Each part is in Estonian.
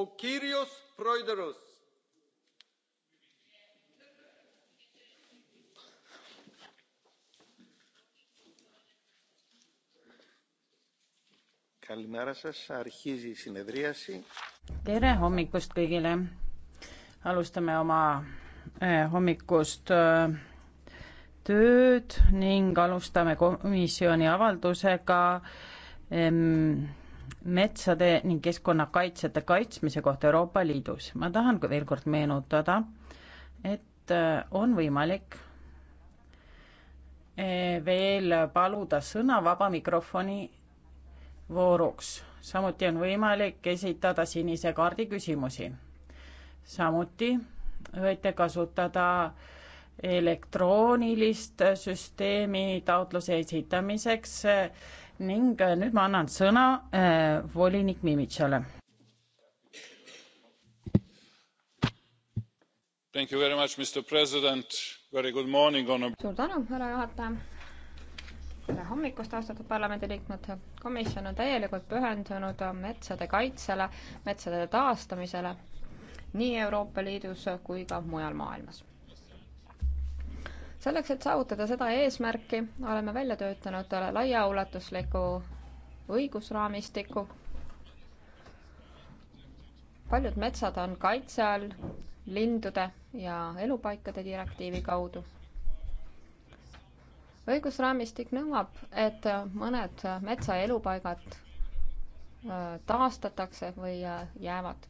ο κύριος πρόεδρος. Καλημέρα σας. Αρχίζει η συνεδρίαση. Tere hommikust kõigile. Alustame oma eh, hommikust eh, tööd ning alustame komisjoni avaldusega eh, metsade ning keskkonnakaitsjate kaitsmise kohta Euroopa Liidus. ma tahan veel kord meenutada, et äh, on võimalik äh, veel paluda sõna vaba mikrofoni vooruks. samuti on võimalik esitada sinise kaardi küsimusi. samuti võite kasutada elektroonilist süsteemi taotluse esitamiseks äh, ning äh, nüüd ma annan sõna äh, volinik Mimitšale. suur tänu, härra juhataja. tere hommikust, austatud parlamendiliikmed. komisjon on täielikult pühendunud metsade kaitsele, metsade taastamisele nii Euroopa Liidus kui ka mujal maailmas selleks, et saavutada seda eesmärki, oleme välja töötanud laiaulatusliku õigusraamistiku. paljud metsad on kaitse all lindude ja elupaikade direktiivi kaudu. õigusraamistik nõuab, et mõned metsa elupaigad äh, taastatakse või äh, jäävad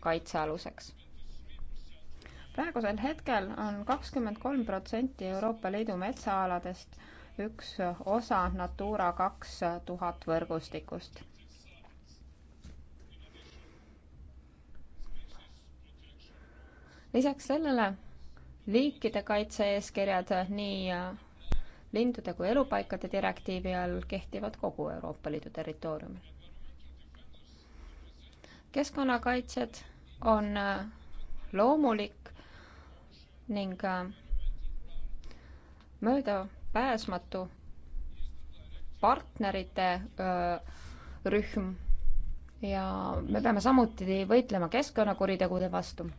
kaitsealuseks praegusel hetkel on kakskümmend kolm protsenti Euroopa Liidu metsaaladest üks osa Natura kaks tuhat võrgustikust. lisaks sellele liikide kaitse-eeskirjad nii lindude kui elupaikade direktiivi all kehtivad kogu Euroopa Liidu territooriumil. keskkonnakaitsjad on loomulik ning äh, möödapääsmatu partnerite äh, rühm ja me peame samuti võitlema keskkonnakuritegude vastu.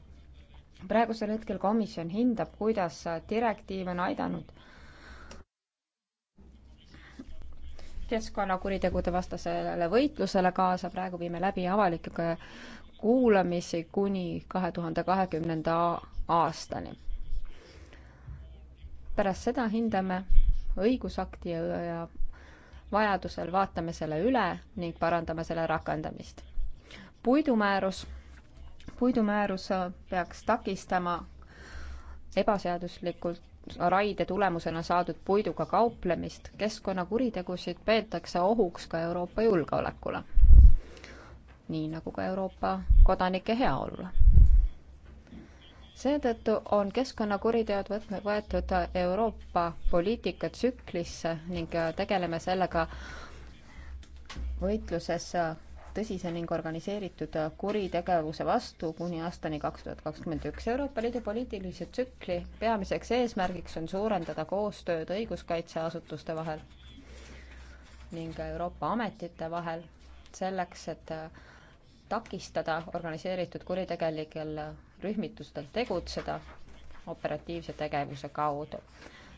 praegusel hetkel komisjon hindab, kuidas direktiiv on aidanud keskkonnakuritegude vastasele võitlusele kaasa, praegu viime läbi avalikke kuulamisi kuni kahe tuhande kahekümnenda aastani pärast seda hindame õigusakti ja, ja vajadusel vaatame selle üle ning parandame selle rakendamist. puidumäärus, puidumäärus peaks takistama ebaseaduslikult raide tulemusena saadud puiduga kauplemist, keskkonnakuritegusid peetakse ohuks ka Euroopa julgeolekule. nii nagu ka Euroopa kodanike heaolule seetõttu on keskkonnakuriteod võtme, võetud Euroopa poliitika tsüklisse ning tegeleme sellega võitluses tõsise ning organiseeritud kuritegevuse vastu kuni aastani kaks tuhat kakskümmend üks. Euroopa Liidu poliitilise tsükli peamiseks eesmärgiks on suurendada koostööd õiguskaitseasutuste vahel ning Euroopa ametite vahel selleks, et takistada organiseeritud kuritegelikel rühmitustel tegutseda operatiivse tegevuse kaudu.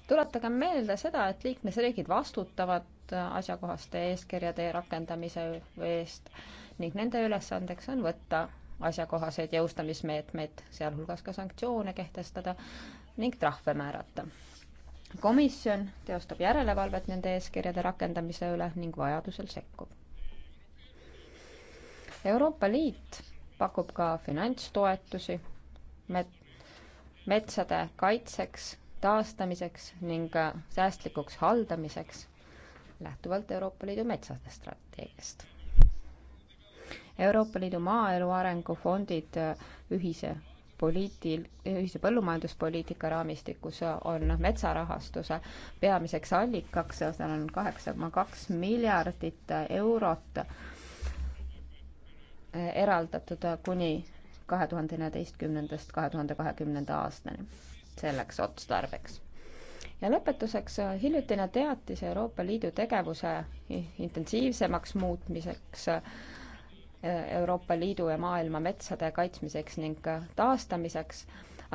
tuletagem meelde seda, et liikmesriigid vastutavad asjakohaste eeskirjade rakendamise eest ning nende ülesandeks on võtta asjakohaseid jõustamismeetmeid, sealhulgas ka sanktsioone kehtestada ning trahve määrata. komisjon teostab järelevalvet nende eeskirjade rakendamise üle ning vajadusel sekkub. Euroopa Liit pakub ka finantstoetusi met-, metsade kaitseks, taastamiseks ning äh, säästlikuks haldamiseks lähtuvalt Euroopa Liidu metsade strateegiast. Euroopa Liidu maaelu arengufondid äh, ühise poliitil-, ühise põllumajanduspoliitika raamistikus äh, on metsarahastuse peamiseks allikaks, seal on kaheksa koma kaks miljardit eurot eraldatud kuni kahe tuhande neljateistkümnendast kahe tuhande kahekümnenda aastani selleks otstarbeks. ja lõpetuseks äh, hiljutine teatis Euroopa Liidu tegevuse intensiivsemaks muutmiseks äh, Euroopa Liidu ja maailma metsade kaitsmiseks ning äh, taastamiseks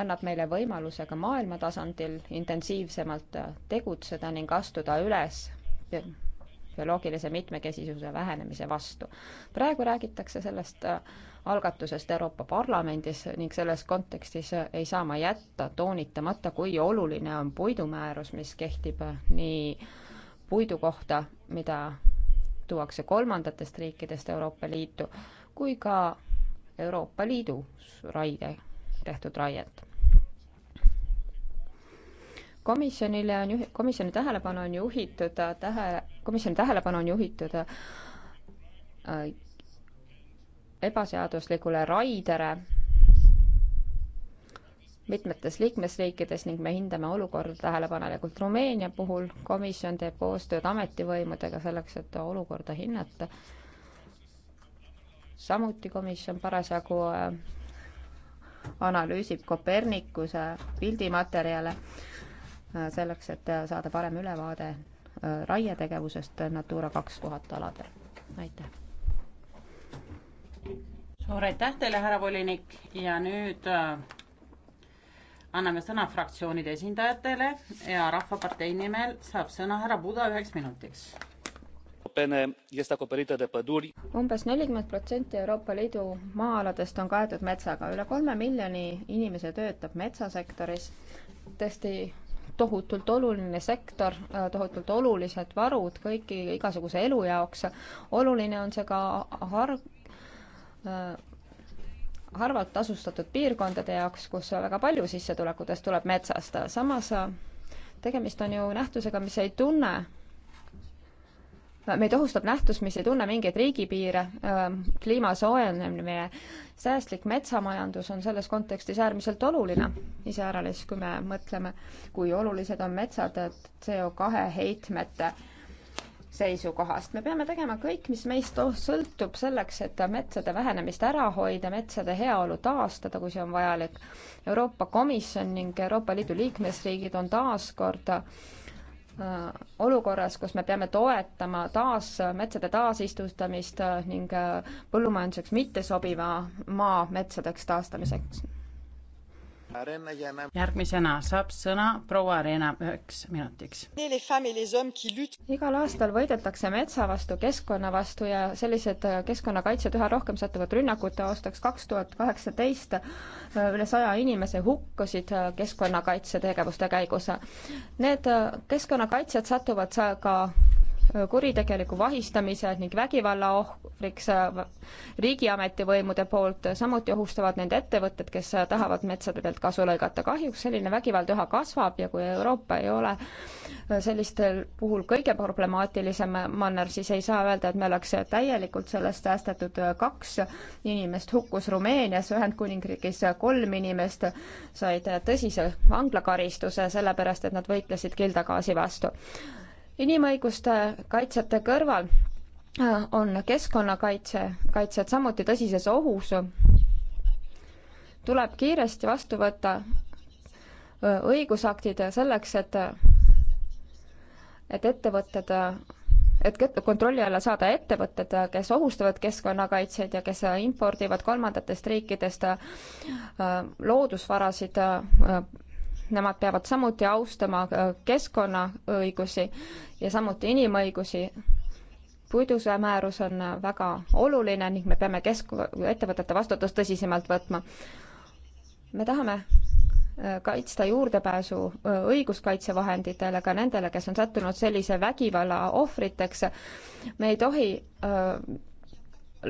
annab meile võimaluse ka maailma tasandil intensiivsemalt tegutseda ning astuda üles bioloogilise mitmekesisuse vähenemise vastu. praegu räägitakse sellest äh, algatusest Euroopa Parlamendis ning selles kontekstis äh, ei saa ma jätta toonitamata, kui oluline on puidumäärus, mis kehtib äh, nii puidu kohta, mida tuuakse kolmandatest riikidest Euroopa Liitu, kui ka Euroopa Liidus raide, tehtud raiet komisjonile on juhi-, komisjoni tähelepanu on juhitud tähe, komisjoni tähelepanu on juhitud äh, ebaseaduslikule raidele mitmetes liikmesriikides ning me hindame olukorda tähelepanelikult. Rumeenia puhul komisjon teeb koostööd ametivõimudega selleks, et olukorda hinnata. samuti komisjon parasjagu äh, analüüsib Kopernikuse pildimaterjale äh, selleks, et saada parem ülevaade Äh, raietegevusest Natura kaks tuhat aladel. aitäh! suur aitäh teile, härra volinik ja nüüd äh, anname sõna fraktsioonide esindajatele ja Rahvapartei nimel saab sõna härra Buda üheks minutiks umbes nelikümmend protsenti euroopa liidu maa-aladest on kaetud metsaga üle kolme miljoni inimese töötab metsasektoris tõesti tohutult oluline sektor, tohutult olulised varud kõiki, igasuguse elu jaoks. oluline on see ka har-, harvalt tasustatud piirkondade jaoks, kus väga palju sissetulekutest tuleb metsast. samas tegemist on ju nähtusega, mis ei tunne meid ohustab nähtus, mis ei tunne mingeid riigipiire, ähm, kliima soojenemine, säästlik metsamajandus on selles kontekstis äärmiselt oluline, iseäranis kui me mõtleme, kui olulised on metsad CO2 heitmete seisukohast. me peame tegema kõik, mis meist oh, sõltub selleks, et metsade vähenemist ära hoida, metsade heaolu taastada, kui see on vajalik. Euroopa Komisjon ning Euroopa Liidu liikmesriigid on taas kord Äh, olukorras, kus me peame toetama taas, metsade taasistutamist äh, ning äh, põllumajanduseks mittesobiva maa metsadeks taastamiseks järgmisena saab sõna proua Arena üheks minutiks. igal aastal võidetakse metsa vastu, keskkonna vastu ja sellised keskkonnakaitsjad üha rohkem satuvad rünnakute aastaks kaks tuhat kaheksateist. üle saja inimese hukkusid keskkonnakaitse tegevuste käigus. Need keskkonnakaitsjad satuvad ka kuritegeliku vahistamise ning vägivalla ohvriks äh, riigiametivõimude poolt, äh, samuti ohustavad nende ettevõtted, kes äh, tahavad metsadelt kasu lõigata. kahjuks selline vägivald üha kasvab ja kui Euroopa ei ole sellistel puhul kõige problemaatilisem manner, siis ei saa öelda, et me oleks täielikult sellest säästetud. kaks inimest hukkus Rumeenias, Ühendkuningriigis kolm inimest said tõsise vanglakaristuse, sellepärast et nad võitlesid kildagaasi vastu inimõiguste kaitsjate kõrval äh, on keskkonnakaitse, kaitsjad samuti tõsises ohus. tuleb kiiresti vastu võtta äh, õigusaktid selleks, et, et ettevõtted, et kontrolli alla saada ettevõtted, kes ohustavad keskkonnakaitseid ja kes impordivad kolmandatest riikidest äh, loodusvarasid nemad peavad samuti austama äh, keskkonnaõigusi ja samuti inimõigusi. puiduse määrus on äh, väga oluline ning me peame kesk-, ettevõtete vastutust tõsisemalt võtma. me tahame äh, kaitsta juurdepääsu õiguskaitsevahenditele ka nendele, kes on sattunud sellise vägivalla ohvriteks. me ei tohi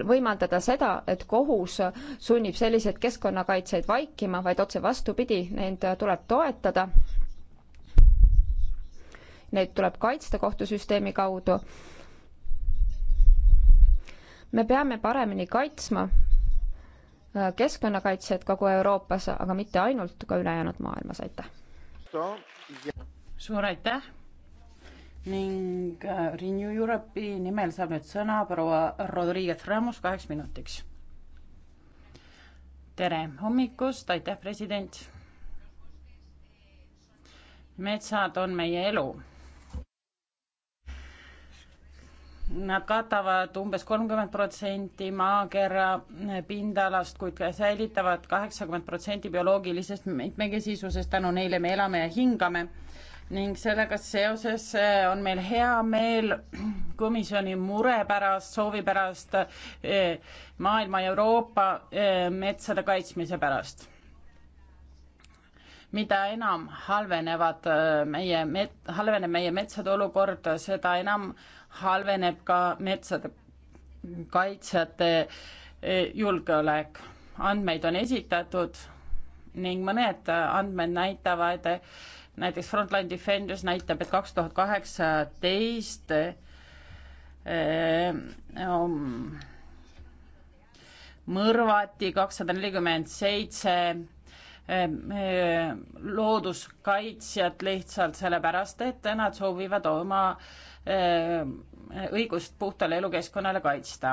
võimaldada seda, et kohus sunnib selliseid keskkonnakaitsjaid vaikima, vaid otse vastupidi, neid tuleb toetada. Neid tuleb kaitsta kohtusüsteemi kaudu. me peame paremini kaitsma äh, keskkonnakaitsjat kogu Euroopas, aga mitte ainult, ka ülejäänud maailmas, aitäh! suur aitäh! ning äh, Renew Europe'i nimel saab nüüd sõna proua Rodriguez Ramos kaheks minutiks. tere hommikust, aitäh, president. metsad on meie elu. Nad katavad umbes kolmkümmend protsenti maakera pindalast, kuid säilitavad kaheksakümmend protsenti bioloogilisest mitmekesisusest, tänu neile me elame ja hingame ning sellega seoses eh, on meil hea meel komisjoni mure pärast, soovi pärast eh, maailma ja Euroopa eh, metsade kaitsmise pärast. mida enam halvenevad meie met-, halveneb meie metsade olukord, seda enam halveneb ka metsade kaitsjate julgeolek. andmeid on esitatud ning mõned andmed näitavad, näiteks Frontline Defenders näitab, et kaks tuhat kaheksateist eh, mõrvati kakssada nelikümmend seitse eh, eh, looduskaitsjat lihtsalt sellepärast, et nad soovivad oma õigust puhtale elukeskkonnale kaitsta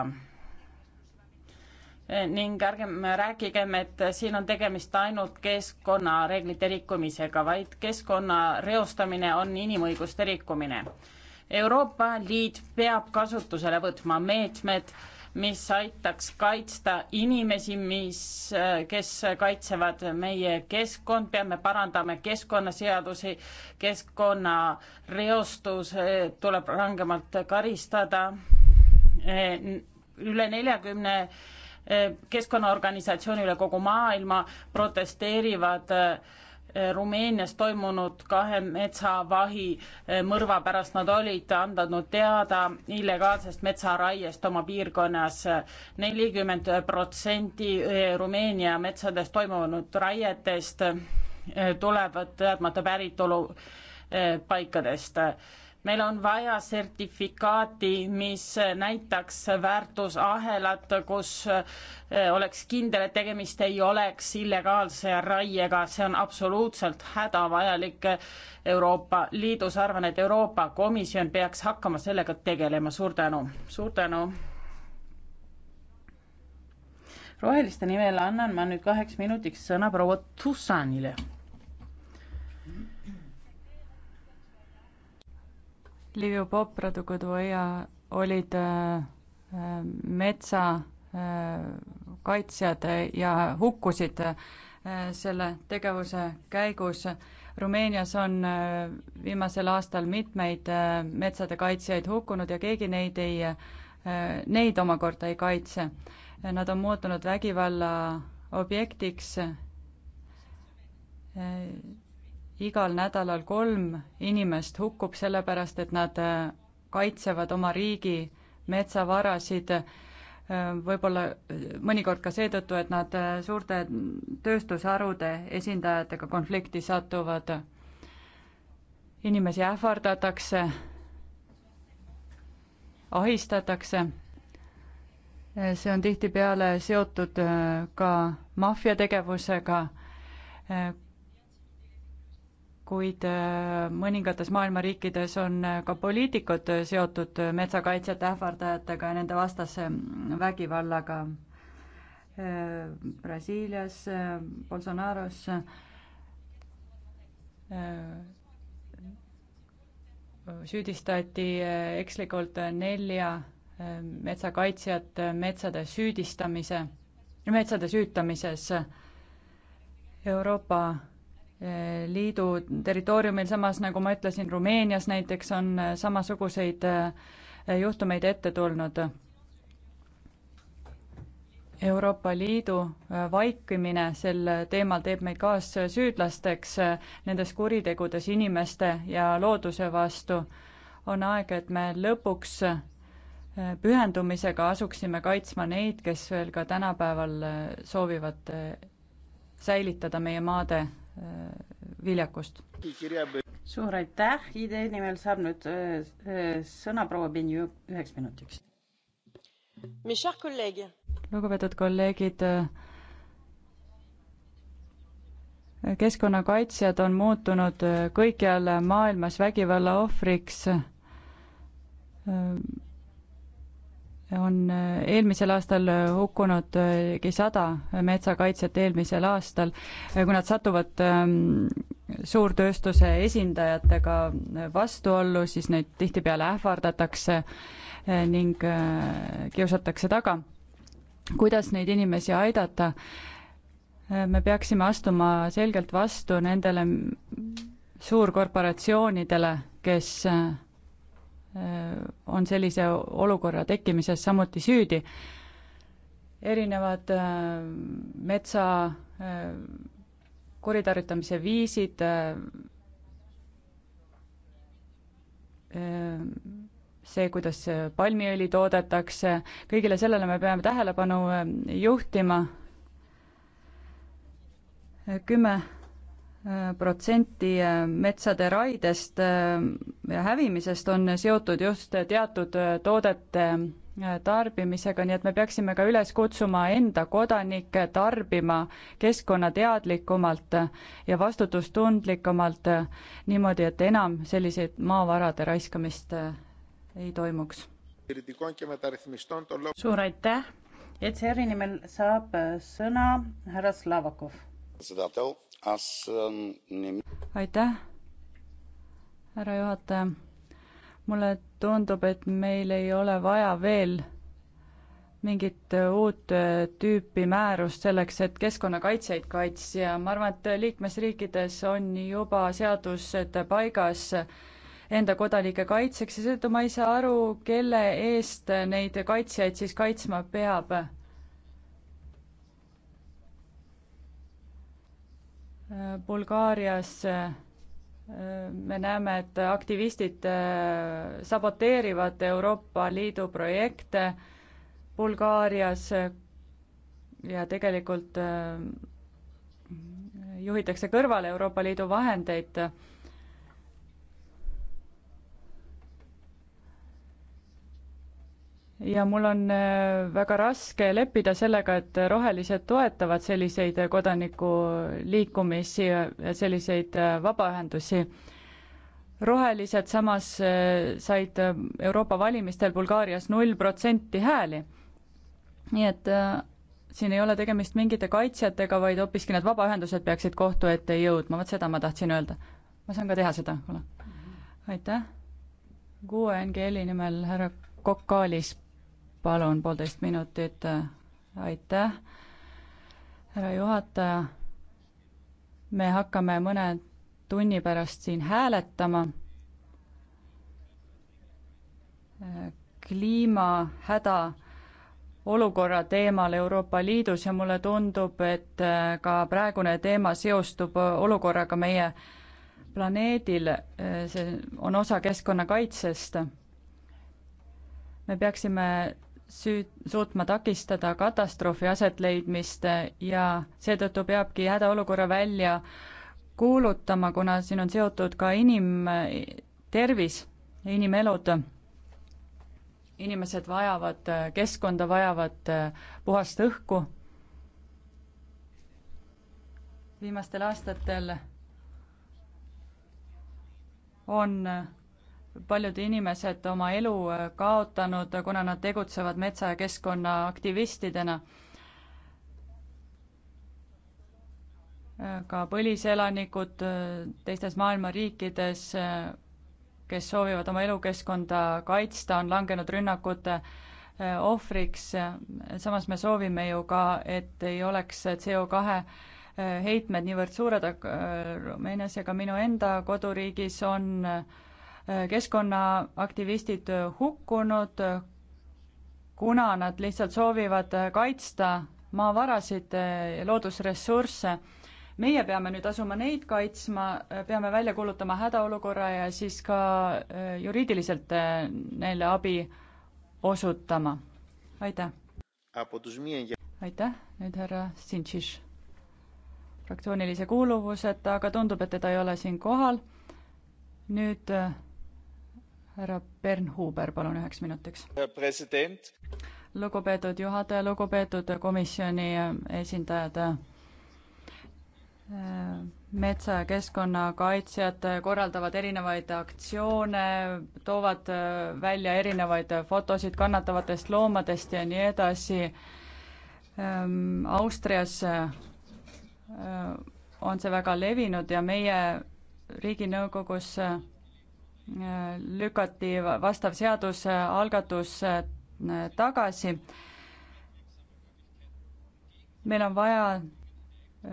ning ärgem rääkigem, et siin on tegemist ainult keskkonnareeglite rikkumisega, vaid keskkonna reostamine on inimõiguste rikkumine. Euroopa Liit peab kasutusele võtma meetmed, mis aitaks kaitsta inimesi, mis, kes kaitsevad meie keskkond, peame parandama keskkonnaseadusi, keskkonnareostus eh, tuleb rangemalt karistada. Eh, üle neljakümne 40 keskkonnaorganisatsiooni üle kogu maailma protesteerivad eh, Rumeenias toimunud kahe metsavahi eh, mõrva pärast nad olid andnud teada illegaalsest metsaraiest oma piirkonnas. nelikümmend protsenti eh, Rumeenia metsades toimunud raietest tulevad teadmata päritolu paikadest meil on vaja sertifikaati, mis näitaks väärtusahelat, kus eh, oleks kindel, et tegemist ei oleks illegaalse raiega, see on absoluutselt hädavajalik Euroopa Liidus, arvan, et Euroopa Komisjon peaks hakkama sellega tegelema, suur tänu, suur tänu. roheliste nimel annan ma nüüd kaheks minutiks sõna proua Tussanile Liviu Popra-Tugodoja olid äh, metsakaitsjad äh, ja hukkusid äh, selle tegevuse käigus. Rumeenias on viimasel aastal mitmeid metsade kaitsjaid hukkunud ja keegi neid ei, neid omakorda ei kaitse. Nad on muutunud vägivalla objektiks igal nädalal kolm inimest hukkub sellepärast, et nad äh, kaitsevad oma riigi metsavarasid, äh, võib-olla äh, mõnikord ka seetõttu, et nad suurte tööstusharude esindajatega konflikti satuvad. inimesi ähvardatakse, ahistatakse, see on tihtipeale seotud ka maffia tegevusega kuid äh, mõningates maailma riikides on äh, ka poliitikud äh, seotud metsakaitsjate ähvardajatega ja nende vastase mm, vägivallaga. Brasiilias, Bolsonaros süüdistati ekslikult nelja metsakaitsjat metsade süüdistamise, metsade süütamises. Euroopa Liidu territooriumil, samas nagu ma ütlesin, Rumeenias näiteks on samasuguseid äh, juhtumeid ette tulnud. Euroopa Liidu äh, vaikimine sel teemal teeb meid kaassüüdlasteks äh, nendes kuritegudes inimeste ja looduse vastu. on aeg, et me lõpuks pühendumisega asuksime kaitsma neid, kes veel ka tänapäeval soovivad säilitada meie maade viljakust. suur aitäh, idee nimel saab nüüd äh, äh, sõna proua Pinju üheks minutiks. lugupeetud kolleegid, äh, keskkonnakaitsjad on muutunud kõikjal maailmas vägivalla ohvriks on äh, eelmisel aastal äh, hukkunud ligi äh, sada metsakaitsjat eelmisel aastal, kui nad satuvad ähm, suurtööstuse esindajatega vastuollu, siis neid tihtipeale ähvardatakse ning kiusatakse taga. kuidas neid inimesi aidata? me peaksime astuma selgelt vastu nendele suurkorporatsioonidele, kes Äh, on sellise olukorra tekkimises samuti süüdi. erinevad äh, metsa äh, kuritarvitamise viisid see, kuidas palmiõli toodetakse, kõigele sellele me peame tähelepanu juhtima. kümme protsenti äh, metsade raidest äh, ja hävimisest on seotud just teatud äh, toodete tarbimisega, nii et me peaksime ka üles kutsuma enda kodanikke tarbima keskkonnateadlikumalt ja vastutustundlikumalt, niimoodi, et enam selliseid maavarade raiskamist ei toimuks. suur aitäh, ECR-i nimel saab sõna härra Slavakov aitäh, härra juhataja. mulle tundub, et meil ei ole vaja veel mingit uut tüüpi määrust selleks, et keskkonnakaitsjaid kaitsja, ma arvan, et liikmesriikides on juba seadused paigas enda kodanike kaitseks ja seetõttu ma ei saa aru, kelle eest neid kaitsjaid siis kaitsma peab Bulgaarias me näeme, et aktivistid äh, saboteerivad Euroopa Liidu projekte Bulgaarias ja tegelikult äh, juhitakse kõrvale Euroopa Liidu vahendeid ja mul on äh, väga raske leppida sellega, et rohelised toetavad selliseid äh, kodanikuliikumisi, selliseid äh, vabaühendusi. rohelised samas said Euroopa valimistel Bulgaarias null protsenti hääli. nii et siin ei ole tegemist mingite kaitsjatega, vaid hoopiski need vabaühendused peaksid kohtu ette jõudma, vot seda ma tahtsin öelda. ma saan ka teha seda, kuule. aitäh. QNGL-i nimel härra Kokk Kaalis palun, poolteist minutit. aitäh, härra juhataja. me hakkame mõne tunni pärast siin hääletama. kliimahäda olukorra teemal Euroopa Liidus ja mulle tundub, et ka praegune teema seostub olukorraga meie planeedil, see on osa keskkonnakaitsest. me peaksime süü-, suutma takistada katastroofi asetleidmist eh, ja seetõttu peabki hädaolukorra välja kuulutama, kuna siin on seotud ka inimtervis, inimelud. inimesed vajavad eh, keskkonda, vajavad eh, puhast õhku. viimastel aastatel on paljud inimesed oma elu äh, kaotanud, kuna nad tegutsevad metsa- ja keskkonnaaktivistidena. ka põliselanikud äh, teistes maailma riikides, äh, kes soovivad oma elukeskkonda kaitsta, on langenud rünnakute ohvriks, samas me soovime ju ka, et ei oleks CO kahe heitmed niivõrd suured, aga Rumeenias ja ka minu enda koduriigis on äh, keskkonnaaktivistid hukkunud, kuna nad lihtsalt soovivad kaitsta maavarasid ja loodusressursse. meie peame nüüd asuma neid kaitsma, peame välja kuulutama hädaolukorra ja siis ka äh, juriidiliselt äh, neile abi osutama. aitäh! aitäh, nüüd härra Sintšiš. fraktsioonilise kuuluvuseta, aga tundub, et teda ei ole siin kohal. nüüd äh, härra Bernhuber, palun üheks minutiks. lugupeetud juhataja, lugupeetud komisjoni esindajad äh, metsa- ja keskkonnakaitsjad korraldavad erinevaid aktsioone, toovad äh, välja erinevaid fotosid kannatavatest loomadest ja nii edasi. Ähm, Austrias äh, on see väga levinud ja meie riiginõukogus lükati vastav seadusalgatus äh, tagasi. meil on vaja äh,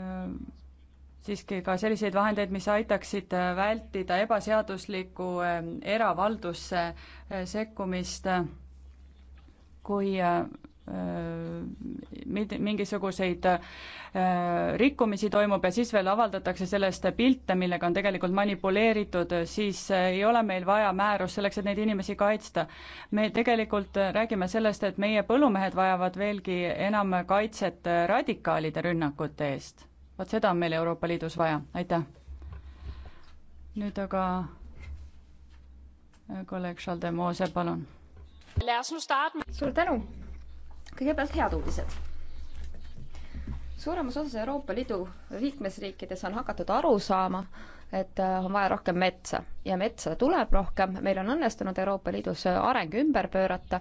siiski ka selliseid vahendeid, mis aitaksid äh, vältida ebaseaduslikku eravaldusse sekkumist, kui Äh, mitte mingisuguseid äh, rikkumisi toimub ja siis veel avaldatakse sellest pilte, millega on tegelikult manipuleeritud, siis äh, ei ole meil vaja määrust selleks, et neid inimesi kaitsta. me tegelikult räägime sellest, et meie põllumehed vajavad veelgi enam kaitset radikaalide rünnakute eest. vot seda on meil Euroopa Liidus vaja, aitäh. nüüd aga kolleeg Šaldemose, palun. suur tänu kõigepealt head uudised. suuremas osas Euroopa Liidu liikmesriikides on hakatud aru saama, et äh, on vaja rohkem metsa ja metsa tuleb rohkem, meil on õnnestunud Euroopa Liidus äh, areng ümber pöörata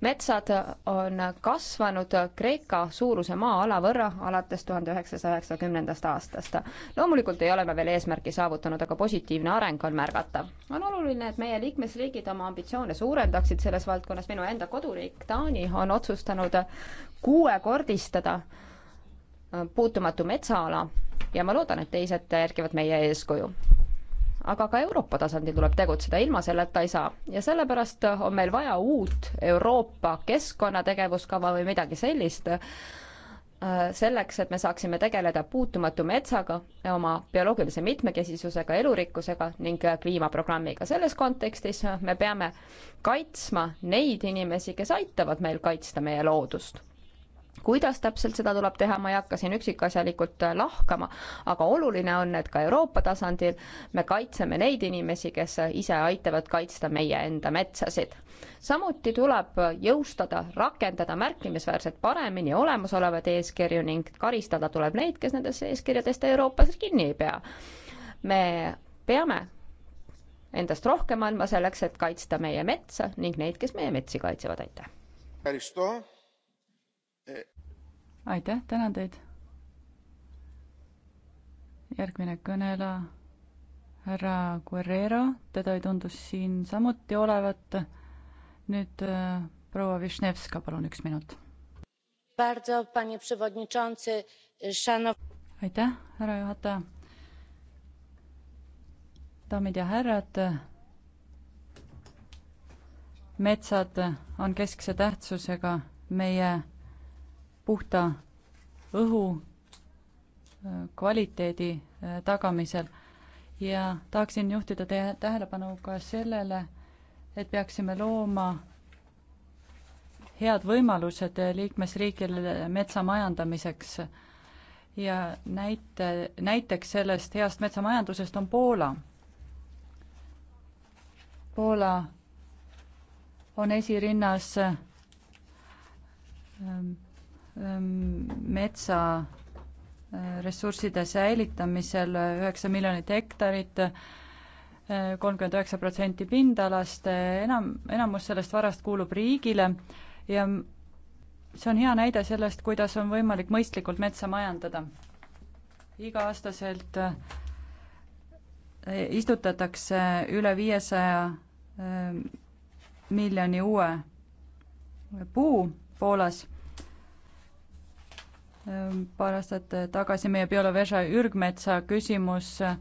metsad on kasvanud Kreeka suuruse maa-ala võrra alates tuhande üheksasaja üheksakümnendast aastast. loomulikult ei ole me veel eesmärki saavutanud, aga positiivne areng on märgatav. on oluline, et meie liikmesriigid oma ambitsioone suurendaksid selles valdkonnas, minu enda koduriik Taani on otsustanud kuuekordistada puutumatu metsaala ja ma loodan, et teised järgivad meie eeskuju aga ka Euroopa tasandil tuleb tegutseda, ilma selleta ei saa. ja sellepärast on meil vaja uut Euroopa keskkonnategevuskava või midagi sellist, äh, selleks, et me saaksime tegeleda puutumatu metsaga, oma bioloogilise mitmekesisusega, elurikkusega ning kliimaprogrammiga. selles kontekstis me peame kaitsma neid inimesi, kes aitavad meil kaitsta meie loodust kuidas täpselt seda tuleb teha, ma ei hakka siin üksikasjalikult äh, lahkama, aga oluline on, et ka Euroopa tasandil me kaitseme neid inimesi, kes äh, ise aitavad kaitsta meie enda metsasid. samuti tuleb jõustada, rakendada märkimisväärselt paremini olemasolevaid eeskirju ning karistada tuleb neid, kes nendest eeskirjadest Euroopas kinni ei pea. me peame endast rohkem andma selleks, et kaitsta meie metsa ning neid, kes meie metsi kaitsevad, aitäh! aitäh, tänan teid. järgmine kõneleja, härra Guerrero, teda ei tundu siin samuti olevat. nüüd äh, proua Višnevska, palun üks minut. aitäh, härra juhataja. daamid ja härrad metsad on keskse tähtsusega meie puhta õhu äh, kvaliteedi äh, tagamisel ja tahaksin juhtida teie tähelepanu ka sellele, et peaksime looma head võimalused äh, liikmesriikidele metsa majandamiseks. ja näite, näiteks sellest heast metsamajandusest on Poola. Poola on esirinnas ähm, Ehm, metsaressursside eh, säilitamisel üheksa miljonit hektarit, eh, kolmkümmend üheksa protsenti pindalast, eh, enam, enamus sellest varast kuulub riigile ja see on hea näide sellest, kuidas on võimalik mõistlikult metsa majandada. iga-aastaselt istutatakse üle viiesaja miljoni uue puu Poolas Ehm, paar aastat tagasi meie bioloog Veža Jürgmetsa küsimus eh,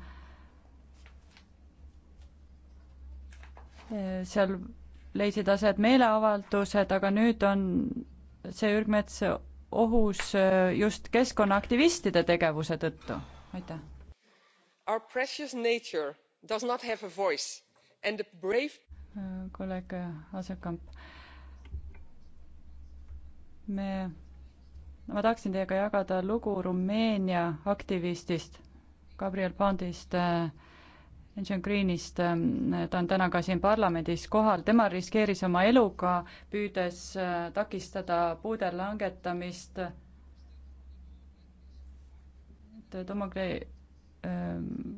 seal leidsid aset meeleavaldused, aga nüüd on see Jürgmets ohus eh, just keskkonnaaktivistide tegevuse tõttu, aitäh. Our precious nature does not have a voice and the brave eh, kolleeg Asekamp. me ma tahaksin teiega jagada lugu Rumeenia aktivistist Gabriel Pandist äh,, Engine Greenist äh,, ta on täna ka siin parlamendis kohal, tema riskeeris oma eluga, püüdes äh, takistada puude langetamist. et Domogre ähm,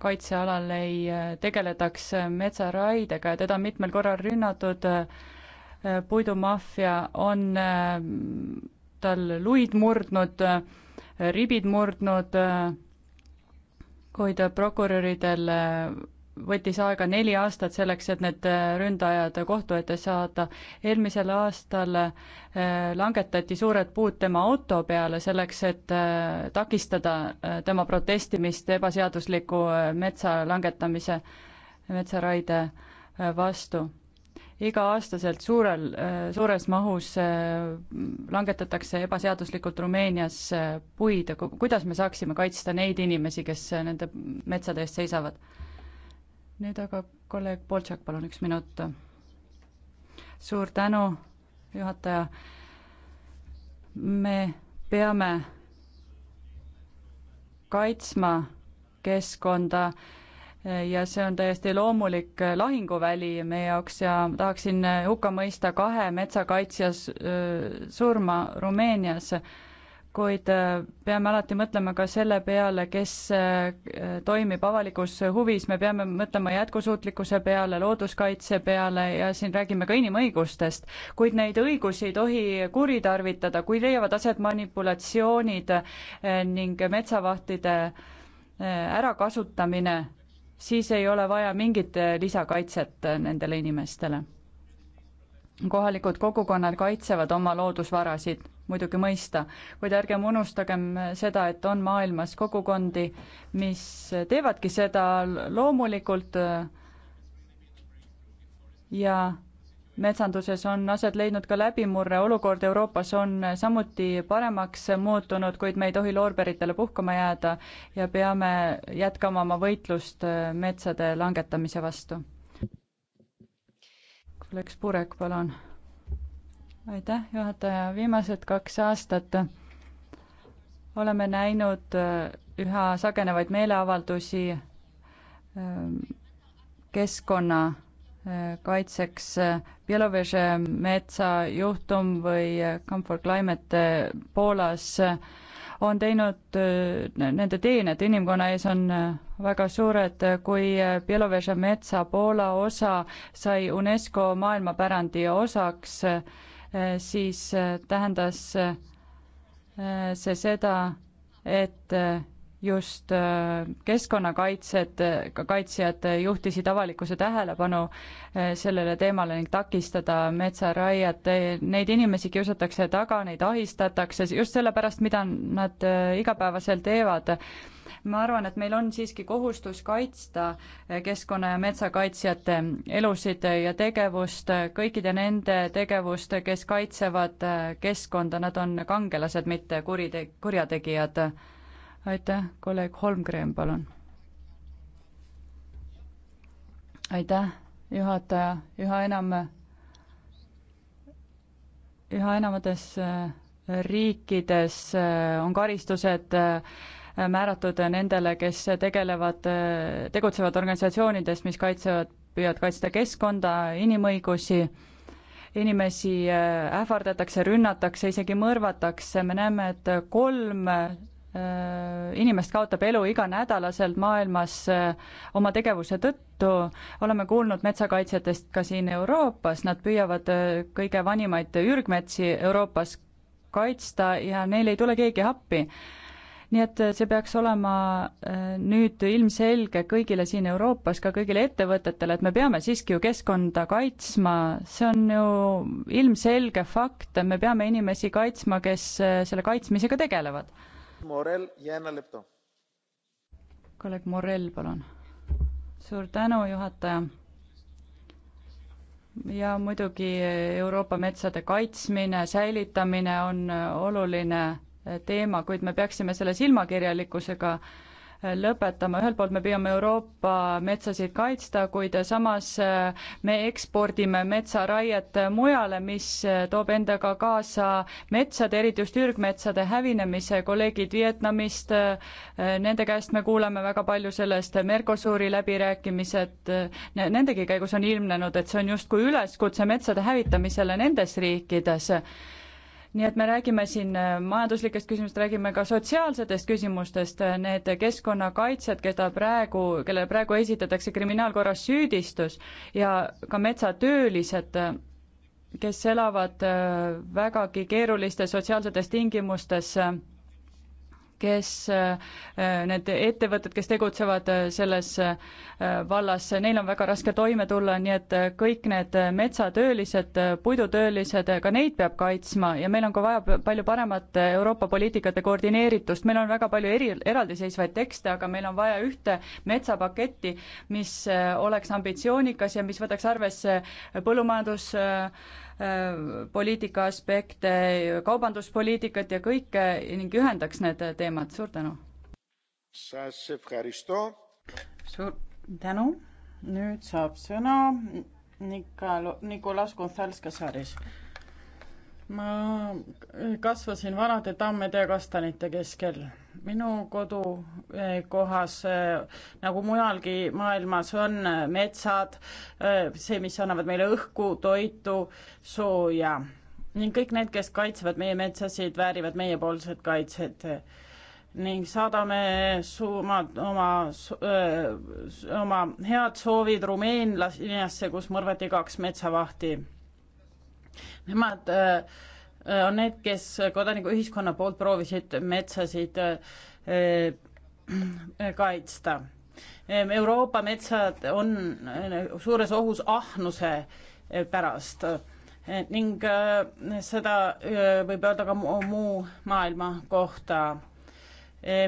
kaitsealal ei äh, tegeletaks äh, metsaraidega ja teda on mitmel korral rünnatud äh, Äh, puidumaffia on äh, tal luid murdnud, äh, ribid murdnud, kuid prokuröridel võttis aega neli aastat selleks, et need ründajad kohtu ette saada. eelmisel aastal langetati suured puud tema auto peale selleks, et takistada tema protestimist ebaseadusliku metsa langetamise, metsaraide vastu iga-aastaselt suurel, suures mahus äh, langetatakse ebaseaduslikult Rumeenias äh, puid, kuidas me saaksime kaitsta neid inimesi, kes äh, nende metsade eest seisavad? nüüd aga kolleeg Boltšak, palun, üks minut. suur tänu, juhataja. me peame kaitsma keskkonda äh, ja see on täiesti loomulik äh, lahinguväli meie jaoks ja tahaksin äh, hukka mõista kahe metsakaitsja äh, surma Rumeenias, kuid peame alati mõtlema ka selle peale, kes toimib avalikus huvis, me peame mõtlema jätkusuutlikkuse peale, looduskaitse peale ja siin räägime ka inimõigustest, kuid neid õigusi ei tohi kuritarvitada, kui leiavad aset manipulatsioonid ning metsavahtide ärakasutamine siis ei ole vaja mingit eh, lisakaitset eh, nendele inimestele. kohalikud kogukonnad kaitsevad oma loodusvarasid, muidugi mõista, kuid ärgem unustagem eh, seda, et on maailmas kogukondi, mis teevadki seda loomulikult ja metsanduses on aset leidnud ka läbimurre, olukord Euroopas on samuti paremaks muutunud, kuid me ei tohi loorberitele puhkama jääda ja peame jätkama oma võitlust metsade langetamise vastu. kolleeg Spurek, palun. aitäh, juhataja, viimased kaks aastat oleme näinud äh, üha sagenevaid meeleavaldusi ähm, keskkonna kaitseks äh, Bieloveže metsa juhtum või äh, Comfort Climate äh, Poolas on teinud, nende teened inimkonna ees on väga suured, kui Bieloveže metsa Poola osa sai UNESCO maailmapärandi osaks, siis tähendas see seda, et just äh, keskkonnakaitsjad, kaitsjad juhtisid avalikkuse tähelepanu äh, sellele teemale ning takistada metsaraiet, neid inimesi kiusatakse taga, neid ahistatakse just sellepärast, mida nad äh, igapäevaselt teevad. ma arvan, et meil on siiski kohustus kaitsta keskkonna- ja metsakaitsjate elusid ja tegevust, kõikide nende tegevust, kes kaitsevad keskkonda, nad on kangelased, mitte kurite-, kurjategijad aitäh, kolleeg Holmgren, palun. aitäh, juhataja, üha enam, üha enamates äh, riikides äh, on karistused äh, määratud nendele, kes tegelevad, tegutsevad organisatsioonides, mis kaitsevad, püüavad kaitsta keskkonda, inimõigusi, inimesi ähvardatakse, rünnatakse, isegi mõrvatakse, me näeme, et kolm Äh, inimest kaotab elu iganädalaselt maailmas äh, oma tegevuse tõttu, oleme kuulnud metsakaitsjatest ka siin Euroopas, nad püüavad äh, kõige vanimaid ürgmetsi Euroopas kaitsta ja neil ei tule keegi appi. nii et see peaks olema nüüd ilmselge kõigile siin Euroopas, ka kõigile ettevõtetele, et me peame siiski ju keskkonda kaitsma, see on ju ilmselge fakt, me peame inimesi kaitsma, kes selle kaitsmisega tegelevad kolleeg Morell, palun. suur tänu, juhataja. ja muidugi Euroopa metsade kaitsmine, säilitamine on oluline teema, kuid me peaksime selle silmakirjalikkusega äh, lõpetama, ühelt poolt me püüame Euroopa metsasid kaitsta, kuid samas äh, me ekspordime metsaraiet mujale, mis äh, toob endaga kaasa metsade, eriti just ürgmetsade hävinemise, kolleegid Vietnamist, äh, nende käest me kuuleme väga palju sellest, Mercosuri läbirääkimised, nendegi käigus on ilmnenud, et see on justkui üleskutse metsade hävitamisele nendes riikides nii et me räägime siin äh, majanduslikest küsimustest, räägime ka sotsiaalsetest küsimustest, äh, need keskkonnakaitsjad, keda praegu, kellele praegu esitatakse kriminaalkorras süüdistus ja ka metsatöölised, äh, kes elavad vägagi keerulistes sotsiaalsetes tingimustes kes, äh, need ettevõtted, kes tegutsevad äh, selles äh, vallas, neil on väga raske toime tulla, nii et kõik need metsatöölised, puidutöölised, ka neid peab kaitsma ja meil on ka vaja palju paremat Euroopa poliitikate koordineeritust, meil on väga palju eri, eraldiseisvaid tekste, aga meil on vaja ühte metsapaketti, mis oleks ambitsioonikas ja mis võtaks arvesse põllumajandus, Äh, poliitika aspekte, kaubanduspoliitikat ja kõike ning ühendaks need teemad, suur tänu. suur tänu, nüüd saab sõna Nikol-, Nicolas Gonzalez Casares. ma kasvasin vanade tammede ja kastanite keskel minu kodukohas eh, nagu mujalgi maailmas on eh, metsad eh, see, mis annavad meile õhku, toitu, sooja ning kõik need, kes kaitsevad meie metsasid, väärivad meiepoolset kaitset ning saadame oma, oma, oma head soovid Rumeeniasse, kus mõrvati kaks metsavahti. Nemad äh, Äh, on need, kes kodanikuühiskonna poolt proovisid metsasid äh, kaitsta. Äh, Euroopa metsad on suures ohus ahnuse pärast ning seda võib öelda ka muu maailma kohta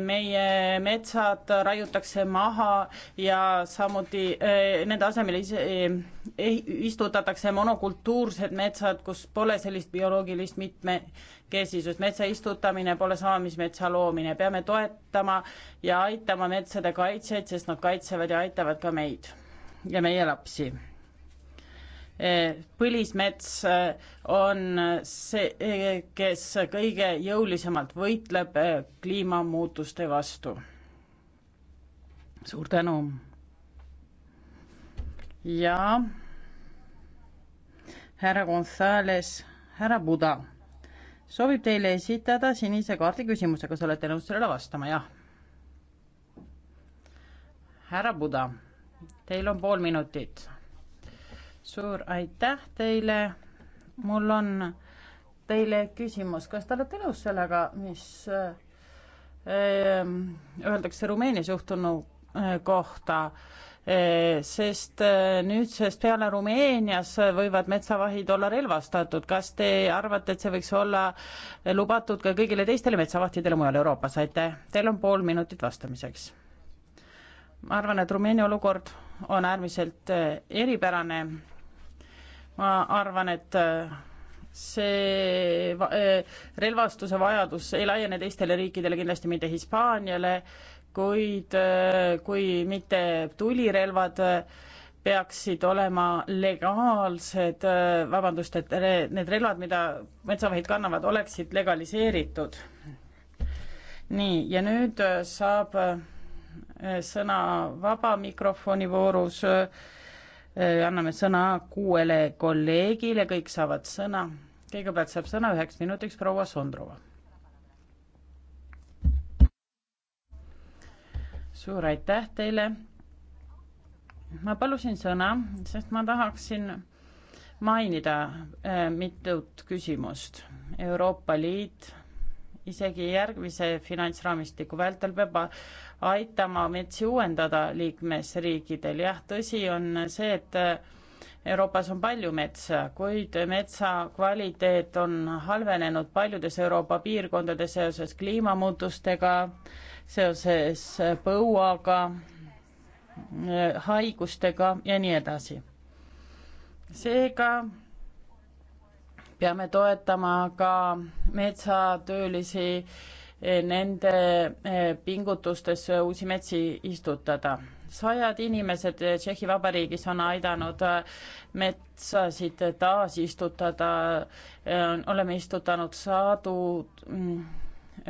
meie metsad raiutakse maha ja samuti e, nende asemel ise istutatakse monokultuursed metsad, kus pole sellist bioloogilist mitmekesisust. metsa istutamine pole sama, mis metsa loomine. peame toetama ja aitama metsade kaitsjaid, sest nad kaitsevad ja aitavad ka meid ja meie lapsi põlismets eh, on see, eh, kes kõige jõulisemalt võitleb eh, kliimamuutuste vastu. suur tänu. ja härra Gonzales, härra Buda soovib teile esitada sinise kaardi küsimuse, kas olete nõus sellele vastama, jah? härra Buda, teil on pool minutit suur aitäh teile. mul on teile küsimus, kas te olete nõus sellega, mis ehm, öeldakse Rumeenias juhtunu eh, kohta, eh, sest eh, nüüdsest peale Rumeenias võivad metsavahid olla relvastatud. kas te arvate, et see võiks olla lubatud ka kõigile teistele metsavahtidele mujal Euroopas? aitäh, teil on pool minutit vastamiseks. ma arvan, et Rumeenia olukord on äärmiselt eripärane ma arvan, et äh, see äh, relvastuse vajadus ei laiene teistele riikidele, kindlasti mitte Hispaaniale, kuid äh, kui mitte tulirelvad peaksid olema legaalsed, vabandust, et need relvad, mida metsavahid kannavad, oleksid legaliseeritud. nii, ja nüüd saab sõna vaba mikrofoni voorus äh, Äh, anname sõna kuuele kolleegile, kõik saavad sõna. kõigepealt saab sõna üheks minutiks proua Sondrova. suur aitäh teile. ma palusin sõna, sest ma tahaksin mainida äh, mitut küsimust. Euroopa Liit isegi järgmise finantsraamistiku vältel peab aitama metsi uuendada liikmesriikidel. jah, tõsi on see, et äh, Euroopas on palju metsa, kuid metsa kvaliteet on halvenenud paljudes Euroopa piirkondades seoses kliimamuutustega, seoses äh, põuaga, äh, haigustega ja nii edasi. seega peame toetama ka metsatöölisi äh, nende eh, pingutustes uusi metsi istutada. sajad inimesed Tšehhi Vabariigis on aidanud eh, metsasid taasistutada, eh, oleme istutanud sadu mm,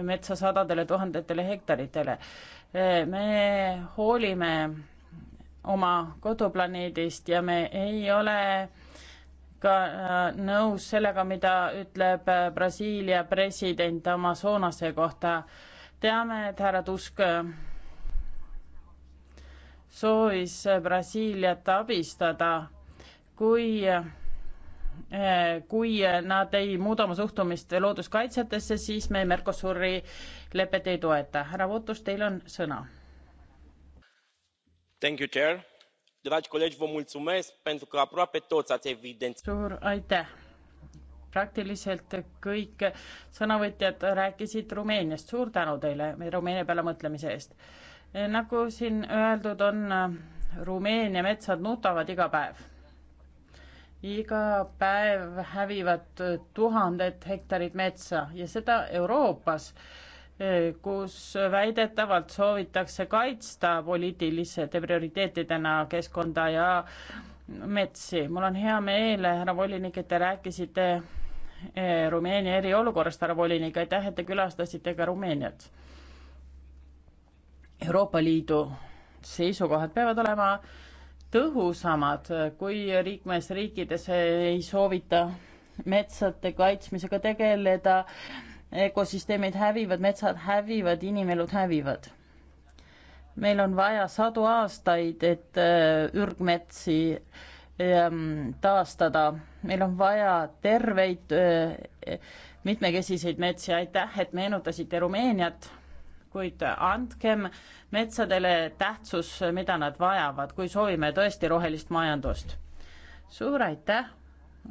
metsa sadadele tuhandetele hektaritele. me hoolime oma koduplaneedist ja me ei ole ka äh, nõus sellega, mida ütleb äh, Brasiilia president Amazonase kohta. teame, et härra Tusk äh, soovis Brasiiliat abistada, kui, kui nad ei muuda oma suhtumist looduskaitsjatesse, siis me Mercosuri lepet ei toeta. härra Votus, teil on sõna. Thank you, chair dragi colegi vă mulțumesc pentru că aproape toți ați evidențiat. suur aitäh! praktiliselt kõik sõnavõtjad rääkisid Rumeeniast, suur tänu teile Rumeenia peale mõtlemise eest. nagu siin öeldud on, Rumeenia metsad nutavad iga päev. iga päev hävivad tuhanded hektarid metsa ja seda Euroopas kus väidetavalt soovitakse kaitsta poliitiliste prioriteetidena keskkonda ja metsi. mul on hea meel, härra volinik, et te rääkisite eh, Rumeenia eriolukorrast, härra volinik, aitäh, et te külastasite ka Rumeeniat. Euroopa Liidu seisukohad peavad olema tõhusamad, kui liikmesriikides ei soovita metsade kaitsmisega tegeleda ökosüsteemid hävivad, metsad hävivad, inimelud hävivad. meil on vaja sadu aastaid, et äh, ürgmetsi ähm, taastada, meil on vaja terveid äh, mitmekesiseid metsi, aitäh, et meenutasite Rumeeniat, kuid andkem metsadele tähtsus, mida nad vajavad, kui soovime tõesti rohelist majandust. suur aitäh,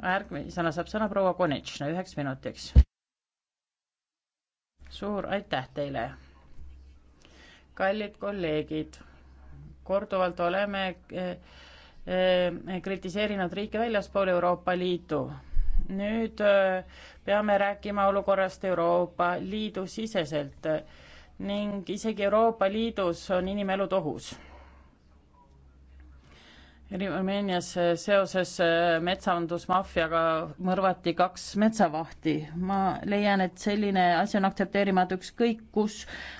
järgmisena saab sõna proua Konitšna üheks minutiks suur aitäh teile. kallid kolleegid, korduvalt oleme eh, eh, kritiseerinud riike väljaspool Euroopa Liitu. nüüd eh, peame rääkima olukorrast Euroopa Liidu siseselt ning isegi Euroopa Liidus on inimelud ohus Rumeenias äh, seoses äh, metsandusmaffiaga mõrvati kaks metsavahti. ma leian, et selline asi on aktsepteerimatu ükskõik kus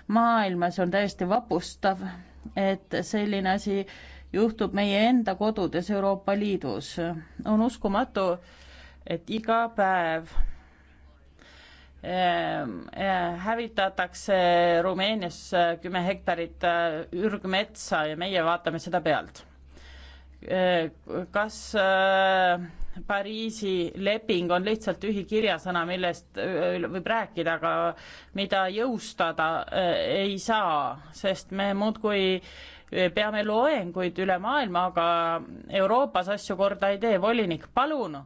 maailmas, on täiesti vapustav, et selline asi juhtub meie enda kodudes Euroopa Liidus. on uskumatu, et iga päev ähm, äh, hävitatakse Rumeenias kümme hektarit ürgmetsa ja meie vaatame seda pealt Äh, kas äh, Pariisi leping on lihtsalt tühi kirjasõna, millest äh, võib rääkida, aga mida jõustada ei saa, sest me muudkui peame loenguid üle maailma, aga Euroopas asju korda ei tee. volinik, palun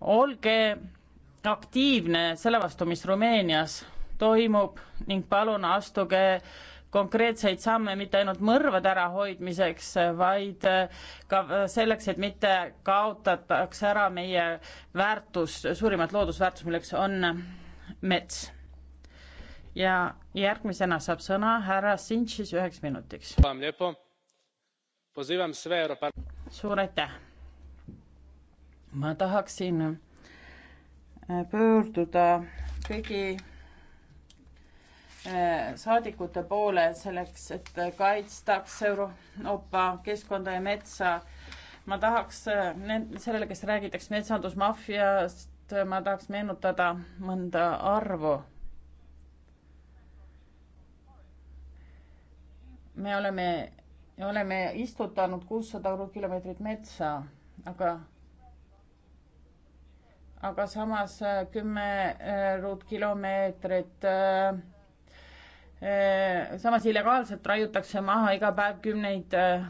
olge aktiivne selle vastu, mis Rumeenias toimub ning palun astuge äh, konkreetseid samme mitte ainult mõrvade ärahoidmiseks, vaid äh, ka äh, selleks, et mitte kaotataks ära meie väärtus, suurimat loodusväärtust, milleks on mets. ja järgmisena saab sõna härra Sinšis üheks minutiks. suur aitäh. ma tahaksin äh, pöörduda kõigi Äh, saadikute poole selleks, et kaitstaks Euroopa keskkonda ja metsa. ma tahaks äh, sellele, kes räägitakse metsandusmaffiast, äh, ma tahaks meenutada mõnda arvu. me oleme, oleme istutanud kuussada kilomeetrit metsa, aga aga samas kümme ruutkilomeetrit äh, Äh, samas illegaalselt raiutakse maha iga päev kümneid äh,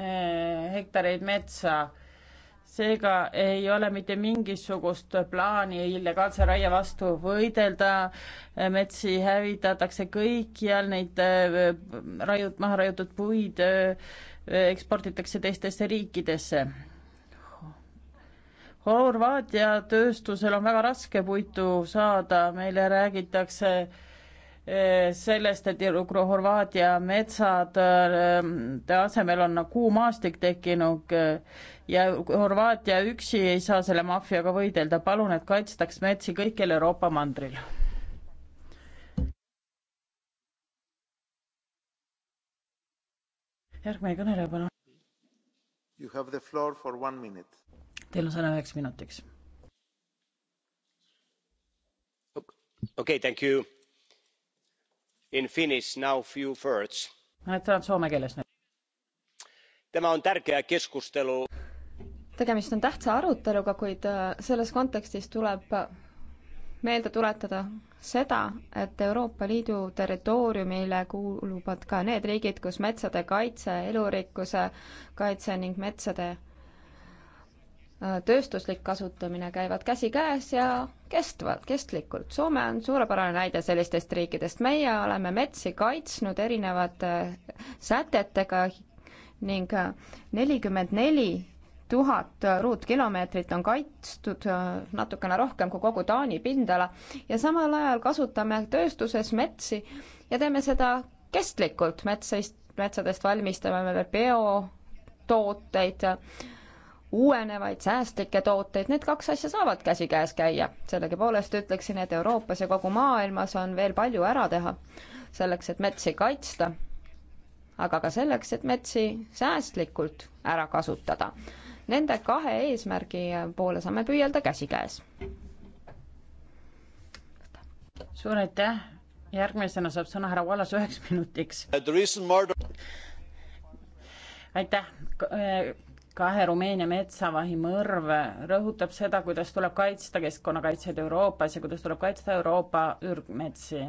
äh, hektareid metsa. seega ei ole mitte mingisugust plaani illegaalse raie vastu võidelda, metsi hävitatakse kõikjal, neid raiut-, maha raiutud puid eksporditakse teistesse riikidesse Horvaatia tööstusel on väga raske puitu saada, meile räägitakse äh, Eh, sellest, et Horvaatia metsad eh, asemel on kuumaastik tekkinud eh, ja Horvaatia üksi ei saa selle maffiaga võidelda, palun, et kaitstaks metsi kõikjal Euroopa mandril. järgmine kõneleja, palun. You have the floor for one minute. Teil on sõna üheks minutiks. okei okay,, thank you in finnish now few words. annetaan suomen keeles nüüd. tämä on tärkeä keskustelu. tegemist on tähtsa aruteluga, kuid äh, selles kontekstis tuleb meelde tuletada seda, et Euroopa Liidu territooriumile kuuluvad ka need riigid, kus metsade kaitse, elurikkuse kaitse ning metsade Äh, tööstuslik kasutamine käivad käsikäes ja kestvalt, kestlikult. Soome on suurepärane näide sellistest riikidest. meie oleme metsi kaitsnud erinevate äh, sätetega ning äh, nelikümmend neli tuhat ruutkilomeetrit on kaitstud, natukene rohkem kui kogu Taani pindala, ja samal ajal kasutame tööstuses metsi ja teeme seda kestlikult, metsist, metsadest valmistame me biotooteid, uuenevaid säästlikke tooteid, need kaks asja saavad käsikäes käia. sellegipoolest ütleksin, et Euroopas ja kogu maailmas on veel palju ära teha selleks, et metsi kaitsta, aga ka selleks, et metsi säästlikult ära kasutada. Nende kahe eesmärgi poole saame püüelda käsikäes. suur aitäh, järgmisena saab sõna härra Vallas üheks minutiks aitäh kahe Rumeenia metsavahi mõrv rõhutab seda, kuidas tuleb kaitsta keskkonnakaitset Euroopas ja kuidas tuleb kaitsta Euroopa ürgmetsi.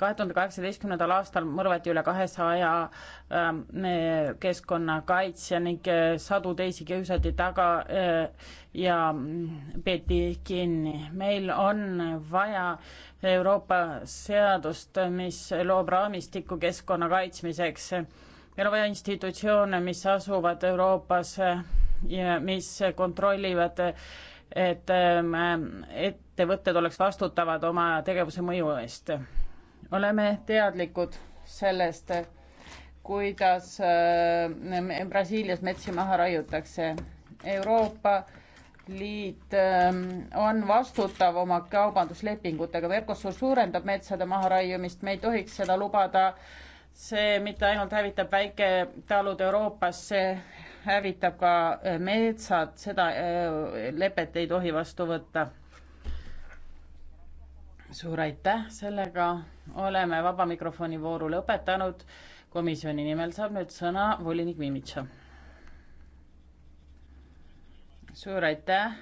kahe tuhande kaheksateistkümnendal aastal mõrvati üle kahesaja ähm, keskkonnakaitsja ning äh, sadu teisi kiusati taga äh, ja mm, peeti kinni. meil on vaja Euroopa seadust, mis loob raamistiku keskkonna kaitsmiseks meil on vaja institutsioone, mis asuvad Euroopas ja mis kontrollivad, et ähm, ettevõtted oleks vastutavad oma tegevuse mõju eest. oleme teadlikud sellest, kuidas ähm, Brasiilias metsi maha raiutakse. Euroopa Liit ähm, on vastutav oma kaubanduslepingutega, Mercosur suurendab metsade maharaiumist, me ei tohiks seda lubada see mitte ainult hävitab väiketalud Euroopas, see hävitab ka äh, metsad, seda äh, lepet ei tohi vastu võtta. suur aitäh, sellega oleme vaba mikrofoni vooru lõpetanud. komisjoni nimel saab nüüd sõna volinik Mimitša. suur aitäh,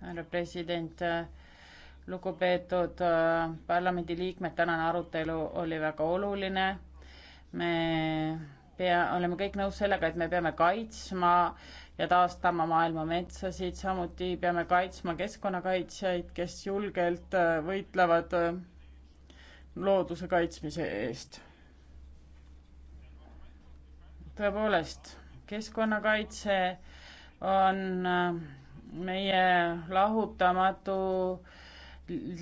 härra president lugupeetud äh, parlamendiliikmed, tänane arutelu oli väga oluline me pea, oleme kõik nõus sellega, et me peame kaitsma ja taastama maailma metsasid, samuti peame kaitsma keskkonnakaitsjaid, kes julgelt äh, võitlevad äh, looduse kaitsmise eest. tõepoolest, keskkonnakaitse on äh, meie lahutamatu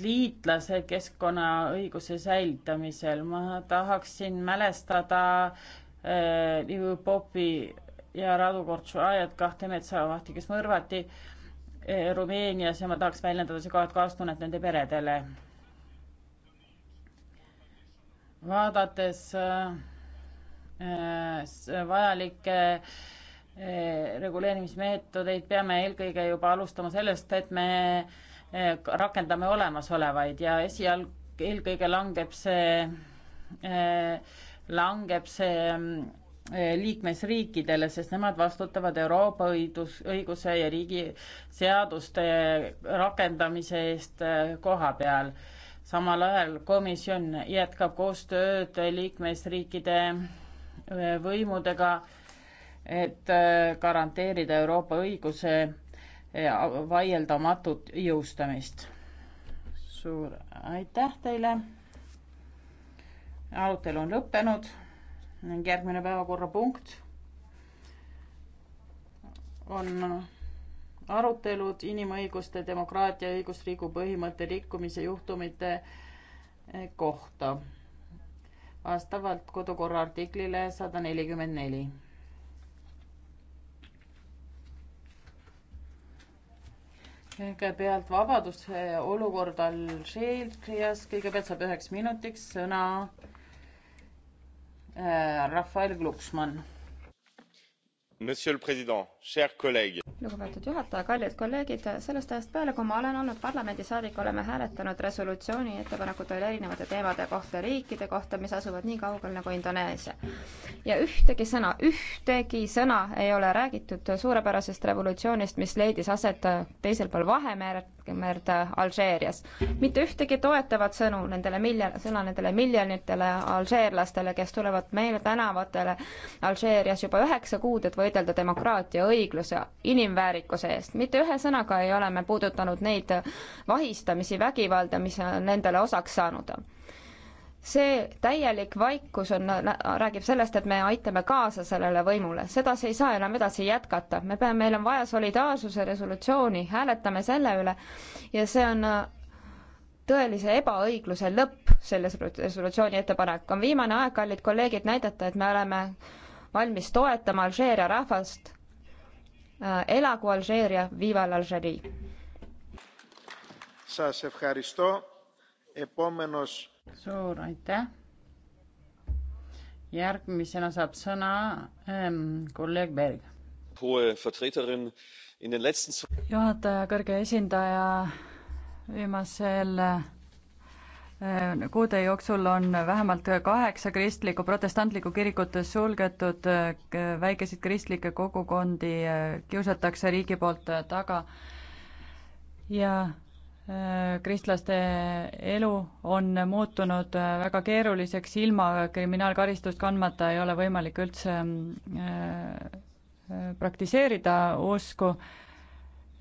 liitlase keskkonnaõiguse säilitamisel. ma tahaksin mälestada äh, Liivu Popi ja Radu Gortšajat, kahte metsavahti, kes mõrvati äh, Rumeenias ja ma tahaks väljendada sügavat kaastunnet nende peredele. vaadates äh, äh, vajalikke äh, reguleerimismeetodeid, peame eelkõige juba alustama sellest, et me äh, Äh, rakendame olemasolevaid ja esialg, eelkõige langeb see, äh, langeb see äh, liikmesriikidele, sest nemad vastutavad Euroopa õigus, õiguse ja riigi seaduste rakendamise eest koha peal. samal ajal komisjon jätkab koostööd liikmesriikide võimudega, et garanteerida Euroopa õiguse vaieldamatut jõustamist. suur aitäh teile. arutelu on lõppenud ning järgmine päevakorrapunkt on arutelud inimõiguste, demokraatia ja õigusriigi põhimõtte rikkumise juhtumite kohta vastavalt kodukorra artiklile sada nelikümmend neli. kõigepealt vabaduse olukord Alžeerias, kõigepealt saab üheks minutiks sõna äh, Rafael Glucksmann. Monsieur le Président lugupeetud juhataja, kallid kolleegid, sellest ajast peale, kui ma olen olnud parlamendisaadik, oleme hääletanud resolutsiooni ettepanekut veel erinevate teemade kohta, riikide kohta, mis asuvad nii kaugel nagu Indoneesia. ja ühtegi sõna, ühtegi sõna ei ole räägitud suurepärasest revolutsioonist, mis leidis aset teisel pool Vahemerd, Alžeerias. mitte ühtegi toetavat sõnu nendele miljon, sõna nendele miljonitele alžeerlastele, kes tulevad meile tänavatele Alžeerias juba üheksa kuud, et võidelda demokraatia õigusega õigluse, inimväärikuse eest. mitte ühe sõnaga ei ole me puudutanud neid vahistamisi, vägivalda, mis on nendele osaks saanud see täielik vaikus on, räägib sellest, et me aitame kaasa sellele võimule, sedasi ei saa enam edasi jätkata, me peame, meil on vaja solidaarsuse resolutsiooni, hääletame selle üle ja see on äh, tõelise ebaõigluse lõpp, selle resolutsiooni ettepanek. on viimane aeg, kallid kolleegid, näidata, et me oleme valmis toetama Alžeeria rahvast Äh, elagu Alžeeria, viva l'Alžerii! suur aitäh! järgmisena saab sõna ähm, kolleeg Berg. juhataja, kõrge esindaja, viimasel Äh, kuude jooksul on vähemalt kaheksa kristlikku protestantlikku kirikut sulgetud, äh, väikeseid kristlikke kogukondi äh, kiusatakse riigi poolt taga ja kristlaste elu on muutunud väga keeruliseks, ilma kriminaalkaristust kandmata ei ole võimalik üldse mm, praktiseerida usku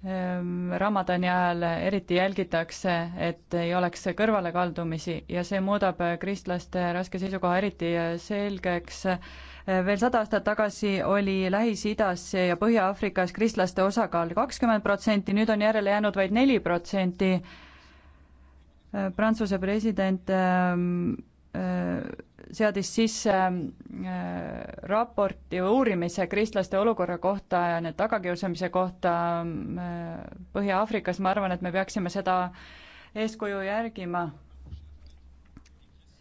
Ehm, Ramadani ajal eriti jälgitakse, et ei oleks kõrvalekaldumisi ja see muudab kristlaste raske seisukoha eriti selgeks. Ehm, veel sada aastat tagasi oli Lähis-Idas ja Põhja-Aafrikas kristlaste osakaal kakskümmend protsenti, nüüd on järele jäänud vaid neli protsenti. Ehm, Prantsuse president seadis sisse äh, raporti uurimise kristlaste olukorra kohta ja need tagakiusamise kohta äh, Põhja-Aafrikas, ma arvan, et me peaksime seda eeskuju järgima.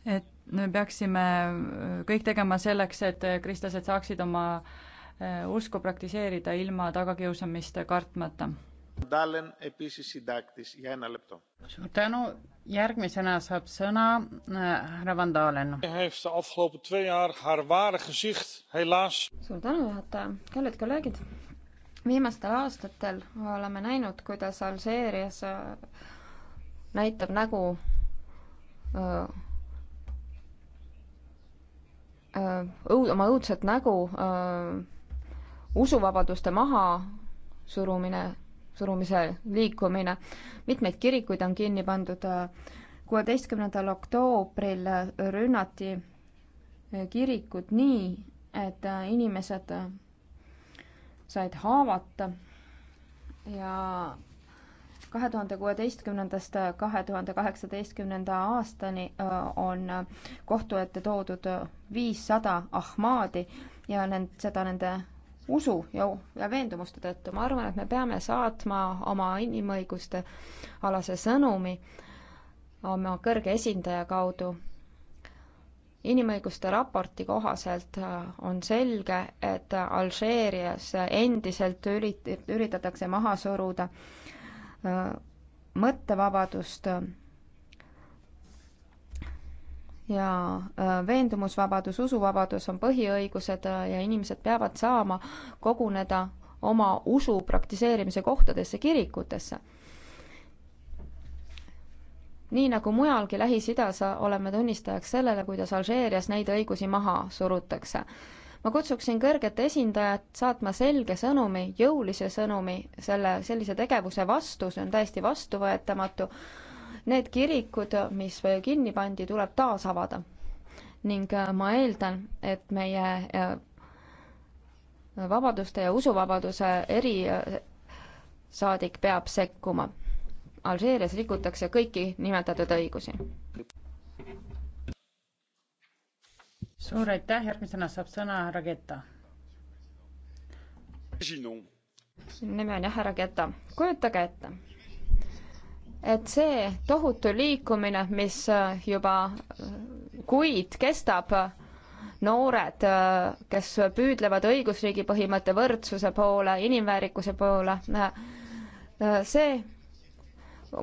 et me peaksime äh, kõik tegema selleks, et kristlased saaksid oma usku praktiseerida ilma tagakiusamist kartmata suur tänu, järgmisena saab sõna äh, härra Van Dalen. suur tänu, juhataja, kallid kolleegid. viimastel aastatel oleme näinud, kuidas Alžeerias äh, näitab nägu öö, äh, õud-, oma õudset nägu, usuvabaduste mahasurumine läbisurumise liikumine. mitmeid kirikuid on kinni pandud, kuueteistkümnendal oktoobril rünnati kirikut nii, et inimesed said haavata ja kahe tuhande kuueteistkümnendast kahe tuhande kaheksateistkümnenda aastani äh, on kohtu ette toodud viissada ahmaadi ja nend-, seda nende usu ja, ja veendumuste tõttu, ma arvan, et me peame saatma oma inimõiguste alase sõnumi oma kõrge esindaja kaudu. inimõiguste raporti kohaselt äh, on selge, et Alžeerias endiselt ürit-, üritatakse maha suruda äh, mõttevabadust ja äh, veendumusvabadus, usuvabadus on põhiõigused äh, ja inimesed peavad saama koguneda oma usu praktiseerimise kohtadesse, kirikutesse. nii nagu mujalgi Lähis-Idas äh, oleme tunnistajaks sellele, kuidas Alžeerias neid õigusi maha surutakse. ma kutsuksin kõrget esindajat saatma selge sõnumi, jõulise sõnumi selle, sellise tegevuse vastu, see on täiesti vastuvõetamatu Need kirikud, mis kinni pandi, tuleb taas avada. ning äh, ma eeldan, et meie äh, vabaduste ja usuvabaduse erisaadik äh, peab sekkuma. Alžeerias rikutakse kõiki nimetatud õigusi. suur aitäh, järgmisena saab sõna härra Ketta. nimi on jah härra Ketta, kujutage ette et see tohutu liikumine, mis äh, juba äh, kuid kestab, äh, noored, kes püüdlevad õigusriigi põhimõtte võrdsuse poole, inimväärikuse poole, see,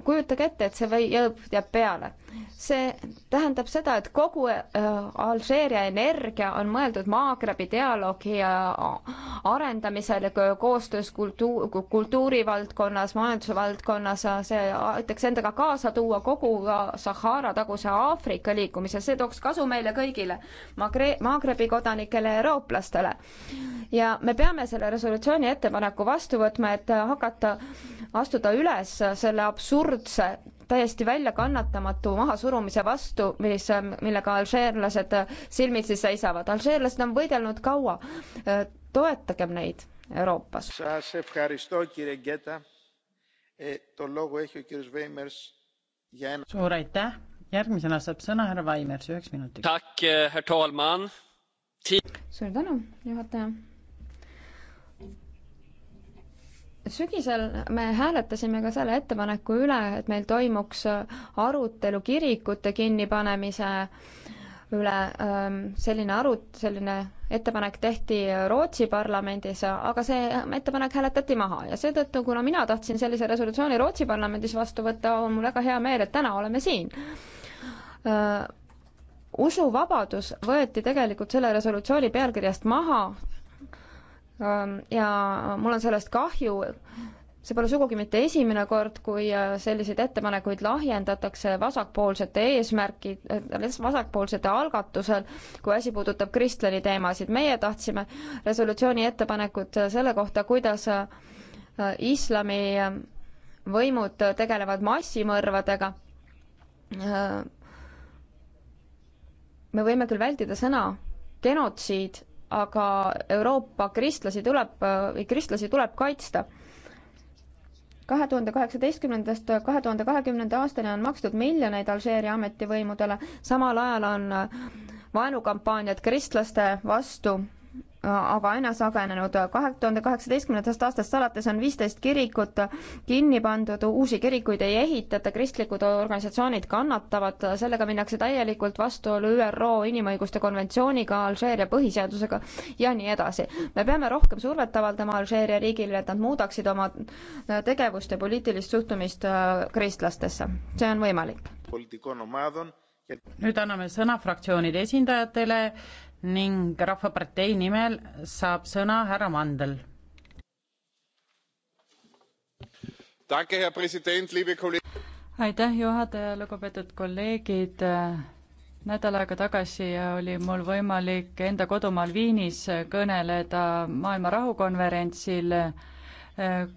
kujutage ette, et see või jääb, jääb peale see tähendab seda, et kogu äh, Alžeeria energia on mõeldud Maagrebi dialoogi äh, arendamisele koostöös kultuur, kultuurivaldkonnas, majandusvaldkonnas, äh, see aitaks endaga kaasa tuua kogu Sahara taguse Aafrika liikumise, see tooks kasu meile kõigile, Magre-, Maagrebi kodanikele, eurooplastele. ja me peame selle resolutsiooni ettepaneku vastu võtma, et hakata, astuda üles selle absurdse täiesti väljakannatamatu mahasurumise vastu, mis, millega alžeerlased silmitsi seisavad. alžeerlased on võidelnud kaua, toetagem neid Euroopas. suur aitäh, järgmisena saab sõna härra Vaimers, üheks minutiks. Eh, suur tänu, juhataja sügisel me hääletasime ka selle ettepaneku üle, et meil toimuks äh, arutelu kirikute kinnipanemise üle, ähm, selline arut-, selline ettepanek tehti Rootsi parlamendis, aga see ettepanek hääletati maha ja seetõttu, kuna mina tahtsin sellise resolutsiooni Rootsi parlamendis vastu võtta, on mul väga hea meel, et täna oleme siin äh, usuvabadus võeti tegelikult selle resolutsiooni pealkirjast maha Ähm, ja mul on sellest kahju, see pole sugugi mitte esimene kord, kui äh, selliseid ettepanekuid lahjendatakse vasakpoolsete eesmärki, äh, vasakpoolsete algatusel, kui asi puudutab kristlani teemasid. meie tahtsime resolutsiooni ettepanekut äh, selle kohta, kuidas islami võimud tegelevad massimõrvadega. me võime küll vältida sõna genotsiid aga Euroopa kristlasi tuleb, kristlasi tuleb kaitsta kahe tuhande kaheksateistkümnendast kahe tuhande kahekümnenda aastani on makstud miljoneid Alžeeria ametivõimudele, samal ajal on vaenukampaaniad kristlaste vastu aga aina sagenenud. kahe tuhande kaheksateistkümnendast aastast alates on viisteist kirikut kinni pandud, uusi kirikuid ei ehitata, kristlikud organisatsioonid kannatavad, sellega minnakse täielikult vastuollu ÜRO inimõiguste konventsiooniga, Alžeeria põhiseadusega ja nii edasi. me peame rohkem survet avaldama Alžeeria riigile, et nad muudaksid oma tegevust ja poliitilist suhtumist äh, kristlastesse. see on võimalik. nüüd anname sõna fraktsioonide esindajatele ning Rahvapartei nimel saab sõna härra Mandel. aitäh, juhataja, lugupeetud kolleegid. nädal aega tagasi oli mul võimalik enda kodumaal Viinis kõneleda maailma rahukonverentsil,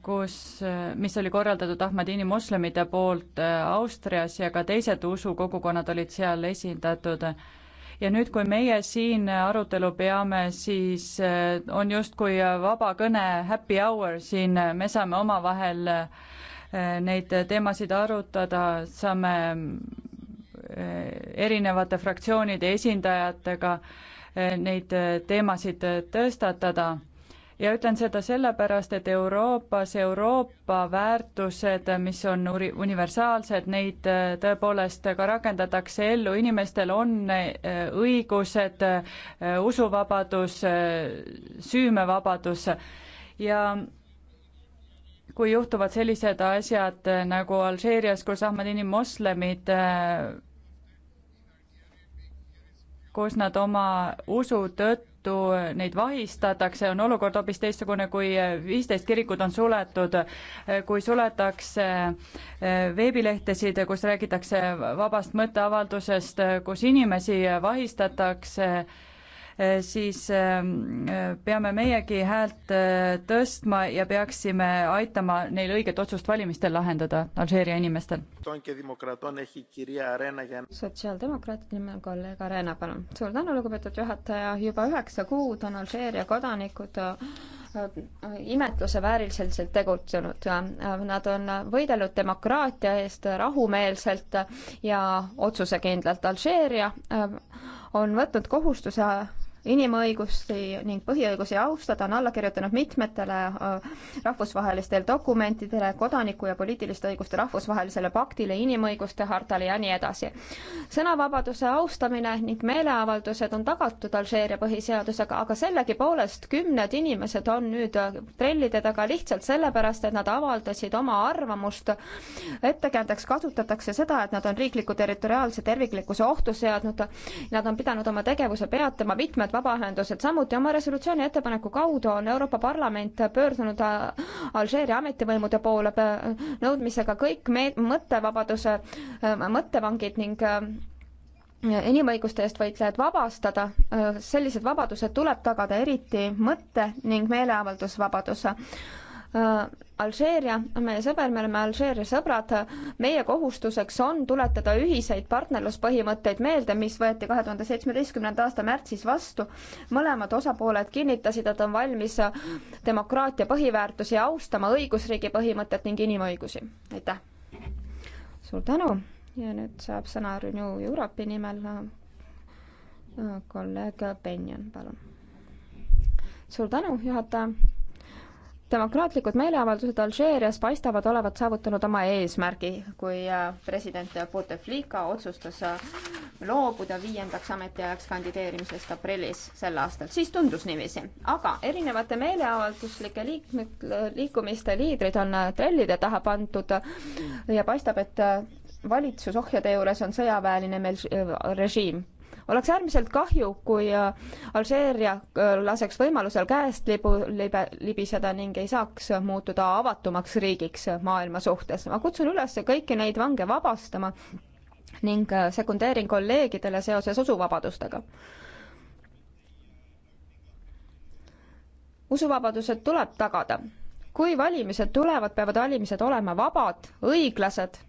kus, mis oli korraldatud Ahmadini moslemite poolt Austrias ja ka teised usukogukonnad olid seal esindatud ja nüüd, kui meie siin arutelu peame, siis eh, on justkui vaba kõne happy hour siin, me saame omavahel eh, neid teemasid arutada, saame eh, erinevate fraktsioonide esindajatega neid teemasid tõstatada ja ütlen seda sellepärast, et Euroopas Euroopa väärtused, mis on universaalsed, neid äh, tõepoolest ka rakendatakse ellu, inimestel on äh, õigused, äh, usuvabadus, süümevabadus ja kui juhtuvad sellised asjad nagu Alžeerias, kus Ahmadini moslemid kus nad oma usu tõttu tõttu neid vahistatakse, on olukord hoopis teistsugune, kui viisteist kirikut on suletud, kui suletakse eh, veebilehtesid, kus räägitakse vabast mõtteavaldusest, kus inimesi vahistatakse Äh, siis ähm, äh, peame meiegi häält äh, tõstma ja peaksime aitama neil õiget otsust valimistel lahendada, Alžeeria inimestel. sotsiaaldemokraatide nimel kolleeg Arena, palun. suur tänu, lugupeetud juhataja, juba üheksa kuud on Alžeeria kodanikud imetluse vääriliselt tegutsenud. Nad on võidelnud demokraatia eest rahumeelselt ja otsusekindlalt. Alžeeria on võtnud kohustuse inimõigusi ning põhiõigusi austada, on alla kirjutanud mitmetele äh, rahvusvahelistele dokumentidele, kodaniku- ja poliitiliste õiguste rahvusvahelisele paktile, inimõiguste hartale ja nii edasi. sõnavabaduse austamine ning meeleavaldused on tagatud Alžeeria põhiseadusega, aga sellegipoolest kümned inimesed on nüüd äh, trellide taga lihtsalt sellepärast, et nad avaldasid oma arvamust. ettekäändeks kasutatakse seda, et nad on riikliku territoriaalse terviklikkuse ohtu seadnud, nad on pidanud oma tegevuse peatama, mitmed vabaühendused. samuti oma resolutsiooni ettepaneku kaudu on Euroopa Parlament pöördunud Alžeeria ametivõimude poole nõudmisega kõik mõttevabaduse äh, mõttevangid ning äh, inimõiguste eest võitlejad vabastada, äh, sellised vabadused tuleb tagada, eriti mõtte- ning meeleavaldusvabaduse Äh, Alžeeria on meie sõber, me oleme Alžeeria sõbrad, meie kohustuseks on tuletada ühiseid partnerluspõhimõtteid meelde, mis võeti kahe tuhande seitsmeteistkümnenda aasta märtsis vastu. mõlemad osapooled kinnitasid, et on valmis demokraatia põhiväärtusi austama, õigusriigi põhimõtet ning inimõigusi. aitäh! suur tänu ja nüüd saab sõna Renew Europe'i nimel äh, kolleeg Benjan, palun. suur tänu, juhataja demokraatlikud meeleavaldused Alžeerias paistavad olevat saavutanud oma eesmärgi, kui äh, president Bouteflika otsustas äh, loobuda viiendaks ametiajaks kandideerimisest aprillis sel aastal, siis tundus niiviisi. aga erinevate meeleavalduslike liikmed, liikumiste liidrid on äh, trellide taha pandud ja paistab, et valitsusohjade juures on sõjaväeline meil režiim oleks äärmiselt kahju, kui äh, Alžeeria äh, laseks võimalusel käest libu, libe, libiseda ning ei saaks muutuda avatumaks riigiks maailma suhtes. ma kutsun üles kõiki neid vange vabastama ning äh, sekundeerin kolleegidele seoses usuvabadustega usuvabadused tuleb tagada. kui valimised tulevad, peavad valimised olema vabad, õiglased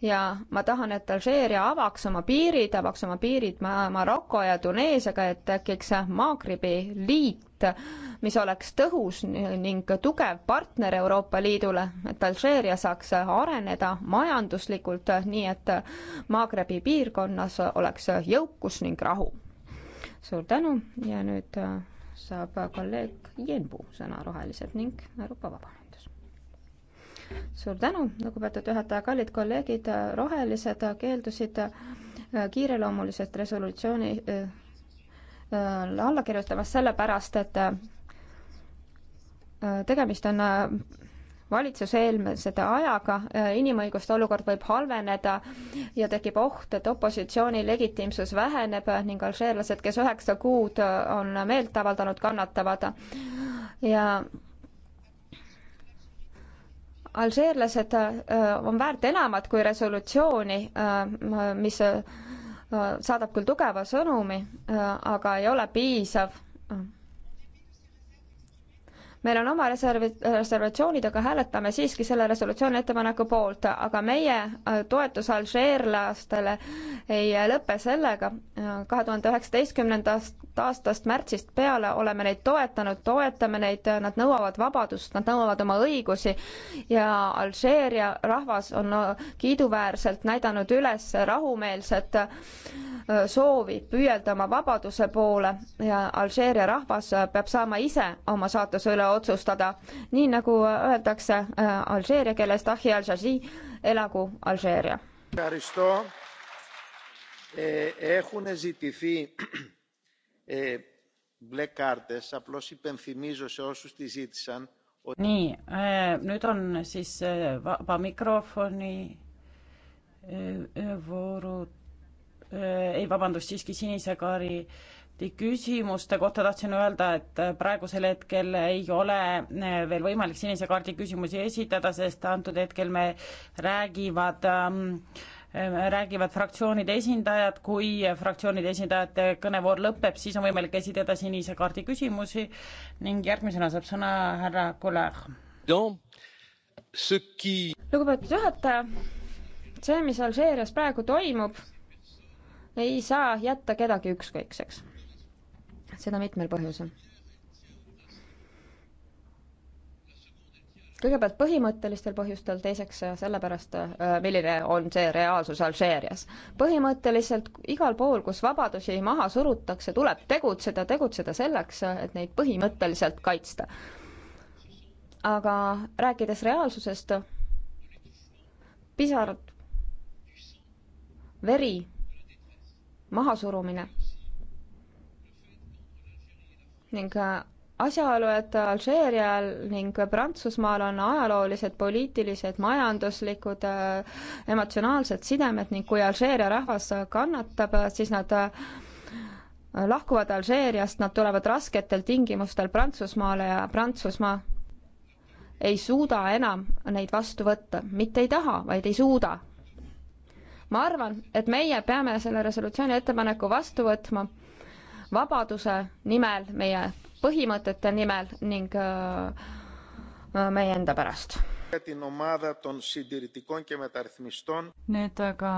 ja ma tahan, et Alžeeria avaks oma piirid, avaks oma piirid Maroko ja Tuneesiaga, et tekiks Maagribi liit, mis oleks tõhus ning tugev partner Euroopa Liidule, et Alžeeria saaks areneda majanduslikult, nii et Maagribi piirkonnas oleks jõukus ning rahu. suur tänu ja nüüd saab kolleeg Jenbu sõna rohelised ning Euroopa Vaba suur tänu, lugupeetud juhataja, kallid kolleegid, rohelised keeldusid äh, kiireloomulisest resolutsiooni äh, äh, alla kirjutamast sellepärast, et tegemist on valitsuseelmesede ajaga, inimõiguste olukord võib halveneda ja tekib oht, et opositsiooni legitiimsus väheneb ning alžeerlased, kes üheksa kuud on meelt avaldanud, kannatavad. ja alžeerlased äh, on väärt enamat kui resolutsiooni, äh, mis äh, saadab küll tugeva sõnumi, aga ei ole piisav meil on oma reservi-, reservatsioonid, aga hääletame siiski selle resolutsiooni ettepaneku poolt, aga meie äh, toetus alžeerlastele ei lõpe sellega. kahe tuhande üheksateistkümnendast aastast märtsist peale oleme neid toetanud, toetame neid, nad nõuavad vabadust, nad nõuavad oma õigusi ja Alžeeria rahvas on kiiduväärselt näidanud üles rahumeelset äh, soovi püüelda oma vabaduse poole ja Alžeeria rahvas peab saama ise oma saatuse üle otsustada. nii nagu öeldakse äh, alžeeria keeles, elagu Alžeeria. Έχουν ζητηθεί ε, μπλε κάρτες. Απλώς υπενθυμίζω σε όσους τη ζήτησαν. Ότι... Nii, äh, nyt on siis äh, vaba mikrofoni äh, äh vooru, äh, ei vabandust, siiski sinise kaari äh, küsimuste kohta tahtsin öelda, et äh, praegusel hetkel ei ole äh, veel võimalik sinise kaardi küsimusi esitada, sest antud hetkel me räägivad ähm, äh, räägivad fraktsioonide esindajad, kui fraktsioonide esindajate kõnevoor lõpeb, siis on võimalik esitada sinise kaardi küsimusi ning järgmisena saab sõna härra Kuler. lugupeetud juhataja, see, mis Alžeerias praegu toimub, ei saa jätta kedagi ükskõikseks seda mitmel põhjusel. kõigepealt põhimõttelistel põhjustel, teiseks äh, sellepärast, äh, milline on see reaalsus Alžeerias. põhimõtteliselt igal pool, kus vabadusi maha surutakse, tuleb tegutseda, tegutseda selleks, äh, et neid põhimõtteliselt kaitsta. aga rääkides reaalsusest, pisarad, veri, mahasurumine ning äh, asjaolu, et Alžeerial ning Prantsusmaal on ajaloolised, poliitilised, majanduslikud, äh, emotsionaalsed sidemed ning kui Alžeeria rahvas kannatab, siis nad äh, lahkuvad Alžeeriast, nad tulevad rasketel tingimustel Prantsusmaale ja Prantsusmaa ei suuda enam neid vastu võtta, mitte ei taha, vaid ei suuda. ma arvan, et meie peame selle resolutsiooni ettepaneku vastu võtma vabaduse nimel, meie põhimõtete nimel ning meie enda pärast. nüüd aga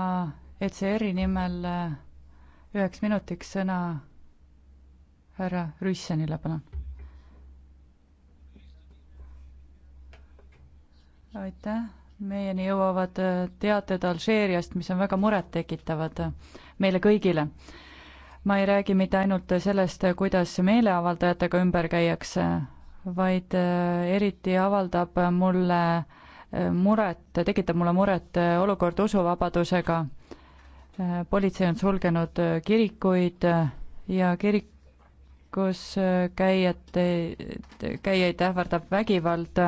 ECR-i nimel üheks minutiks sõna härra Rüssenile, palun. aitäh, meieni jõuavad teated Alžeeriast, mis on väga murettekitavad meile kõigile ma ei räägi mitte ainult sellest, kuidas meeleavaldajatega ümber käiakse, vaid äh, eriti avaldab mulle äh, muret, tekitab mulle muret äh, olukord usuvabadusega. politsei on sulgenud kirikuid ja kirikus käijate, käijaid ähvardab vägivald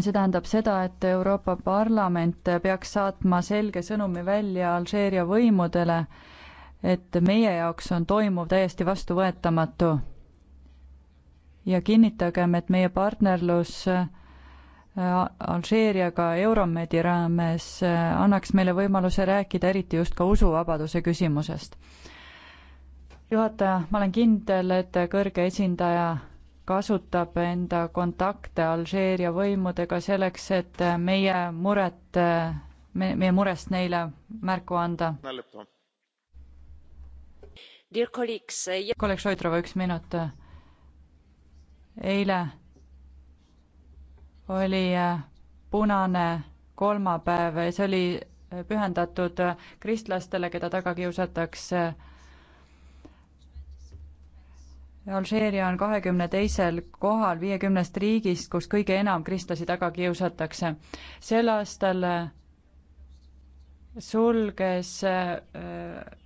see tähendab seda, et Euroopa Parlament peaks saatma selge sõnumi välja Alžeeria võimudele, et meie jaoks on toimuv täiesti vastuvõetamatu. ja kinnitagem, et meie partnerlus äh, Alžeeriaga Euromedi raames äh, annaks meile võimaluse rääkida eriti just ka usuvabaduse küsimusest. juhataja, ma olen kindel, et kõrge esindaja kasutab enda kontakte Alžeeria võimudega selleks, et meie muret, meie murest neile märku anda. kolleeg Šoitrova, üks minut. eile oli punane kolmapäev ja see oli pühendatud kristlastele, keda taga kiusatakse Alžeeria on kahekümne teisel kohal viiekümnest riigist, kus kõige enam kristlasi taga kiusatakse. sel aastal äh, sulges äh,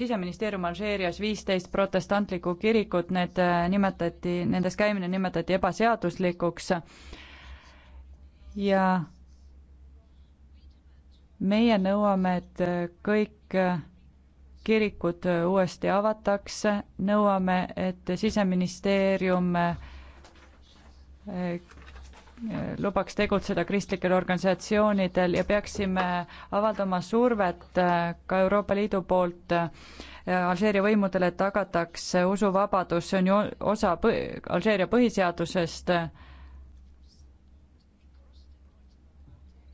siseministeerium Alžeerias viisteist protestantlikku kirikut, need äh, nimetati, nendes käimine nimetati ebaseaduslikuks ja meie nõuame, et kõik kirikud uuesti avatakse, nõuame, et siseministeerium eh, lubaks tegutseda kristlikel organisatsioonidel ja peaksime avaldama survet eh, ka Euroopa Liidu poolt eh, Alžeeria võimudele, et tagataks usuvabadus, see on ju osa põh Alžeeria põhiseadusest.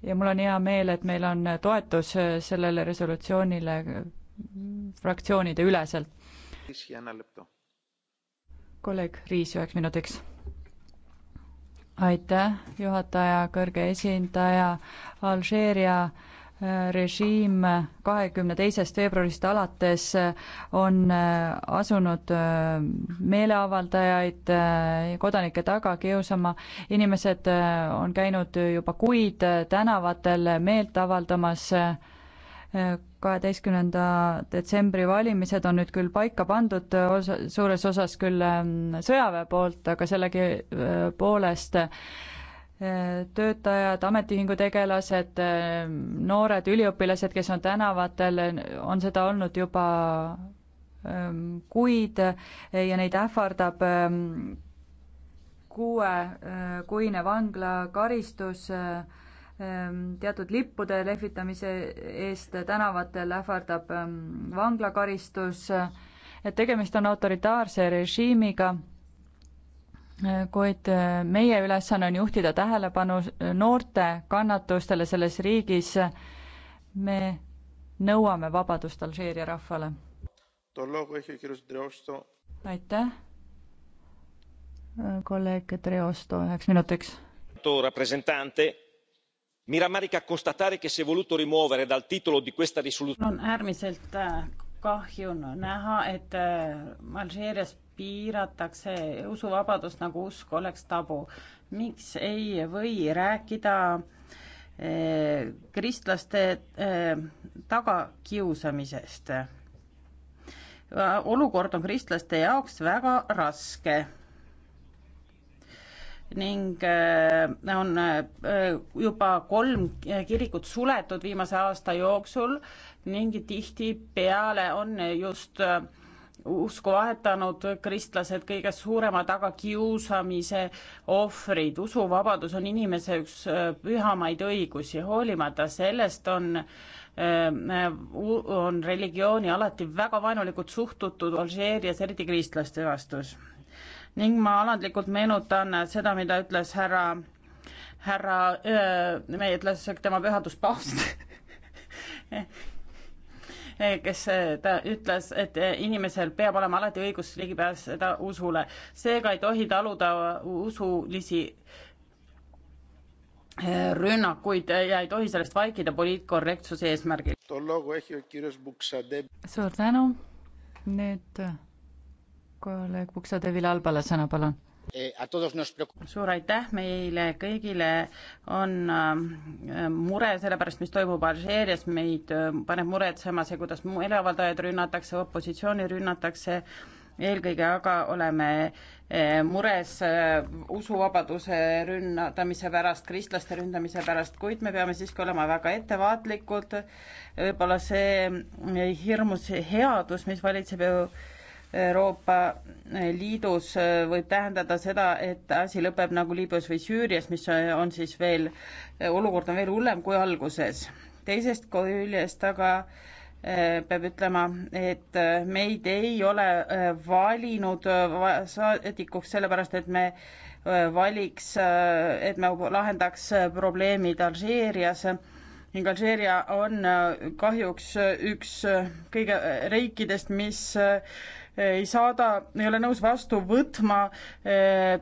ja mul on hea meel, et meil on toetus sellele resolutsioonile fraktsioonide üleselt. kolleeg Riis üheks minutiks. aitäh, juhataja, kõrge esindaja, Alžeeria äh, režiim kahekümne teisest veebruarist alates äh, on äh, asunud meeleavaldajaid, kodanikke taga kiusama. inimesed on käinud juba kuid tänavatel meelt avaldamas kaheteistkümnenda detsembri valimised on nüüd küll paika pandud osa, suures osas küll ähm, sõjaväe poolt, aga sellegipoolest äh, töötajad, ametiühingu tegelased, ähm, noored üliõpilased, kes on tänavatel, on seda olnud juba ähm, kuid äh, ja neid ähvardab kuuekuine vanglakaristus äh, Ehm, teatud lippude lehvitamise eest tänavatel ähvardab ehm, vanglakaristus, et tegemist on autoritaarse režiimiga, eh, kuid eh, meie ülesanne on juhtida tähelepanu eh, noorte kannatustele selles riigis. me nõuame vabadust Alžeeria rahvale. aitäh, kolleeg Dreosto üheks minutiks mi rammarica constatare che si è voluto rimuovere dal titolo di questa risoluzione. on äärmiselt eh, kahju näha et eh, alžeerias piiratakse usuvabadust nagu usk oleks tabu miks ei või rääkida eh, kristlaste tagakiusamisest olukord on kristlaste jaoks väga raske ning äh, on äh, juba kolm kirikut suletud viimase aasta jooksul ning tihtipeale on just äh, usku vahetanud kristlased kõige suurema tagakiusamise ohvrid. usuvabadus on inimese üks pühamaid õigusi, hoolimata sellest on on religiooni alati väga vaenulikult suhtutud Alžeerias, eriti kristlaste vastus ning ma alandlikult meenutan seda, mida ütles härra, härra, meie ütles tema pühadus paavst kes äh, ta ütles, et äh, inimesel peab olema alati õigus ligi pääseda usule. seega ei tohi taluda usulisi äh, rünnakuid ja ei tohi sellest vaikida poliitkorrektsuse eesmärgil. suur tänu, nüüd kolleeg Puksa de Villalbale sõna, palun. Eh, suur aitäh meile kõigile, on ähm, mure selle pärast, mis toimub Alžeerias, meid äh, paneb muretsema see, kuidas meeleavaldajaid rünnatakse, opositsiooni rünnatakse, eelkõige aga oleme äh, mures äh, usuvabaduse ründamise pärast, kristlaste ründamise pärast, kuid me peame siiski olema väga ettevaatlikud, võib-olla see hirmus headus, mis valitseb ju Euroopa Liidus äh, võib tähendada seda, et asi lõpeb nagu Liibüas või Süürias, mis äh, on siis veel, äh, olukord on veel hullem kui alguses. teisest küljest aga peab ütlema, et meid ei ole valinud saadikuks sellepärast, et me valiks, et me lahendaks probleemid Alžeerias ning Alžeeria on kahjuks üks kõige riikidest, mis ei saada, ei ole nõus vastu võtma eh,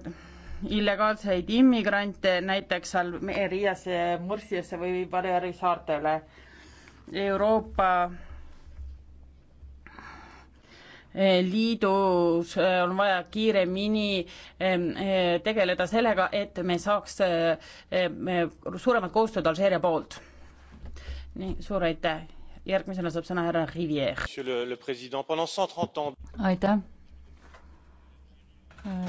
illegaalseid immigrante näiteks seal Riiasse, Mursiasse või Baleari saartele. Euroopa eh, Liidus eh, on vaja kiiremini tegeleda sellega, et me saaks suuremat koostööd Alžeeria poolt. nii, suur aitäh! järgmisena saab sõna härra Rivier. aitäh. Äh,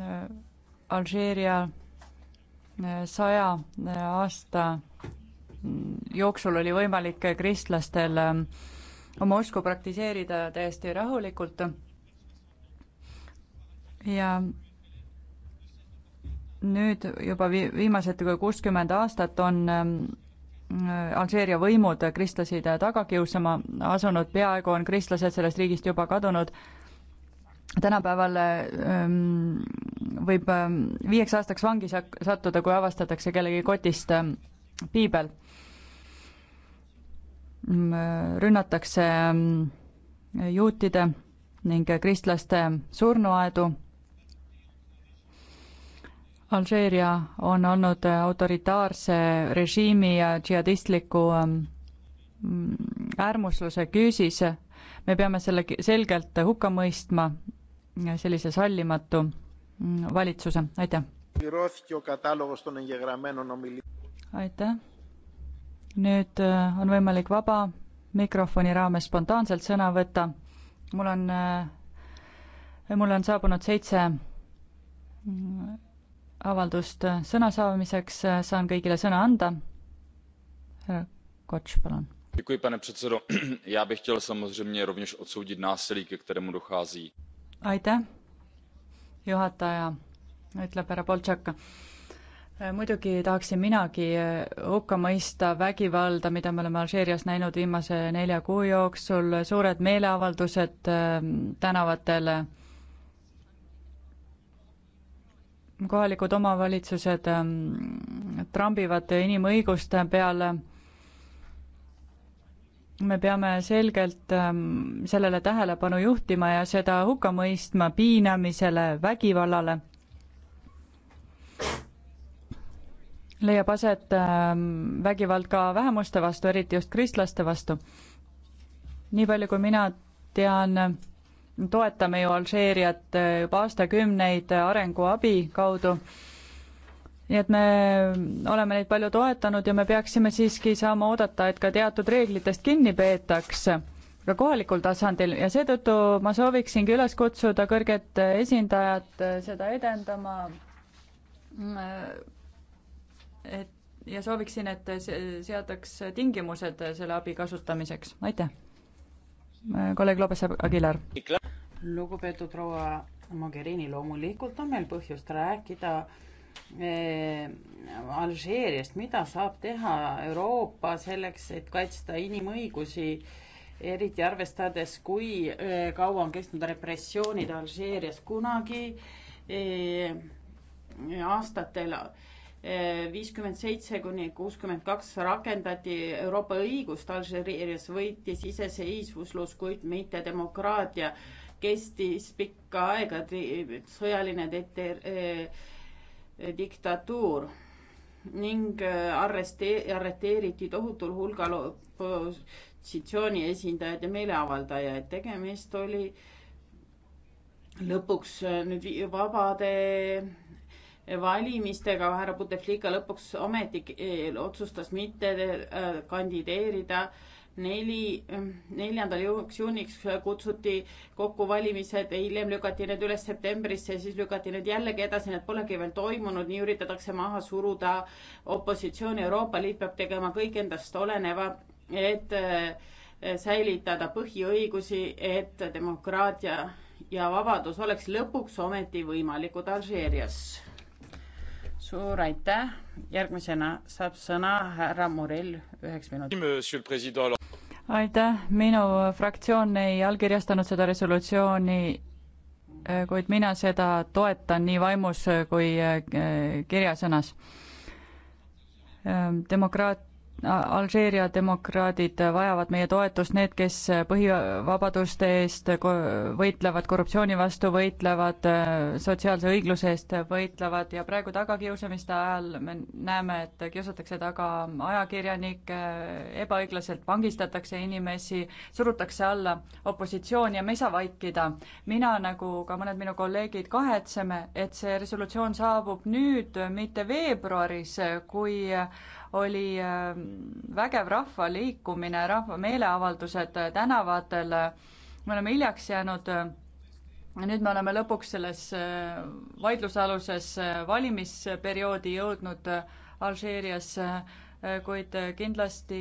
äh, Alžeeria äh, saja aasta mm, jooksul oli võimalik kristlastel oma usku praktiseerida täiesti rahulikult. ja nüüd juba vi-, viimased kuuskümmend aastat on Äh, Alžeeria võimud kristlasi taga kiusama asunud, peaaegu on kristlased sellest riigist juba kadunud. tänapäeval ähm, võib ähm, viieks aastaks vangi sattuda, kui avastatakse kellegi kotist ähm, piibel. Mm, äh, rünnatakse juutide ning kristlaste surnuaedu Alžeeria on olnud äh, autoritaarse režiimi ja džihadistliku ähm, äärmusluse küüsis. me peame selle selgelt hukka mõistma, sellise sallimatu mm, valitsuse, aitäh. aitäh. nüüd äh, on võimalik vaba mikrofoni raames spontaanselt sõna võtta. mul on, äh, mulle on saabunud seitse mm, avaldust sõna saamiseks, saan kõigile sõna anda. härra Kotš, palun. pane předsedo, já bych chtěl samozřejmě rovněž odsoudit násilí, ke kterému dochází. aitäh, juhataja, ütleb härra Boltšak muidugi tahaksin minagi hukka mõista vägivalda, mida me oleme Alžeerias näinud viimase nelja kuu jooksul, suured meeleavaldused äh, tänavatel kohalikud omavalitsused ähm, trambivad inimõiguste peale. me peame selgelt ähm, sellele tähelepanu juhtima ja seda hukka mõistma piinamisele, vägivallale. leiab aset ähm, vägivald ka vähemuste vastu, eriti just kristlaste vastu. nii palju, kui mina tean toetame ju Alžeeriat äh, juba aastakümneid arenguabi kaudu. nii et me oleme neid palju toetanud ja me peaksime siiski saama oodata, et ka teatud reeglitest kinni peetaks ka kohalikul tasandil ja seetõttu ma sooviksingi üles kutsuda kõrget esindajat äh, seda edendama. Mm, äh, et ja sooviksin, et seadaks tingimused selle abi kasutamiseks, aitäh. kolleeg Lopes Aguilar lugupeetud proua Mogherini, loomulikult on meil põhjust rääkida eh, Alžeeriast, mida saab teha Euroopa selleks, et kaitsta inimõigusi, eriti arvestades, kui eh, kaua on kestnud repressioonid Alžeerias kunagi eh, aastatel viiskümmend seitse kuni kuuskümmend kaks rakendati Euroopa õigust Alžeerias, võitis iseseisvuslus, kuid mitte demokraatia kestis pikka aega sõjaline deter-, eh, diktatuur ning eh, arrestee-, arreteeriti tohutul hulgal opositsiooni esindajaid ja meeleavaldajaid. tegemist oli lõpuks eh, nüüd vabade valimistega, härra Buteflika lõpuks ometi otsustas mitte kandideerida äh, neli, ehm, neljandal juuniks kutsuti kokku valimised, hiljem lükati need üles septembrisse, siis lükati need jällegi edasi, need polegi veel toimunud, nii üritatakse maha suruda opositsiooni. Euroopa Liit peab tegema kõik endast oleneva, et eh, säilitada põhiõigusi, et demokraatia ja vabadus oleks lõpuks ometi võimalikud Alžeerias suur aitäh, järgmisena saab sõna härra Murel üheks minutiks aitäh, minu fraktsioon ei allkirjastanud seda resolutsiooni, eh, kuid mina seda toetan nii vaimus kui eh, kirjasõnas. Eh, demokraat-, Alžeeria demokraadid vajavad meie toetust, need, kes põhivabaduste eest võitlevad, korruptsiooni vastu võitlevad, sotsiaalse õigluse eest võitlevad ja praegu tagakiusamiste ajal me näeme, et kiusatakse taga ajakirjanikke, ebaõiglaselt vangistatakse inimesi, surutakse alla opositsiooni ja me ei saa vaikida. mina, nagu ka mõned minu kolleegid, kahetseme, et see resolutsioon saabub nüüd, mitte veebruaris, kui oli ähm, vägev rahvaliikumine, rahva meeleavaldused äh, tänavatel. me oleme hiljaks jäänud. Äh, nüüd me oleme lõpuks selles äh, vaidlusaluses valimisperioodi jõudnud Alžeerias, kuid kindlasti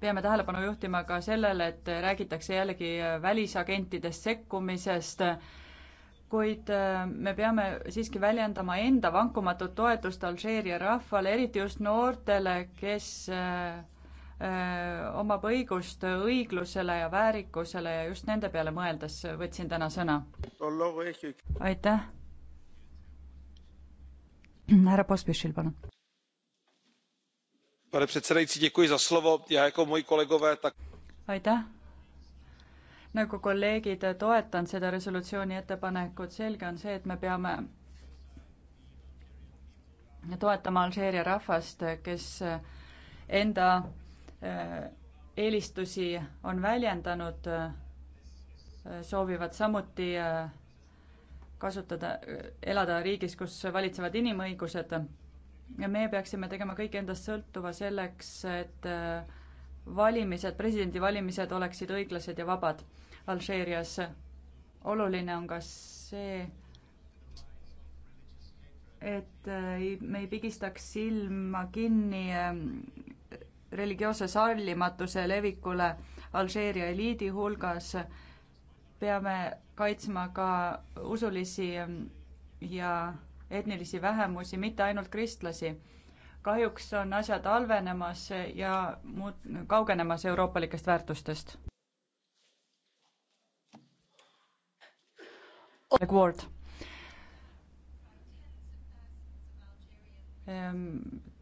peame tähelepanu juhtima ka sellele, et räägitakse jällegi välisagentidest sekkumisest kuid äh, me peame siiski väljendama enda vankumatut toetust Alžeeria rahvale, eriti just noortele, kes äh, äh, omab õigust õiglusele ja väärikusele ja just nende peale mõeldes võtsin täna sõna. aitäh. härra Pospišil, palun. pane predsedající, děkuji za slovo, ja jako moji kolegové tak. aitäh nagu kolleegid, toetan seda resolutsiooni ettepanekut, selge on see, et me peame toetama Alžeeria rahvast, kes enda eh, eelistusi on väljendanud, eh, soovivad samuti eh, kasutada, elada riigis, kus valitsevad inimõigused. ja meie peaksime tegema kõik endast sõltuva selleks, et valimised, presidendivalimised oleksid õiglased ja vabad Alžeerias. oluline on ka see, et äh, me ei pigistaks silma kinni äh, religioosse sallimatuse levikule Alžeeria eliidi hulgas. peame kaitsma ka usulisi ähm, ja etnilisi vähemusi, mitte ainult kristlasi. kahjuks on asjad halvenemas ja muud, kaugenemas euroopalikest väärtustest. Ward.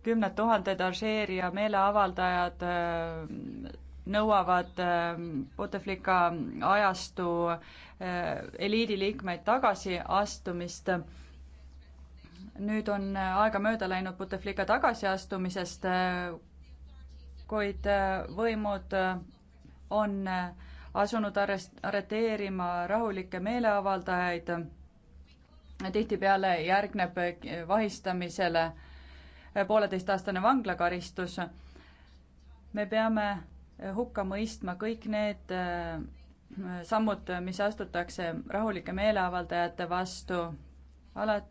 kümned tuhanded Alžeeria meeleavaldajad nõuavad Bouteflika ajastu eliidiliikmeid tagasiastumist. nüüd on aega mööda läinud Bouteflika tagasiastumisest, kuid võimud on asunud arrest-, arreteerima rahulikke meeleavaldajaid. tihtipeale järgneb vahistamisele pooleteistaastane vanglakaristus. me peame hukka mõistma kõik need äh, sammud, mis astutakse rahulike meeleavaldajate vastu. alati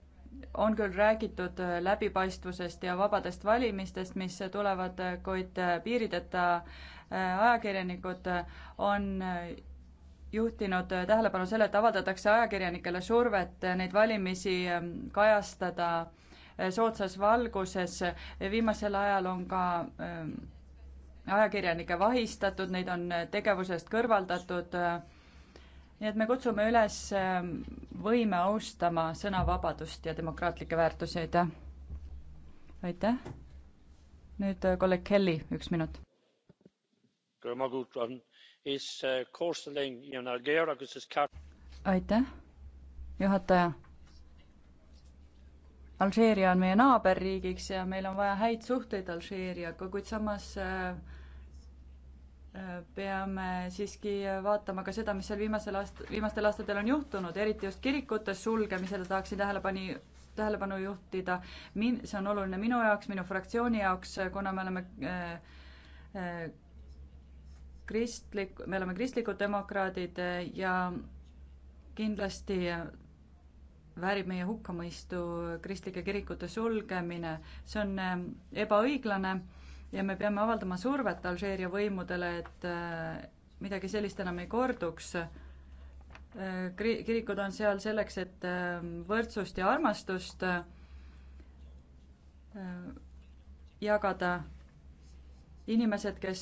on küll räägitud läbipaistvusest ja vabadest valimistest, mis tulevad, kuid piirideta ajakirjanikud äh, on äh, juhtinud äh, tähelepanu sellele, et avaldatakse ajakirjanikele survet neid valimisi ähm, kajastada soodsas valguses. viimasel ajal on ka ähm, ajakirjanikke vahistatud, neid on tegevusest kõrvaldatud. nii et me kutsume üles ähm, võime austama sõnavabadust ja demokraatlikke väärtusi, aitäh. aitäh. nüüd kolleeg Kelly, üks minut Uh, aitäh, juhataja. Alžeeria on meie naaberriigiks ja meil on vaja häid suhteid Alžeeriaga, kuid samas äh, äh, peame siiski vaatama ka seda, mis seal viimasel aast-, viimastel aastatel on juhtunud, eriti just kirikute sulgemisele tahaksin tähelepanu, tähelepanu juhtida. Min-, see on oluline minu jaoks, minu fraktsiooni jaoks, kuna me oleme äh, äh, kristlik, me oleme kristlikud demokraadid eh, ja kindlasti väärib meie hukkamõistu kristlike kirikute sulgemine. see on eh, ebaõiglane ja me peame avaldama survet Alžeeria võimudele, et eh, midagi sellist enam ei korduks. Kri-, kirikud on seal selleks, et võrdsust ja armastust jagada. inimesed, kes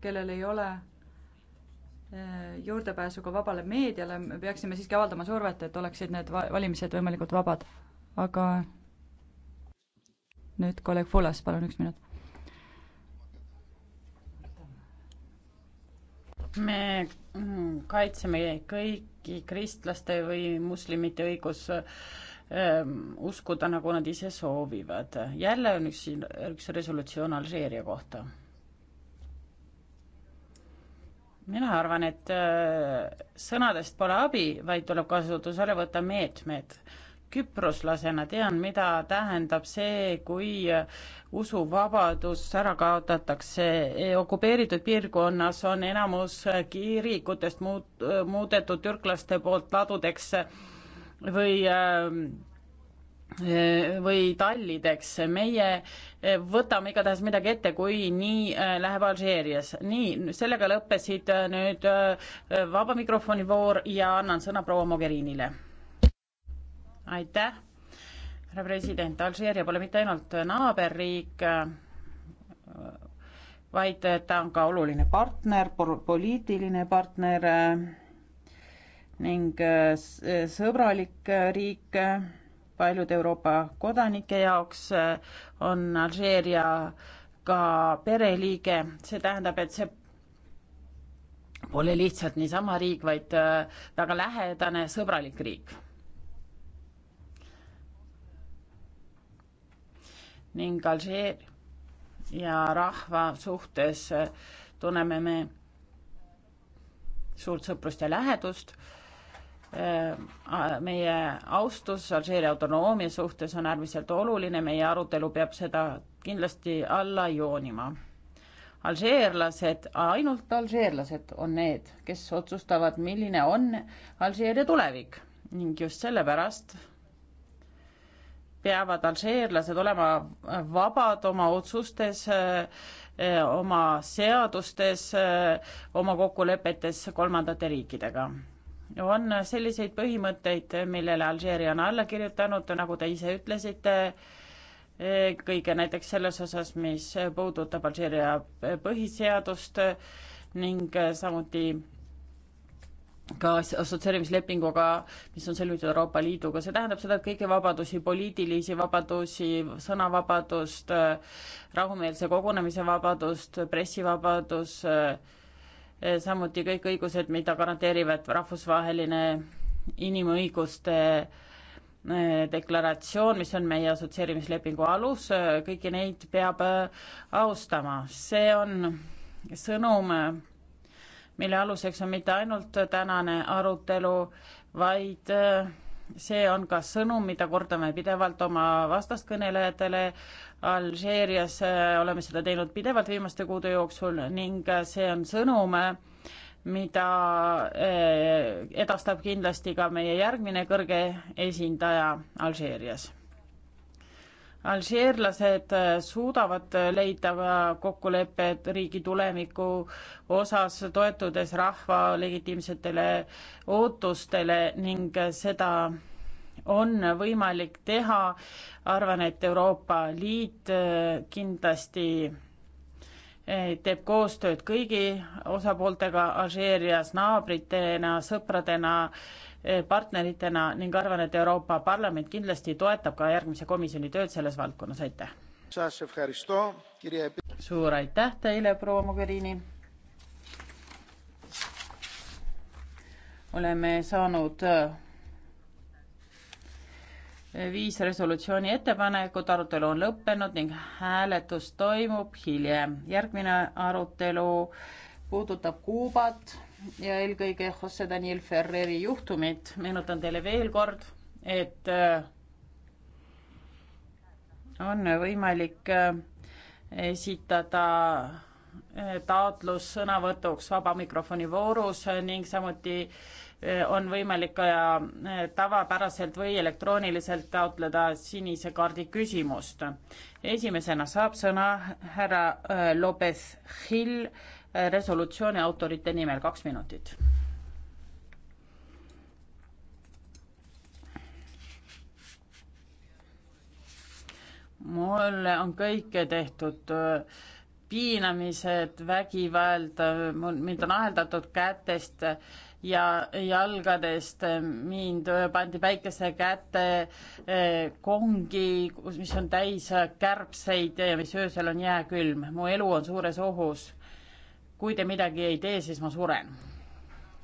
kellel ei ole eh, juurdepääsu ka vabale meediale, me peaksime siiski avaldama survet, et oleksid need valimised võimalikult vabad. aga nüüd kolleeg Fulas, palun üks minut. me mm, kaitseme kõiki kristlaste või moslemite õigus ehm, uskuda, nagu nad ise soovivad. jälle on üks, üks resolutsioon Alžeeria kohta mina arvan, et äh, sõnadest pole abi, vaid tuleb kasutusele võtta meetmed. küproslasena tean, mida tähendab see, kui äh, usuvabadus ära kaotatakse. okupeeritud piirkonnas on enamus äh, kirikutest muut-, muudetud türklaste poolt ladudeks või äh, või tallideks. meie eh, võtame igatahes midagi ette, kui nii eh, läheb Alžeerias. nii, sellega lõppesid eh, nüüd vaba mikrofoni voor ja annan sõna proua Mogherinile. aitäh, härra president, Alžeeria pole mitte ainult naaberriik, vaid ta on ka oluline partner, poliitiline partner ning sõbralik riik paljude Euroopa kodanike jaoks on Alžeeria ka pereliige, see tähendab, et see pole lihtsalt niisama riik, vaid äh, väga lähedane sõbralik riik. ning Alžeeria rahva suhtes äh, tunneme me suurt sõprust ja lähedust Äh, meie austus Alžeeria autonoomia suhtes on äärmiselt oluline, meie arutelu peab seda kindlasti alla joonima. alžeerlased, ainult alžeerlased on need, kes otsustavad, milline on Alžeeria tulevik ning just sellepärast peavad alžeerlased olema vabad oma otsustes, äh, oma seadustes, äh, oma kokkulepetes kolmandate riikidega on selliseid põhimõtteid, millele Alžeeria on alla kirjutanud, nagu te ise ütlesite, kõige näiteks selles osas, mis puudutab Alžeeria põhiseadust ning samuti ka assotsieerimislepinguga, mis on sõlmitud Euroopa Liiduga, see tähendab seda, et kõiki vabadusi, poliitilisi vabadusi, sõnavabadust, rahumeelse kogunemise vabadust, pressivabadus äh,, samuti kõik õigused, mida garanteerivad rahvusvaheline inimõiguste äh, deklaratsioon, mis on meie assotsieerimislepingu alus, kõiki neid peab äh, austama. see on sõnum, mille aluseks on mitte ainult tänane arutelu, vaid äh, see on ka sõnum, mida kordame pidevalt oma vastaskõnelejatele, Alžeerias äh, oleme seda teinud pidevalt viimaste kuude jooksul ning äh, see on sõnum, mida äh, edastab kindlasti ka meie järgmine kõrge esindaja Alžeerias. alžeerlased suudavad leida kokkulepped riigi tuleviku osas, toetudes rahva legitiimsetele ootustele ning seda on võimalik teha. arvan, et Euroopa Liit äh, kindlasti äh, teeb koostööd kõigi osapooltega Alžeerias, naabritena, sõpradena, äh, partneritena ning arvan, et Euroopa Parlament kindlasti toetab ka järgmise komisjoni tööd selles valdkonnas, aitäh! suur aitäh teile, proua Mogherini! oleme saanud viis resolutsiooni ettepanekut, arutelu on lõppenud ning hääletus toimub hiljem. järgmine arutelu puudutab Kuubat ja eelkõige Jose Daniel Ferreri juhtumit. meenutan teile veel kord, et äh, on võimalik äh, esitada äh, taotlus sõnavõtuks vaba mikrofoni voorus ning samuti Eh, on võimalik ka eh, tavapäraselt või elektrooniliselt taotleda sinise kaardi küsimust. esimesena saab sõna härra eh, Lopez Hill resolutsiooni autorite nimel, kaks minutit. mulle on kõike tehtud piinamised, vägivald, mind on aheldatud kätest äh, ja jalgadest. mind pandi päikese kätte eh, kongi, mis on täis kärbseid ja mis öösel on jääkülm. mu elu on suures ohus. kui te midagi ei tee, siis ma suren.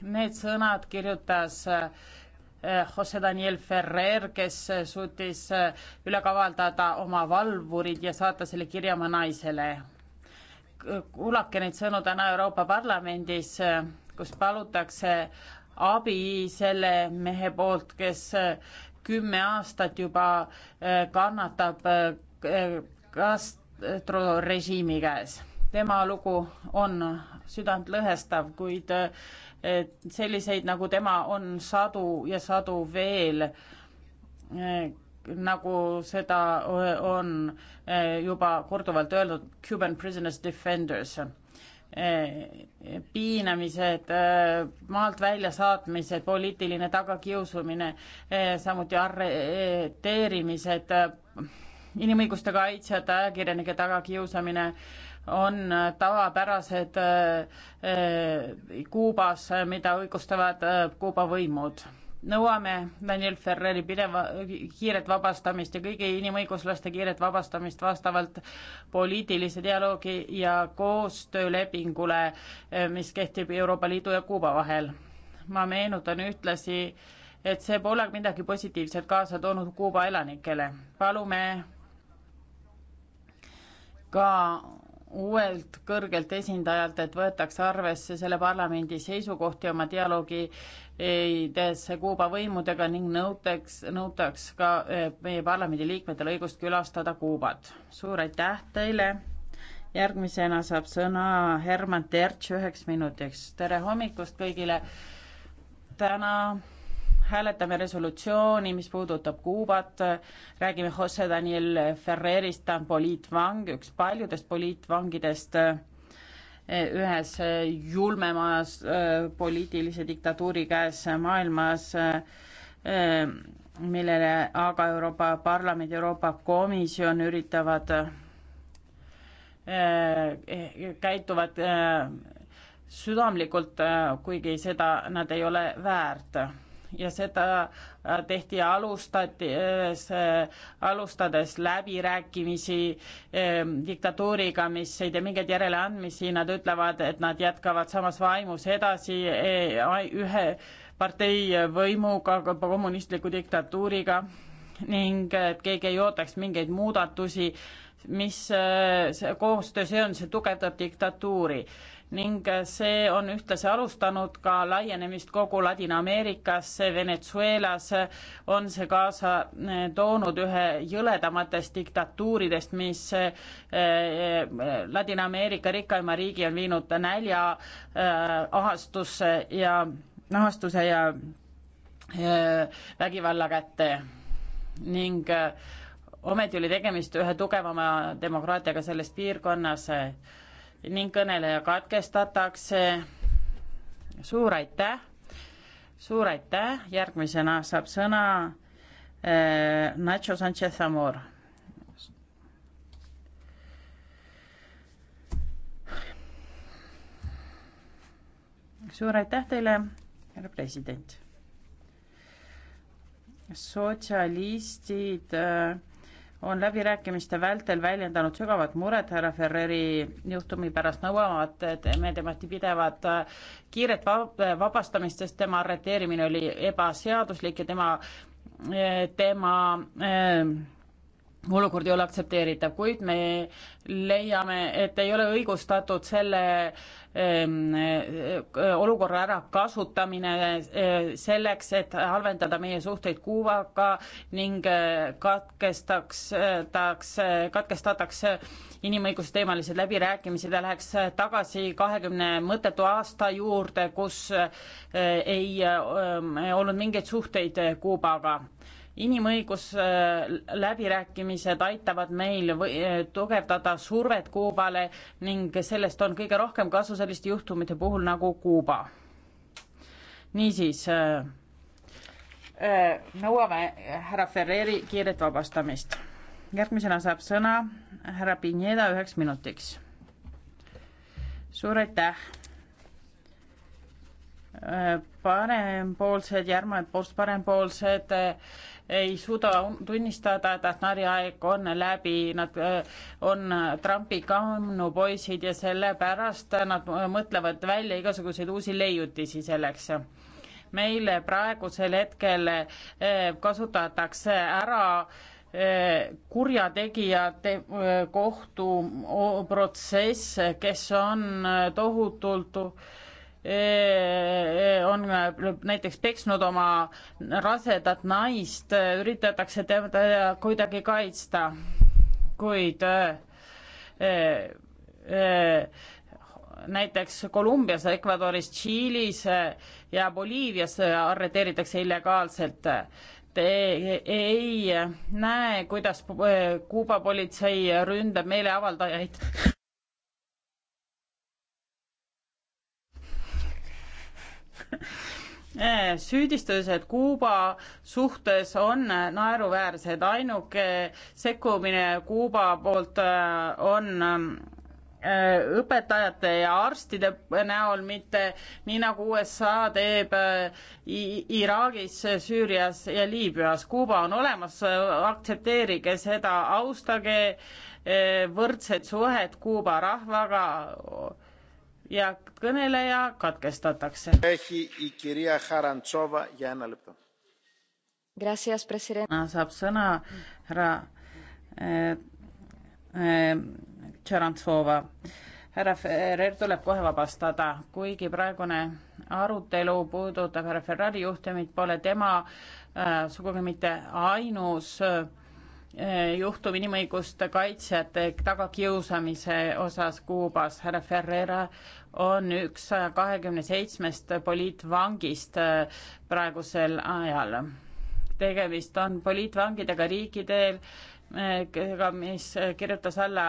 Need sõnad kirjutas eh, Jose Daniel Ferrer, kes suutis eh, üle kavaldada oma valvurid ja saata selle kirja oma naisele. kuulake neid sõnu täna Euroopa Parlamendis kus palutakse abi selle mehe poolt, kes äh, kümme aastat juba äh, kannatab Castro äh, režiimi käes. tema lugu on südantlõhestav, kuid selliseid nagu tema on sadu ja sadu veel, nagu seda on juba korduvalt öeldud Cuban prisoners defenders Eh, piinamised, eh, maalt väljasaatmised, poliitiline tagakiusumine, eh, samuti arreteerimised, inimõiguste kaitsjad, ajakirjanike tagakiusamine on tavapärased Kuubas, mida õigustavad Kuuba võimud nõuame Daniel Ferreri pideva, kiiret vabastamist ja kõigi inimõiguslaste kiiret vabastamist vastavalt poliitilise dialoogi ja koostöölepingule, mis kehtib Euroopa Liidu ja Kuuba vahel. ma meenutan ühtlasi, et see pole midagi positiivset kaasa toonud Kuuba elanikele. palume ka uuelt kõrgelt esindajalt, et võetakse arvesse selle parlamendi seisukohti oma dialoogides Kuuba võimudega ning nõuteks, nõutaks ka eh, meie parlamendi liikmetel õigust külastada Kuubat. suur aitäh teile. järgmisena saab sõna Herman Terts üheks minutiks. tere hommikust kõigile. täna hääletame resolutsiooni, mis puudutab Kuubat, räägime Jose Daniel Ferrerist, ta on poliitvang, üks paljudest poliitvangidest ühes julmemas äh, poliitilise diktatuuri käes maailmas, äh, millele aga Euroopa Parlament, Euroopa Komisjon üritavad, äh, käituvad südamlikult, kuigi seda nad ei ole väärt ja seda äh, tehti alustati, äh, alustades läbirääkimisi ähm, diktatuuriga, mis ei tee mingeid järeleandmisi, nad ütlevad, et nad jätkavad samas vaimus edasi äh, ühe partei võimuga, kommunistliku diktatuuriga ning et keegi ei ootaks mingeid muudatusi, mis see koostöö, see on, see tugevdab diktatuuri ning see on ühtlasi alustanud ka laienemist kogu Ladina-Ameerikasse, Venezuelas on see kaasa eh, toonud ühe jõledamatest diktatuuridest, mis eh, eh, Ladina-Ameerika rikkaima riigi on viinud nälja, ahastusse ja, ahastuse ja vägivalla kätte ning ometi oli tegemist ühe tugevama demokraatiaga selles piirkonnas ning kõneleja katkestatakse. suur aitäh, suur aitäh, järgmisena saab sõna äh, Nacho Sanchez Amor. suur aitäh teile, härra president. sotsialistid äh, on läbirääkimiste vältel väljendanud sügavat muret härra Ferreri juhtumi pärast, nõuavad, et me temalt pidevat äh, kiiret vabastamist, sest tema arreteerimine oli ebaseaduslik ja tema, äh, tema äh, olukord ei ole aktsepteeritav, kuid me leiame, et ei ole õigustatud selle äh, Ähm, äh, olukorra ärakasutamine äh, selleks, et halvendada meie suhteid Kuubaga ning äh, katkestaks, takse, katkestatakse inimõiguste teemalised läbirääkimised ja läheks tagasi kahekümne mõttetu aasta juurde, kus ei olnud mingeid suhteid Kuubaga inimõiguse läbirääkimised aitavad meil või, tugevdada survet Kuubale ning sellest on kõige rohkem kasu selliste juhtumite puhul nagu Kuuba. niisiis äh, äh nõuame härra Ferreri kiiret vabastamist. järgmisena saab sõna härra Pineda üheks minutiks. suur aitäh äh,. parempoolsed, järmad, parempoolsed äh, ei suuda um-, tunnistada, et Atnari aeg on läbi, nad äh, on Trumpi kamnupoisid ja sellepärast nad mõtlevad välja igasuguseid uusi leiutisi selleks meil praegusel hetkel äh, kasutatakse ära äh, kurjategijate kohtuprotsess, kes on tohutult on äh, näiteks peksnud oma rasedat naist, äh, üritatakse teda kuidagi kaitsta, kuid äh, näiteks Kolumbias, Ecuadoris, Tšiilis ja Boliivias arreteeritakse illegaalselt. Te ei näe, kuidas Kuuba politsei ründab meeleavaldajaid Eh, süüdistused Kuuba suhtes on eh, naeruväärsed, ainuke sekkumine Kuuba poolt eh, on õpetajate ja arstide näol, mitte nii nagu USA teeb Iraagis, Süürias ja Liibüas. Kuuba on olemas, aktsepteerige seda, austage võrdset suhet Kuuba rahvaga ja kõneleja katkestatakse. saab sõna härra äh, äh, Tšarantsova. härra Ferrer tuleb kohe vabastada, kuigi praegune arutelu puudutab härra Ferrari juhtumit, pole tema äh, sugugi mitte ainus äh, Eh, juhtum inimõiguste kaitsjate tagakiusamise osas Kuubas. härra Ferreira on üks saja kahekümne seitsmest poliitvangist eh, praegusel ajal. tegemist on poliitvangidega riikidel, eh, mis kirjutas alla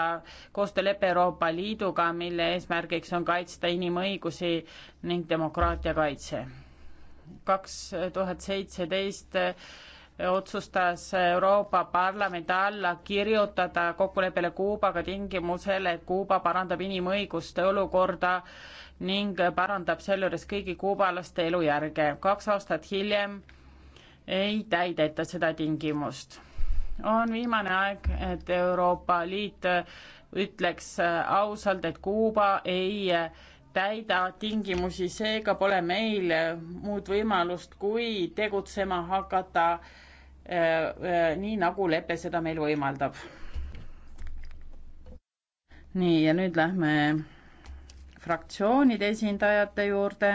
koostööleppe Euroopa Liiduga, mille eesmärgiks on kaitsta inimõigusi ning demokraatia kaitse. kaks tuhat seitseteist otsustas Euroopa Parlament alla kirjutada kokkuleppele Kuubaga tingimusel, et Kuuba parandab inimõiguste olukorda ning parandab sealjuures kõigi kuubalaste elujärge. kaks aastat hiljem ei täideta seda tingimust. on viimane aeg, et Euroopa Liit ütleks ausalt, et Kuuba ei täida tingimusi, seega pole meil äh, muud võimalust, kui tegutsema hakata äh, äh, nii, nagu lepe seda meil võimaldab. nii, ja nüüd lähme fraktsioonide esindajate juurde.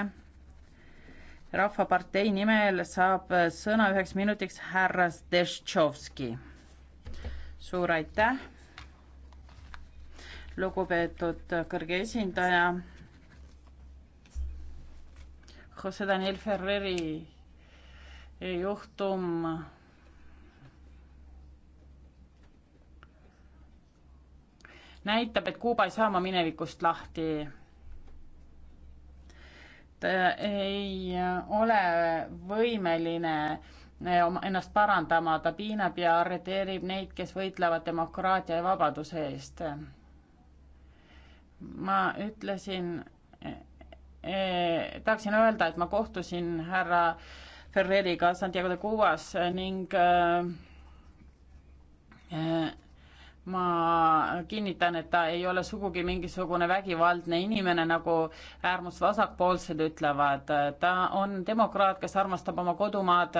rahvapartei nimel saab sõna üheks minutiks härra Stešovski. suur aitäh, lugupeetud kõrge esindaja Jose Daniel Ferreri eh, juhtum näitab, et Kuuba ei saa oma minevikust lahti. ta ei ole võimeline eh, ennast parandama, ta piinab ja arreteerib neid, kes võitlevad demokraatia ja vabaduse eest. ma ütlesin eh, Eh, tahaksin öelda, et ma kohtusin härra Ferreriga Santiago de Cubas ning eh, eh, ma kinnitan, et ta ei ole sugugi mingisugune vägivaldne inimene, nagu äärmusvasakpoolsed ütlevad. ta on demokraat, kes armastab oma kodumaad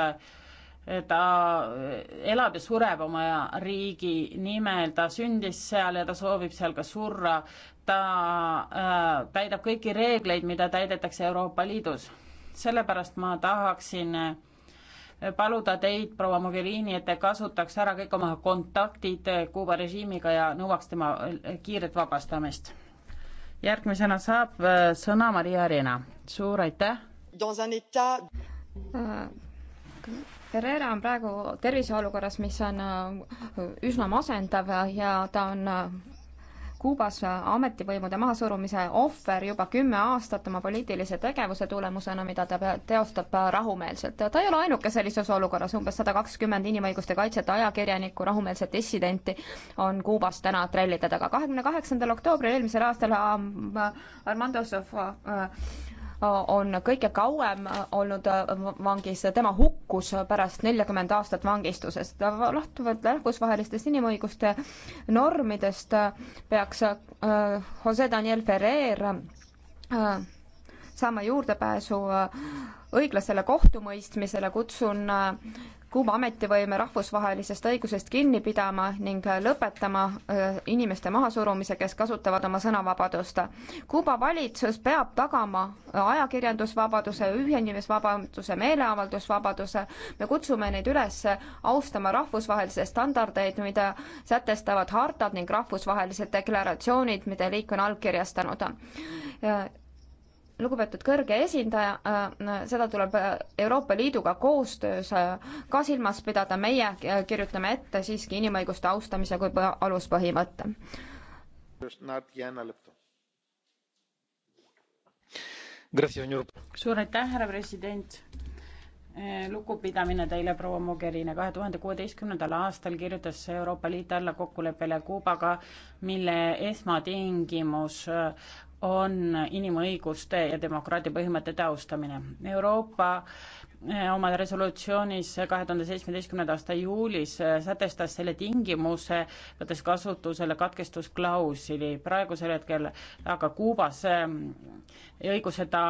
ta elab ja sureb oma riigi nimel, ta sündis seal ja ta soovib seal ka surra ta äh, täidab kõiki reegleid, mida täidetakse Euroopa Liidus. sellepärast ma tahaksin äh, paluda teid, proua Mogherini, et te kasutaks ära kõik oma kontaktid äh, Kuuba režiimiga ja nõuaks tema kiiret vabastamist. järgmisena saab sõna Maria Arena. suur aitäh! Herrera on praegu terviseolukorras, mis on üsna masendav ja ta on Kuubas ametivõimude mahasurumise ohver juba kümme aastat oma poliitilise tegevuse tulemusena, mida ta teostab rahumeelselt. ta ei ole ainuke sellises olukorras, umbes sada kakskümmend inimõiguste kaitset, ajakirjanikku, rahumeelset dissidenti on Kuubas täna trellide taga. kahekümne kaheksandal oktoobril eelmisel aastal Armando Sofa äh, on kõige kauem olnud vangis, tema hukkus pärast neljakümmend aastat vangistusest. lähtuvalt rahvusvahelistest inimõiguste normidest peaks äh, Jose Daniel Ferrer äh, saama juurdepääsu äh, õiglasele kohtumõistmisele, kutsun Kuuba ametivõime rahvusvahelisest õigusest kinni pidama ning lõpetama inimeste mahasurumise, kes kasutavad oma sõnavabadust. Kuuba valitsus peab tagama ajakirjandusvabaduse, ühinemisvabaduse, meeleavaldusvabaduse. me kutsume neid üles austama rahvusvahelisi standardeid, mida sätestavad hartad ning rahvusvahelised deklaratsioonid, mida riik on allkirjastanud lugupeetud kõrge esindaja, äh, seda tuleb äh, Euroopa Liiduga koostöös äh, ka silmas pidada, meie kirjutame ette siiski inimõiguste austamise kui aluspõhimõtte. suur aitäh, härra president lugupidamine teile, proua Mogherini. kahe tuhande kuueteistkümnendal aastal kirjutas Euroopa Liit alla kokkuleppele Kuubaga, mille esmatingimus on inimõiguste ja demokraatia põhimõtete austamine. Euroopa äh, Eh, oma resolutsioonis kahe tuhande seitsmeteistkümnenda aasta juulis eh, sätestas selle tingimuse, võttes kasutusele katkestusklausli. praegusel hetkel aga Kuubas eh, õiguseta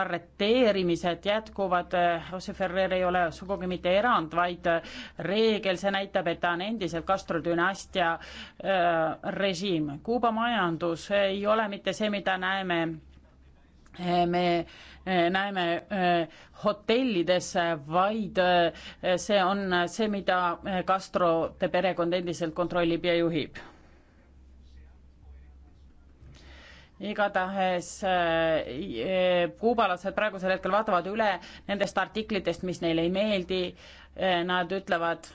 arreteerimised jätkuvad, Jose Ferrer ei ole sugugi mitte erand, vaid reegel, see näitab, et ta on endiselt Castro dünastia režiim. Kuuba majandus ei ole mitte see, mida näeme Eh, me eh, näeme eh, hotellides, vaid see on see, mida Castrote perekond endiselt kontrollib ja juhib. igatahes kuubalased praegusel hetkel vaatavad üle nendest artiklitest, mis neile ei meeldi. Nad ütlevad,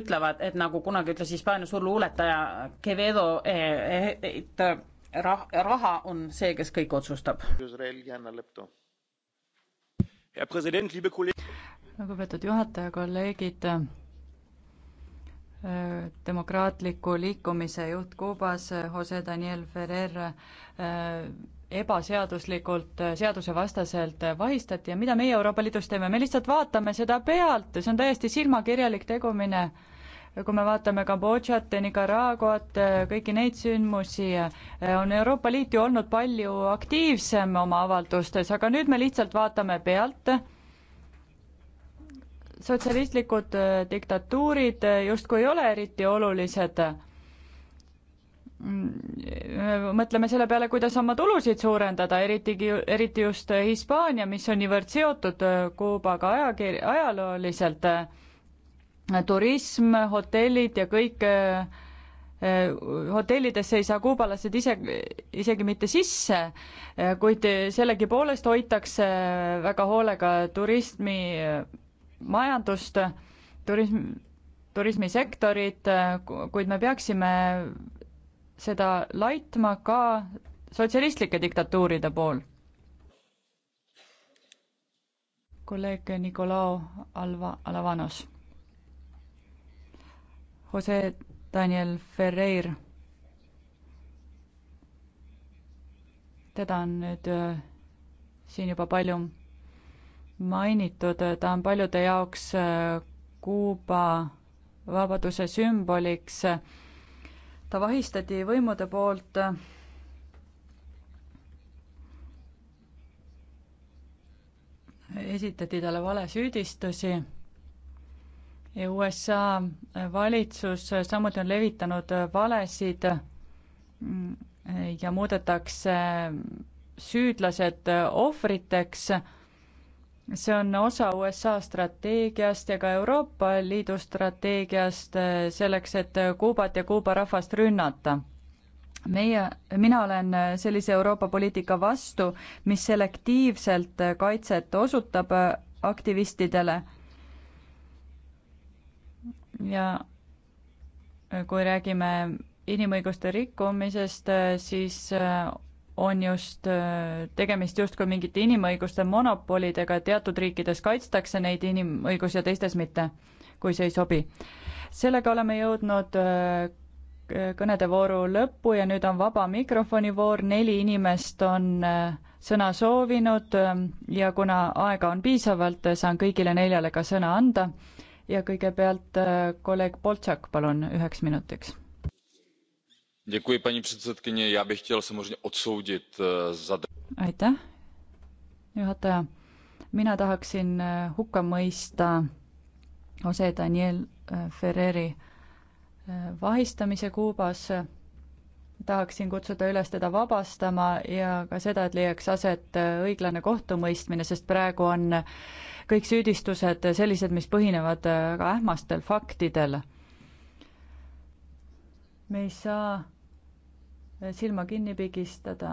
ütlevad, et nagu kunagi ütles Hispaania suur luuletaja Quevedo, et rah-, raha on see, kes kõik otsustab. lugupeetud juhataja, kolleegid, äh, demokraatliku liikumise juht Kuubas, äh, Jose Daniel Ferrer, äh, ebaseaduslikult, seadusevastaselt vahistati ja mida meie Euroopa Liidus teeme, me lihtsalt vaatame seda pealt, see on täiesti silmakirjalik tegumine kui me vaatame Kambodžat, Nicaraguat, kõiki neid sündmusi, on Euroopa Liit ju olnud palju aktiivsem oma avaldustes, aga nüüd me lihtsalt vaatame pealt. sotsialistlikud äh, diktatuurid justkui ei ole eriti olulised. Mm, mõtleme selle peale, kuidas oma tulusid suurendada, eritigi, eriti just Hispaania, mis on niivõrd seotud äh, Kuubaga ajakir-, ajalooliselt turism, hotellid ja kõik eh, hotellidesse ei saa kuubalased ise, isegi mitte sisse, eh, kuid sellegipoolest hoitakse väga hoolega turismi eh, majandust, turism, turismisektorit, kuid me peaksime seda laitma ka sotsialistlike diktatuuride pool. kolleeg Nikolao Alva-, Alavanos Jose Daniel Ferreir. teda on nüüd äh, siin juba palju mainitud, ta on paljude jaoks äh, Kuuba vabaduse sümboliks. ta vahistati võimude poolt esitati talle valesüüdistusi ja USA valitsus samuti on levitanud valesid mm, ja muudetakse süüdlased ohvriteks. see on osa USA strateegiast ja ka Euroopa Liidu strateegiast selleks, et Kuubat ja Kuuba rahvast rünnata meie, mina olen sellise Euroopa poliitika vastu, mis selektiivselt kaitset osutab aktivistidele ja äh, kui räägime inimõiguste rikkumisest, äh, siis äh, on just tegemist justkui mingite inimõiguste monopolidega, teatud riikides kaitstakse neid inimõigusi ja teistes mitte, kui see ei sobi. sellega oleme jõudnud kõnede vooru lõppu ja nüüd on vaba mikrofoni voor, neli inimest on sõna soovinud ja kuna aega on piisavalt, saan kõigile neljale ka sõna anda ja kõigepealt äh, kolleeg Boltšak, palun, üheks minutiks. Äh, aitäh, juhataja. mina tahaksin äh, hukka mõista Jose Daniel Ferreri vahistamise Kuubas tahaksin kutsuda üles teda vabastama ja ka seda, et leiaks aset õiglane kohtumõistmine, sest praegu on kõik süüdistused sellised, mis põhinevad väga äh, ähmastel faktidel. me ei saa äh, silma kinni pigistada.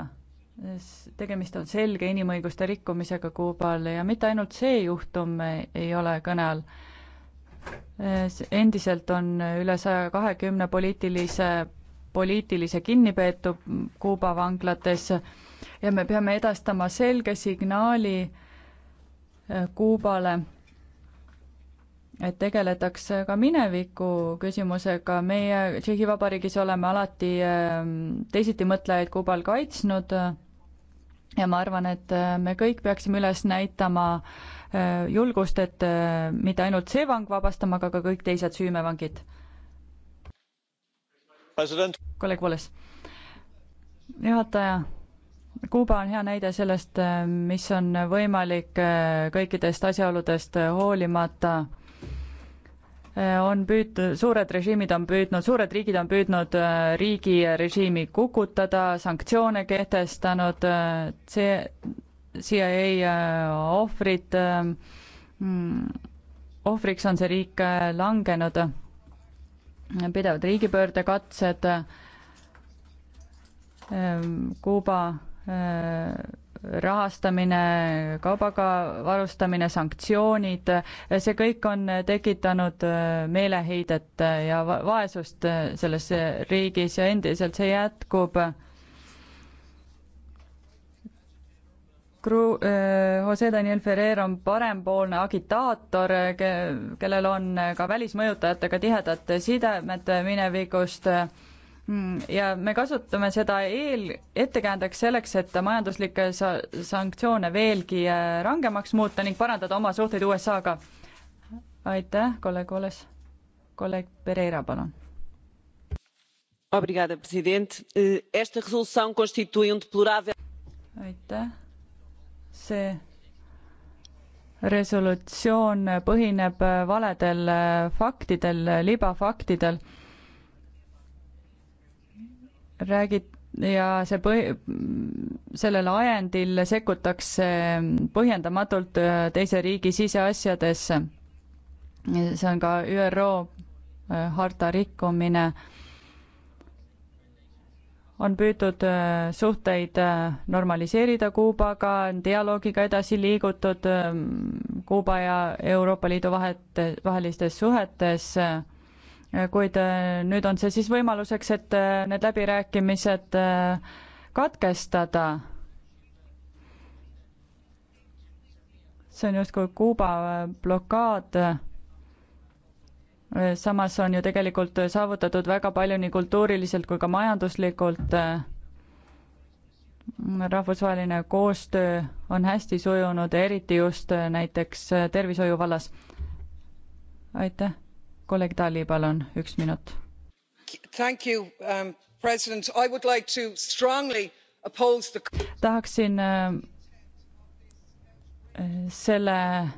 tegemist on selge inimõiguste rikkumisega Kuubal ja mitte ainult see juhtum ei ole kõne all. Äh, endiselt on üle saja kahekümne poliitilise, poliitilise kinnipeetu Kuuba vanglates ja me peame edastama selge signaali äh, Kuubale, et tegeletakse ka mineviku küsimusega, meie Tšehhi Vabariigis oleme alati ähm, teisitimõtlejaid Kuubal kaitsnud ja ma arvan, et äh, me kõik peaksime üles näitama äh, julgust, et äh, mitte ainult see vang vabastama, aga ka kõik teised süümevangid. kolleeg Wooles. juhataja Kuuba on hea näide sellest, äh, mis on võimalik äh, kõikidest asjaoludest hoolimata. Äh, on püüd-, suured režiimid on püüdnud, suured riigid on püüdnud riigi režiimi kukutada, sanktsioone kehtestanud, see CIA ohvrid, mm, ohvriks on see riik langenud, pidevad riigipöördekatsed, Kuuba Äh, rahastamine, kaubaga varustamine, sanktsioonid, see kõik on tekitanud äh, meeleheidet ja vaesust äh, selles riigis ja endiselt see jätkub. Gru-, Jose Daniel Ferrer on parempoolne agitaator, ke-, kellel on ka välismõjutajatega tihedad sidemed minevikust Mm, ja me kasutame seda eel, ettekäändeks selleks, et majanduslikke sa-, sanktsioone veelgi äh, rangemaks muuta ning parandada oma suhteid USA-ga. aitäh, kolleeg Oles. kolleeg Pereira, palun. Eh, um aitäh. see resolutsioon põhineb valedel äh, faktidel, äh, libafaktidel räägid ja see põh-, sellel ajendil sekkutakse põhjendamatult äh, teise riigi siseasjadesse. see on ka ÜRO äh, harta rikkumine. on püütud äh, suhteid normaliseerida Kuubaga, dialoogiga edasi liigutud Kuuba ja Euroopa Liidu vahet, vahelistes suhetes Äh, kuid äh, nüüd on see siis võimaluseks, et äh, need läbirääkimised katkestada. see on justkui Kuuba blokaad. samas on ju tegelikult saavutatud väga palju nii kultuuriliselt kui ka majanduslikult. rahvusvaheline koostöö on hästi sujunud, eriti just näiteks tervishoiu vallas. aitäh kolleeg Dali, palun, üks minut. Um, tahaksin äh, selle äh,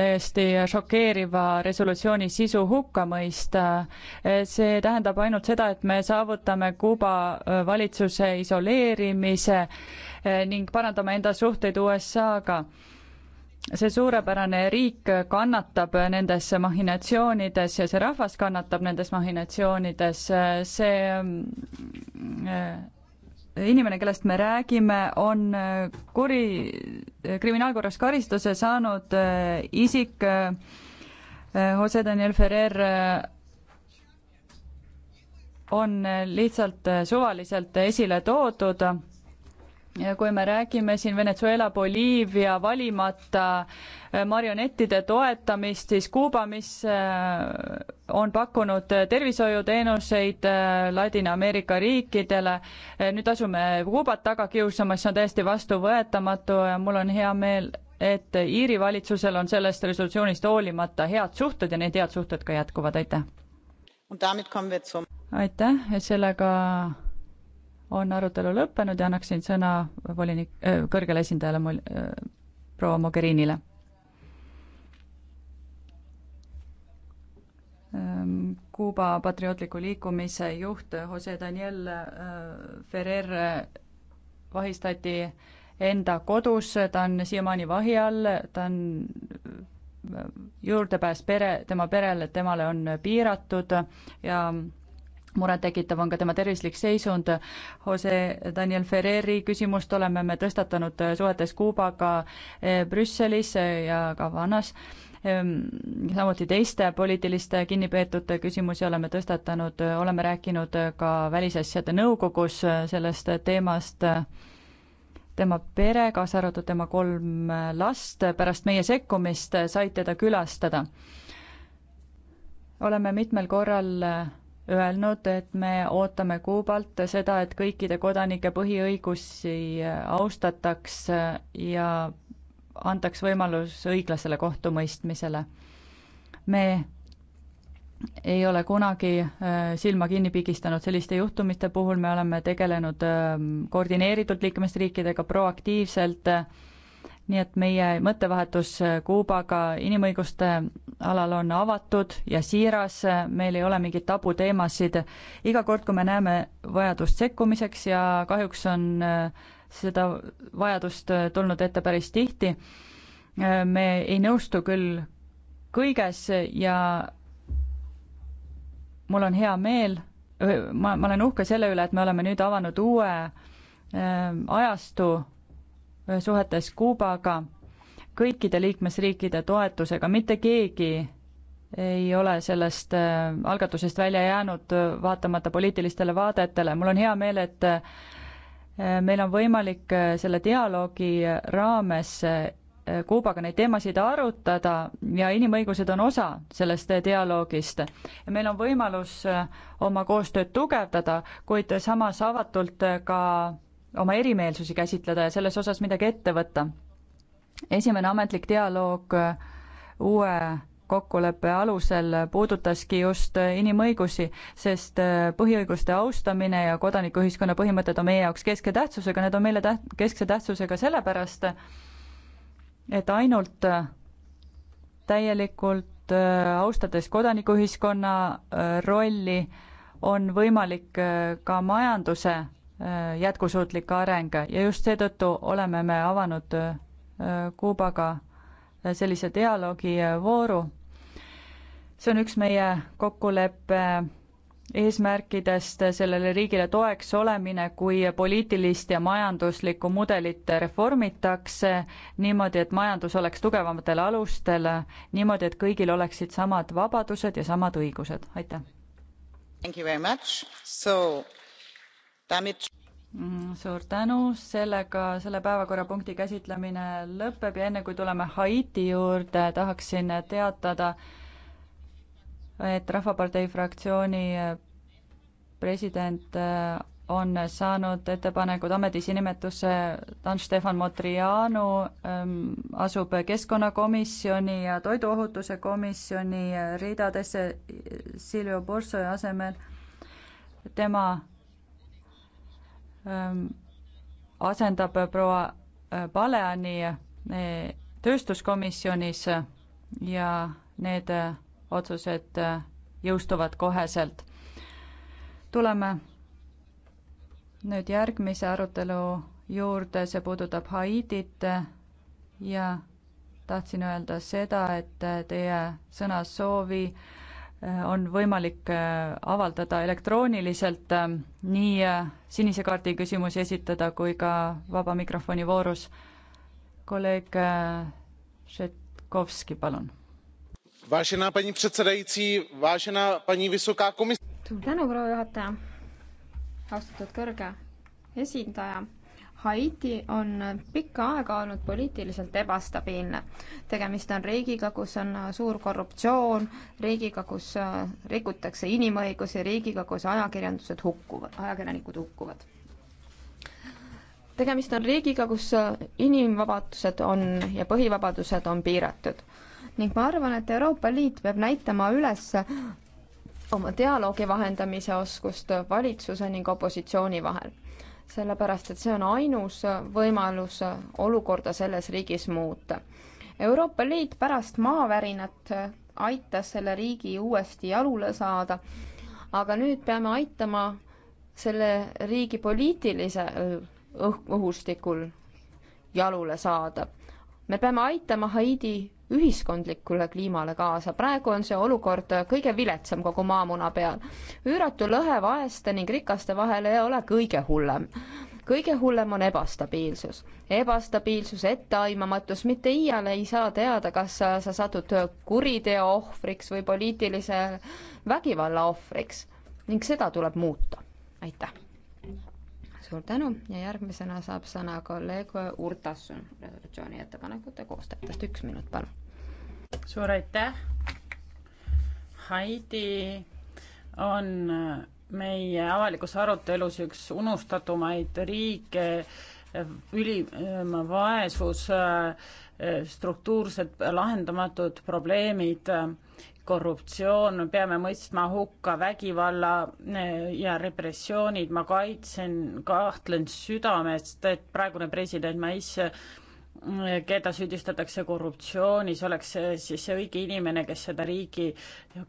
täiesti šokeeriva resolutsiooni sisu hukka mõista. Äh, see tähendab ainult seda, et me saavutame Kuuba valitsuse isoleerimise ning parandame enda suhteid USA-ga see suurepärane riik kannatab nendes mahhinatsioonides ja see rahvas kannatab nendes mahhinatsioonides, see äh, inimene, kellest me räägime, on kuri, kriminaalkorras karistuse saanud äh, isik äh, Jose Daniel Ferrer on lihtsalt suvaliselt esile toodud ja kui me räägime siin Venezuela, Boliivia valimata äh, marionettide toetamist, siis Kuuba, mis äh, on pakkunud tervishoiuteenuseid äh, Ladina-Ameerika riikidele, nüüd asume Kuubat taga kiusama, see on täiesti vastuvõetamatu ja mul on hea meel, et Iiri valitsusel on sellest resolutsioonist hoolimata head suhted ja need head suhted ka jätkuvad, aitäh! aitäh, sellega on arutelu lõppenud ja annaksin sõna volinik äh,, kõrgele esindajale mul- äh,, proua Mogherinile ähm,. Kuuba patriootliku liikumise juht Jose Daniel äh, Ferrer äh, vahistati enda kodus, ta on siiamaani vahi all, ta on äh, juurdepääs pere, tema perele, temale on piiratud ja murettekitav on ka tema tervislik seisund. Jose Daniel Ferreri küsimust oleme me tõstatanud suhetes Kuubaga eh, Brüsselis eh, ja Havanas ehm, samuti teiste poliitiliste kinnipeetute küsimusi oleme tõstatanud, oleme rääkinud ka Välisasjade Nõukogus eh, sellest teemast, tema pere, kaasa arvatud tema kolm last, pärast meie sekkumist said teda külastada. oleme mitmel korral öelnud, et me ootame Kuubalt seda, et kõikide kodanike põhiõigusi austataks ja antaks võimalus õiglasele kohtumõistmisele. me ei ole kunagi äh, silma kinni pigistanud selliste juhtumite puhul, me oleme tegelenud äh, koordineeritult liikmesriikidega proaktiivselt nii et meie mõttevahetus Kuubaga inimõiguste alal on avatud ja siiras, meil ei ole mingeid tabuteemasid. iga kord, kui me näeme vajadust sekkumiseks ja kahjuks on äh, seda vajadust äh, tulnud ette päris tihti, äh, me ei nõustu küll kõiges ja mul on hea meel, ma, ma olen uhke selle üle, et me oleme nüüd avanud uue ajastu suhetes Kuubaga kõikide liikmesriikide toetusega, mitte keegi ei ole sellest algatusest välja jäänud, vaatamata poliitilistele vaadetele, mul on hea meel, et meil on võimalik selle dialoogi raames Kuubaga neid teemasid arutada ja inimõigused on osa sellest dialoogist. ja meil on võimalus oma koostööd tugevdada, kuid samas avatult ka oma erimeelsusi käsitleda ja selles osas midagi ette võtta. esimene ametlik dialoog äh, uue kokkuleppe alusel puudutaski just äh, inimõigusi, sest äh, põhiõiguste austamine ja kodanikuühiskonna põhimõtted on meie jaoks keskse tähtsusega, need on meile täht-, keskse tähtsusega sellepärast, et ainult täielikult austades kodanikuühiskonna rolli, on võimalik ka majanduse Äh, jätkusuutlik areng ja just seetõttu oleme me avanud äh, Kuubaga äh, sellise dialoogivooru. see on üks meie kokkuleppe eesmärkidest sellele riigile toeks olemine, kui poliitilist ja majanduslikku mudelit reformitakse niimoodi, et majandus oleks tugevamatel alustel, niimoodi, et kõigil oleksid samad vabadused ja samad õigused, aitäh! Mm, suur tänu, sellega selle päevakorrapunkti käsitlemine lõpeb ja enne kui tuleme Haiti juurde, tahaksin teatada, et Rahvapartei fraktsiooni president äh, on saanud ettepanekud ametisse nimetusse, Stefan Motrianu ähm, asub keskkonnakomisjoni ja toiduohutuse komisjoni äh, ridadesse äh, Silvio Borsoi asemel. tema Ähm, asendab äh, proua äh, Baleani äh, tööstuskomisjonis ja need otsused jõustuvad koheselt. tuleme nüüd järgmise arutelu juurde, see puudutab Haitit ja tahtsin öelda seda, et teie sõnasoovi Äh, on võimalik äh, avaldada elektrooniliselt äh, nii sinise kaardi küsimusi esitada kui ka vaba mikrofoni voorus. kolleeg Šetkovski, palun. suur tänu, proua juhataja. austatud kõrge esindaja Haiti on pikka aega olnud poliitiliselt ebastabiilne. tegemist on riigiga, kus on suur korruptsioon, riigiga, kus äh, rikutakse inimõigusi, riigiga, kus ajakirjandused hukkuvad, ajakirjanikud hukkuvad. tegemist on riigiga, kus äh, inimvabadused on ja põhivabadused on piiratud. ning ma arvan, et Euroopa Liit peab näitama üles oma dialoogi vahendamise oskust valitsuse ning opositsiooni vahel sellepärast et see on ainus võimalus olukorda selles riigis muuta. Euroopa Liit pärast maavärinat aitas selle riigi uuesti jalule saada, aga nüüd peame aitama selle riigi poliitilisel õhustikul jalule saada. me peame aitama Haiti ühiskondlikule kliimale kaasa. praegu on see olukord kõige viletsam kogu maamuna peal. üüratu lõhe vaeste ning rikaste vahel ei ole kõige hullem. kõige hullem on ebastabiilsus. ebastabiilsus, etteaimamatus, mitte iial ei saa teada, kas sa, sa satud kuriteo ohvriks või poliitilise vägivalla ohvriks ning seda tuleb muuta. aitäh! suur tänu ja järgmisena saab sõna kolleeg Urtasson resolutsiooni ettepanekute koostajatest, üks minut, palun. suur aitäh. Haiti on meie avalikus arutelus üks unustatumaid riike, ülima vaesus, struktuursed lahendamatud probleemid korruptsioon, peame mõistma hukka vägivalla eh, ja repressioonid, ma kaitsen, kahtlen südamest, et praegune president Mais eh, keda süüdistatakse korruptsioonis, oleks siis see õige inimene, kes seda riigi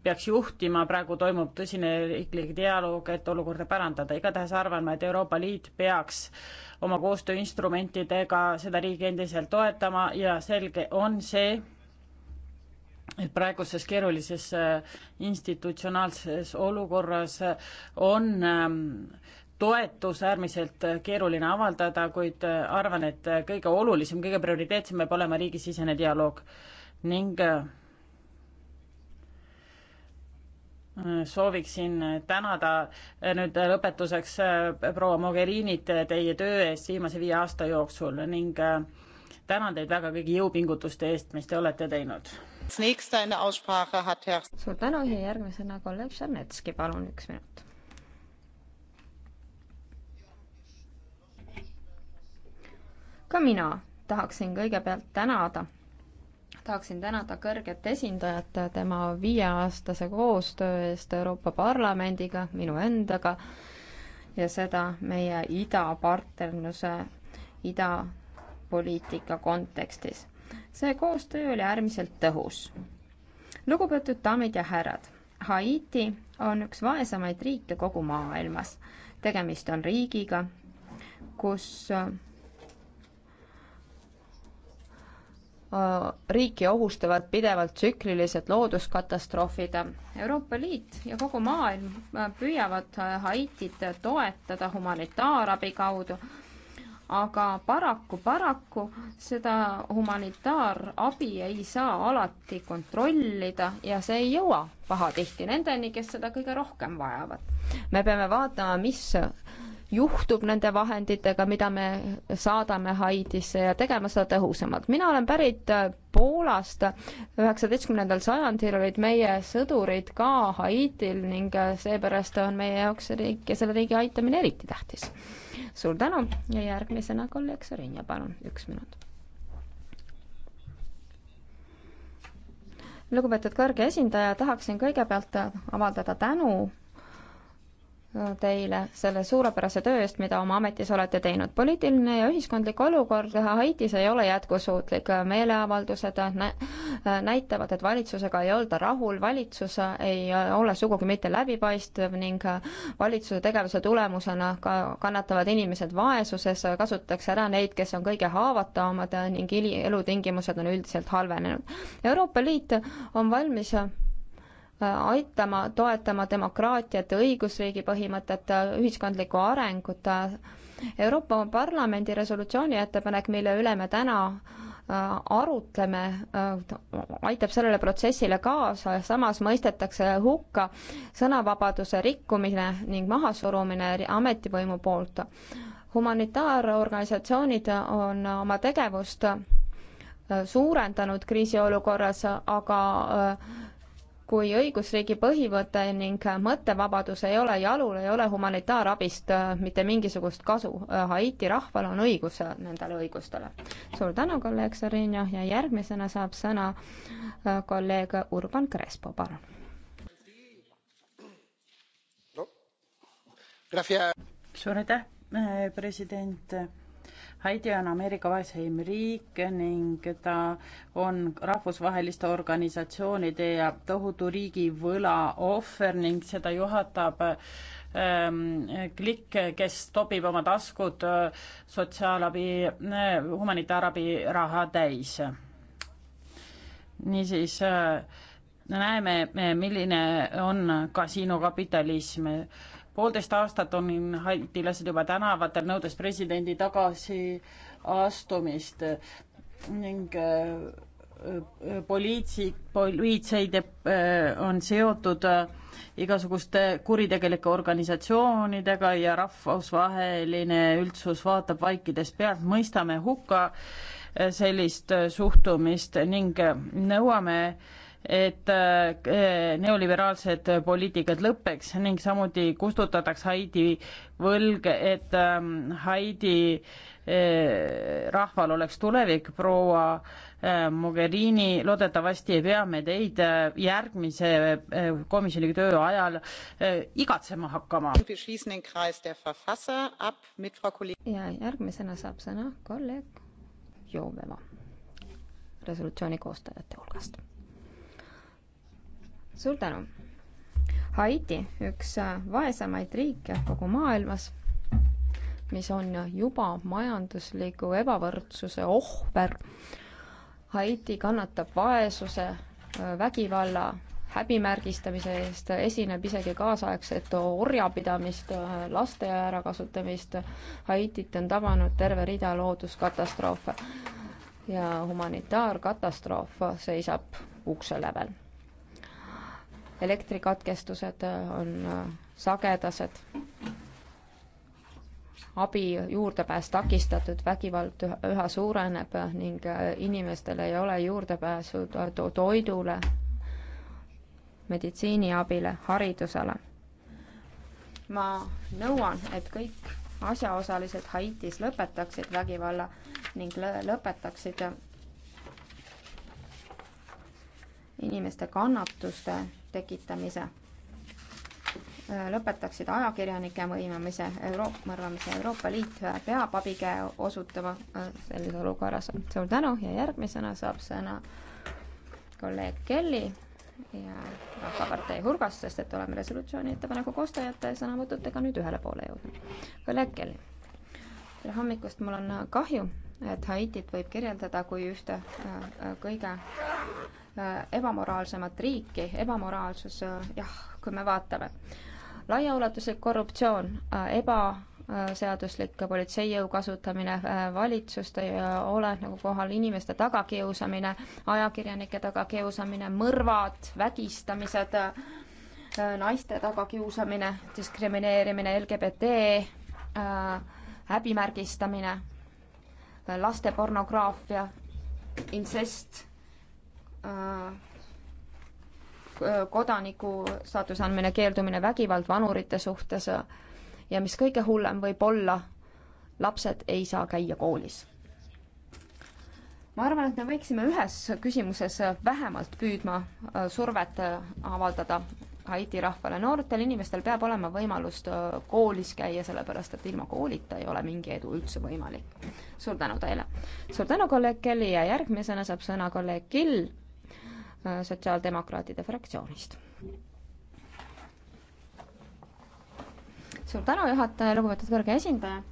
peaks juhtima, praegu toimub tõsine riiklik dialoog, et olukorda parandada, igatahes arvan ma, et Euroopa Liit peaks oma koostööinstrumentidega seda riigi endiselt toetama ja selge on see, et praeguses keerulises äh, institutsionaalses olukorras äh, on ähm, toetus äärmiselt äh, keeruline avaldada, kuid arvan, et kõige olulisem, kõige prioriteetsem peab olema riigisisene dialoog ning sooviksin tänada nüüd lõpetuseks proua Mogherinit teie töö eest viimase viie aasta jooksul ning tänan teid väga kõigi jõupingutuste eest, mis te olete teinud. suur tänu ja järgmisena kolleeg Žernetski, palun üks minut. ka mina tahaksin kõigepealt tänada, tahaksin tänada kõrget esindajat tema viieaastase koostöö eest Euroopa Parlamendiga, minu endaga ja seda meie idapartnerluse, ida poliitika kontekstis. see koostöö oli äärmiselt tõhus. lugupeetud daamid ja härrad, Haiti on üks vaesemaid riike kogu maailmas. tegemist on riigiga, kus äh, riiki ohustavad pidevalt tsüklilised looduskatastroofid. Euroopa Liit ja kogu maailm äh, püüavad äh, Haitit toetada humanitaarabi kaudu aga paraku, paraku seda humanitaarabi ei saa alati kontrollida ja see ei jõua pahatihti nendeni, kes seda kõige rohkem vajavad. me peame vaatama, mis juhtub nende vahenditega, mida me saadame Haidisse ja tegema seda tõhusamalt. mina olen pärit äh, Poolast, üheksateistkümnendal sajandil olid meie sõdurid ka Haitil ning äh, seepärast on meie jaoks riik ja selle riigi aitamine eriti tähtis. suur tänu ja järgmisena kolleeg Sõrinja, palun, üks minut. lugupeetud kõrge esindaja, tahaksin kõigepealt avaldada tänu teile selle suurepärase töö eest, mida oma ametis olete teinud. poliitiline ja ühiskondlik olukord Haitis ei ole jätkusuutlik. meeleavaldused näitavad, et valitsusega ei olda rahul, valitsus ei ole sugugi mitte läbipaistev ning valitsuse tegevuse tulemusena ka kannatavad inimesed vaesuses, kasutatakse ära neid, kes on kõige haavatavamad ning elutingimused on üldiselt halvenenud. Euroopa Liit on valmis aitama, toetama demokraatiat, õigusriigi põhimõtet, ühiskondlikku arengut. Euroopa Parlamendi resolutsiooni ettepanek, mille üle me täna äh, arutleme, äh, aitab sellele protsessile kaasa ja samas mõistetakse hukka sõnavabaduse rikkumine ning mahasurumine ametivõimu poolt. humanitaarorganisatsioonid on oma tegevust äh, suurendanud kriisiolukorras, aga kui õigusriigi põhimõte ning mõttevabadus ei ole jalul, ei ole humanitaarabist äh, mitte mingisugust kasu. Äh, Haiti rahval on õigus äh, nendele õigustele. suur tänu, kolleeg Sorinio ja järgmisena saab sõna kolleeg Urban Crespo, palun. suur aitäh, president Haiti on Ameerika vaeseim riik ning ta on rahvusvaheliste organisatsioonide ja tohutu riigivõla ohver ning seda juhatab ähm, klikk, kes topib oma taskud äh, sotsiaalabi, äh, humanitaarabi raha täis. niisiis äh, näeme, milline on kasiinokapitalism poolteist aastat on haitilased juba tänavatel, nõudes presidendi tagasiastumist ning äh, äh, poliitsi-, poliitseid äh, on seotud igasuguste kuritegelike organisatsioonidega ja rahvusvaheline üldsus vaatab vaikides pealt, mõistame hukka sellist suhtumist ning nõuame äh, et äh, neoliberaalsed poliitikad lõpeks ning samuti kustutatakse Haiti võlg, et ähm, Haiti äh, rahval oleks tulevik, proua äh, Mogherini, loodetavasti ei pea me teid järgmise komisjoni töö ajal igatsema hakkama. ja järgmisena saab sõna kolleeg Joomeva resolutsiooni koostajate hulgast suur tänu! Haiti, üks äh, vaesemaid riike kogu maailmas, mis on juba majandusliku ebavõrdsuse ohver. Haiti kannatab vaesuse, äh, vägivalla, häbimärgistamise eest, esineb isegi kaasaegset orjapidamist, äh, laste ärakasutamist. Haitit on tabanud terve rida looduskatastroofe ja humanitaarkatastroof seisab ukse lävel elektrikatkestused äh, on äh, sagedased, abi juurdepääs takistatud, vägivald üha suureneb ning äh, inimestel ei ole juurdepääsu to toidule, meditsiiniabile, haridusele. ma nõuan, et kõik asjaosalised Haitis lõpetaksid vägivalla ning lõpetaksid inimeste kannatuste tekitamise, äh, lõpetaksid ajakirjanike võimamise Euro-, mõrvamise, Euroopa Liit peab abikäe osutama äh, selles olukorras. suur tänu ja järgmisena saab sõna kolleeg Kelly ja Rahvapartei hulgast, sest et oleme resolutsiooni ettepaneku koostajate sõnavõtutega nüüd ühele poole jõudnud. kolleeg Kelly, tere hommikust, mul on äh, kahju, et Haitit võib kirjeldada kui ühte äh, kõige äh, ebamoraalsemat riiki, ebamoraalsus, äh, jah, kui me vaatame. laiaulatuslik korruptsioon, ebaseaduslik politseijõu kasutamine, valitsuste oleku nagu kohal inimeste tagakiusamine, ajakirjanike tagakiusamine, mõrvad, vägistamised, naiste tagakiusamine, diskrimineerimine, LGBT häbimärgistamine laste pornograafia, intsest, äh, äh, kodaniku staatuse andmine, keeldumine, vägivald vanurite suhtes äh, ja mis kõige hullem võib olla, lapsed ei saa käia koolis ma arvan, et me võiksime ühes küsimuses vähemalt püüdma survet avaldada Haiti rahvale. noortel inimestel peab olema võimalus äh, koolis käia, sellepärast et ilma koolita ei ole mingi edu üldse võimalik. suur tänu teile! suur tänu, kolleeg Kelly ja järgmisena saab sõna kolleeg Kill äh, Sotsiaaldemokraatide fraktsioonist. suur tänu, juhataja, lugupeetud kõrge esindaja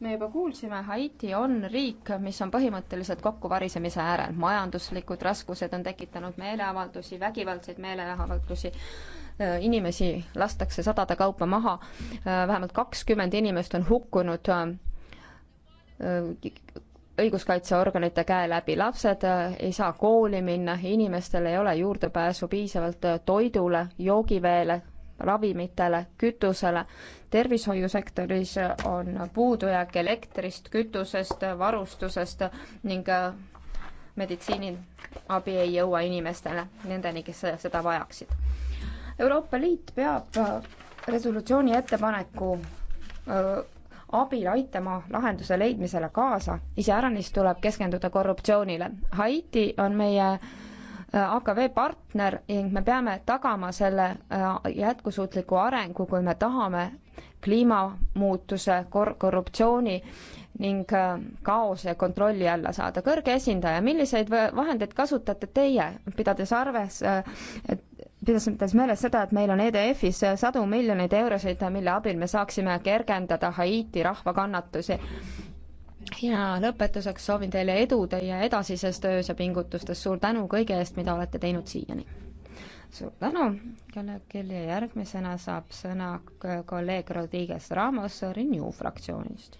me juba kuulsime, Haiti on riik, mis on põhimõtteliselt kokkuvarisemise äärel. majanduslikud raskused on tekitanud meeleavaldusi, vägivaldseid meeleavaldusi, äh, inimesi lastakse sadade kaupa maha, äh, vähemalt kakskümmend inimest on hukkunud äh, õiguskaitseorganite käe läbi, lapsed ei saa kooli minna, inimestel ei ole juurdepääsu piisavalt toidule, joogiveele, ravimitele, kütusele tervishoiusektoris on puudujääk elektrist, kütusest, varustusest ning äh, meditsiiniabi ei jõua inimestele, nendeni, kes seda vajaksid. Euroopa Liit peab äh, resolutsiooni ettepaneku äh, abil aitama lahenduse leidmisele kaasa, iseäranis tuleb keskenduda korruptsioonile. Haiti on meie AKV partner ning me peame tagama selle äh, jätkusuutliku arengu, kui me tahame kliimamuutuse kor-, korruptsiooni ning äh, kaose kontrolli alla saada. kõrge esindaja, milliseid vahendeid kasutate teie, pidades arves, äh, pidades meeles seda, et meil on EDF-is sadu miljoneid eurosid, mille abil me saaksime kergendada Haiti rahva kannatusi ja lõpetuseks soovin teile edu teie edasises töös ja pingutustes, suur tänu kõige eest, mida olete teinud siiani. suur tänu, kellelgi ja järgmisena saab sõna kolleeg Rodriguez Ramos Renew fraktsioonist.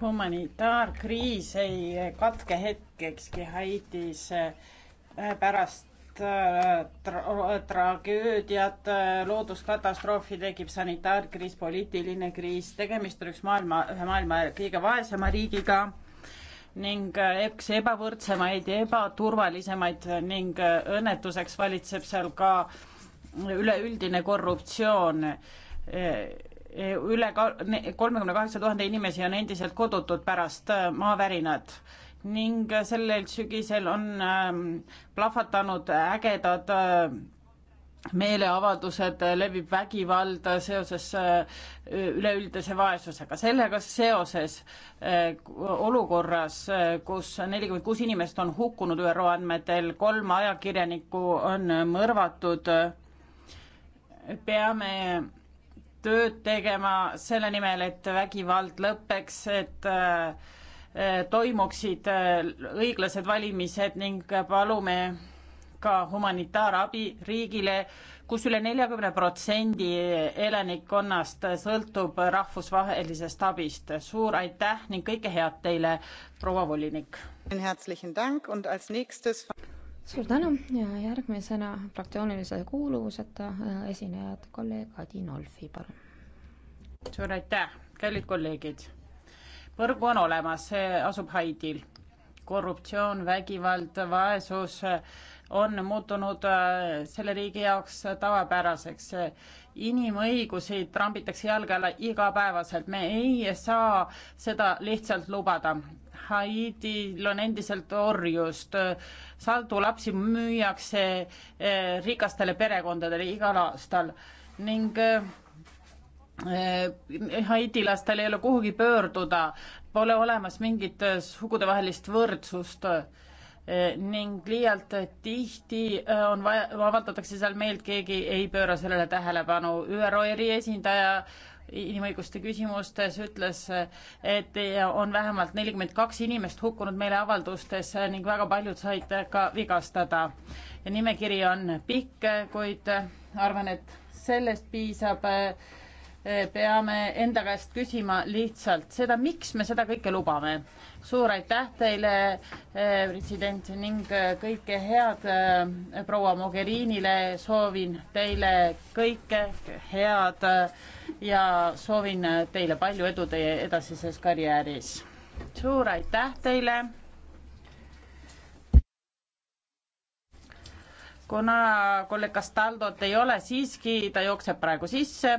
humanitaarkriis ei katke hetkekski Haitis äh, pärast tra tragöödiad, looduskatastroofi tekib sanitaarkriis, poliitiline kriis, tegemist on üks maailma, ühe maailma kõige vaesema riigiga ning üks ebavõrdsemaid ja ebaturvalisemaid ning õnnetuseks valitseb seal ka üleüldine korruptsioon. üle kolmekümne kaheksa tuhande inimesi on endiselt kodutud pärast maavärinat ning sellel sügisel on ähm, plahvatanud ägedad äh, meeleavaldused, levib vägivald seoses äh, üleüldise vaesusega. sellega seoses äh, olukorras, kus nelikümmend kuus inimest on hukkunud ÜRO andmetel, kolm ajakirjanikku on mõrvatud, peame tööd tegema selle nimel, et vägivald lõpeks, et äh, toimuksid äh, õiglased valimised ning palume ka humanitaarabi riigile, kus üle neljakümne protsendi elanikkonnast sõltub rahvusvahelisest abist. suur aitäh ning kõike head teile, proua volinik! suur tänu ja järgmisena fraktsioonilise kuuluvuseta äh, esinejad, kolleeg Adi Nolfi, palun! suur aitäh, kallid kolleegid! põrgu on olemas, see asub Haidil. korruptsioon, vägivald, vaesus äh, on muutunud äh, selle riigi jaoks tavapäraseks. inimõigusi trambitakse jalge alla igapäevaselt, me ei saa seda lihtsalt lubada. Haitil on endiselt orjust, saldu lapsi müüakse äh, rikastele perekondadele igal aastal ning Äh, Haiti lastel ei ole kuhugi pöörduda, pole olemas mingit äh, sugudevahelist võrdsust äh, ning liialt tihti on vaja, avaldatakse seal meelt, keegi ei pööra sellele tähelepanu. ÜRO eriesindaja inimõiguste küsimustes ütles, et on vähemalt nelikümmend kaks inimest hukkunud meeleavaldustes ning väga paljud said ka vigastada. nimekiri on pikk, kuid arvan, et sellest piisab äh, peame enda käest küsima lihtsalt seda, miks me seda kõike lubame. suur aitäh teile, eh, president ning eh, kõike head eh, proua Mogherinile, soovin teile kõike head ja soovin teile palju edu teie edasises karjääris. suur aitäh teile. kuna kolleeg Castaldot ei ole siiski, ta jookseb praegu sisse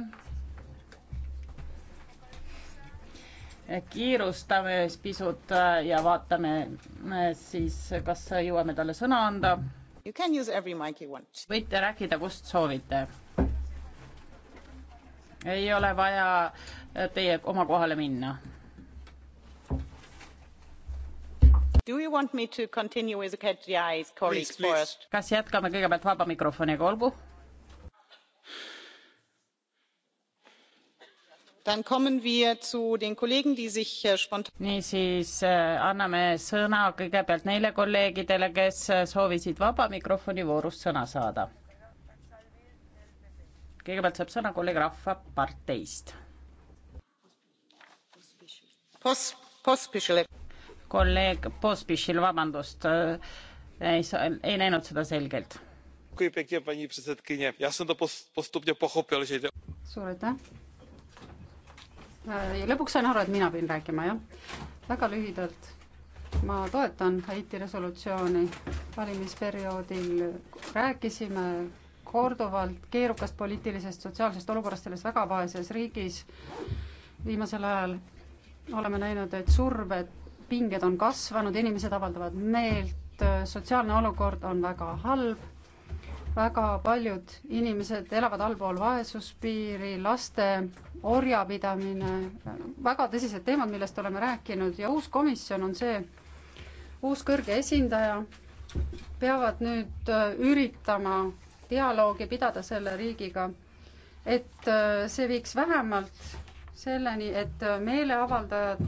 kiirustame siis pisut äh, ja vaatame äh, siis, kas jõuame talle sõna anda. võite rääkida, kust soovite. ei ole vaja äh, teie oma kohale minna. kas jätkame kõigepealt vaba mikrofoniga, olgu? Äh, niisiis äh, anname sõna kõigepealt neile kolleegidele kes äh, soovisid vaba mikrofoni voorus sõna saada kõigepealt saab sõna kolleeg rahvaparteist Pos, kolleeg pospil vabandust ei, ei näinud seda selgelt. suur aitäh! Äh, ja lõpuks sain aru, et mina pidin rääkima, jah. väga lühidalt, ma toetan Haiti resolutsiooni. valimisperioodil rääkisime korduvalt keerukast poliitilisest, sotsiaalsest olukorrast selles väga vaeses riigis. viimasel ajal oleme näinud, et surved, pinged on kasvanud, inimesed avaldavad meelt, sotsiaalne olukord on väga halb väga paljud inimesed elavad allpool vaesuspiiri, laste orjapidamine, väga tõsised teemad, millest oleme rääkinud ja uus komisjon on see, uus kõrge esindaja, peavad nüüd äh, üritama dialoogi pidada selle riigiga, et äh, see viiks vähemalt selleni, et äh, meeleavaldajad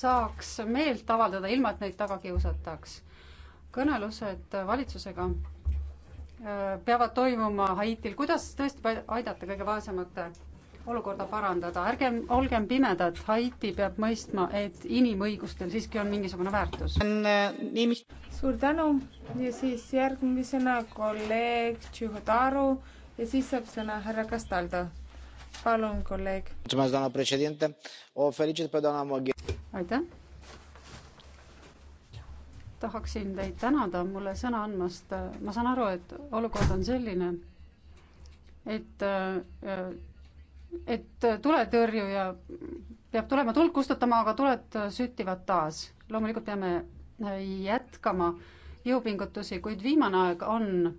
saaks meelt avaldada, ilma et neid taga kiusataks kõnelused valitsusega äh, peavad toimuma Haitil, kuidas tõesti aidata kõige vaesemate olukorda parandada, ärgem olgem pimedad, Haiti peab mõistma, et inimõigustel siiski on mingisugune väärtus. Äh, suur tänu ja siis järgmisena kolleeg Tšihhodaru ja siis saab sõna härra Castaldo. palun, kolleeg. aitäh tahaksin teid tänada mulle sõna andmast. ma saan aru, et olukord on selline, et, et tuletõrjuja peab tulema tuld kustutama, aga tuled süttivad taas. loomulikult peame jätkama jõupingutusi, kuid viimane aeg on,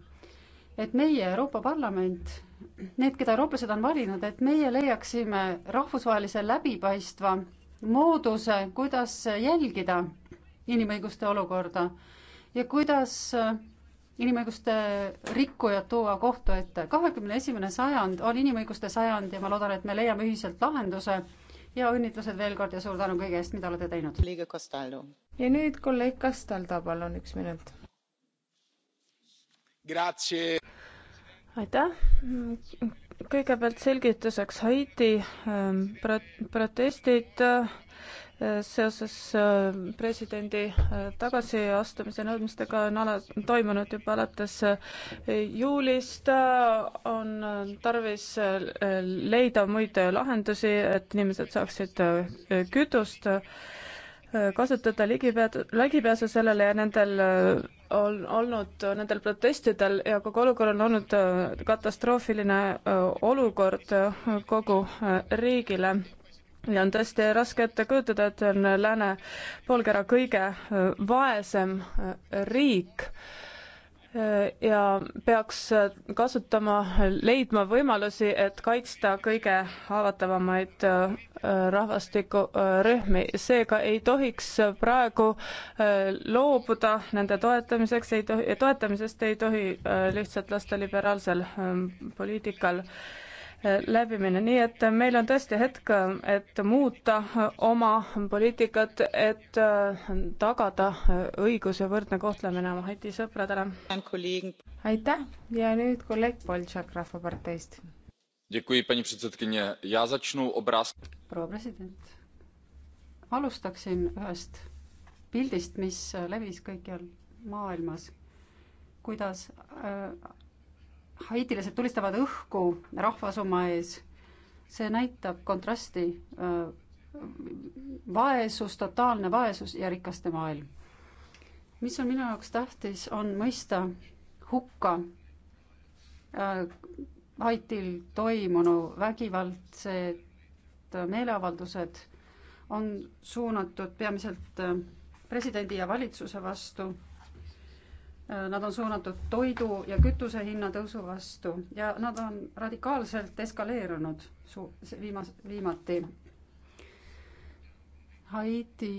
et meie Euroopa Parlament, need, keda eurooplased on valinud, et meie leiaksime rahvusvahelise läbipaistva mooduse, kuidas jälgida inimõiguste olukorda ja kuidas äh, inimõiguste rikkujad tuua kohtu ette. kahekümne esimene sajand on inimõiguste sajand ja ma loodan, et me leiame ühiselt lahenduse ja õnnitlused veel kord ja suur tänu kõige eest, mida olete teinud. ja nüüd kolleeg Castaldo, palun üks minut. aitäh. kõigepealt selgituseks Haiti ähm, protestid seoses äh, presidendi äh, tagasiastumise nõudmistega on ala, toimunud juba alates äh, juulist, on tarvis leida muid lahendusi, et inimesed saaksid kütust kasutada ligipääsu, ligipääsu sellele ja nendel on olnud, nendel protestidel ja kogu olukorral on olnud katastroofiline olukord kogu riigile ja on tõesti raske ette kujutada, et see on lääne poolkera kõige äh, vaesem äh, riik äh, ja peaks kasutama, leidma võimalusi, et kaitsta kõige haavatavamaid rahvastikurühmi. seega ei tohiks praegu loobuda nende toetamiseks, ei tohi, toetamisest ei tohi lihtsalt lasta liberaalsel ähm, poliitikal läbimine, nii et meil on tõesti hetk, et muuta oma poliitikat, et tagada õigus ja võrdne kohtlemine oma Haiti sõpradele. aitäh ja nüüd kolleeg Boltšak Rahvaparteist. proua president, alustaksin ühest pildist, mis levis kõikjal maailmas, kuidas äh, haitilased tulistavad õhku rahvasumma ees. see näitab kontrasti äh, vaesus, totaalne vaesus ja rikaste maailm. mis on minu jaoks tähtis, on mõista hukka äh, Haitil toimunu vägivaldsed äh, meeleavaldused on suunatud peamiselt presidendi ja valitsuse vastu Nad on suunatud toidu ja kütuse hinna tõusu vastu ja nad on radikaalselt eskaleerunud su-, viimas-, viimati. Haiti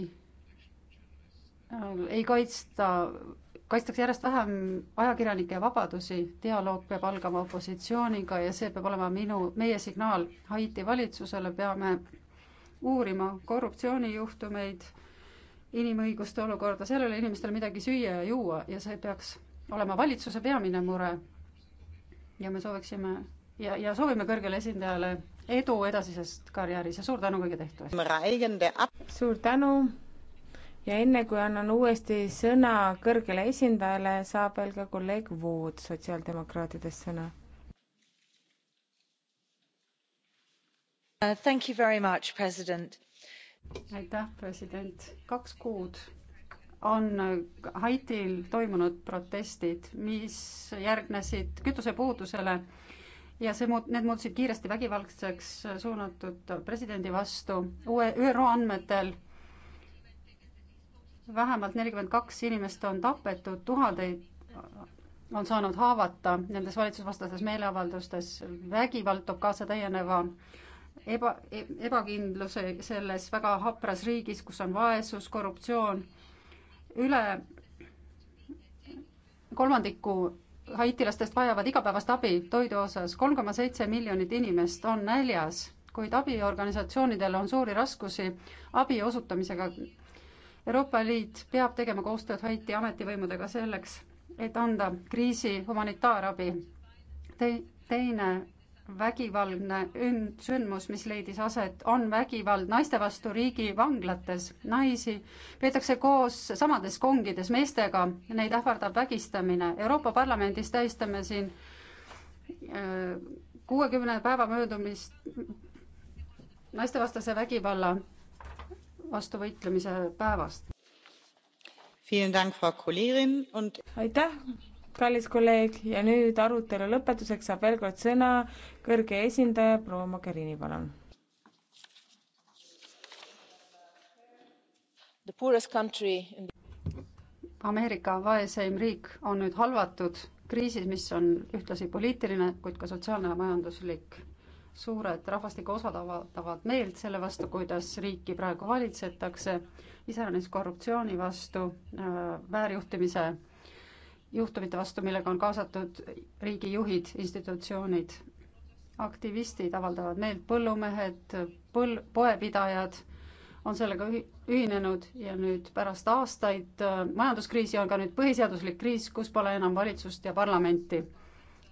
äh, ei kaitsta, kaitstakse järjest vähem ajakirjanike vabadusi, dialoog peab algama opositsiooniga ja see peab olema minu, meie signaal Haiti valitsusele, peame uurima korruptsioonijuhtumeid inimõiguste olukorda, seal ei ole inimestel midagi süüa ja juua ja see peaks olema valitsuse peamine mure. ja me sooviksime ja, ja soovime kõrgele esindajale edu edasises karjääris ja suur tänu kõige tehtu eest. suur tänu ja enne kui annan uuesti sõna kõrgele esindajale, saab veel ka kolleeg Vood sotsiaaldemokraatidest sõna. Uh, thank you very much, president aitäh, president. kaks kuud on Haitil toimunud protestid, mis järgnesid kütusepuudusele ja see muut-, need muutusid kiiresti vägivaldseks suunatud presidendi vastu. uue, ÜRO andmetel vähemalt nelikümmend kaks inimest on tapetud, tuhandeid on saanud haavata nendes valitsusvastastes meeleavaldustes. vägivald toob kaasa täieneva eba, e-, ebakindluse selles väga hapras riigis, kus on vaesus, korruptsioon, üle kolmandiku haitilastest vajavad igapäevast abi toidu osas, kolm koma seitse miljonit inimest on näljas, kuid abiorganisatsioonidel on suuri raskusi abi osutamisega. Euroopa Liit peab tegema koostööd Haiti ametivõimudega selleks, et anda kriisi humanitaarabi. Te-, teine vägivaldne sündmus, mis leidis aset, on vägivald naiste vastu riigivanglates. naisi peetakse koos samades kongides meestega, neid ähvardab vägistamine. Euroopa Parlamendis tähistame siin äh, kuuekümne päeva möödumist naistevastase vägivalla vastu võitlemise päevast. aitäh kallis kolleeg ja nüüd arutelu lõpetuseks saab veel kord sõna kõrge esindaja proua Mogherini, palun. Ameerika vaeseim riik on nüüd halvatud kriisis, mis on ühtlasi poliitiline, kuid ka sotsiaalne ja majanduslik. suured rahvastiku osad avaldavad meelt selle vastu, kuidas riiki praegu valitsetakse, iseäranis korruptsiooni vastu, äh, väärjuhtimise juhtumite vastu, millega on kaasatud riigijuhid, institutsioonid. aktivistid avaldavad meelt, põllumehed, põl-, poepidajad on sellega ühi-, ühinenud ja nüüd pärast aastaid äh, majanduskriisi on ka nüüd põhiseaduslik kriis, kus pole enam valitsust ja parlamenti.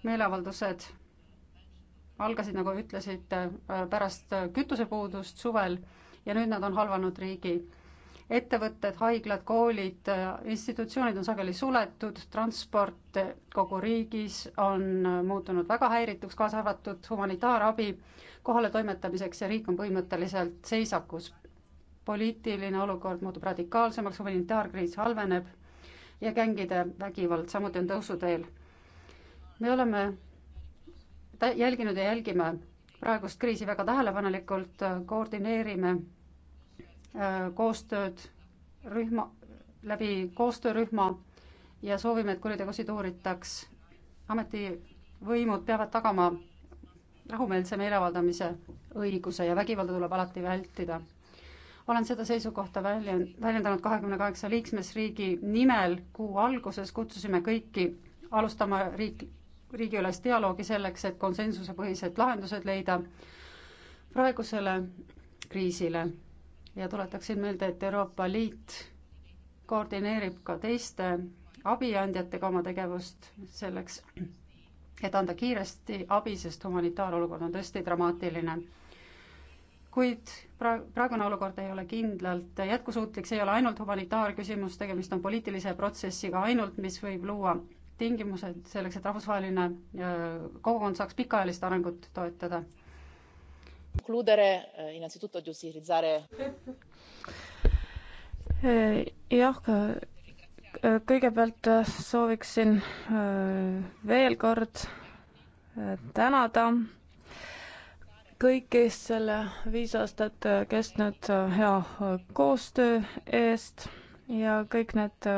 meeleavaldused algasid, nagu ütlesite, äh, pärast äh, kütusepuudust suvel ja nüüd nad on halvanud riigi ettevõtted, haiglad, koolid, institutsioonid on sageli suletud, transport kogu riigis on muutunud väga häirituks, kaasa arvatud humanitaarabi kohaletoimetamiseks ja riik on põhimõtteliselt seisakus. poliitiline olukord muutub radikaalsemaks, humanitaarkriis halveneb ja gängide vägivald samuti on tõusuteel. me oleme jälginud ja jälgime praegust kriisi väga tähelepanelikult, koordineerime Äh, koostööd rühma, läbi koostöörühma ja soovime, et kuritegusid uuritaks. ametivõimud peavad tagama rahumeelse meeleavaldamise õiguse ja vägivalda tuleb alati vältida. olen seda seisukohta välja, väljendanud kahekümne kaheksa liikmesriigi nimel. kuu alguses kutsusime kõiki alustama riik, riigiülest dialoogi selleks, et konsensusepõhised lahendused leida praegusele kriisile ja tuletaksin meelde, et Euroopa Liit koordineerib ka teiste abiandjatega oma tegevust selleks, et anda kiiresti abi, sest humanitaarolukord on tõesti dramaatiline. kuid pra-, praegune olukord ei ole kindlalt jätkusuutlik, see ei ole ainult humanitaarküsimus, tegemist on poliitilise protsessiga ainult, mis võib luua tingimused selleks, et rahvusvaheline äh, kogukond saaks pikaajalist arengut toetada Eh, eh, jah, eh, kõigepealt sooviksin veel kord tänada kõiki selle viis aastat kestnud hea koostöö eest ja kõik need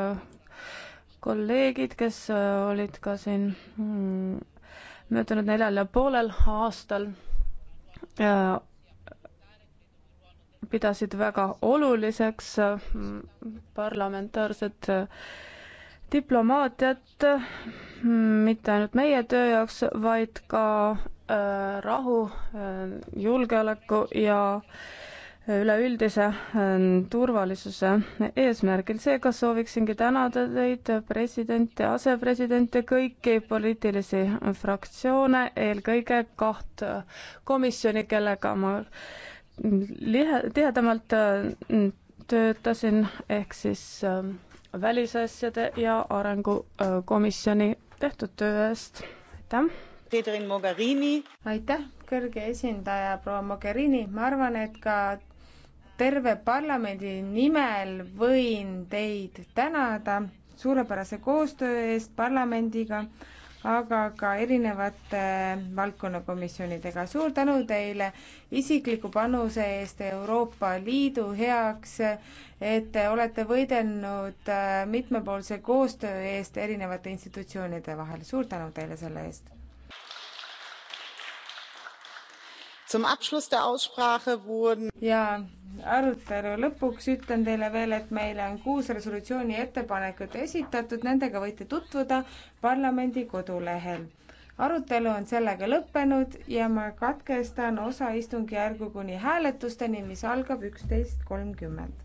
kolleegid, kes olid ka siin mm, möödunud neljal ja poolel aastal Äh, pidasid väga oluliseks äh, parlamentaarset äh, diplomaatiat mitte ainult meie töö jaoks, vaid ka rahu, julgeoleku ja äh, üleüldise ähm, turvalisuse eesmärgil. seega sooviksingi tänada teid, presidenti, asepresidente, kõiki poliitilisi fraktsioone, eelkõige kaht komisjoni, kellega ma lihe, tihedamalt äh, töötasin, ehk siis äh, välisasjade ja arengukomisjoni äh, tehtud töö eest. aitäh! aitäh, kõrge esindaja proua Mogherini, ma arvan, et ka terve parlamendi nimel võin teid tänada suurepärase koostöö eest parlamendiga, aga ka erinevate valdkonnakomisjonidega. suur tänu teile isikliku panuse eest Euroopa Liidu heaks, et te olete võidelnud äh, mitmepoolse koostöö eest erinevate institutsioonide vahel. suur tänu teile selle eest! ja arutelu lõpuks ütlen teile veel, et meile on kuus resolutsiooni ettepanekut esitatud, nendega võite tutvuda parlamendi kodulehel. arutelu on sellega lõppenud ja ma katkestan osa istungjärgu kuni hääletusteni, mis algab üksteist kolmkümmend.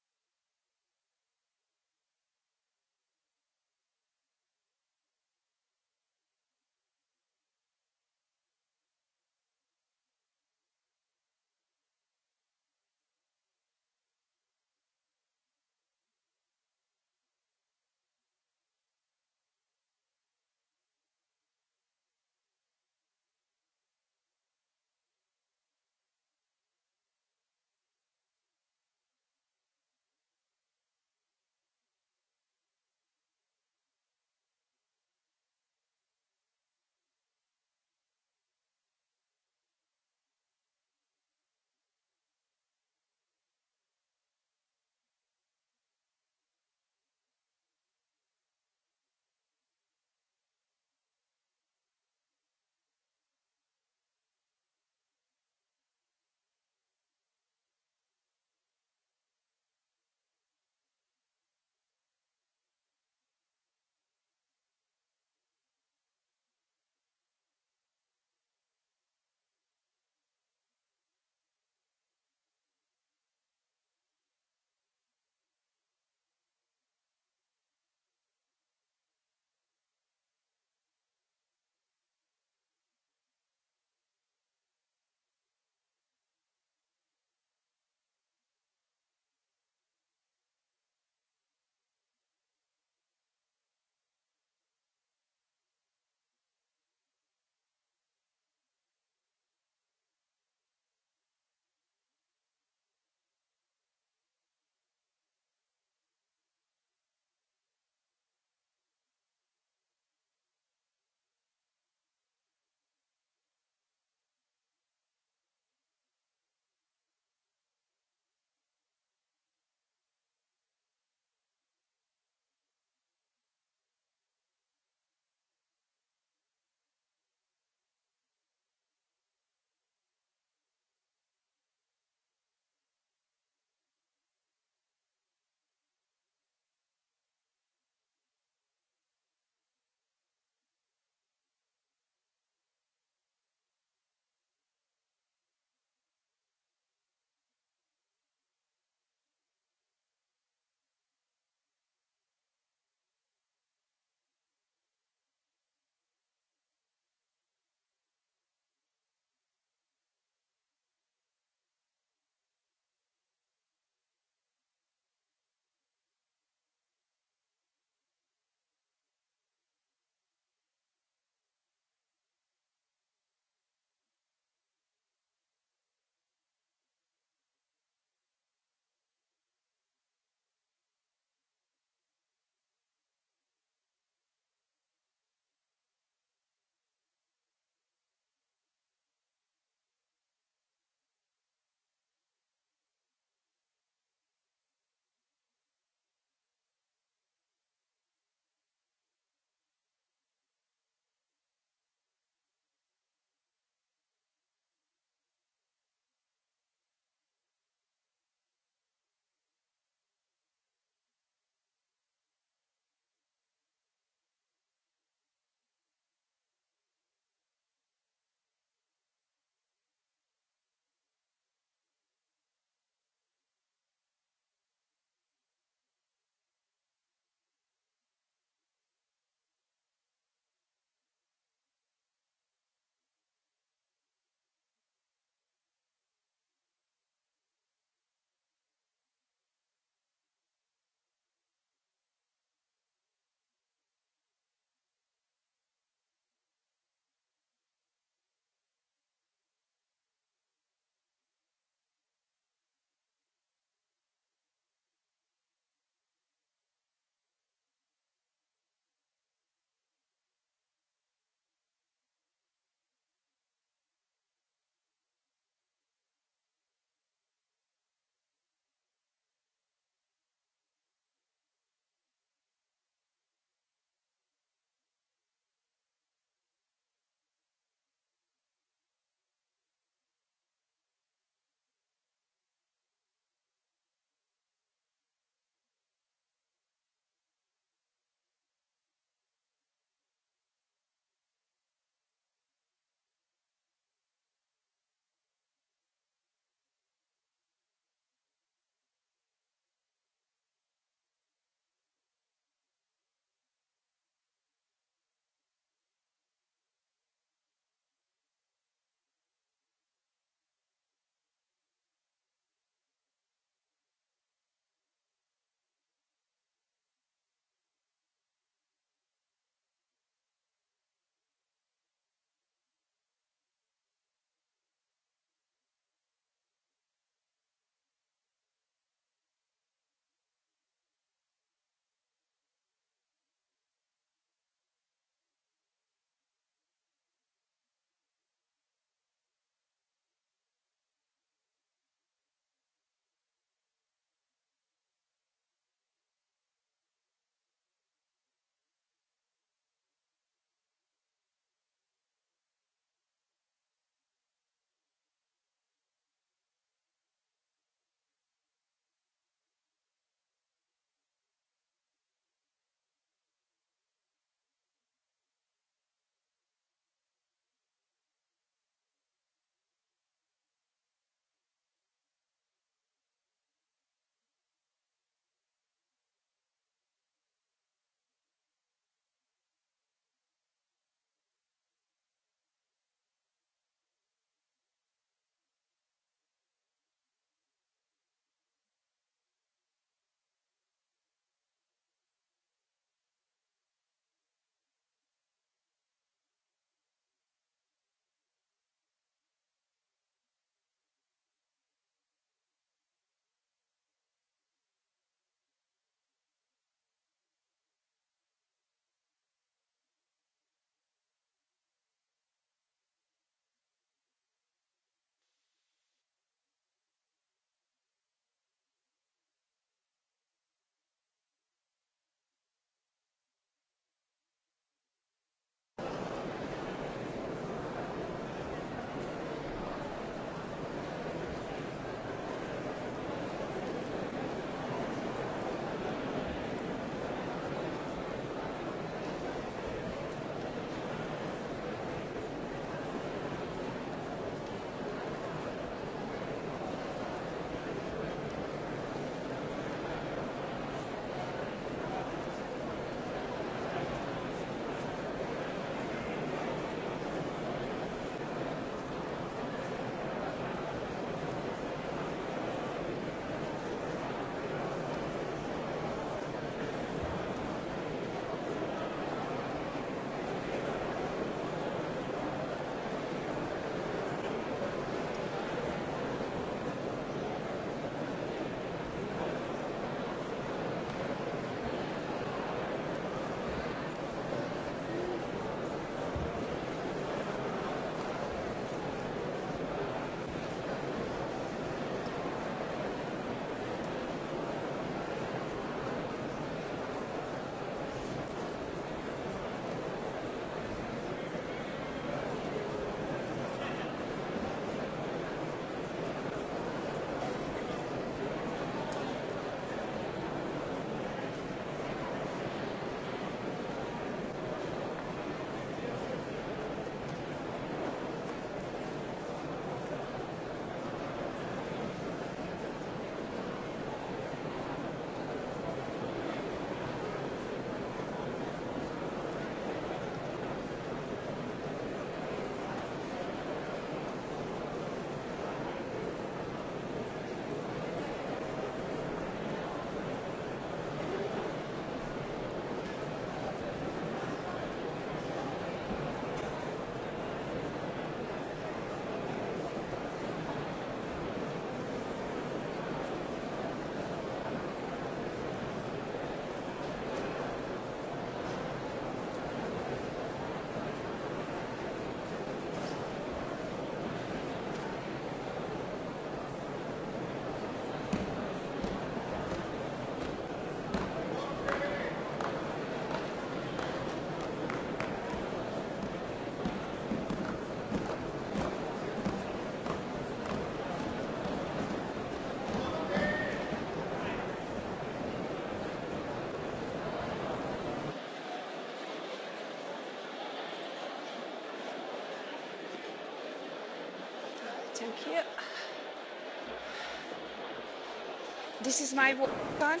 this is my card.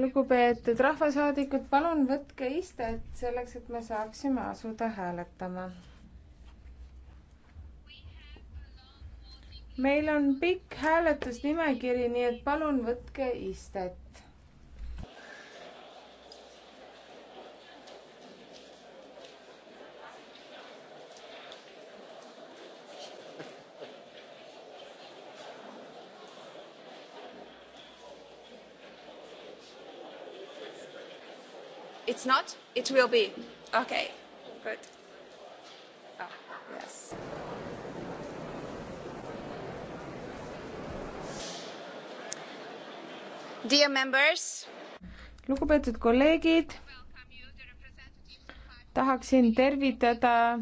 lugupeetud rahvasaadikud, palun võtke istet selleks, et me saaksime asuda hääletama. meil on pikk hääletusnimekiri, nii et palun võtke istet. it's not it will be okay good oh, yes dear members lugupeetud kolleegid tahaksin tervitada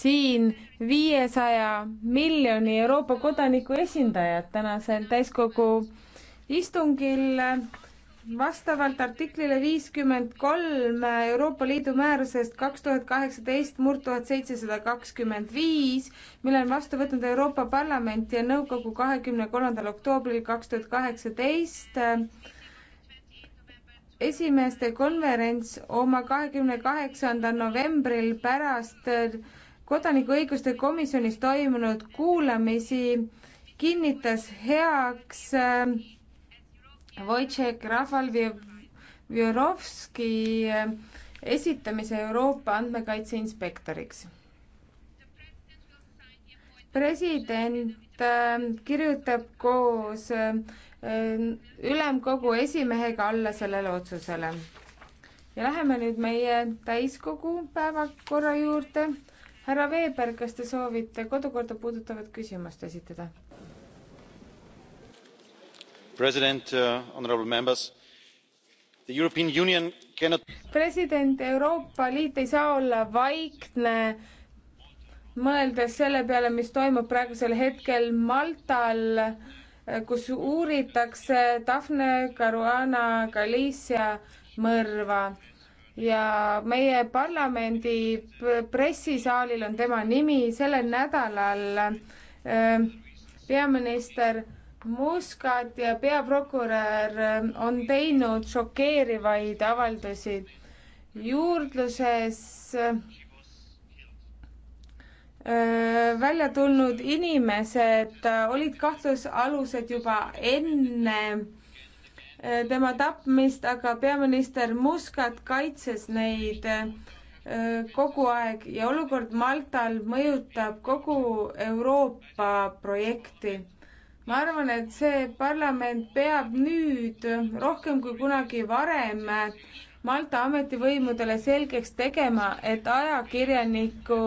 siin viiesaja miljoni Euroopa kodaniku esindajad tänasel täiskogu istungil vastavalt artiklile viiskümmend kolm Euroopa Liidu määrusest kaks tuhat kaheksateist murd tuhat seitsesada kakskümmend viis, mille on vastu võtnud Euroopa Parlament ja nõukogu kahekümne kolmandal oktoobril kaks tuhat kaheksateist, esimeeste konverents oma kahekümne kaheksandal novembril pärast kodanikuõiguste komisjonis toimunud kuulamisi kinnitas heaks äh, Wojciech Rafal-Vjurovski eh, esitamise Euroopa andmekaitse inspektoriks. president eh, kirjutab koos eh, ülemkogu esimehega alla sellele otsusele. ja läheme nüüd meie täiskogu päevakorra juurde. härra Veeber, kas te soovite kodukorda puudutavat küsimust esitada? president uh, honourable members the european union cannot. president euroopa liit ei saa olla vaikne mõeldes selle peale mis toimub praegusel hetkel maltal kus uuritakse daphne caruana galizia mõrva ja meie parlamendi pressisaalil on tema nimi sellel nädalal äh, peaminister Muscat ja peaprokurör on teinud šokeerivaid avaldusi juurdluses välja tulnud inimesed äh, olid kahtlusalused juba enne äh, tema tapmist, aga peaminister Muscat kaitses neid äh, kogu aeg ja olukord Maltal mõjutab kogu Euroopa projekti ma arvan, et see parlament peab nüüd rohkem kui kunagi varem Malta ametivõimudele selgeks tegema, et ajakirjaniku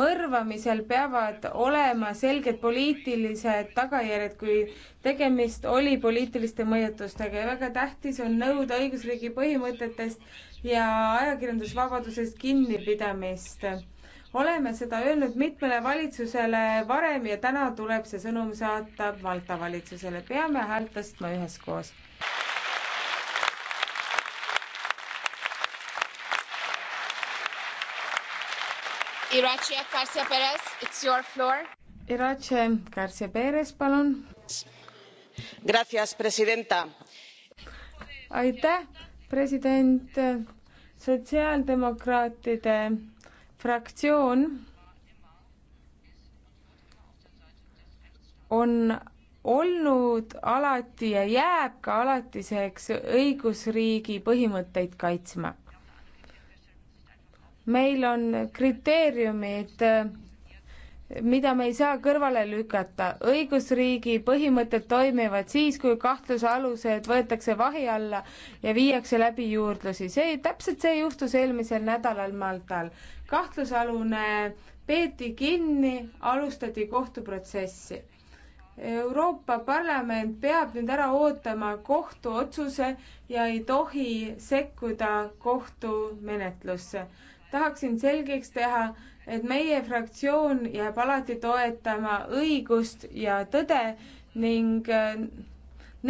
mõrvamisel peavad olema selged poliitilised tagajärjed, kui tegemist oli poliitiliste mõjutustega ja väga tähtis on nõuda õigusriigi põhimõtetest ja ajakirjandusvabadusest kinnipidamist oleme seda öelnud mitmele valitsusele varem ja täna tuleb see sõnum saata Malta valitsusele. peame häält tõstma üheskoos. Irache Garcia Perez, it's your floor. Irache Garcia Perez, palun. Gracias, presidenta. aitäh, president. sotsiaaldemokraatide fraktsioon on olnud alati ja jääb ka alatiseks õigusriigi põhimõtteid kaitsma. meil on kriteeriumid mida me ei saa kõrvale lükata. õigusriigi põhimõtted toimivad siis, kui kahtlusalused võetakse vahi alla ja viiakse läbi juurdlusi. see, täpselt see juhtus eelmisel nädalal Maltal. kahtlusalune peeti kinni, alustati kohtuprotsessi. Euroopa Parlament peab nüüd ära ootama kohtuotsuse ja ei tohi sekkuda kohtumenetlusse. tahaksin selgeks teha, et meie fraktsioon jääb alati toetama õigust ja tõde ning äh,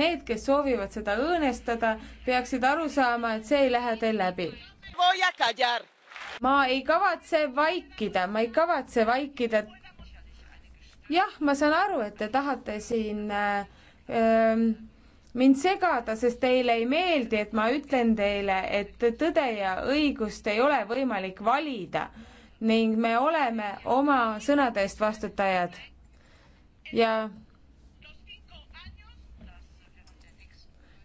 need, kes soovivad seda õõnestada, peaksid aru saama, et see ei lähe teil läbi. ma ei kavatse vaikida, ma ei kavatse vaikida. jah, ma saan aru, et te tahate siin äh, äh, mind segada, sest teile ei meeldi, et ma ütlen teile, et tõde ja õigust ei ole võimalik valida ning me oleme oma sõnade eest vastutajad. ja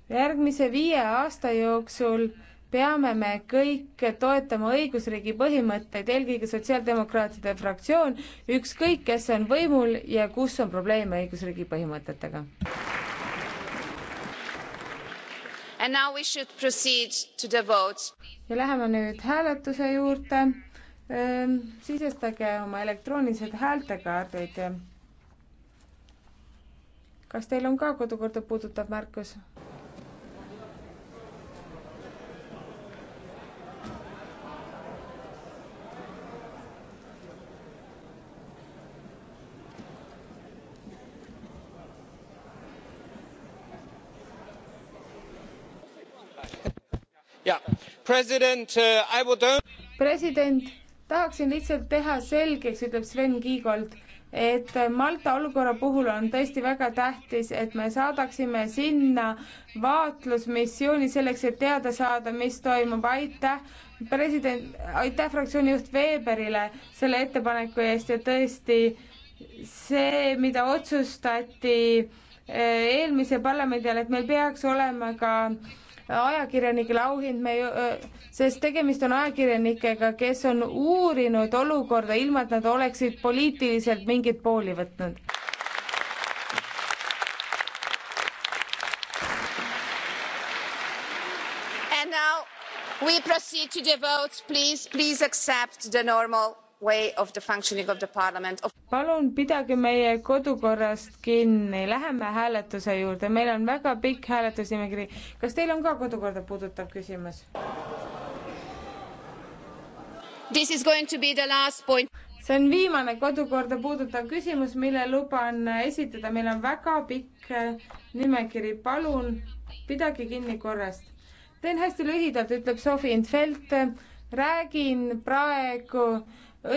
järgmise viie aasta jooksul peame me kõik toetama õigusriigi põhimõtteid, eelkõige Sotsiaaldemokraatide fraktsioon, ükskõik, kes on võimul ja kus on probleeme õigusriigi põhimõtetega. ja läheme nüüd hääletuse juurde. Ehm, sisestage oma elektroonilised häältekaardid. kas teil on ka kodukorda puudutav märkus? president, äh, tahaksin lihtsalt teha selgeks, ütleb Sven Kiigold, et Malta olukorra puhul on tõesti väga tähtis, et me saadaksime sinna vaatlusmissiooni selleks, et teada saada, mis toimub. aitäh, president, aitäh fraktsiooni juht Weberile selle ettepaneku eest ja tõesti see, mida otsustati eh, eelmise parlamendi ajal, et meil peaks olema ka äh, ajakirjanikele auhind, me ju, sest tegemist on ajakirjanikega, kes on uurinud olukorda, ilma et nad oleksid poliitiliselt mingit pooli võtnud. we proceed to the vote please please accept the normal palun pidage meie kodukorrast kinni, läheme hääletuse juurde, meil on väga pikk hääletusnimekiri. kas teil on ka kodukorda puudutav küsimus? see on viimane kodukorda puudutav küsimus, mille luban esitada, meil on väga pikk äh, nimekiri, palun pidage kinni korrast. teen hästi lühidalt, ütleb Sofi Intfeld. räägin praegu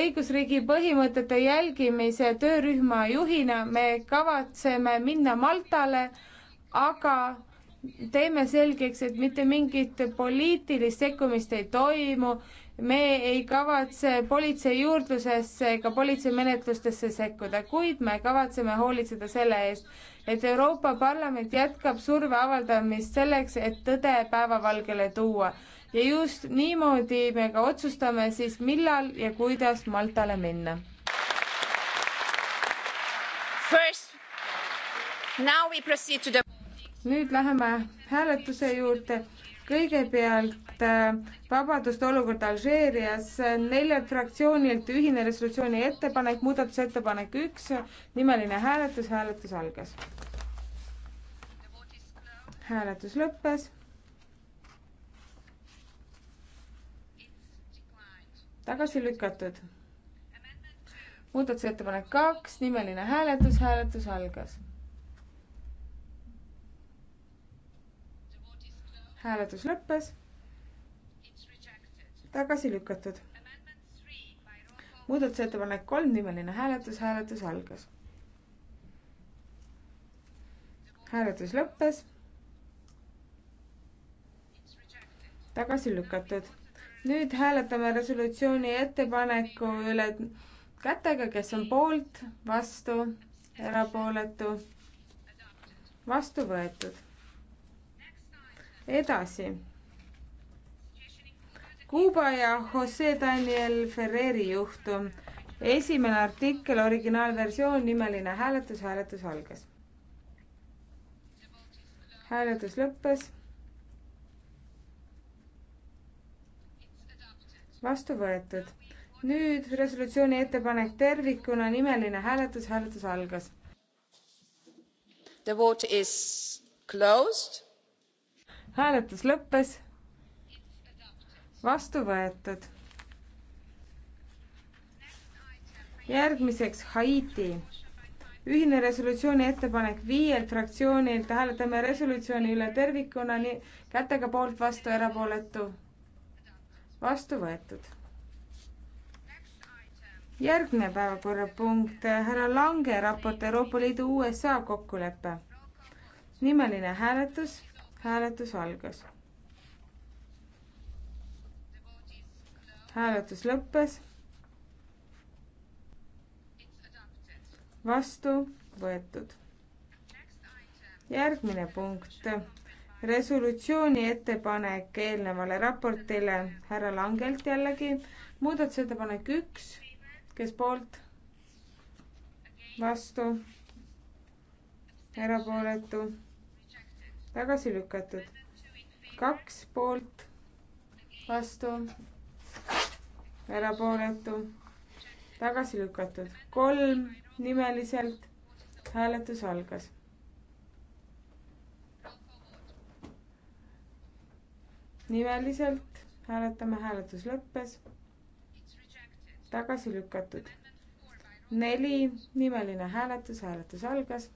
õigusriigi põhimõtete jälgimise töörühma juhina me kavatseme minna Maltale, aga teeme selgeks, et mitte mingit poliitilist sekkumist ei toimu. me ei kavatse politsei juurdlusesse ega politseimenetlustesse sekkuda, kuid me kavatseme hoolitseda selle eest, et Euroopa Parlament jätkab surve avaldamist selleks, et tõde päevavalgele tuua ja just niimoodi me ka otsustame siis, millal ja kuidas Maltale minna. The... nüüd läheme hääletuse juurde. kõigepealt äh, vabaduste olukord Alžeerias, neljalt fraktsioonilt ühine resolutsiooni ettepanek, muudatusettepanek üks, nimeline hääletus, hääletus algas. hääletus lõppes tagasi lükatud. muudatusettepanek kaks, nimeline hääletus, hääletus algas. hääletus lõppes. tagasi lükatud. muudatusettepanek kolm, nimeline hääletus, hääletus algas. hääletus lõppes. tagasi lükatud nüüd hääletame resolutsiooni ettepaneku üle kätega, kes on poolt, vastu, erapooletu, vastu võetud. edasi. Kuuba ja Jose Daniel Ferreri juhtum. esimene artikkel, originaalversioon, nimeline hääletus, hääletus algas. hääletus lõppes vastu võetud. nüüd resolutsiooni ettepanek tervikuna, nimeline hääletus, hääletus algas. The vote is closed. hääletus lõppes. vastu võetud. järgmiseks Haiti ühine resolutsiooni ettepanek viielt fraktsioonilt, hääletame resolutsiooni üle tervikuna, nii kätega poolt, vastu, erapooletu, vastu võetud. järgmine päevakorrapunkt, härra Lange raport Euroopa Liidu USA kokkulepe. nimeline hääletus, hääletus algas. hääletus lõppes. vastu võetud. järgmine punkt resolutsiooni ettepanek eelnevale raportile härra Langelt jällegi, muudatusettepanek üks, kes poolt, vastu, erapooletu, tagasi lükatud, kaks poolt, vastu, erapooletu, tagasi lükatud, kolm nimeliselt, hääletus algas nimeliselt hääletame, hääletus lõppes. tagasi lükatud. neli, nimeline hääletus, hääletus algas.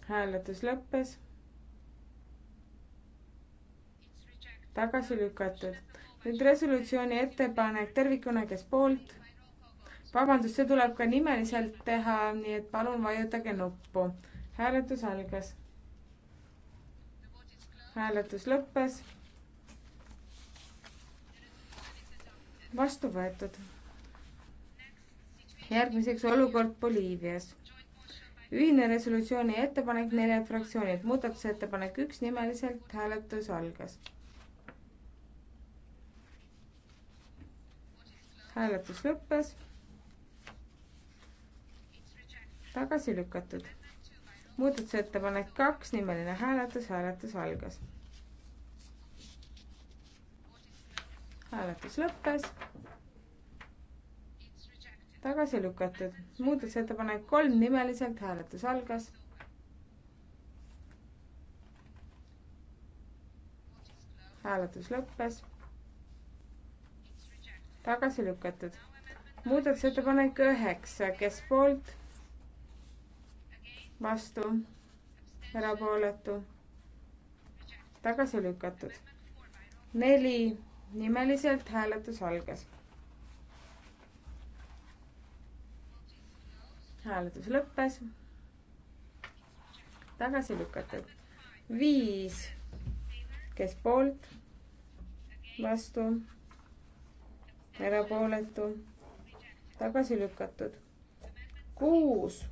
hääletus lõppes. tagasi lükatud. nüüd resolutsiooni ettepanek tervikuna, kes poolt? vabandust, see tuleb ka nimeliselt teha, nii et palun vajutage nuppu hääletus algas. hääletus lõppes. vastu võetud. järgmiseks olukord Boliivias. ühine resolutsiooni ettepanek neljalt fraktsioonilt, muudatusettepanek üks nimeliselt, hääletus algas. hääletus lõppes. tagasi lükatud muudatusettepanek kaks, nimeline hääletus, hääletus algas. hääletus lõppes. tagasi lükatud, muudatusettepanek kolm, nimeliselt hääletus algas. hääletus lõppes. tagasi lükatud, muudatusettepanek üheksa, kes poolt vastu, erapooletu, tagasi lükatud. neli, nimeliselt hääletus algas. hääletus lõppes. tagasi lükatud. viis, kes poolt, vastu, erapooletu, tagasi lükatud. kuus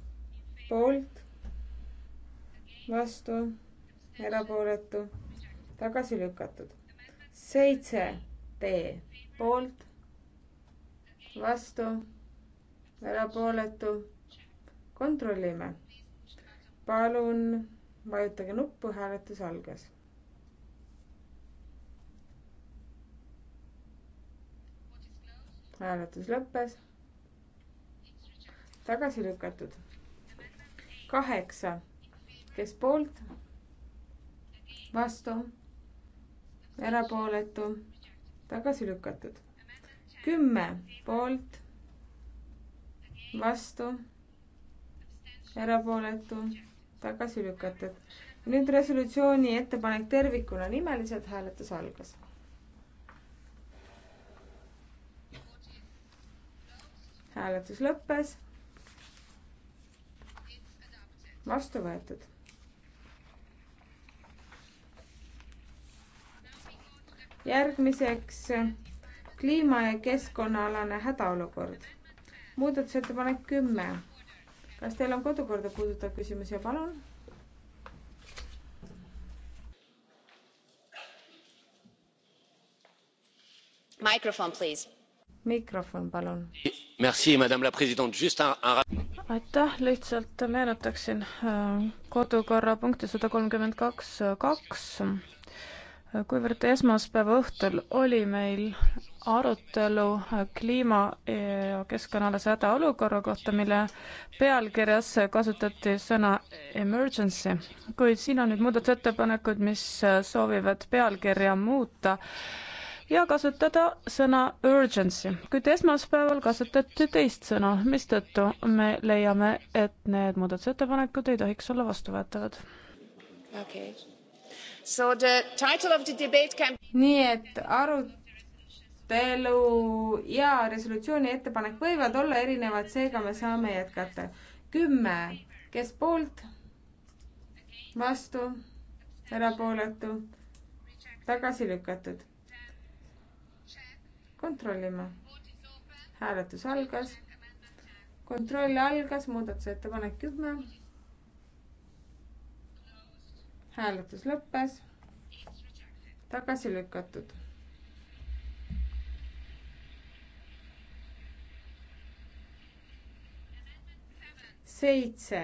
poolt vastu, erapooletu, tagasi lükatud. seitse D poolt, vastu, erapooletu. kontrollime. palun vajutage nuppu, hääletus algas. hääletus lõppes. tagasi lükatud. kaheksa kes poolt, vastu, erapooletu, tagasi lükatud. kümme poolt, vastu, erapooletu, tagasi lükatud. nüüd resolutsiooni ettepanek tervikuna, nimeliselt hääletus algas hääletus lõppes. vastu võetud järgmiseks kliima ja keskkonnaalane hädaolukord. muudatusettepanek kümme. kas teil on kodukorda puudutav küsimus ja palun? mikrofon, mikrofon palun. aitäh, lihtsalt meenutaksin äh, kodukorrapunkti sada kolmkümmend kaks, kaks kuivõrd esmaspäeva õhtul oli meil arutelu kliima ja keskkonnaalase hädaolukorra kohta, mille pealkirjas kasutati sõna emergency, kuid siin on nüüd muudatusettepanekud, mis soovivad pealkirja muuta ja kasutada sõna urgency, kuid esmaspäeval kasutati teist sõna, mistõttu me leiame, et need muudatusettepanekud ei tohiks olla vastuvõetavad. okei okay Can... nii et arutelu ja resolutsiooni ettepanek võivad olla erinevad, seega me saame jätkata. kümme, kes poolt, vastu, erapooletu, tagasi lükatud. kontrollime. hääletus algas. kontroll algas, muudatusettepanek kümme hääletus lõppes. tagasi lükatud. seitse,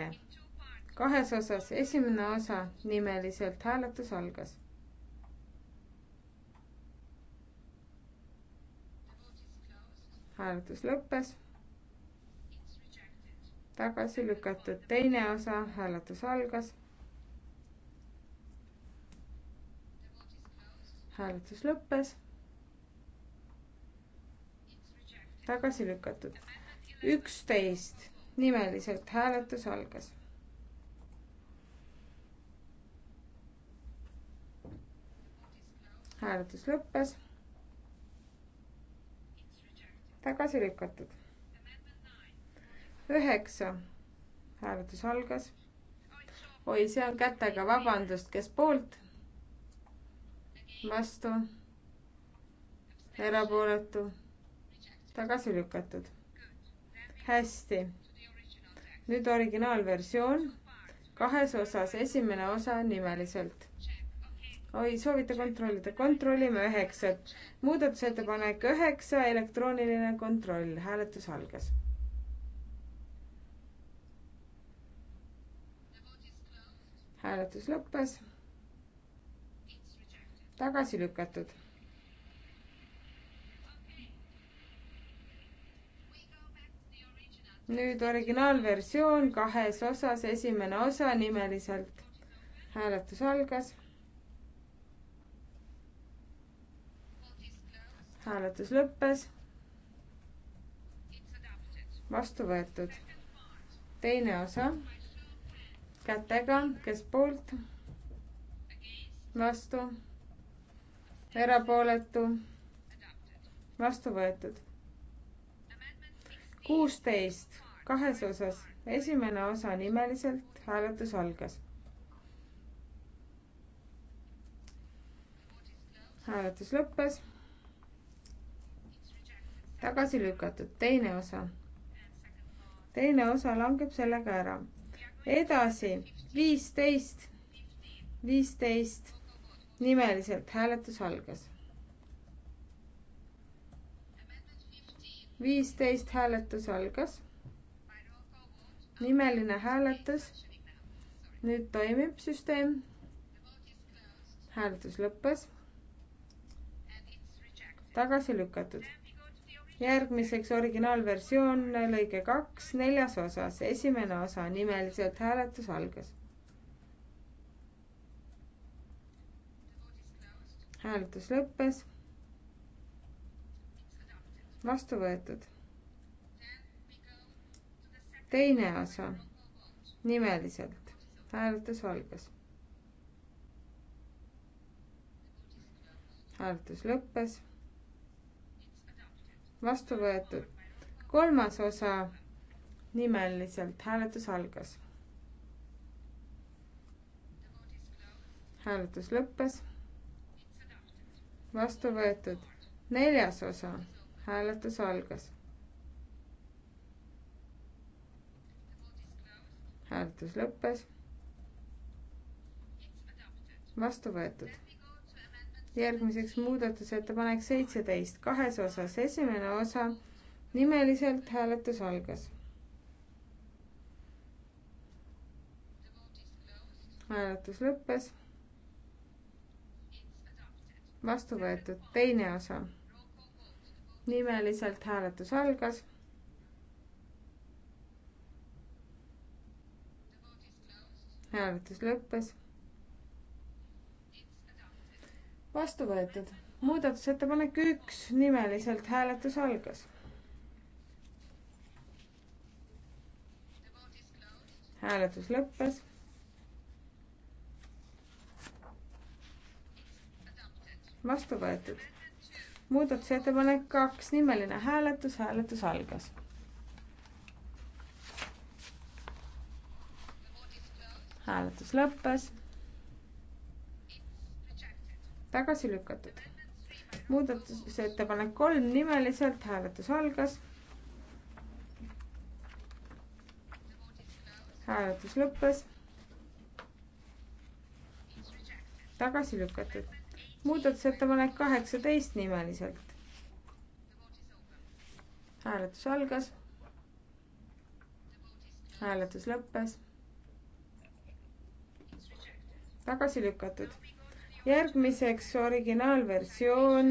kahes osas, esimene osa nimeliselt hääletus algas. hääletus lõppes. tagasi lükatud, teine osa hääletus algas hääletus lõppes. tagasi lükatud. üksteist nimeliselt hääletus algas. hääletus lõppes. tagasi lükatud. üheksa hääletus algas. oi, see on kätega, vabandust, kes poolt vastu, erapooletu, tagasi lükatud. hästi. nüüd originaalversioon kahes osas, esimene osa nimeliselt. oi, soovite kontrollida, kontrollime üheksat. muudatusettepanek üheksa, elektrooniline kontroll, hääletus algas. hääletus lõppes tagasi lükatud. nüüd originaalversioon kahes osas, esimene osa nimeliselt. hääletus algas. hääletus lõppes. vastu võetud. teine osa kätega, kes poolt, vastu erapooletu, vastu võetud. kuusteist, kahes osas, esimene osa nimeliselt, hääletus algas. hääletus lõppes. tagasi lükatud, teine osa. teine osa langeb sellega ära. edasi, viisteist, viisteist nimeliselt hääletus algas. viisteist hääletus algas. nimeline hääletus. nüüd toimib süsteem. hääletus lõppes. tagasi lükatud. järgmiseks originaalversioon lõige kaks neljas osas, esimene osa nimeliselt hääletus algas hääletus lõppes. vastu võetud. teine osa nimeliselt hääletus algas. hääletus lõppes. vastu võetud. kolmas osa nimeliselt hääletus algas. hääletus lõppes vastu võetud. neljas osa, hääletus algas. hääletus lõppes. vastu võetud. järgmiseks muudatusettepanek seitseteist, kahes osas, esimene osa, nimeliselt hääletus algas. hääletus lõppes vastu võetud teine osa. nimeliselt hääletus algas. hääletus lõppes. vastu võetud muudatusettepanek üks, nimeliselt hääletus algas. hääletus lõppes vastu võetud. muudatusettepanek kaks, nimeline hääletus, hääletus algas. hääletus lõppes. tagasi lükatud. muudatusettepanek kolm, nimeliselt hääletus algas. hääletus lõppes. tagasi lükatud muudatusettepanek kaheksateist nimeliselt. hääletus algas. hääletus lõppes. tagasi lükatud. järgmiseks originaalversioon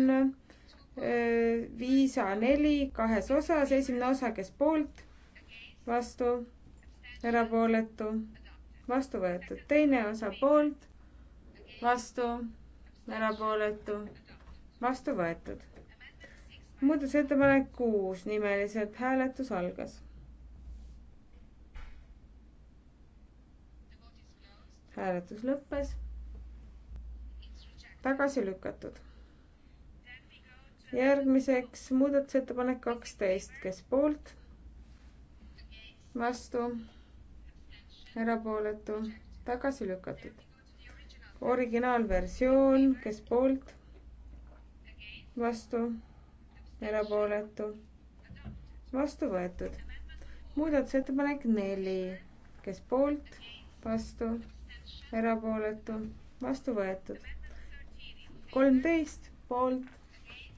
viisa neli kahes osas, esimene osa, kes poolt, vastu, erapooletu, vastu võetud, teine osa poolt, vastu erapooletu, vastu võetud. muudatusettepanek kuus, nimeliselt hääletus algas. hääletus lõppes. tagasi lükatud. järgmiseks muudatusettepanek kaksteist, kes poolt? vastu, erapooletu, tagasi lükatud originaalversioon, kes poolt, vastu, erapooletu, vastu võetud. muudatusettepanek neli, kes poolt, vastu, erapooletu, vastu võetud. kolmteist poolt,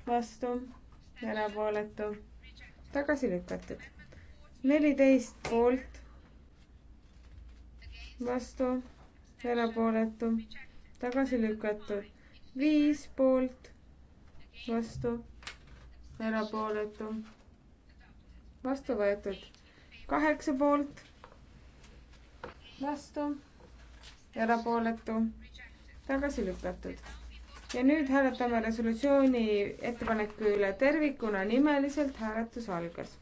vastu, erapooletu, tagasi lükatud. neliteist poolt, vastu, erapooletu tagasi lükatud. viis poolt, vastu, erapooletu, vastu võetud. kaheksa poolt, vastu, erapooletu, tagasi lükatud. ja nüüd hääletame resolutsiooni ettepaneku üle tervikuna nimeliselt, hääletus algas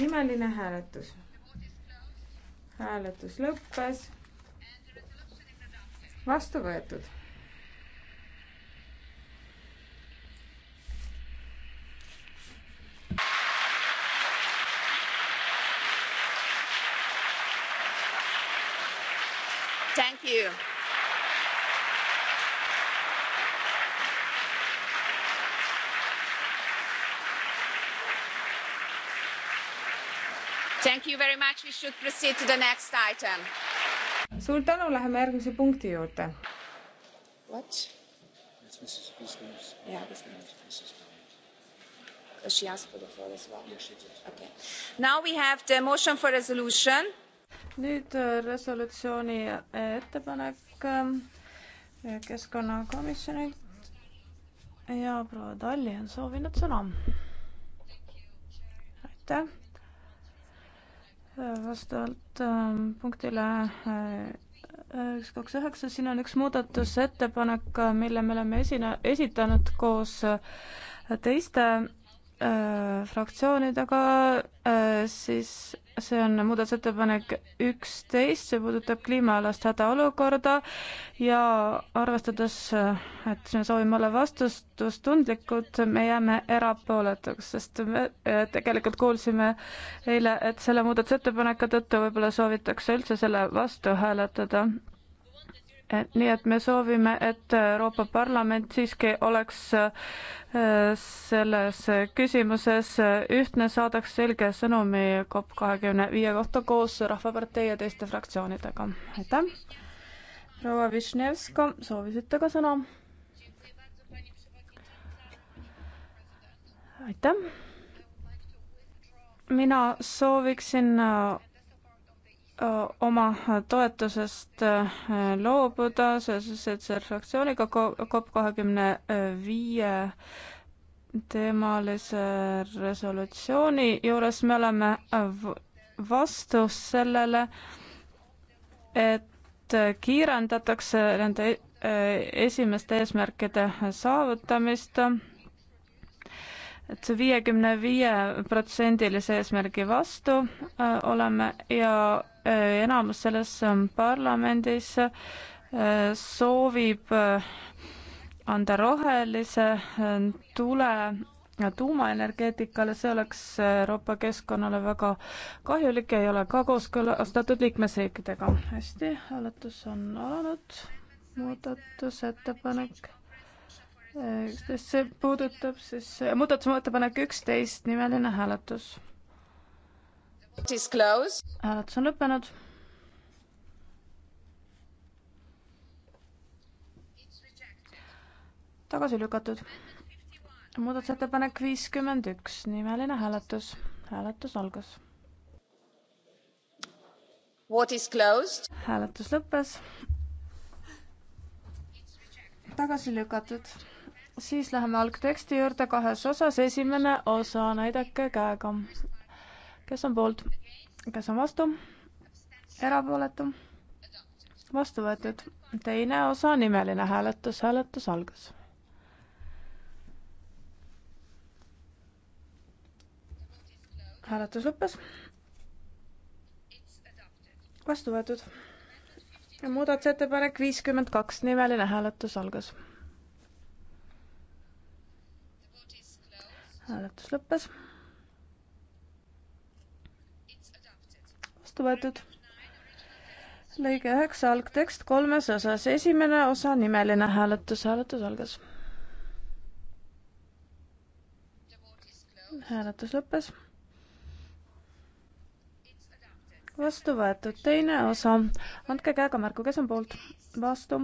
nimeline hääletus. hääletus lõppes. vastu võetud suur tänu, läheme järgmise punkti juurde. What? Yeah, she asked for the floor as well. Yes, she did. Okay. Now we have the motion for resolution. nüüd äh, resolutsiooni äh, ettepanek ähm, keskkonnakomisjonilt ja proua Talli on soovinud sõna. aitäh vastavalt ähm, punktile äh, üks, kaks, üheksa, siin on üks muudatusettepanek, mille me oleme esine, esitanud koos äh, teiste Äh, fraktsioonidega, äh, siis see on muudatusettepanek üksteist, see puudutab kliimaalast hädaolukorda ja arvestades, et me soovime olla vastutustundlikud, me jääme erapooletuks, sest me äh, tegelikult kuulsime eile, et selle muudatusettepaneku tõttu võib-olla soovitakse üldse selle vastu hääletada nii et me soovime, et Euroopa Parlament siiski oleks äh, selles küsimuses ühtne, saadaks selge sõnumi COP kahekümne viie kohta koos Rahvapartei ja teiste fraktsioonidega. aitäh! proua Višnevska, soovisite ka sõna? aitäh! mina sooviksin oma toetusest loobuda seoses ECR fraktsiooniga COP kahekümne viie teemalise resolutsiooni juures me oleme vastu sellele, et kiirendatakse nende esimeste eesmärkide saavutamist et see viiekümne viie protsendilise eesmärgi vastu oleme ja Äh, enamus selles ähm, parlamendis äh, soovib äh, anda rohelise tule tuumaenergeetikale, see oleks Euroopa keskkonnale väga kahjulik ja ei ole ka kooskõlastatud liikmesriikidega. hästi, hääletus on alanud, muudatusettepanek üksteist, see puudutab siis, muudatusettepanek üksteist, nimeline hääletus hääletus on lõppenud. tagasi lükatud. muudatusettepanek viiskümmend üks, nimeline hääletus. hääletus algas. hääletus lõppes. tagasi lükatud. siis läheme algteksti juurde kahes osas. esimene osa, näidake käega kes on poolt, kes on vastu, erapooletu, vastu võetud. teine osa, nimeline hääletus, hääletus algas. hääletus lõppes. vastu võetud. muudatusettepanek viiskümmend kaks, nimeline hääletus algas. hääletus lõppes vastu võetud. lõige üheksa, algtekst kolmes osas, esimene osa, nimeline hääletus, hääletus algas. hääletus lõppes. vastu võetud, teine osa, andke käega märku, kes on poolt, vastu,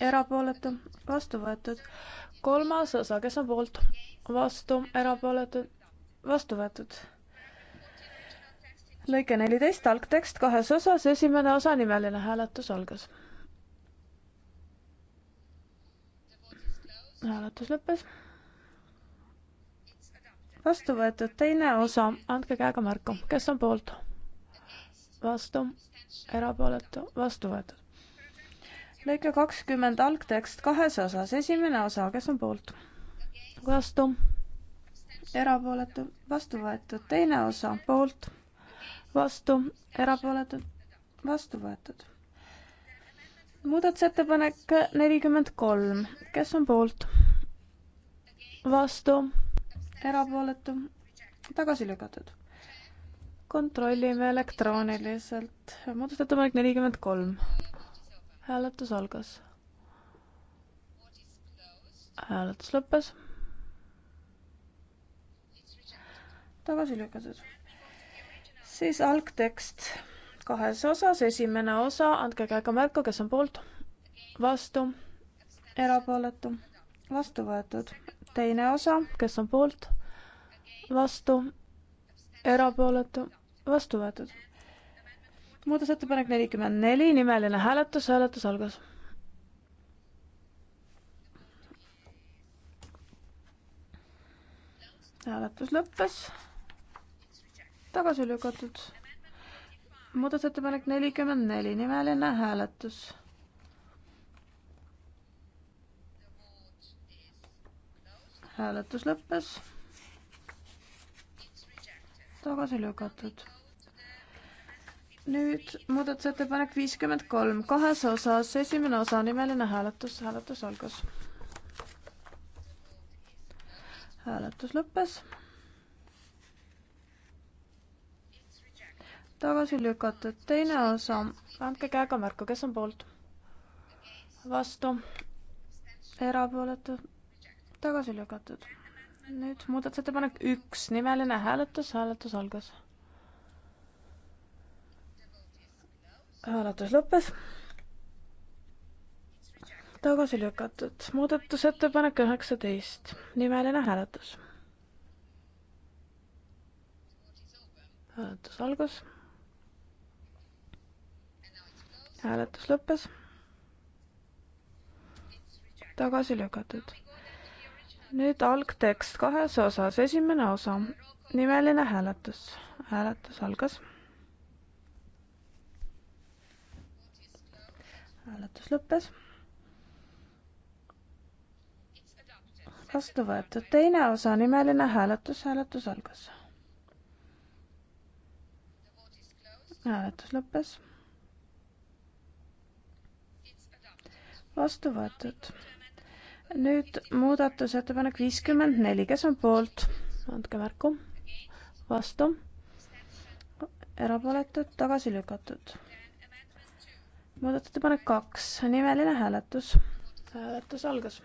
erapooletu, vastu võetud, kolmas osa, kes on poolt, vastu, erapooletu, vastu võetud lõige neliteist, algtekst kahes osas, esimene osa, nimeline hääletus algas. hääletus lõppes. vastu võetud teine osa, andke käega märku, kes on poolt? vastu, erapooletu, vastu võetud. lõige kakskümmend, algtekst kahes osas, esimene osa, kes on poolt? vastu, erapooletu, vastu võetud, teine osa, poolt vastu, erapooletud, vastu võetud. muudatusettepanek nelikümmend kolm, kes on poolt? vastu, erapooletu, tagasi lükatud. kontrollime elektrooniliselt, muudatusettepanek nelikümmend kolm. hääletus algas. hääletus lõppes. tagasi lükatud siis algtekst kahes osas, esimene osa, andke käega märku, kes on poolt, vastu, erapooletu, vastu võetud. teine osa, kes on poolt, vastu, erapooletu, vastu võetud. muudatusettepanek nelikümmend neli, nimeline hääletus, hääletus algas hääletus lõppes tagasi lükatud. muudatusettepanek nelikümmend neli, nimeline hääletus. hääletus lõppes. tagasi lükatud. nüüd muudatusettepanek viiskümmend kolm, kahes osas, esimene osa, nimeline hääletus, hääletus algas. hääletus lõppes tagasi lükatud, teine osa, andke käega märku, kes on poolt, vastu, erapooletu, tagasi lükatud. nüüd muudatusettepanek üks, nimeline hääletus, hääletus algas. hääletus lõppes tagasi lükatud. muudatusettepanek üheksateist, nimeline hääletus. hääletus algas. hääletus lõppes. tagasi lükatud. nüüd algtekst kahes osas, esimene osa, nimeline hääletus, hääletus algas. hääletus lõppes. vastu võetud, teine osa, nimeline hääletus, hääletus algas. hääletus lõppes vastu võetud. nüüd muudatusettepanek viiskümmend neli, kes on poolt, andke märku, vastu, erapooletud, tagasi lükatud. muudatusettepanek kaks, nimeline hääletus, hääletus algas.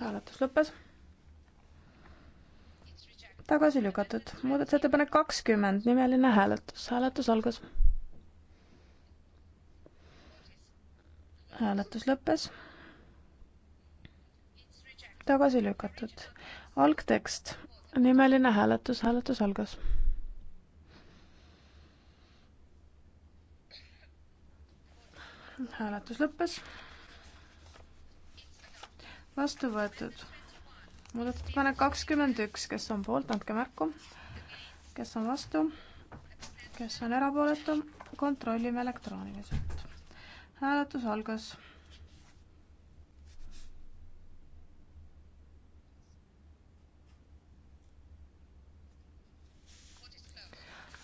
hääletus lõppes tagasi lükatud. muudatusettepanek kakskümmend, nimeline hääletus. hääletus algas. hääletus lõppes. tagasi lükatud. algtekst, nimeline hääletus, hääletus algas. hääletus lõppes. vastu võetud. muudatusettepanek kakskümmend üks, kes on poolt, andke märku. kes on vastu? kes on erapooletu, kontrollime elektrooniliselt hääletus algas.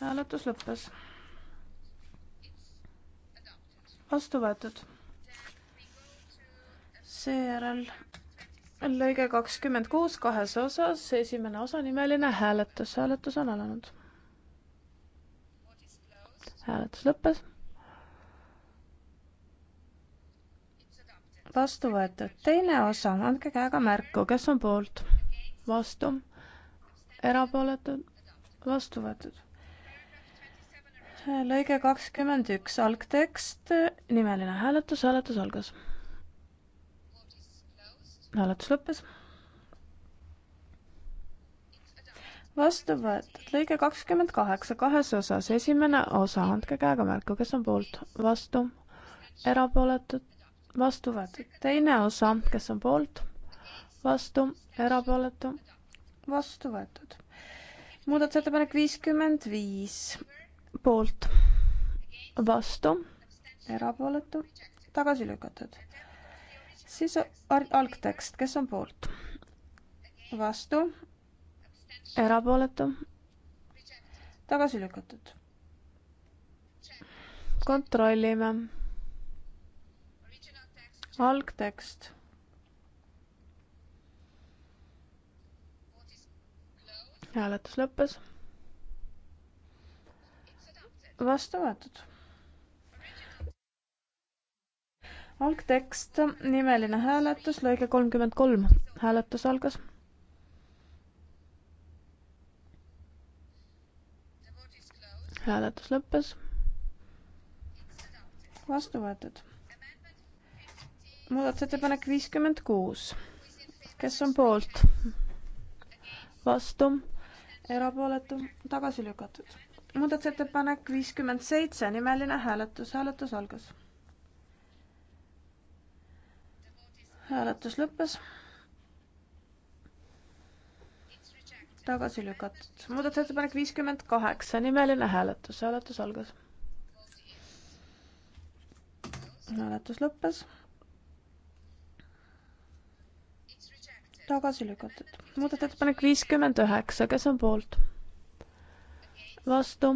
hääletus lõppes. vastu võetud. seejärel lõige kakskümmend kuus kahes osas, esimene osanimeline hääletus, hääletus on alanud. hääletus lõppes vastu võetud. teine osa, andke käega märku, kes on poolt, vastu, erapooletud, vastu võetud. lõige kakskümmend üks, algtekst, nimeline hääletus, hääletus algas. hääletus lõppes. vastu võetud, lõige kakskümmend kaheksa, kahes osas, esimene osa, andke käega märku, kes on poolt, vastu, erapooletud, vastu võetud. teine osa, kes on poolt, vastu, erapooletu, vastu võetud. muudatusettepanek viiskümmend viis, poolt, vastu, erapooletu, tagasi lükatud. siis algtekst, kes on poolt, vastu, erapooletu, tagasi lükatud. kontrollime algtekst. hääletus lõppes. vastu võetud. algtekst, nimeline hääletus, lõige kolmkümmend kolm, hääletus algas. hääletus lõppes. vastu võetud muudatusettepanek viiskümmend kuus. kes on poolt? vastu? erapooletu? tagasi lükatud. muudatusettepanek viiskümmend seitse, nimeline hääletus, hääletus algas. hääletus lõppes. tagasi lükatud. muudatusettepanek viiskümmend kaheksa, nimeline hääletus, hääletus algas. hääletus lõppes tagasi lükatud. muudatusettepanek viiskümmend üheksa, kes on poolt? vastu?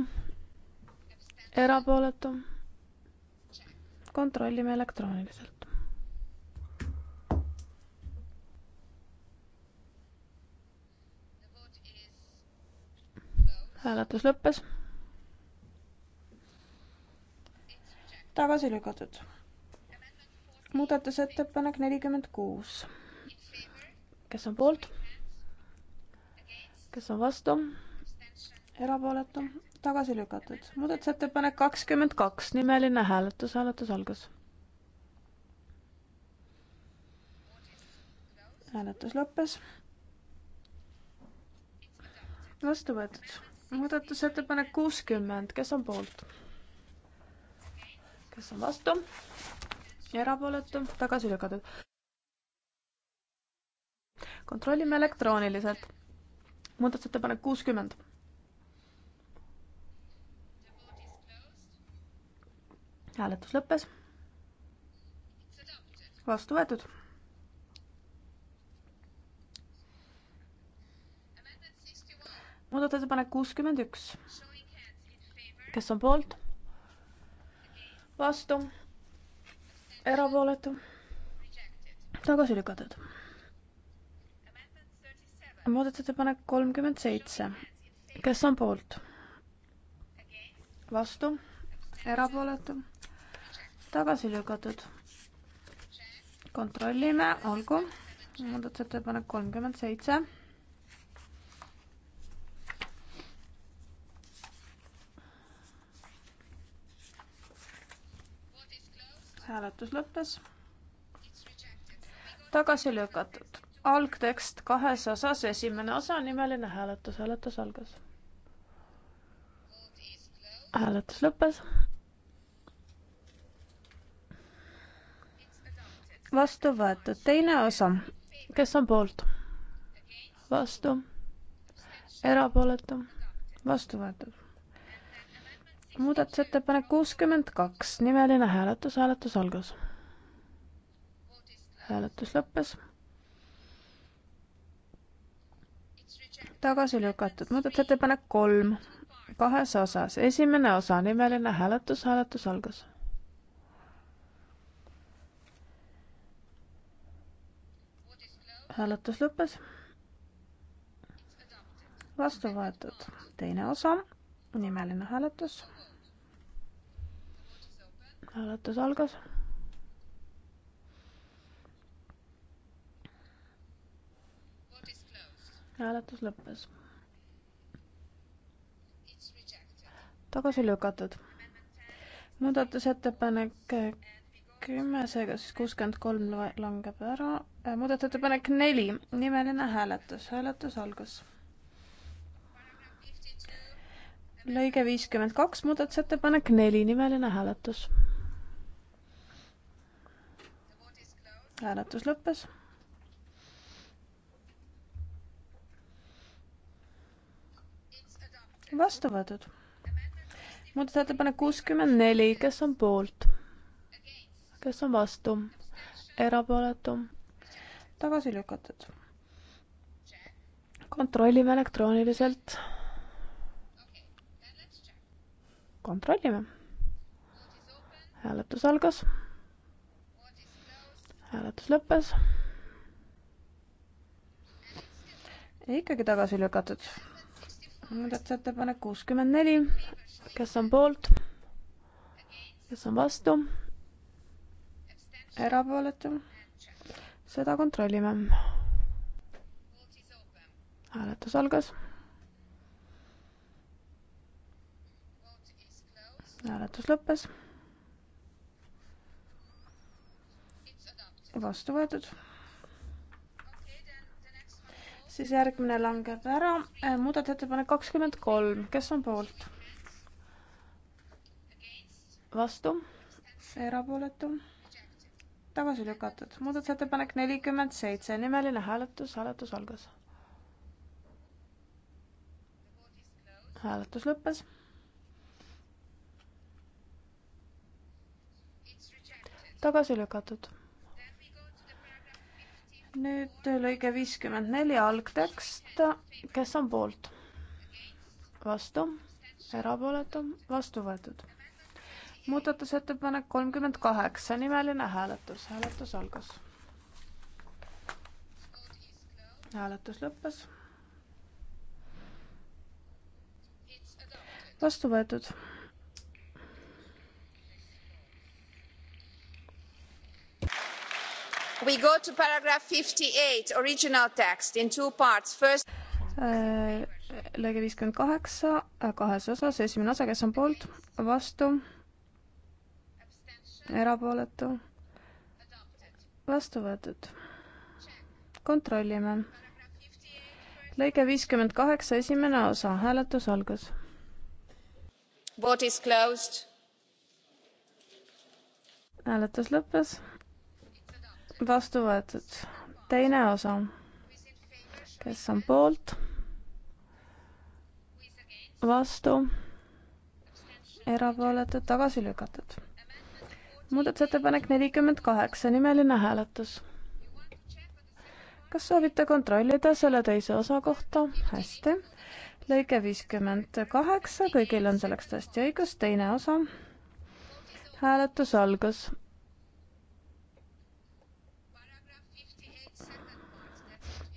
erapooletu? kontrollime elektrooniliselt. hääletus lõppes. tagasi lükatud. muudatusettepanek nelikümmend kuus kes on poolt? kes on vastu? erapooletu, tagasi lükatud. muudatusettepanek kakskümmend kaks, nimeline hääletus, hääletus algas. hääletus lõppes. vastu võetud. muudatusettepanek kuuskümmend, kes on poolt? kes on vastu? erapooletu, tagasi lükatud kontrollime elektrooniliselt. muudatusettepanek kuuskümmend. hääletus lõppes. vastu võetud. muudatusettepanek kuuskümmend üks. kes on poolt? vastu. erapooletu. tagasi lükatud muudatusettepanek kolmkümmend seitse, kes on poolt? vastu, erapooletu, tagasi lükatud. kontrollime, olgu, muudatusettepanek kolmkümmend seitse. hääletus lõppes. tagasi lükatud algtekst kahes osas, esimene osa, nimeline hääletus, hääletus algas. hääletus lõppes. vastu võetud, teine osa, kes on poolt? vastu, erapooletu, vastu võetud. muudatusettepanek kuuskümmend kaks, nimeline hääletus, hääletus algas. hääletus lõppes tagasi lükatud. muudatusettepanek kolm kahes osas. esimene osa, nimeline hääletus, hääletus algas. hääletus lõppes. vastu võetud. teine osa, nimeline hääletus. hääletus algas hääletus lõppes. tagasi lükatud. muudatusettepanek kümme, seega siis kuuskümmend kolm langeb ära. Äh, muudatusettepanek neli, nimeline hääletus, hääletus algas. lõige viiskümmend kaks, muudatusettepanek neli, nimeline hääletus. hääletus lõppes vastu võetud. muudatusettepanek kuuskümmend neli, kes on poolt? kes on vastu? erapooletu? tagasi lükatud. kontrollime elektrooniliselt. kontrollime. hääletus algas. hääletus lõppes. ikkagi tagasi lükatud muudatusettepanek kuuskümmend neli, kes on poolt, kes on vastu, erapooletu, seda kontrollime. hääletus algas. hääletus lõppes. vastu võetud siis järgmine langeb ära. Äh, muudatusettepanek kakskümmend kolm, kes on poolt? vastu, erapooletu, tagasi lükatud. muudatusettepanek nelikümmend seitse, nimeline hääletus, hääletus algas. hääletus lõppes. tagasi lükatud nüüd lõige viiskümmend neli algtekst, kes on poolt? vastu, erapooletu, vastu võetud. muudatusettepanek kolmkümmend kaheksa, nimeline hääletus, hääletus algas. hääletus lõppes. vastu võetud we go to paragraph 58 original text in two parts first äh, lõige viiskümmend kaheksa äh, kahes osas esimene osa kes on poolt vastu erapooletu vastu võetud kontrollime lõige viiskümmend kaheksa esimene osa hääletus algas hääletus lõppes vastu võetud. teine osa, kes on poolt, vastu, erapooletud, tagasi lükatud. muudatusettepanek nelikümmend kaheksa, nimeline hääletus. kas soovite kontrollida selle teise osa kohta? hästi. lõige viiskümmend kaheksa, kõigil on selleks tõesti õigus, teine osa. hääletus algas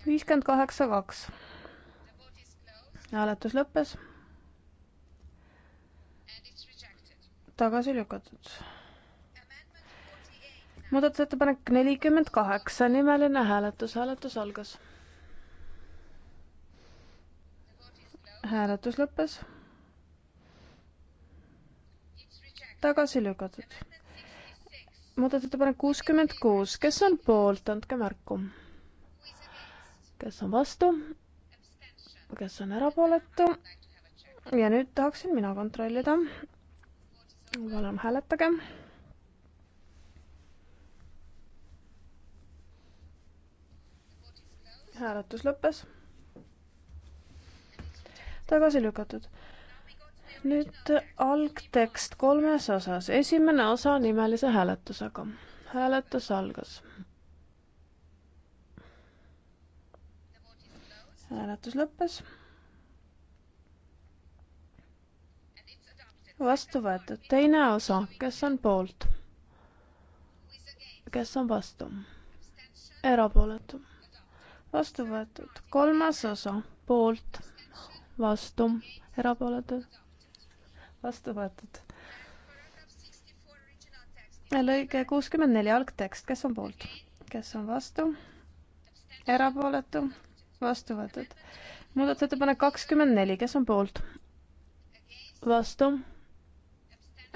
viiskümmend kaheksa, kaks. hääletus lõppes. tagasi lükatud. muudatusettepanek nelikümmend kaheksa, nimeline hääletus, hääletus algas. hääletus lõppes. tagasi lükatud muudatusettepanek kuuskümmend kuus, kes on poolt, andke märku kes on vastu, kes on erapooletu. ja nüüd tahaksin mina kontrollida. palun hääletage. hääletus lõppes. tagasi lükatud. nüüd algtekst kolmes osas, esimene osa nimelise hääletusega. hääletus algas hääletus lõppes. vastu võetud teine osa, kes on poolt? kes on vastu? erapooletu. vastu võetud kolmas osa, poolt, vastu, erapooletu, vastu võetud. lõige kuuskümmend neli algtekst, kes on poolt? kes on vastu? erapooletu vastu võetud. muudatusettepanek kakskümmend neli, kes on poolt? vastu?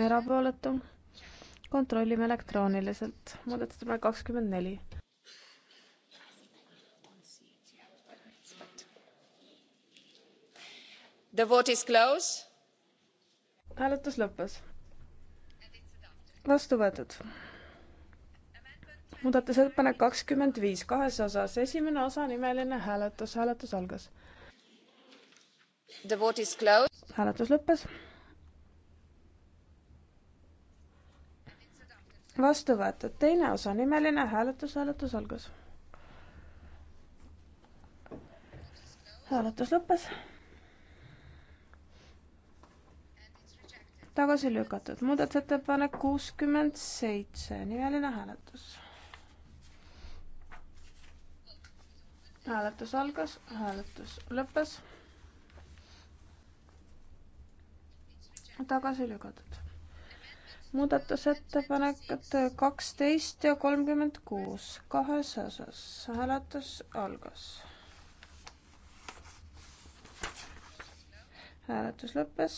erapooletu? kontrollime elektrooniliselt. muudatusettepanek kakskümmend neli. The vote is closed. hääletus lõppes. vastu võetud muudatusettepanek kakskümmend viis kahes osas, esimene osa nimeline hääletus, hääletus algas. hääletus lõppes. vastu võetud, teine osa nimeline hääletus, hääletus algas. hääletus lõppes. tagasi lükatud, muudatusettepanek kuuskümmend seitse, nimeline hääletus hääletus algas, hääletus lõppes. tagasi lükatud. muudatusettepanekud kaksteist ja kolmkümmend kuus kahes osas. hääletus algas. hääletus lõppes.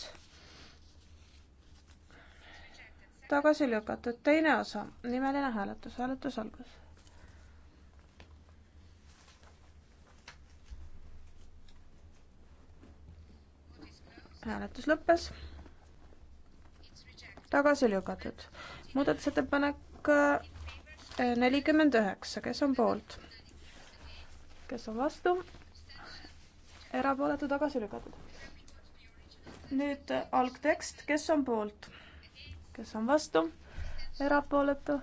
tagasi lükatud teine osa, nimeline hääletus, hääletus algas hääletus lõppes. tagasi lükatud. muudatusettepanek äh, nelikümmend üheksa, kes on poolt? kes on vastu? erapooletu tagasi lükatud. nüüd äh, algtekst, kes on poolt? kes on vastu? erapooletu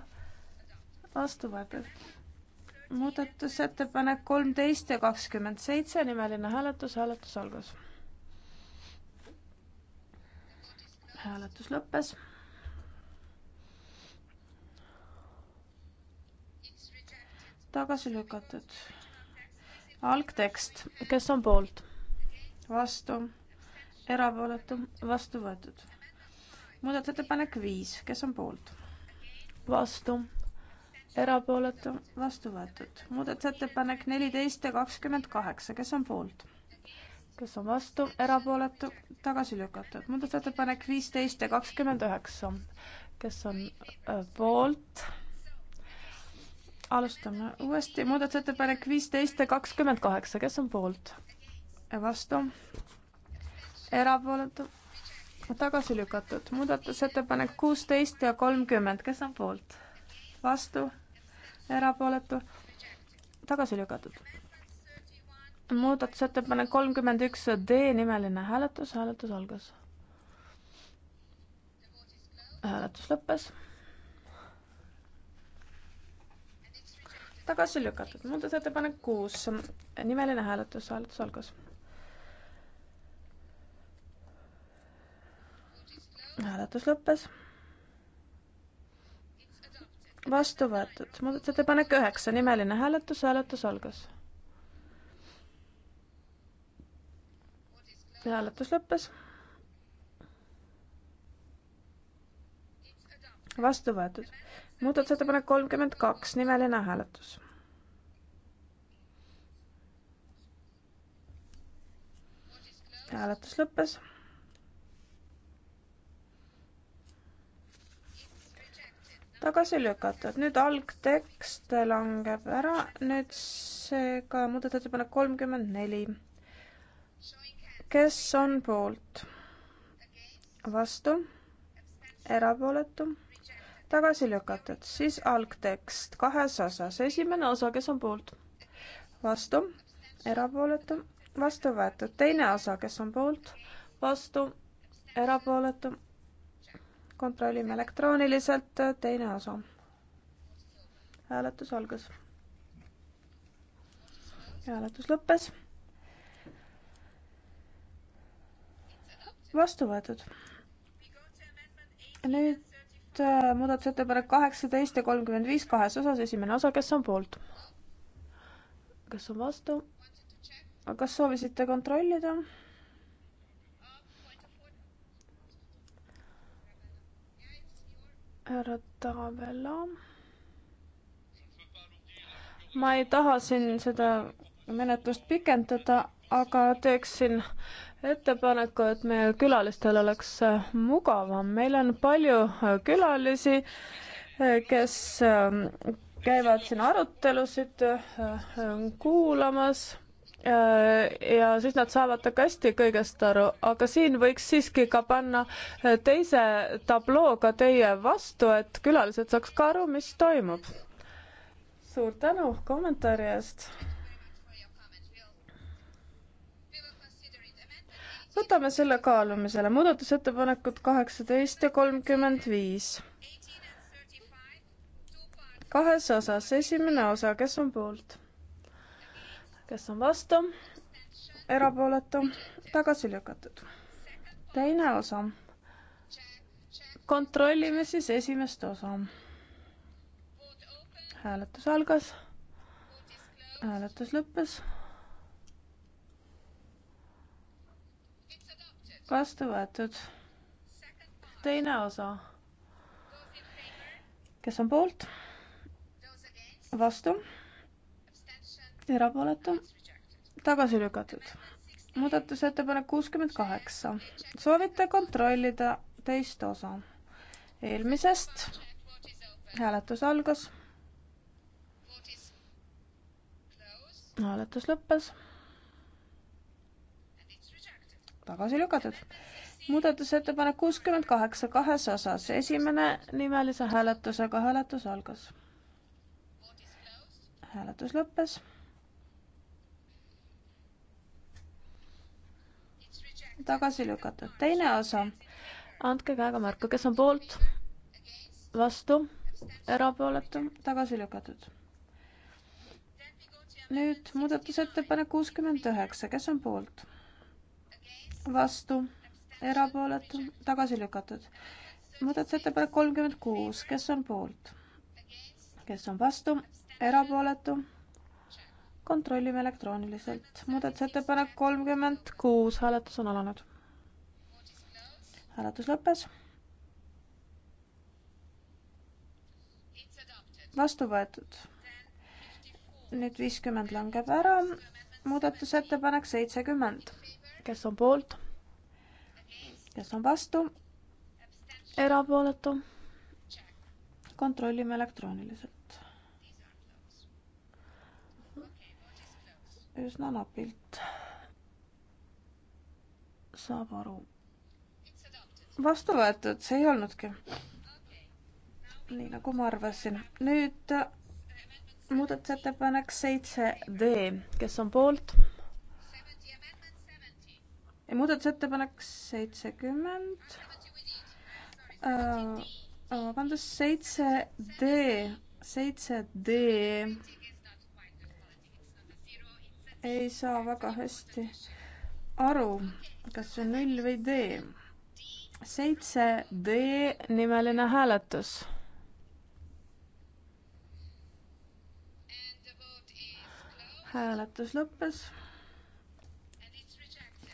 vastu võetud. muudatusettepanek kolmteist ja kakskümmend seitse, nimeline hääletus, hääletus algas hääletus lõppes. tagasi lükatud. algtekst, kes on poolt? vastu, erapooletu, vastu võetud. muudatusettepanek viis, kes on poolt? vastu, erapooletu, vastu võetud. muudatusettepanek neliteist ja kakskümmend kaheksa, kes on poolt? kes on vastu, erapooletu, tagasi lükatud. muudatusettepanek viisteist ja kakskümmend üheksa, kes on äh, poolt. alustame uuesti, muudatusettepanek viisteist ja kakskümmend kaheksa, kes on poolt? vastu, erapooletu, tagasi lükatud. muudatusettepanek kuusteist ja kolmkümmend, kes on poolt? vastu, erapooletu, tagasi lükatud muudatusettepanek kolmkümmend üks D nimeline hääletus, hääletus algas. hääletus lõppes. tagasi lükatud, muudatusettepanek kuus, nimeline hääletus, hääletus algas. hääletus lõppes. vastu võetud, muudatusettepanek üheksa, nimeline hääletus, hääletus algas hääletus lõppes. vastu võetud. muudatusettepanek kolmkümmend kaks, nimeline hääletus. hääletus lõppes. tagasi lükatud, nüüd algtekst langeb ära, nüüd seega muudatusettepanek kolmkümmend neli kes on poolt? vastu, erapooletu, tagasi lükatud, siis algtekst kahes osas, esimene osa, kes on poolt? vastu, erapooletu, vastu võetud, teine osa, kes on poolt? vastu, erapooletu, kontrollime elektrooniliselt, teine osa. hääletus algas. hääletus lõppes vastu võetud. nüüd äh, muudatusettepanek kaheksateist ja kolmkümmend viis kahes osas, esimene osa, kes on poolt? kes on vastu? kas soovisite kontrollida? härra Tabela. ma ei taha siin seda menetlust pikendada, aga teeksin äh, ettepaneku, et meie külalistel oleks äh, mugavam. meil on palju äh, külalisi, äh, kes käivad siin arutelusid kuulamas ja siis nad saavad ka hästi kõigest aru, aga siin võiks siiski ka panna teise tablooga teie vastu, et külalised saaks ka aru, mis toimub. suur tänu kommentaari eest võtame selle kaalumisele, muudatusettepanekud kaheksateist ja kolmkümmend viis. kahes osas, esimene osa, kes on poolt? kes on vastu? erapooletu, tagasi lükatud. teine osa. kontrollime siis esimest osa. hääletus algas. hääletus lõppes vastu võetud. teine osa. kes on poolt? vastu? erapooletu? tagasi lükatud. muudatusettepanek kuuskümmend kaheksa. soovite kontrollida teist osa eelmisest. hääletus algas hääletus lõppes tagasi lükatud. muudatusettepanek kuuskümmend kaheksa kahes osas, esimene nimelise hääletusega hääletus algas. hääletus lõppes. tagasi lükatud, teine osa. andke käega märku, kes on poolt, vastu, erapooletu, tagasi lükatud. nüüd muudatusettepanek kuuskümmend üheksa, kes on poolt? vastu, erapooletu, tagasi lükatud. muudatusettepanek kolmkümmend kuus, kes on poolt? kes on vastu, erapooletu? kontrollime elektrooniliselt. muudatusettepanek kolmkümmend kuus, hääletus on alanud. hääletus lõppes. vastu võetud. nüüd viiskümmend langeb ära, muudatusettepanek seitsekümmend kes on poolt, kes on vastu, erapooletu. kontrollime elektrooniliselt. üsna napilt saab aru. vastu võetud, see ei olnudki. nii nagu ma arvasin. nüüd muudatusettepanek seitse D, kes on poolt? muudatusettepanek seitsekümmend. Äh, äh, vabandust, seitse D, seitse D. ei saa väga hästi aru, kas see on null või D. seitse D nimeline hääletus. hääletus lõppes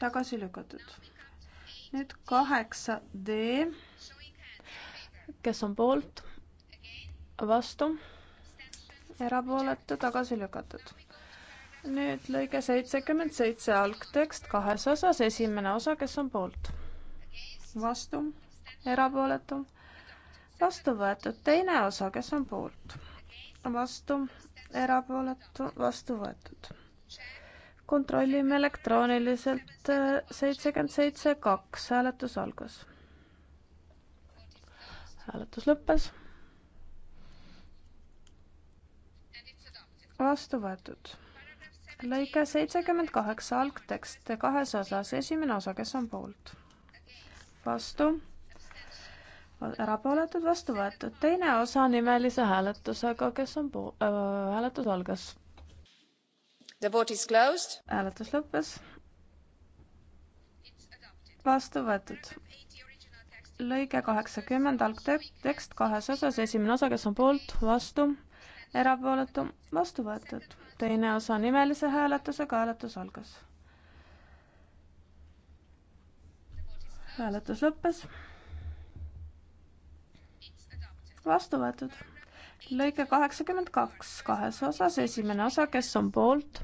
tagasi lükatud. nüüd kaheksa D. kes on poolt? vastu? erapooletu, tagasi lükatud nüüd lõige seitsekümmend seitse algtekst kahes osas, esimene osa, kes on poolt? vastu, erapooletu, vastu võetud, teine osa, kes on poolt? vastu, erapooletu, vastu võetud kontrollime elektrooniliselt äh, seitsekümmend seitse kaks, hääletus algas. hääletus lõppes. vastu võetud. lõige seitsekümmend kaheksa, algtekst kahes osas, esimene osa, kes on poolt? vastu. erapooletud, vastu võetud, teine osa nimelise hääletusega, kes on po-, äh, hääletus algas The vote is closed. hääletus lõppes. vastu võetud. lõige kaheksakümmend algtekst kahes osas, esimene osa, kes on poolt, vastu, erapooletu, vastu võetud. teine osa nimelise hääletusega, hääletus algas. hääletus lõppes. vastu võetud lõige kaheksakümmend kaks kahes osas, esimene osa, kes on poolt,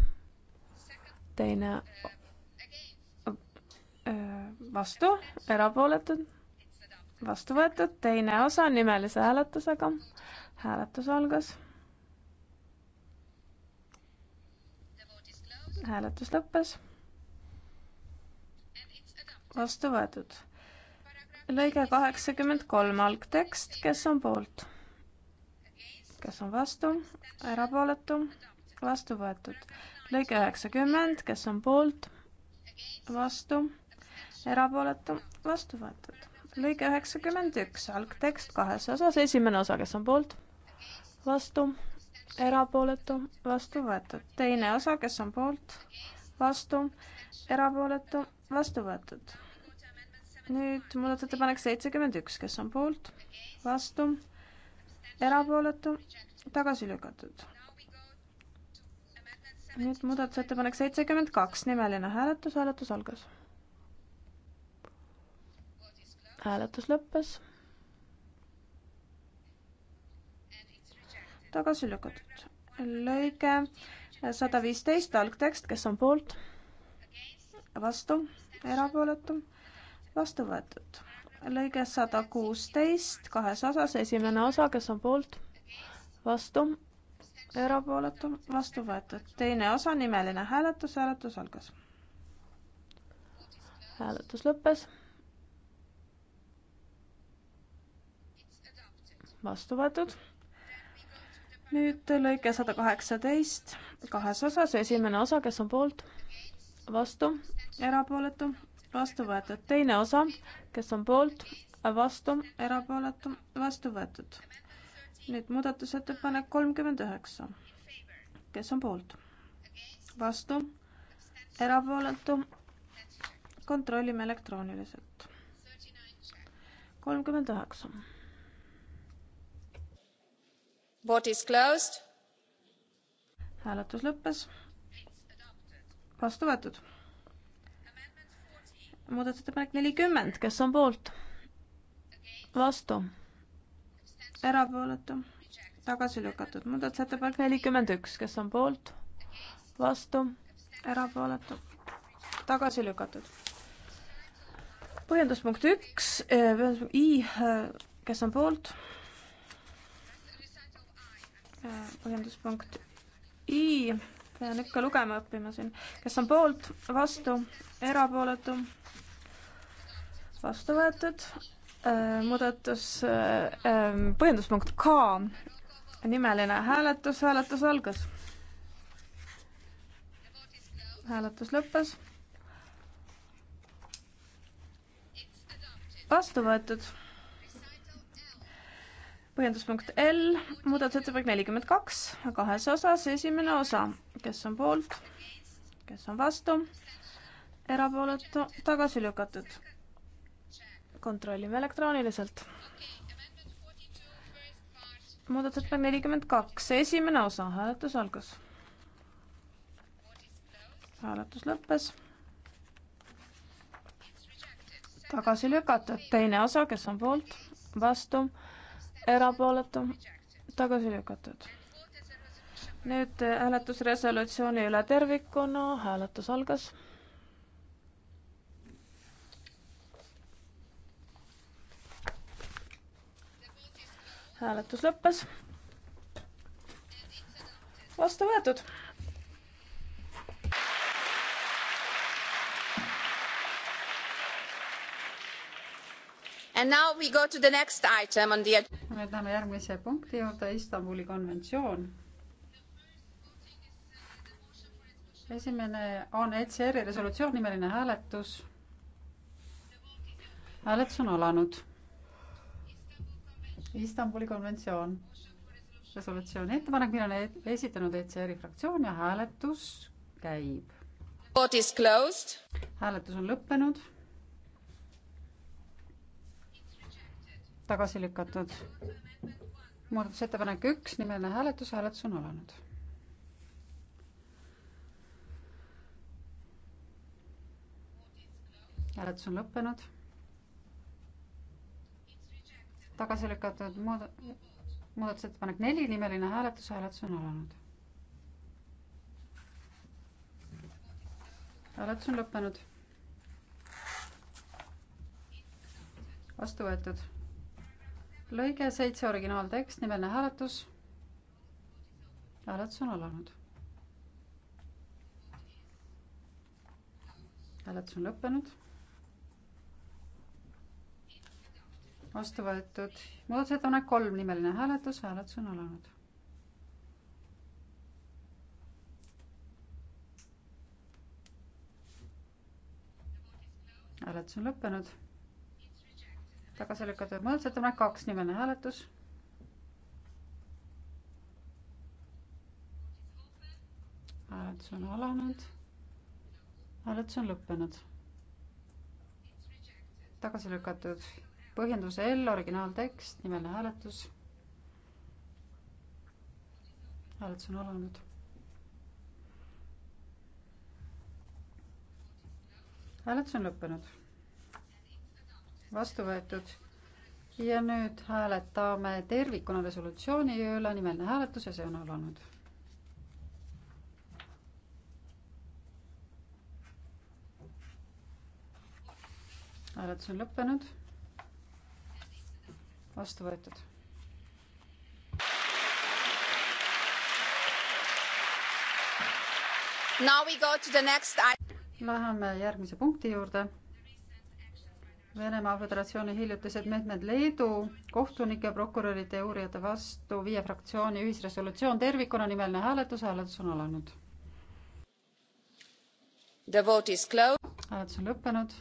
teine vastu, erapooletud, vastu võetud, teine osa nimelise hääletusega. hääletus algas. hääletus lõppes. vastu võetud. lõige kaheksakümmend kolm, algtekst, kes on poolt? kes on vastu, erapooletu, vastu võetud. lõige üheksakümmend, kes on poolt, vastu, erapooletu, vastu võetud. lõige üheksakümmend üks, algtekst kahes osas, esimene osa, kes on poolt, vastu, erapooletu, vastu võetud. teine osa, kes on poolt, vastu, erapooletu, vastu võetud. nüüd muudatusettepanek seitsekümmend üks, kes on poolt, vastu erapooletu, tagasi lükatud. nüüd muudatusettepanek seitsekümmend kaks, nimeline hääletus, hääletus algas. hääletus lõppes. tagasi lükatud. lõige sada viisteist, algtekst, kes on poolt? vastu, erapooletu, vastu võetud lõige sada kuusteist kahes osas, esimene osa, kes on poolt, vastu, erapooletu, vastu võetud. teine osa, nimeline hääletus, hääletus algas. hääletus lõppes. vastu võetud. nüüd lõige sada kaheksateist kahes osas, esimene osa, kes on poolt, vastu, erapooletu, vastu võetud, teine osa, kes on poolt, vastu, erapooletu, vastu võetud. nüüd muudatusettepanek kolmkümmend üheksa. kes on poolt? vastu, erapooletu, kontrollime elektrooniliselt. kolmkümmend üheksa. Vote is closed. hääletus lõppes. vastu võetud muudatusettepanek nelikümmend, kes on poolt? vastu? erapooletu? tagasi lükatud. muudatusettepanek nelikümmend üks, kes on poolt? vastu? erapooletu? tagasi lükatud. põhjendus punkt üks, I, kes on poolt? põhjendus punkt I pean ikka lugema õppima siin. kes on poolt, vastu, erapooletu, vastu võetud, äh, muudatus, äh, äh, põhjenduspunkt K, nimeline hääletus, hääletus algas. hääletus lõppes. vastu võetud põhjenduspunkt L, muudatusettepanek nelikümmend kaks, kahes osas, esimene osa, kes on poolt, kes on vastu, erapooletu, tagasi lükatud. kontrollime elektrooniliselt. muudatusettepanek nelikümmend kaks, esimene osa, hääletus algas. hääletus lõppes. tagasi lükatud, teine osa, kes on poolt, vastu erapooletu, tagasi lükatud. nüüd hääletus resolutsiooni üle tervikuna, hääletus algas. hääletus lõppes. vastu võetud The... me läheme järgmise punkti juurde, Istanbuli konventsioon. esimene on ECR-i resolutsioon, nimeline hääletus. hääletus on alanud. Istanbuli konventsioon, resolutsiooni ettepanek, mille on e- esitanud ECR-i fraktsioon ja hääletus käib. hääletus on lõppenud tagasi lükatud. muudatusettepanek üks, nimeline hääletus, hääletus on alanud. hääletus on lõppenud. tagasi lükatud muud-, muudatusettepanek neli, nimeline hääletus, hääletus on alanud. hääletus on lõppenud. vastu võetud lõige seitse originaaltekst, nimeline hääletus. hääletus on alanud. hääletus on lõppenud. vastu võetud muudatusettepanek kolm, nimeline hääletus, hääletus on alanud. hääletus on lõppenud tagasi lükatud muudatusettepanek kaks, nimeline hääletus. hääletus on alanud. hääletus on lõppenud. tagasi lükatud põhjenduse L, originaaltekst, nimeline hääletus. hääletus on alanud. hääletus on lõppenud vastu võetud. ja nüüd hääletame tervikuna resolutsiooni üle, nimeline hääletus ja see on alanud. hääletus on lõppenud. vastu võetud Läheme järgmise punkti juurde. Venemaa Föderatsiooni hiljutised meetmed Leedu kohtunike, prokuröride ja uurijate vastu viie fraktsiooni ühisresolutsioon tervikuna nimeline hääletus, hääletus on alanud. hääletus on lõppenud.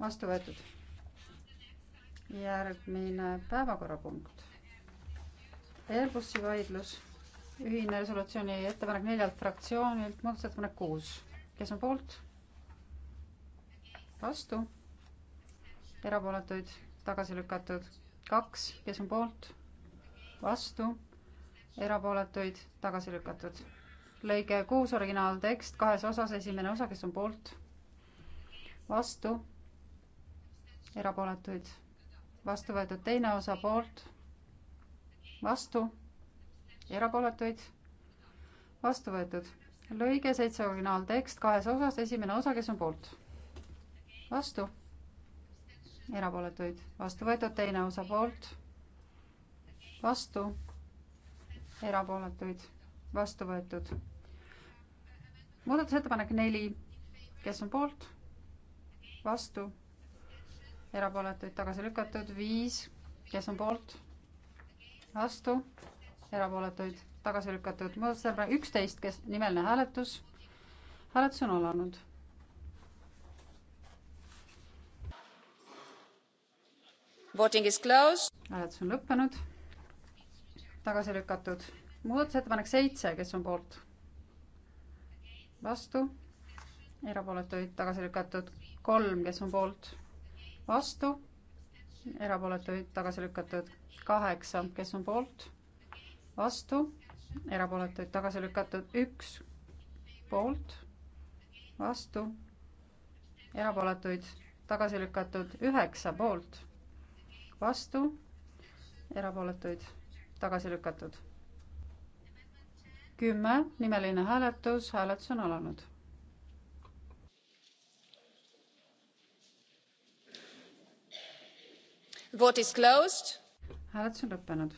vastu võetud. järgmine päevakorrapunkt. Airbusi vaidlus ühine resolutsiooni ettepanek neljalt fraktsioonilt, muudatusettepanek kuus. kes on poolt? vastu? erapooletuid tagasi lükatud. kaks, kes on poolt? vastu? erapooletuid tagasi lükatud. lõige kuus, originaaltekst kahes osas, esimene osa, kes on poolt? vastu? erapooletuid vastu võetud, teine osa poolt? vastu? erapooletuid, vastu võetud. lõige seitse originaaltekst kahes osas, esimene osa, kes on poolt? vastu, erapooletuid, vastu võetud, teine osa poolt, vastu, erapooletuid, vastu võetud. muudatusettepanek neli, kes on poolt? vastu erapooletuid tagasi lükatud, viis, kes on poolt, vastu, erapooletuid, tagasi lükatud. muudatusettepanek üksteist, kes, nimeline hääletus. hääletus on alanud. hääletus on lõppenud. tagasi lükatud. muudatusettepanek seitse, kes on poolt? vastu. erapooletuid tagasi lükatud. kolm, kes on poolt? vastu erapooletuid tagasi lükatud kaheksa, kes on poolt, vastu, erapooletuid tagasi lükatud üks poolt, vastu, erapooletuid tagasi lükatud üheksa poolt, vastu, erapooletuid tagasi lükatud. kümme, nimeline hääletus, hääletus on alanud. hääletus on lõppenud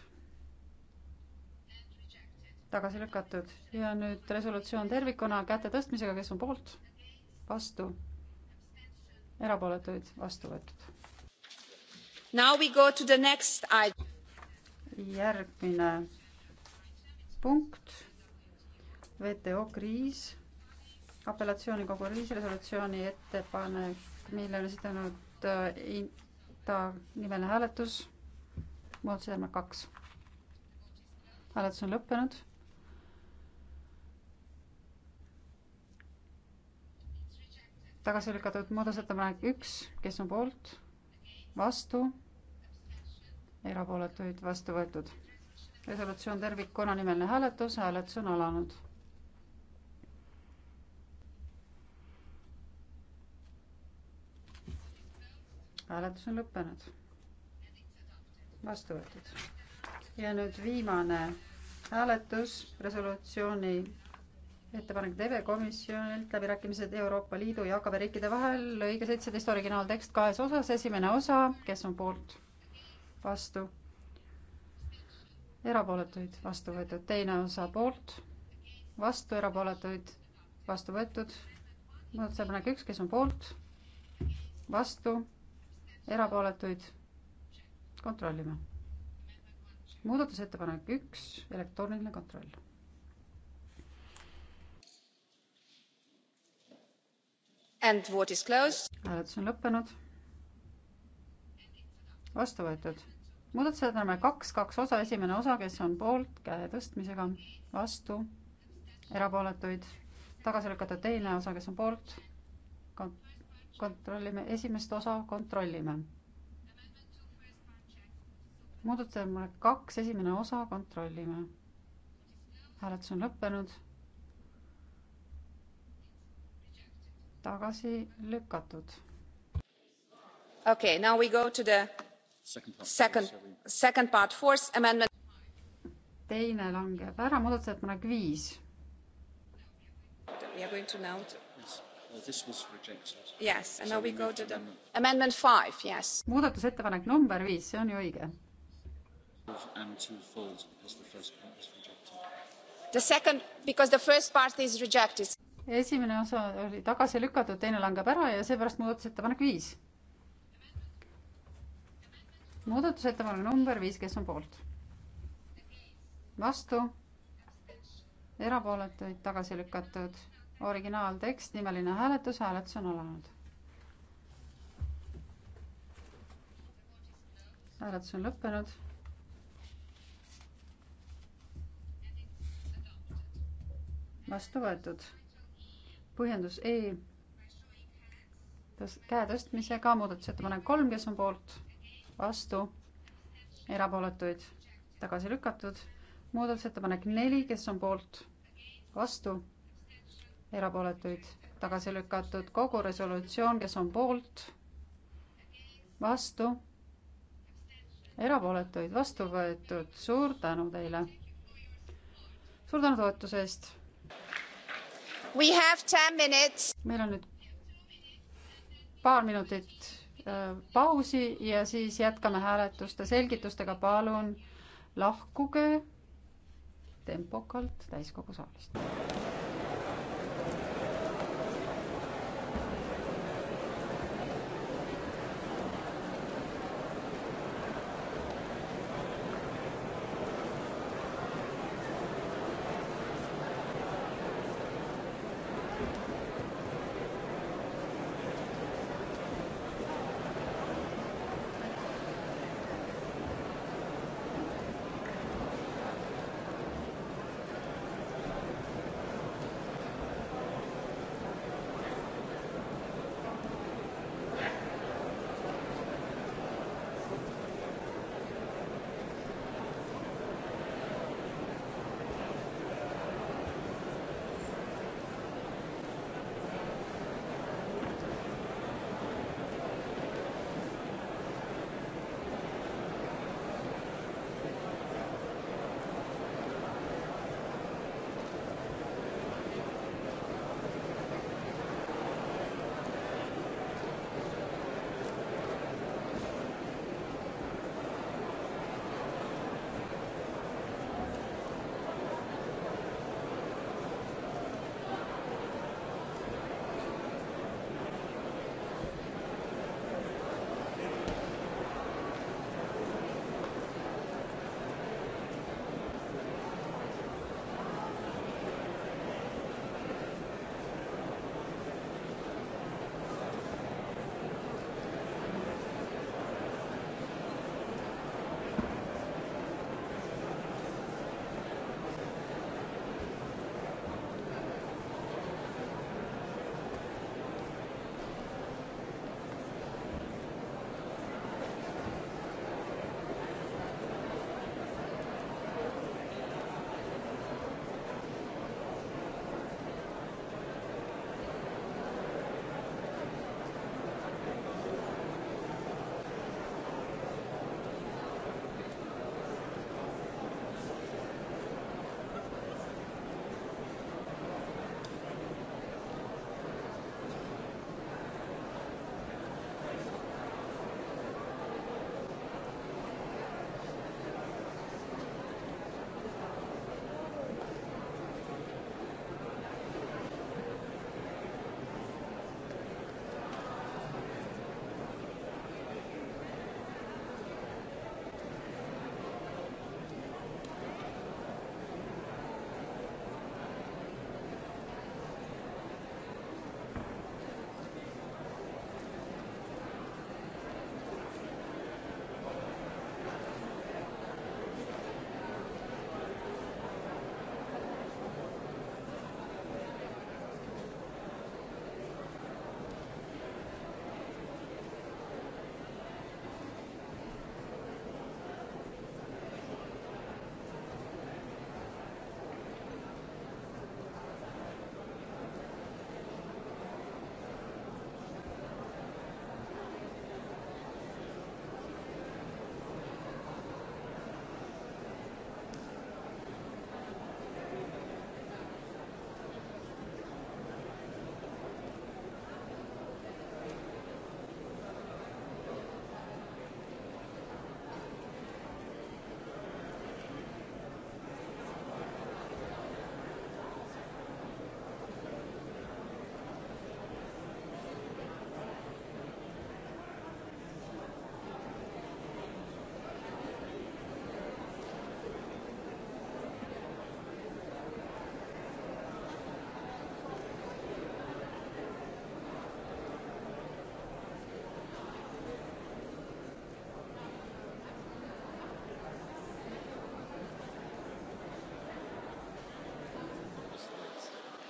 tagasi lükatud ja nüüd resolutsioon tervikuna käte tõstmisega, kes on poolt, vastu, erapooletuid, vastu võetud. järgmine punkt, WTO kriis, apellatsioonikogu kriisiresolutsiooni ettepanek, mille on esitanud äh, INTA nimeline hääletus, muudatusettepanek kaks hääletus on lõppenud. tagasi lükatud muudatusettepanek üks, kes on poolt, vastu, erapooletuid vastu võetud. resolutsioon tervikuna nimeline hääletus, hääletus on alanud hääletus on lõppenud. vastu võetud. ja nüüd viimane hääletus resolutsiooni ettepanek TV Komisjonilt, läbirääkimised Euroopa Liidu ja AKV riikide vahel, lõige seitseteist, originaaltekst kahes osas, esimene osa, kes on poolt, vastu, erapooletuid, vastu võetud, teine osa poolt, vastu, erapooletuid, vastu võetud, muudatusettepanek üks, kes on poolt, vastu, erapooletuid, kontrollime. muudatusettepanek üks, elektrooniline kontroll hääletus on lõppenud. vastu võetud. muudatusettepanek kaks, kaks osa, esimene osa, kes on poolt, käe tõstmisega, vastu, erapooletuid, tagasi lükatud teine osa, kes on poolt, kontrollime, esimest osa kontrollime. muudatusettepanek kaks, esimene osa, kontrollime. hääletus on lõppenud tagasi lükatud. okei okay,, now we go to the second, second part, fourth amendment. teine langeb ära, muudatusettepanek viis. We are going to now to... Yes. Well, uh, this was rejected. Yes, and so now we, we go to the amendment. amendment five, yes. muudatusettepanek number viis, see on ju õige. And two folds because the first part is rejected. The second, because the first part is rejected esimene osa oli tagasi lükatud, teine langeb ära ja seepärast muudatusettepanek viis. muudatusettepanek number viis, kes on poolt? vastu? erapooletuid tagasi lükatud. originaaltekst, nimeline hääletus, hääletus on alanud. hääletus on lõppenud. vastu võetud põhjendus E tõst-, käe tõstmisega, muudatusettepanek kolm, kes on poolt, vastu, erapooletuid, tagasi lükatud, muudatusettepanek neli, kes on poolt, vastu, erapooletuid, tagasi lükatud, kogu resolutsioon, kes on poolt, vastu, erapooletuid, vastu võetud, suur tänu teile! suur tänu toetuse eest! meil on nüüd paar minutit äh, pausi ja siis jätkame hääletuste selgitustega. palun lahkuge tempokalt täiskogu saalist.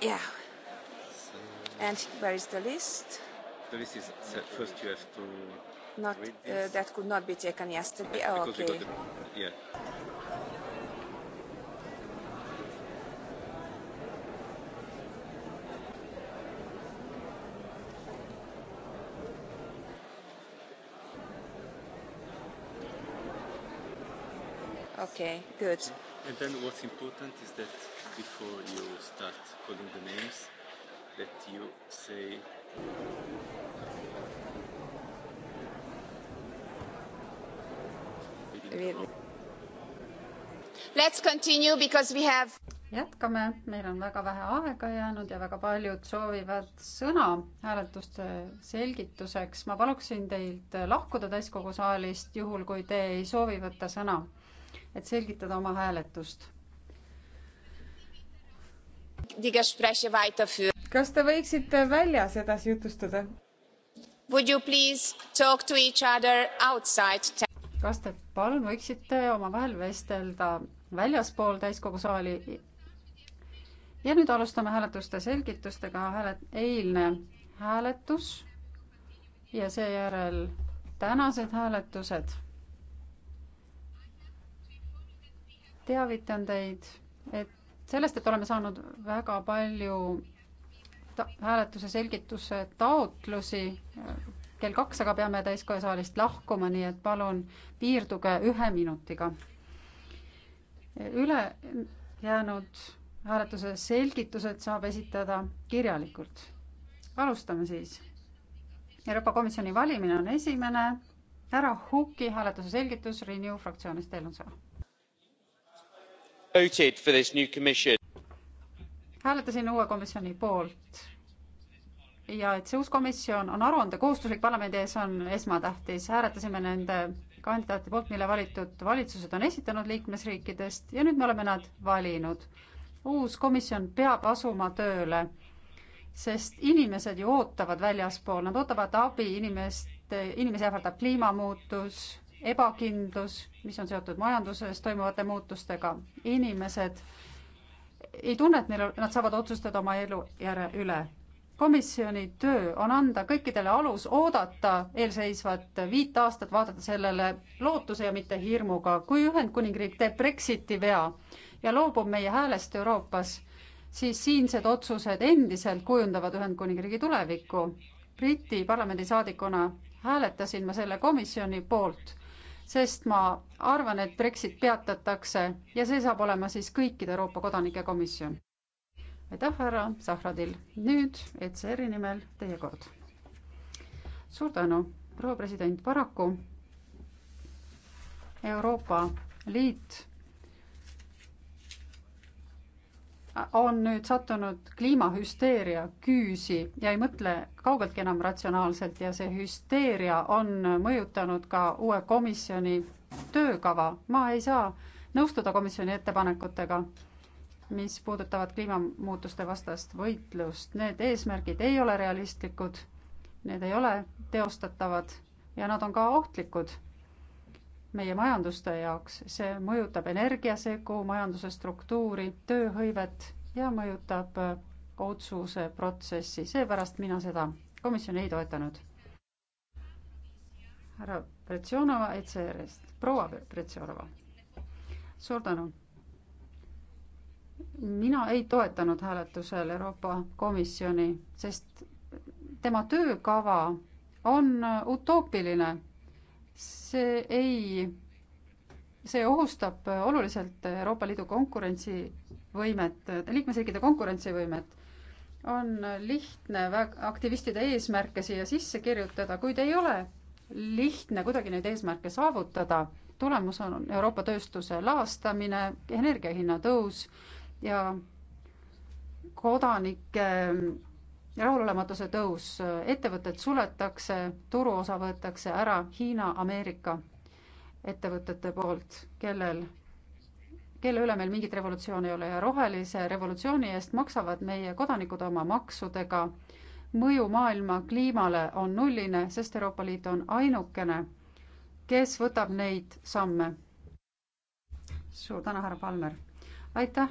Yeah. And where is the list? The list is first you have to. Not read uh, this. Uh, that could not be taken yesterday. Oh, because okay. We got the, yeah. Okay, good. And then what's important is that before you start calling the names that you say Let's continue because we have jätkame, meil on väga vähe aega jäänud ja väga paljud soovivad sõna hääletuste selgituseks. ma paluksin teilt lahkuda täiskogu saalist, juhul kui te ei soovi võtta sõna, et selgitada oma hääletust kas te võiksite väljas edasi jutustada? kas te palun võiksite omavahel vestelda väljaspool täiskogu saali? ja nüüd alustame hääletuste selgitustega. hääled, eilne hääletus ja seejärel tänased hääletused. teavitan teid, et sellest, et oleme saanud väga palju ta-, hääletuse selgituse taotlusi, kell kaks aga peame täiskoja saalist lahkuma, nii et palun piirduge ühe minutiga. ülejäänud hääletuse selgitused saab esitada kirjalikult. alustame siis. Euroopa Komisjoni valimine on esimene, härra Huki hääletuse selgitus Renew fraktsioonist, teil on sõna hääletasin uue komisjoni poolt ja et see uus komisjon on aruandekohustuslik parlamendi ees, on esmatähtis. hääletasime nende kandidaatide poolt, mille valitud valitsused on esitanud liikmesriikidest ja nüüd me oleme nad valinud. uus komisjon peab asuma tööle, sest inimesed ju ootavad väljaspool, nad ootavad abi inimeste, inimesi ähvardab kliimamuutus ebakindlus, mis on seotud majanduses toimuvate muutustega, inimesed ei tunne, et neil, nad saavad otsustada oma elu järe üle. komisjoni töö on anda kõikidele alus oodata eelseisvat viit aastat, vaadata sellele lootuse ja mitte hirmuga. kui Ühendkuningriik teeb Brexiti vea ja loobub meie häälest Euroopas, siis siinsed otsused endiselt kujundavad Ühendkuningriigi tulevikku. Briti parlamendisaadikuna hääletasin ma selle komisjoni poolt sest ma arvan, et Brexit peatatakse ja see saab olema siis kõikide Euroopa kodanike komisjon. aitäh, härra Zahradil. nüüd ECR-i nimel teie kord. suur tänu, proua president, paraku Euroopa Liit on nüüd sattunud kliimahüsteeria küüsi ja ei mõtle kaugeltki enam ratsionaalselt ja see hüsteeria on mõjutanud ka uue komisjoni töökava. ma ei saa nõustuda komisjoni ettepanekutega, mis puudutavad kliimamuutuste vastast võitlust. Need eesmärgid ei ole realistlikud, need ei ole teostatavad ja nad on ka ohtlikud meie majanduste jaoks, see mõjutab energiasegu, majanduse struktuuri, tööhõivet ja mõjutab äh, otsuse protsessi, seepärast mina seda komisjoni ei toetanud. härra Pretsionova ECR-ist, proua Pretsionova, suur tänu. mina ei toetanud hääletusel Euroopa Komisjoni, sest tema töökava on äh, utoopiline see ei, see ohustab oluliselt Euroopa Liidu konkurentsivõimet, liikmesriikide konkurentsivõimet. on lihtne aktivistide eesmärke siia sisse kirjutada, kuid ei ole lihtne kuidagi neid eesmärke saavutada. tulemus on Euroopa tööstuse laastamine, energiahinna tõus ja kodanike rahulolematuse tõus, ettevõtted suletakse, turuosa võetakse ära Hiina, Ameerika ettevõtete poolt, kellel, kelle üle meil mingit revolutsiooni ei ole ja rohelise revolutsiooni eest maksavad meie kodanikud oma maksudega. mõju maailma kliimale on nulline, sest Euroopa Liit on ainukene, kes võtab neid samme. suur tänu, härra Palmer. aitäh.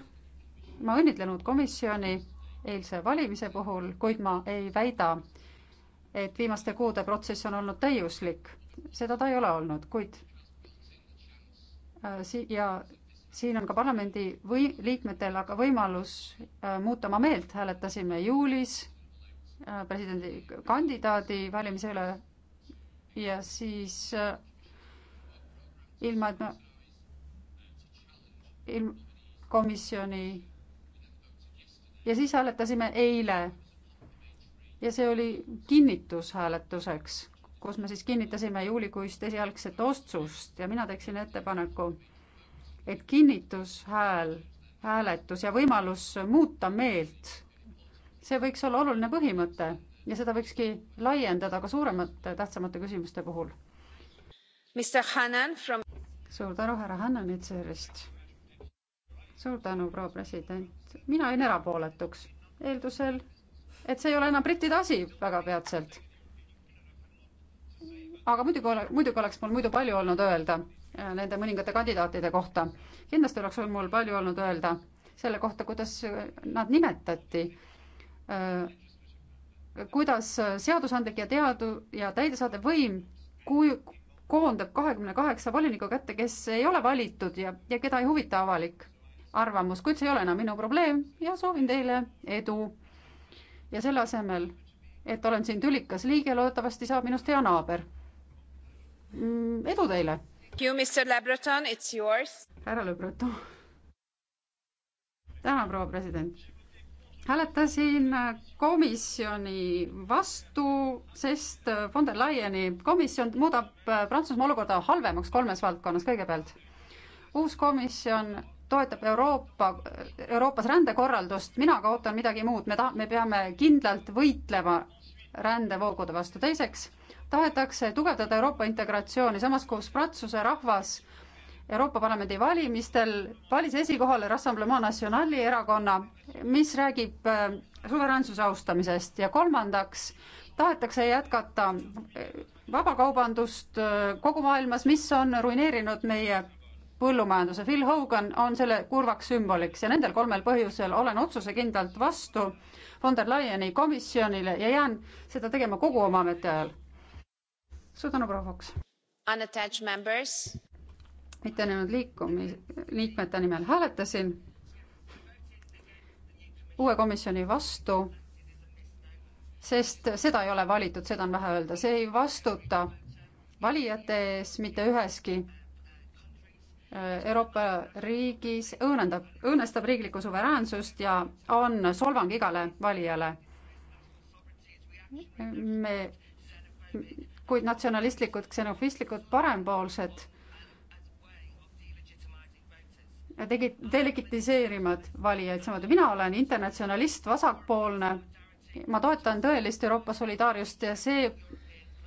ma õnnitlenud komisjoni eilse valimise puhul, kuid ma ei väida, et viimaste kuude protsess on olnud täiuslik. seda ta ei ole olnud, kuid äh, si-, ja siin on ka parlamendi või-, liikmetel aga võimalus äh, muuta oma meelt, hääletasime juulis äh, presidendikandidaadi valimise üle ja siis ilma, et ma, ilm-, komisjoni ja siis hääletasime eile. ja see oli kinnitushääletuseks, kus me siis kinnitasime juulikuist esialgset otsust ja mina teeksin ettepaneku, et kinnitushääl, hääletus ja võimalus muuta meelt, see võiks olla oluline põhimõte ja seda võikski laiendada ka suuremate, tähtsamate küsimuste puhul. From... suur tänu, härra Hannan Itserist suur tänu, proua president. mina jäin erapooletuks eeldusel, et see ei ole enam brittide asi väga peatselt. aga muidugi ole, muidugi oleks mul muidu palju olnud öelda äh, nende mõningate kandidaatide kohta. kindlasti oleks mul palju olnud öelda selle kohta, kuidas äh, nad nimetati, äh, kuidas seadusandlik ja teadu- ja täidesaatev võim kuju-, koondab kahekümne kaheksa voliniku kätte, kes ei ole valitud ja, ja keda ei huvita avalik arvamus, kuid see ei ole enam minu probleem ja soovin teile edu. ja selle asemel, et olen siin tülikas liige, loodetavasti saab minust hea naaber mm,. edu teile! härra Le Breton. tänan, proua president. hääletasin komisjoni vastu, sest von der Leyeni komisjon muudab Prantsusmaa olukorda halvemaks kolmes valdkonnas kõigepealt. uus komisjon toetab Euroopa, Euroopas rändekorraldust, mina ka ootan midagi muud, me ta-, me peame kindlalt võitlema rändevoogude vastu, teiseks tahetakse tugevdada Euroopa integratsiooni, samas kui Prantsuse rahvas Euroopa Parlamendi valimistel valis esikohale Rassemblement Nationali erakonna, mis räägib äh, suveräänsuse austamisest ja kolmandaks tahetakse jätkata äh, vabakaubandust äh, kogu maailmas, mis on ruineerinud meie põllumajanduse. Phil Hogan on selle kurvaks sümboliks ja nendel kolmel põhjusel olen otsusekindlalt vastu von der Leyeni komisjonile ja jään seda tegema kogu oma ametiajal. suur tänu, proua Fox. mittenenud liikumi-, liikmete nimel hääletasin uue komisjoni vastu, sest seda ei ole valitud, seda on vähe öelda, see ei vastuta valijate ees mitte üheski Euroopa riigis õõnendab, õõnestab riiklikku suveräänsust ja on solvang igale valijale. me, kuid natsionalistlikud, ksenofistlikud, parempoolsed tegid, delegitiseerivad valijaid samamoodi. mina olen internatsionalist, vasakpoolne, ma toetan tõelist Euroopa solidaarjust ja see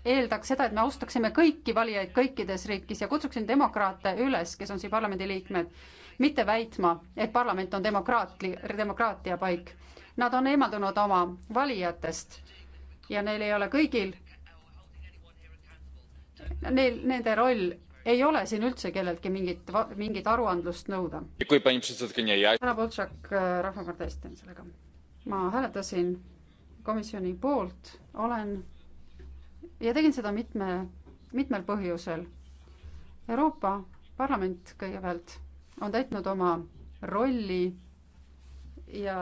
eeldaks seda, et me austaksime kõiki valijaid kõikides riikides ja kutsuksin demokraate üles, kes on siin parlamendiliikmed, mitte väitma, et parlament on demokraatli-, demokraatia paik. Nad on eemaldunud oma valijatest ja neil ei ole kõigil, neil, nende roll ei ole siin üldse kelleltki mingit, mingit aruandlust nõuda. härra Boltšak äh, Rahvaparteist on sellega. ma hääletasin komisjoni poolt, olen ja tegin seda mitme, mitmel põhjusel. Euroopa Parlament kõigepealt on täitnud oma rolli ja,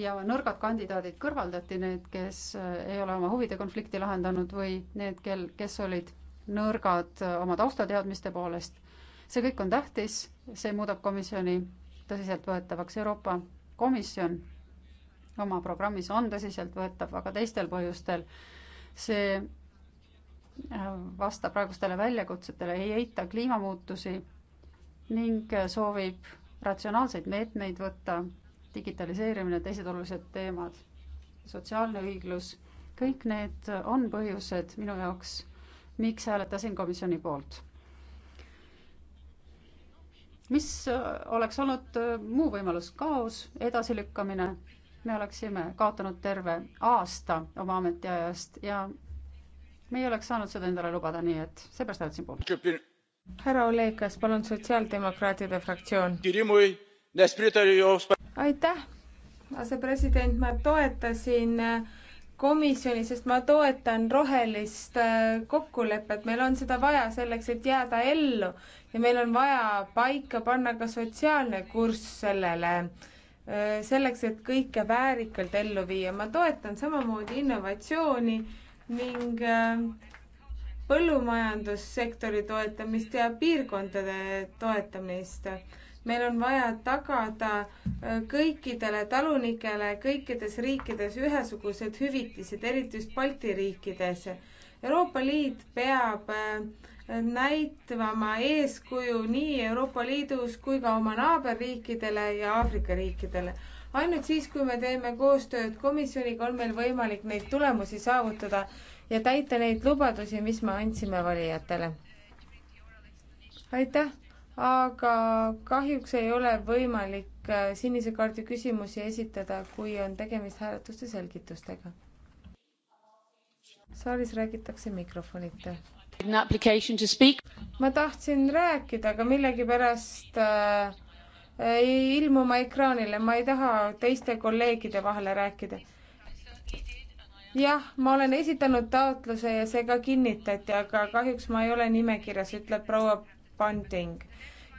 ja nõrgad kandidaadid kõrvaldati, need, kes äh, ei ole oma huvide konflikti lahendanud või need, kel, kes olid nõrgad äh, oma taustateadmiste poolest. see kõik on tähtis, see muudab komisjoni tõsiseltvõetavaks. Euroopa Komisjon oma programmis on tõsiseltvõetav, aga teistel põhjustel see vasta praegustele väljakutsetele, ei eita kliimamuutusi ning soovib ratsionaalseid meetmeid võtta, digitaliseerimine, teised olulised teemad, sotsiaalne õiglus, kõik need on põhjused minu jaoks, miks hääletasin komisjoni poolt. mis oleks olnud muu võimalus, kaos, edasilükkamine, me oleksime kaotanud terve aasta oma ametiajast ja me ei oleks saanud seda endale lubada, nii et seepärast hääletasin poolt. härra Olekas, palun, Sotsiaaldemokraatide fraktsioon. aitäh, asepresident, ma toetasin äh, komisjoni, sest ma toetan rohelist äh, kokkulepet, meil on seda vaja selleks, et jääda ellu ja meil on vaja paika panna ka sotsiaalne kurss sellele, äh, selleks, et kõike väärikalt ellu viia. ma toetan samamoodi innovatsiooni ning äh, põllumajandussektori toetamist ja piirkondade toetamist. meil on vaja tagada äh, kõikidele talunikele kõikides riikides ühesugused hüvitised, eriti just Balti riikides. Euroopa Liit peab äh, näitama eeskuju nii Euroopa Liidus kui ka oma naaberriikidele ja Aafrika riikidele ainult siis, kui me teeme koostööd komisjoniga, on meil võimalik neid tulemusi saavutada ja täita neid lubadusi, mis me andsime valijatele. aitäh, aga kahjuks ei ole võimalik äh, sinise kaardi küsimusi esitada, kui on tegemist hääletuste selgitustega. saalis räägitakse mikrofonita ma tahtsin rääkida, aga millegipärast äh, ilmuma ekraanile, ma ei taha teiste kolleegide vahele rääkida. jah, ma olen esitanud taotluse ja see ka kinnitati, aga kahjuks ma ei ole nimekirjas, ütleb proua Bunting.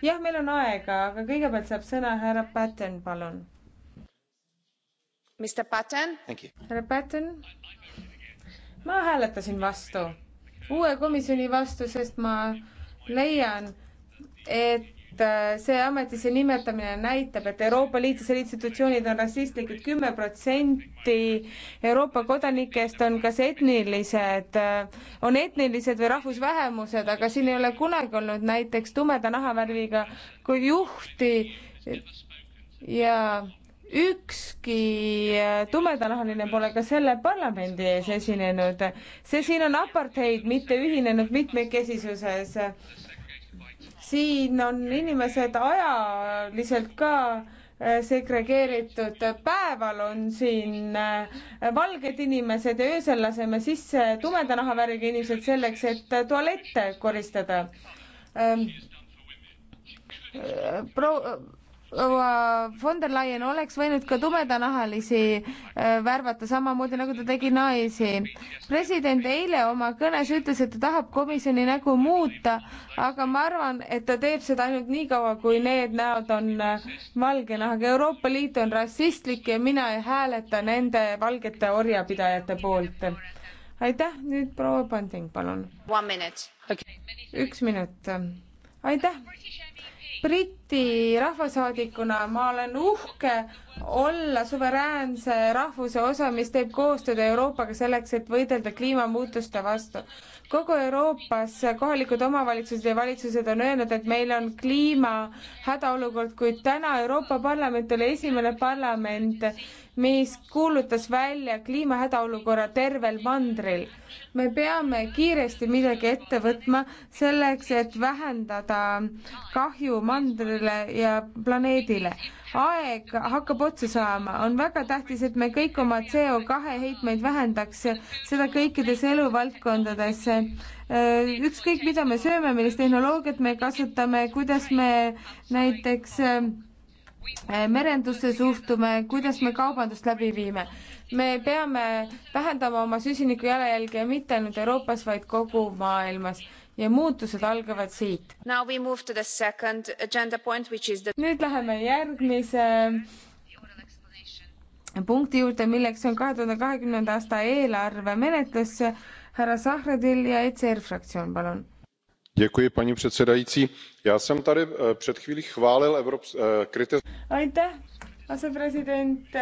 jah, meil on aega, aga kõigepealt saab sõna härra Patten, palun. Mr Patten. härra Patten. ma hääletasin vastu, uue komisjoni vastu, sest ma leian, et Äh, see ametisse nimetamine näitab, et Euroopa Liit ja selle institutsioonid on rassistlikud, kümme protsenti Euroopa kodanikest on kas etnilised, äh, on etnilised või rahvusvähemused, aga siin ei ole kunagi olnud näiteks tumeda nahavärviga kui juhti ja ükski äh, tumedanahaline pole ka selle parlamendi ees esinenud. see siin on apartheid, mitte ühinenud mitmekesisuses siin on inimesed ajaliselt ka äh, segregeeritud, päeval on siin äh, valged inimesed ja öösel laseme sisse tumeda nahavärviga inimesed selleks, et äh, tualette koristada. Ähm, pro-, von der Leyen oleks võinud ka tumedanahalisi äh, värvata, samamoodi nagu ta tegi naisi. president eile oma kõnes ütles, et ta tahab komisjoni nägu muuta, aga ma arvan, et ta teeb seda ainult nii kaua, kui need näod on äh, valge nahaga. Euroopa Liit on rassistlik ja mina ei hääleta nende valgete orjapidajate poolt. aitäh, nüüd proua Panding, palun. Okay. üks minut. aitäh Briti rahvasaadikuna ma olen uhke olla suveräänse rahvuse osa, mis teeb koostööd Euroopaga selleks, et võidelda kliimamuutuste vastu. kogu Euroopas kohalikud omavalitsused ja valitsused on öelnud, et meil on kliima hädaolukord, kuid täna Euroopa Parlament oli esimene parlament, mis kuulutas välja kliimahädaolukorra tervel mandril. me peame kiiresti midagi ette võtma selleks, et vähendada kahju mandrile ja planeedile. aeg hakkab otsa saama, on väga tähtis, et me kõik oma CO kahe heitmeid vähendaks, seda kõikides eluvaldkondades äh, ükskõik, mida me sööme, millist tehnoloogiat me kasutame, kuidas me näiteks äh, Äh, merendusse suhtume, kuidas me kaubandust läbi viime. me peame vähendama oma süsiniku jalajälge mitte ainult Euroopas, vaid kogu maailmas ja muutused algavad siit. The... nüüd läheme järgmise punkti juurde, milleks on kahe tuhande kahekümnenda aasta eelarve menetlus. härra Sahradil ja ECR fraktsioon, palun paní předsedající já jsem tady eh, před chvílí chválil eh, kritizoval. asepresident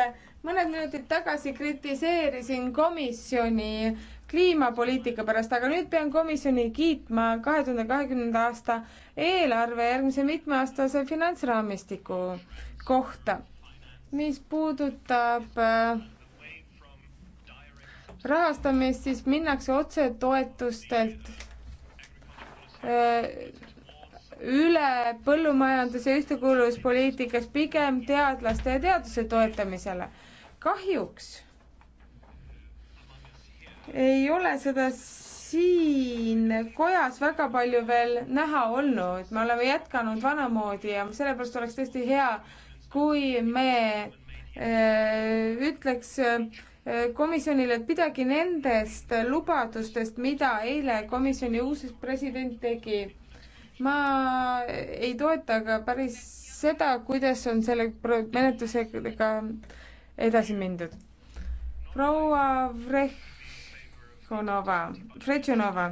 mõned minutid tagasi kritiseerisin komisjoni kliimapoliitika pärast, aga nüüd pean komisjoni kiitma kahe tuhande kahekümnenda aasta eelarve järgmise mitmeaastase finantsraamistiku kohta, mis puudutab eh, rahastamist, siis minnakse otsetoetustelt Äh, üle põllumajanduse ühtekuuluvuspoliitikas pigem teadlaste ja teaduse toetamisele. kahjuks ei ole seda siin kojas väga palju veel näha olnud, me oleme jätkanud vanamoodi ja sellepärast oleks tõesti hea, kui me öö, äh, ütleks öö, komisjonile, et midagi nendest lubadustest, mida eile komisjoni uus president tegi. ma ei toeta ka päris seda, kuidas on selle menetlusega edasi mindud. proua Vrehhonova, Vretšenova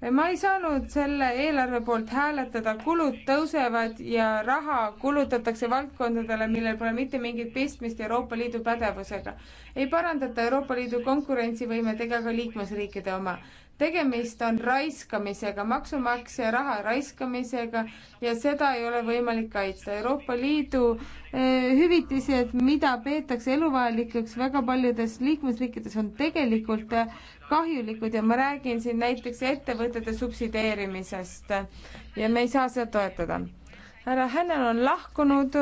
ma ei saanud selle eelarve poolt hääletada, kulud tõusevad ja raha kulutatakse valdkondadele, millel pole mitte mingit pistmist Euroopa Liidu pädevusega. ei parandata Euroopa Liidu konkurentsivõimet ega ka liikmesriikide oma. tegemist on raiskamisega, maksumaksja raha raiskamisega ja seda ei ole võimalik kaitsta. Euroopa Liidu eh, hüvitised, mida peetakse eluvajalikeks väga paljudes liikmesriikides, on tegelikult eh, kahjulikud ja ma räägin siin näiteks ettevõtete subsideerimisest ja me ei saa seda toetada. härra Hännel on lahkunud,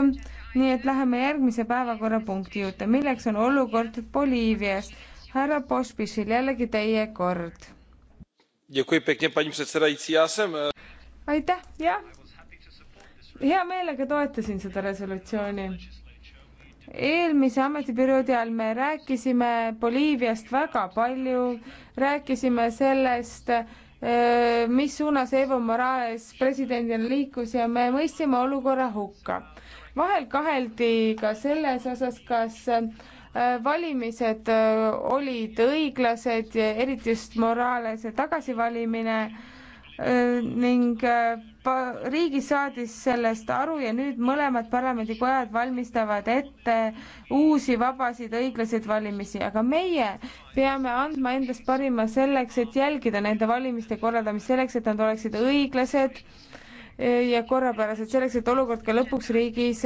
nii et läheme järgmise päevakorrapunkti juurde, milleks on olukord Boliivias. härra Pospišil, jällegi teie kord. E, aitäh, jah. hea meelega toetasin seda resolutsiooni eelmise ametiperioodi ajal me rääkisime Boliiviast väga palju, rääkisime sellest, mis suunas Evo Morales presidendina liikus ja me mõistsime olukorra hukka. vahel kaheldi ka selles osas, kas valimised olid õiglased, eriti just Moralese tagasivalimine Äh, ning äh, riigis saadis sellest aru ja nüüd mõlemad parlamendikojad valmistavad ette uusi vabasid õiglaseid valimisi, aga meie peame andma endast parima selleks, et jälgida nende valimiste korraldamist, selleks, et nad oleksid õiglased äh, ja korrapärased, selleks, et olukord ka lõpuks riigis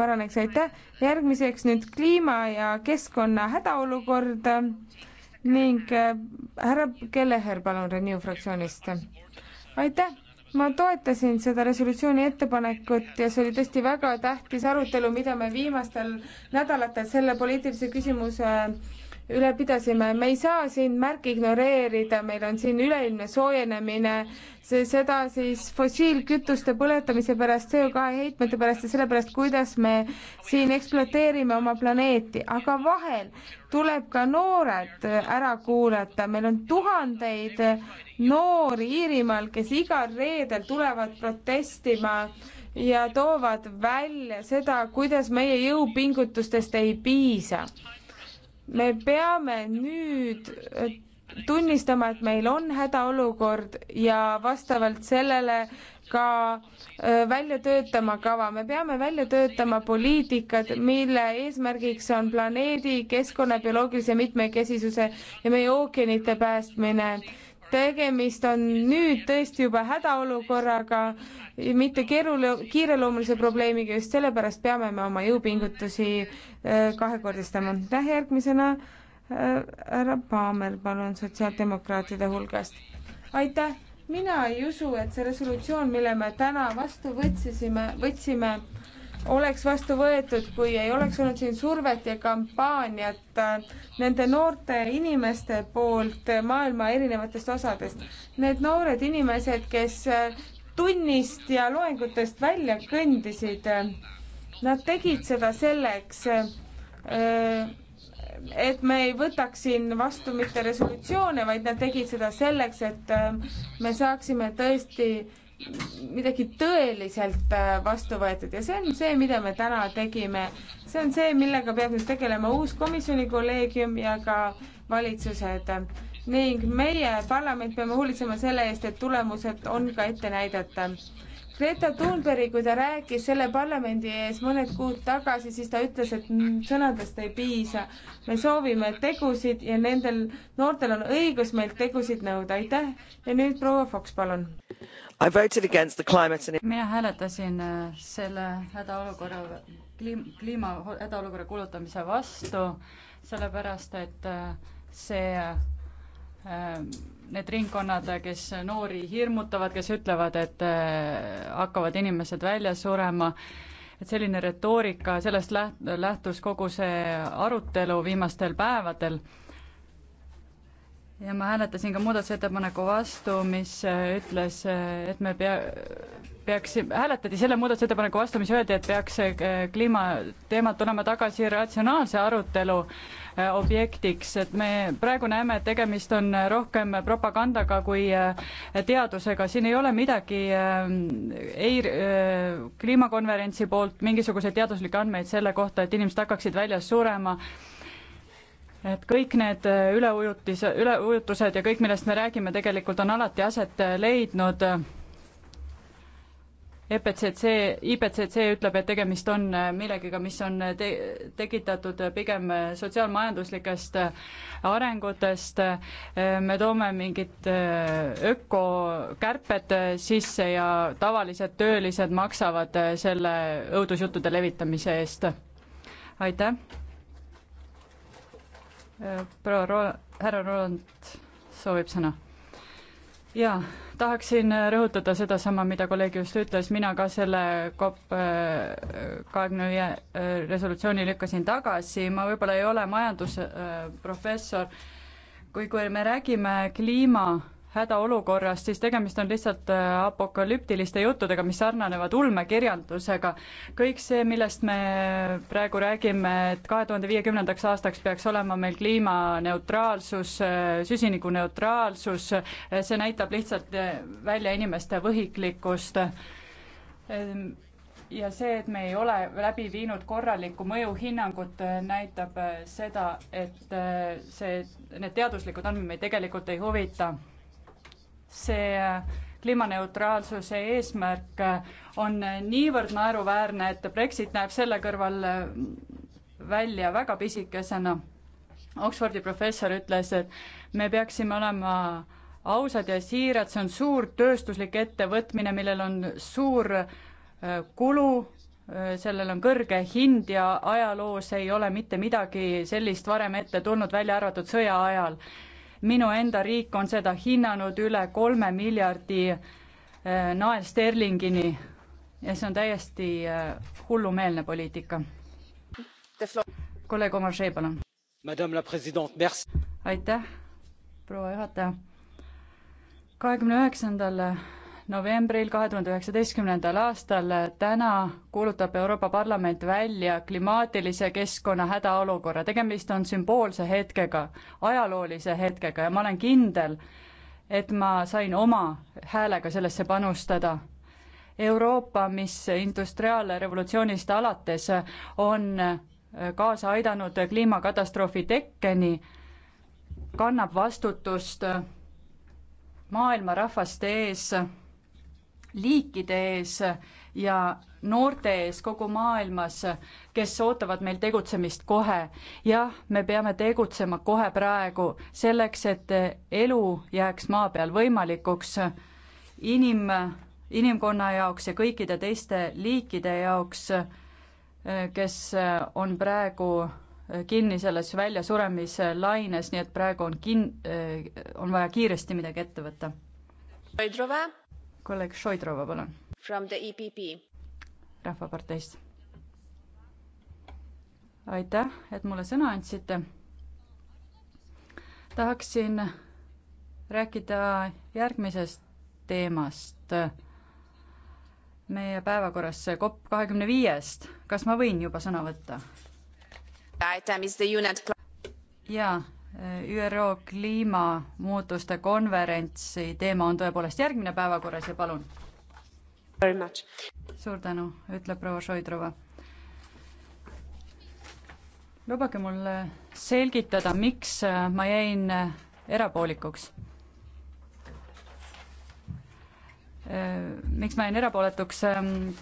paraneks, aitäh. järgmiseks nüüd kliima ja keskkonna hädaolukord ning härra Kelleher, palun, Renew fraktsioonist aitäh! ma toetasin seda resolutsiooni ettepanekut ja see oli tõesti väga tähtis arutelu, mida me viimastel nädalatel selle poliitilise küsimuse üle pidasime, me ei saa siin märki ignoreerida, meil on siin üleilmne soojenemine, seda siis fossiilkütuste põletamise pärast, CO2 heitmete pärast ja sellepärast, kuidas me siin ekspluateerime oma planeeti, aga vahel tuleb ka noored ära kuulata, meil on tuhandeid noori Iirimaal, kes igal reedel tulevad protestima ja toovad välja seda, kuidas meie jõupingutustest ei piisa me peame nüüd äh, tunnistama, et meil on hädaolukord ja vastavalt sellele ka äh, välja töötama kava, me peame välja töötama poliitikad, mille eesmärgiks on planeedi keskkonna bioloogilise mitmekesisuse ja meie ookeanite päästmine tegemist on nüüd tõesti juba hädaolukorraga, mitte keerule-, kiireloomulise probleemiga, just sellepärast peame me oma jõupingutusi äh, kahekordistama. aitäh, järgmisena äh, härra Paamer, palun, sotsiaaldemokraatide hulgast. aitäh, mina ei usu, et see resolutsioon, mille me täna vastu võtsisime, võtsime, võtsime oleks vastu võetud, kui ei oleks olnud siin survet ja kampaaniat äh, nende noorte inimeste poolt maailma erinevatest osadest. Need noored inimesed, kes äh, tunnist ja loengutest välja kõndisid, äh, nad tegid seda selleks, et me ei võtaks siin vastu mitte resolutsioone, vaid nad tegid seda selleks, et me saaksime tõesti midagi tõeliselt äh, vastu võetud ja see on see, mida me täna tegime. see on see, millega peab nüüd tegelema uus komisjoni kolleegium ja ka valitsused ning meie parlament peame hoolitsema selle eest, et tulemused on ka ette näidata. Greta Thunberg, kui ta rääkis selle parlamendi ees mõned kuud tagasi, siis ta ütles, et sõnadest ei piisa. me soovime tegusid ja nendel noortel on õigus meilt tegusid nõuda. aitäh ja nüüd proua Fox, palun mina hääletasin äh, selle hädaolukorra kliim, kliima hädaolukorra kuulutamise vastu, sellepärast et äh, see, äh, need ringkonnad, kes noori hirmutavad, kes ütlevad, et hakkavad inimesed välja surema, et selline retoorika, sellest läht-, lähtus kogu see arutelu viimastel päevadel ja ma hääletasin ka muudatusettepaneku vastu, mis äh, ütles, äh, et me pea, peaksime, hääletati selle muudatusettepaneku vastu, mis öeldi, et peaks äh, kliimateemad tulema tagasi ratsionaalse arutelu objektiks, et me praegu näeme, et tegemist on rohkem propagandaga kui teadusega, siin ei ole midagi ei kliimakonverentsi poolt mingisuguseid teaduslikke andmeid selle kohta, et inimesed hakkaksid väljas surema et kõik need äh, üleujutis, üleujutused ja kõik, millest me räägime, tegelikult on alati aset äh, leidnud. EPCC, IPCC ütleb, et tegemist on äh, millegiga, mis on te tekitatud pigem sotsiaalmajanduslikest arengutest. me toome mingid ökokärped sisse ja tavalised töölised maksavad selle õudusjuttude levitamise eest. aitäh! Äh, proua Ro-, härra Roland soovib sõna. jaa, tahaksin äh, rõhutada sedasama, mida kolleeg just ütles, mina ka selle COP äh, kahekümne viie resolutsiooni lükkasin tagasi, ma võib-olla ei ole majandusprofessor, kui, kui me räägime kliima hädaolukorrast, siis tegemist on lihtsalt äh, apokalüptiliste juttudega, mis sarnanevad ulmekirjandusega. kõik see, millest me praegu räägime, et kahe tuhande viiekümnendaks aastaks peaks olema meil kliimaneutraalsus, äh, süsinikuneutraalsus, äh, see näitab lihtsalt välja inimeste võhiklikkust ehm, ja see, et me ei ole läbi viinud korralikku mõjuhinnangut, näitab seda, et see, need teaduslikud andmed meid tegelikult ei huvita see äh, kliimaneutraalsuse eesmärk äh, on äh, niivõrd naeruväärne, et Brexit näeb selle kõrval välja väga pisikesena. Oxfordi professor ütles, et me peaksime olema ausad ja siirad, see on suur tööstuslik ettevõtmine, millel on suur kulu, sellel on kõrge hind ja ajaloos ei ole mitte midagi sellist varem ette tulnud, välja arvatud sõja ajal minu enda riik on seda hinnanud üle kolme miljardi äh, naelsterlingini ja see on täiesti äh, hullumeelne poliitika. kolleeg Omar Šei, palun. aitäh, proua juhataja. kahekümne üheksandal novembril kahe tuhande üheksateistkümnendal aastal. täna kuulutab Euroopa Parlament välja klimaatilise keskkonna hädaolukorra. tegemist on sümboolse hetkega, ajaloolise hetkega ja ma olen kindel, et ma sain oma häälega sellesse panustada. Euroopa, mis industriaalrevolutsioonist alates on kaasa aidanud kliimakatastroofi tekkeni, kannab vastutust maailma rahvaste ees liikide ees ja noorte ees kogu maailmas, kes ootavad meil tegutsemist kohe. jah, me peame tegutsema kohe praegu, selleks et elu jääks maa peal võimalikuks inim, inimkonna jaoks ja kõikide teiste liikide jaoks, kes on praegu kinni selles väljasuremise laines, nii et praegu on kin-, on vaja kiiresti midagi ette võtta kolleeg Šoidrova, palun. From the EPP. rahvaparteist. aitäh, et mulle sõna andsite. tahaksin rääkida järgmisest teemast, meie päevakorras COP kahekümne viiest. kas ma võin juba sõna võtta? jaa, ÜRO kliimamuutuste konverentsi teema on tõepoolest järgmine päevakorras ja palun. suur tänu, ütleb proua Šoidrova. lubage mul selgitada, miks ma jäin erapoolikuks. miks ma jäin erapooletuks,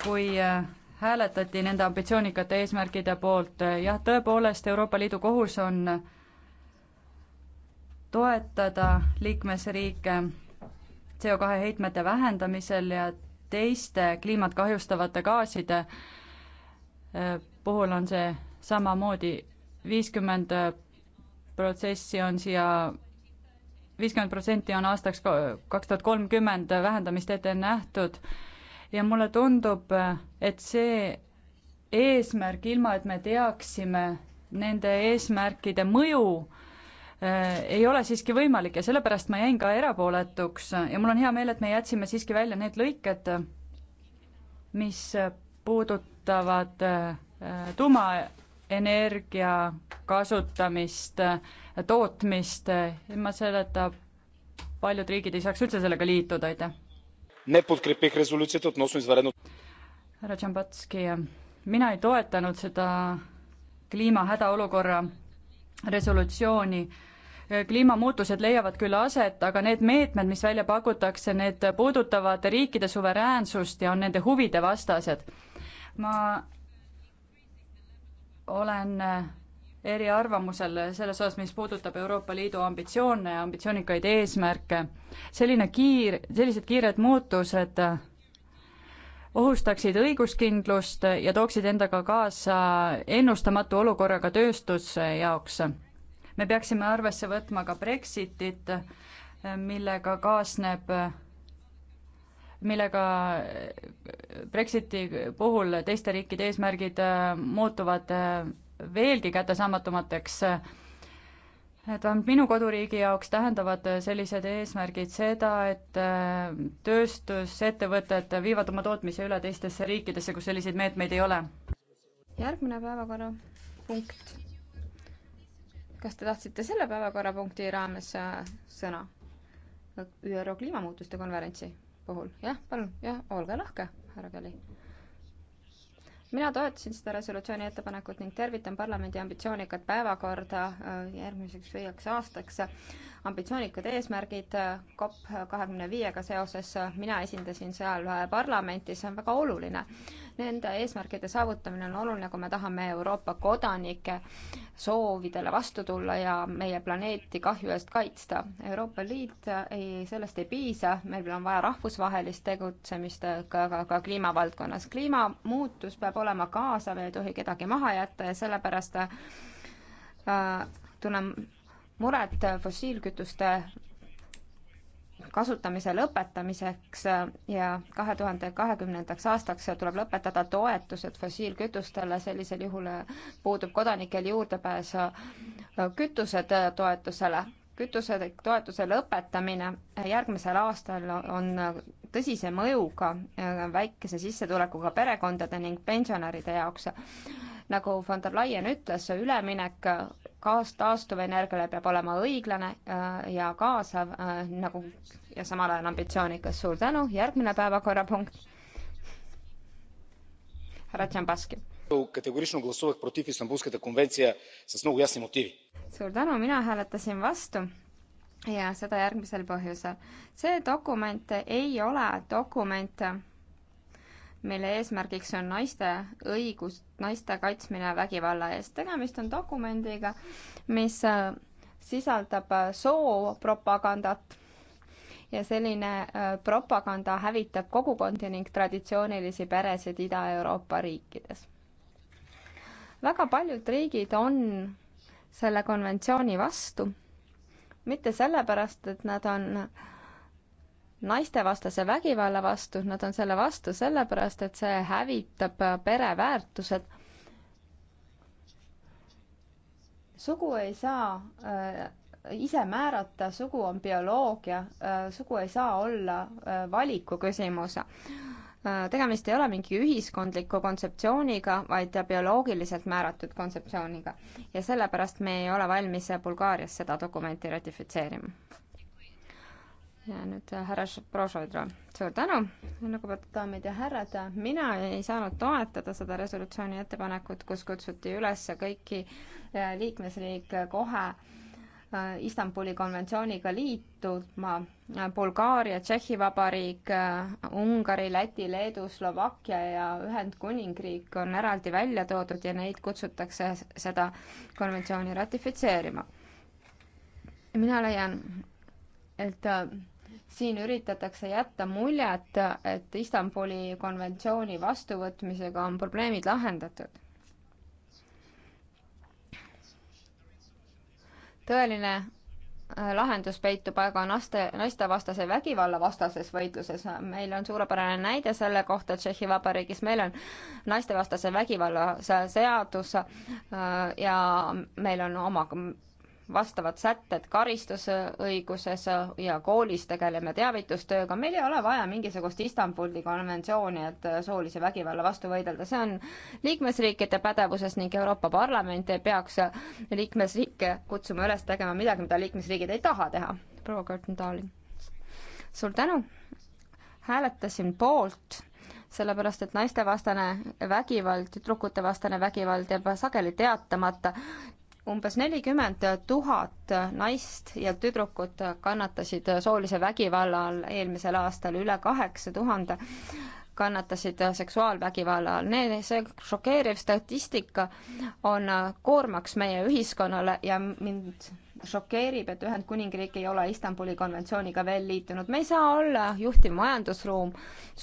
kui hääletati nende ambitsioonikate eesmärkide poolt, jah, tõepoolest Euroopa Liidu kohus on toetada liikmesriike CO2 heitmete vähendamisel ja teiste kliimat kahjustavate gaaside äh, puhul on see samamoodi viiskümmend protsessi on siia, viiskümmend protsenti on aastaks kaks tuhat kolmkümmend vähendamist ette nähtud ja mulle tundub, et see eesmärk, ilma et me teaksime nende eesmärkide mõju, Äh, ei ole siiski võimalik ja sellepärast ma jäin ka erapooletuks ja mul on hea meel, et me jätsime siiski välja need lõiked, mis puudutavad äh, tuumaenergia kasutamist, tootmist, ilma selleta paljud riigid ei saaks üldse sellega liituda, aitäh. härra Tšambatski, mina ei toetanud seda kliima hädaolukorra resolutsiooni Äh, kliimamuutused leiavad küll aset, aga need meetmed, mis välja pakutakse, need puudutavad riikide suveräänsust ja on nende huvide vastased. ma olen äh, eriarvamusel selles osas, mis puudutab Euroopa Liidu ambitsioone ja ambitsioonikaid eesmärke. selline kiir, sellised kiired muutused äh, ohustaksid õiguskindlust ja tooksid endaga kaasa ennustamatu olukorraga tööstuse jaoks me peaksime arvesse võtma ka Brexitit, millega kaasneb millega Brexiti puhul teiste riikide eesmärgid muutuvad veelgi kättesaamatumateks. et vähemalt minu koduriigi jaoks tähendavad sellised eesmärgid seda, et tööstusettevõtted viivad oma tootmise üle teistesse riikidesse, kus selliseid meetmeid ei ole. järgmine päevakorrapunkt kas te tahtsite selle päevakorrapunkti raames äh, sõna? ÜRO kliimamuutuste konverentsi puhul, jah, palun, jah, olge lahke, härra Kelly mina toetasin seda resolutsiooni ettepanekut ning tervitan parlamendi ambitsioonikat päevakorda äh, järgmiseks viieks aastaks. ambitsioonikad eesmärgid äh, COP kahekümne viiega seoses, mina esindasin seal parlamenti, see on väga oluline. Nende eesmärkide saavutamine on oluline, kui me tahame Euroopa kodanike soovidele vastu tulla ja meie planeeti kahju eest kaitsta. Euroopa Liit äh, ei, sellest ei piisa, meil on vaja rahvusvahelist tegutsemist äh, ka, ka, ka kliimavaldkonnas. kliimamuutus peab olema kaasav, ei tohi kedagi maha jätta ja sellepärast äh, äh tunnen muret fossiilkütuste kasutamise lõpetamiseks ja kahe tuhande kahekümnendaks aastaks tuleb lõpetada toetused fossiilkütustele, sellisel juhul puudub kodanikel juurdepääs kütusetoetusele. kütuse toetuse lõpetamine järgmisel aastal on tõsise mõjuga väikese sissetulekuga perekondade ning pensionäride jaoks nagu von der Leyen ütles, üleminek kaas-, taastuvenergiale peab olema õiglane äh, ja kaasav äh, nagu ja samal ajal ambitsioonikas. suur tänu, järgmine päevakorrapunkt. härra Tšambaski. Nagu suur tänu, mina hääletasin vastu ja seda järgmisel põhjusel. see dokument ei ole dokument mille eesmärgiks on naiste õigus, naiste kaitsmine vägivalla eest. tegemist on dokumendiga, mis äh, sisaldab äh, soopropagandat ja selline äh, propaganda hävitab kogukondi ning traditsioonilisi peresid Ida-Euroopa riikides. väga paljud riigid on selle konventsiooni vastu, mitte sellepärast, et nad on äh, naistevastase vägivalla vastu, nad on selle vastu sellepärast, et see hävitab pereväärtused. sugu ei saa äh, ise määrata, sugu on bioloogia äh,, sugu ei saa olla äh, valiku küsimus äh,. tegemist ei ole mingi ühiskondliku kontseptsiooniga, vaid bioloogiliselt määratud kontseptsiooniga. ja sellepärast me ei ole valmis Bulgaarias seda dokumenti ratifitseerima ja nüüd äh, härra Prošovidro, suur tänu, lugupeetud daamid ja härrad, äh, mina ei saanud toetada seda resolutsiooni ettepanekut, kus kutsuti üles kõiki äh, liikmesriike kohe Istanbuli konventsiooniga liituma Bulgaaria, Tšehhi Vabariik, Ungari, Läti, Leedu, Slovakkia ja Ühendkuningriik on eraldi välja toodud ja neid kutsutakse seda konventsiooni ratifitseerima. mina leian, et siin üritatakse jätta muljet, et Istanbuli konventsiooni vastuvõtmisega on probleemid lahendatud. tõeline äh, lahendus peitub aga naiste, naistevastase vägivalla vastases võitluses. meil on suurepärane näide selle kohta Tšehhi Vabariigis, meil on naistevastase vägivalla seadus äh, ja meil on oma vastavad sätted karistusõiguses ja koolis tegeleme teavitustööga, meil ei ole vaja mingisugust Istanbuli konventsiooni, et soolise vägivalla vastu võidelda, see on liikmesriikide pädevuses ning Euroopa Parlament ei peaks liikmesriike kutsuma üles tegema midagi, mida liikmesriigid ei taha teha. proua Curtin-Darling, suur tänu, hääletasin poolt sellepärast et naistevastane vägivald, tüdrukutevastane vägivald jääb sageli teatamata umbes nelikümmend tuhat naist ja tüdrukut kannatasid soolise vägivalla all eelmisel aastal, üle kaheksa tuhande kannatasid seksuaalvägivalla all. Need, see šokeeriv statistika on koormaks meie ühiskonnale ja mind šokeerib, et Ühendkuningriik ei ole Istanbuli konventsiooniga veel liitunud. me ei saa olla juhtiv majandusruum,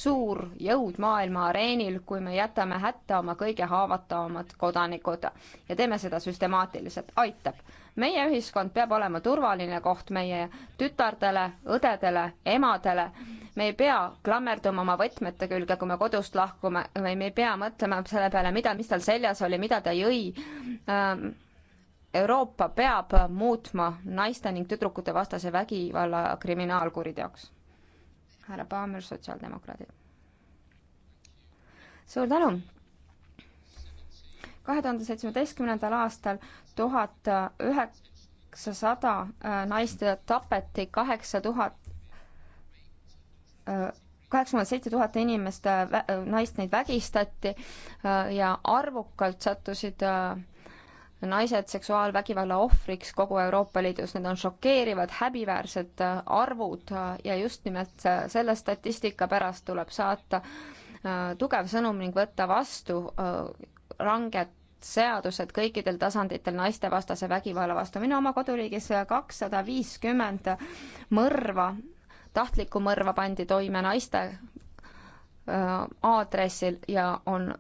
suur jõud maailma areenil, kui me jätame hätta oma kõige haavatavamad kodanikud ja teeme seda süstemaatiliselt, aitab. meie ühiskond peab olema turvaline koht meie tütardele, õdedele, emadele. me ei pea klammerduma oma võtmete külge, kui me kodust lahkume või me ei pea mõtlema selle peale, mida, mis tal seljas oli, mida ta jõi ähm, Euroopa peab muutma naiste ning tüdrukute vastase vägivalla kriminaalkuriteoks. härra Paamer, sotsiaaldemokraadid. suur tänu! kahe tuhande seitsmeteistkümnendal aastal tuhat üheksasada äh, naist tapeti, kaheksa tuhat, äh, kaheksakümmend seitse tuhat inimest, äh, naist neid vägistati ja arvukalt sattusid naised seksuaalvägivalla ohvriks kogu Euroopa Liidus, need on šokeerivad, häbiväärsed äh, arvud ja just nimelt selle statistika pärast tuleb saata äh, tugev sõnum ning võtta vastu äh, ranged seadused kõikidel tasanditel naistevastase vägivalla vastu. minu oma koduriigis kakssada viiskümmend mõrva, tahtlikku mõrva pandi toime naiste aadressil ja on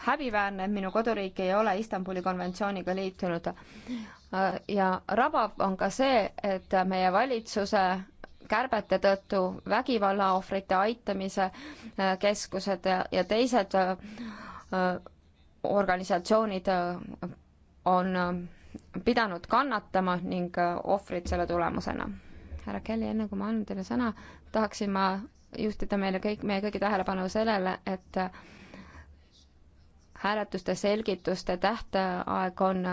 häbiväärne, et minu koduriik ei ole Istanbuli konventsiooniga liitunud. ja rabav on ka see, et meie valitsuse kärbete tõttu vägivallaohvrite aitamise äh, keskused ja teised äh, organisatsioonid äh, on pidanud kannatama ning ohvrid selle tulemusena. härra Kelly, enne kui ma annan teile sõna, tahaksin ma juhtida meile kõik, meie kõigi tähelepanu sellele, et hääletuste selgituste tähtaeg on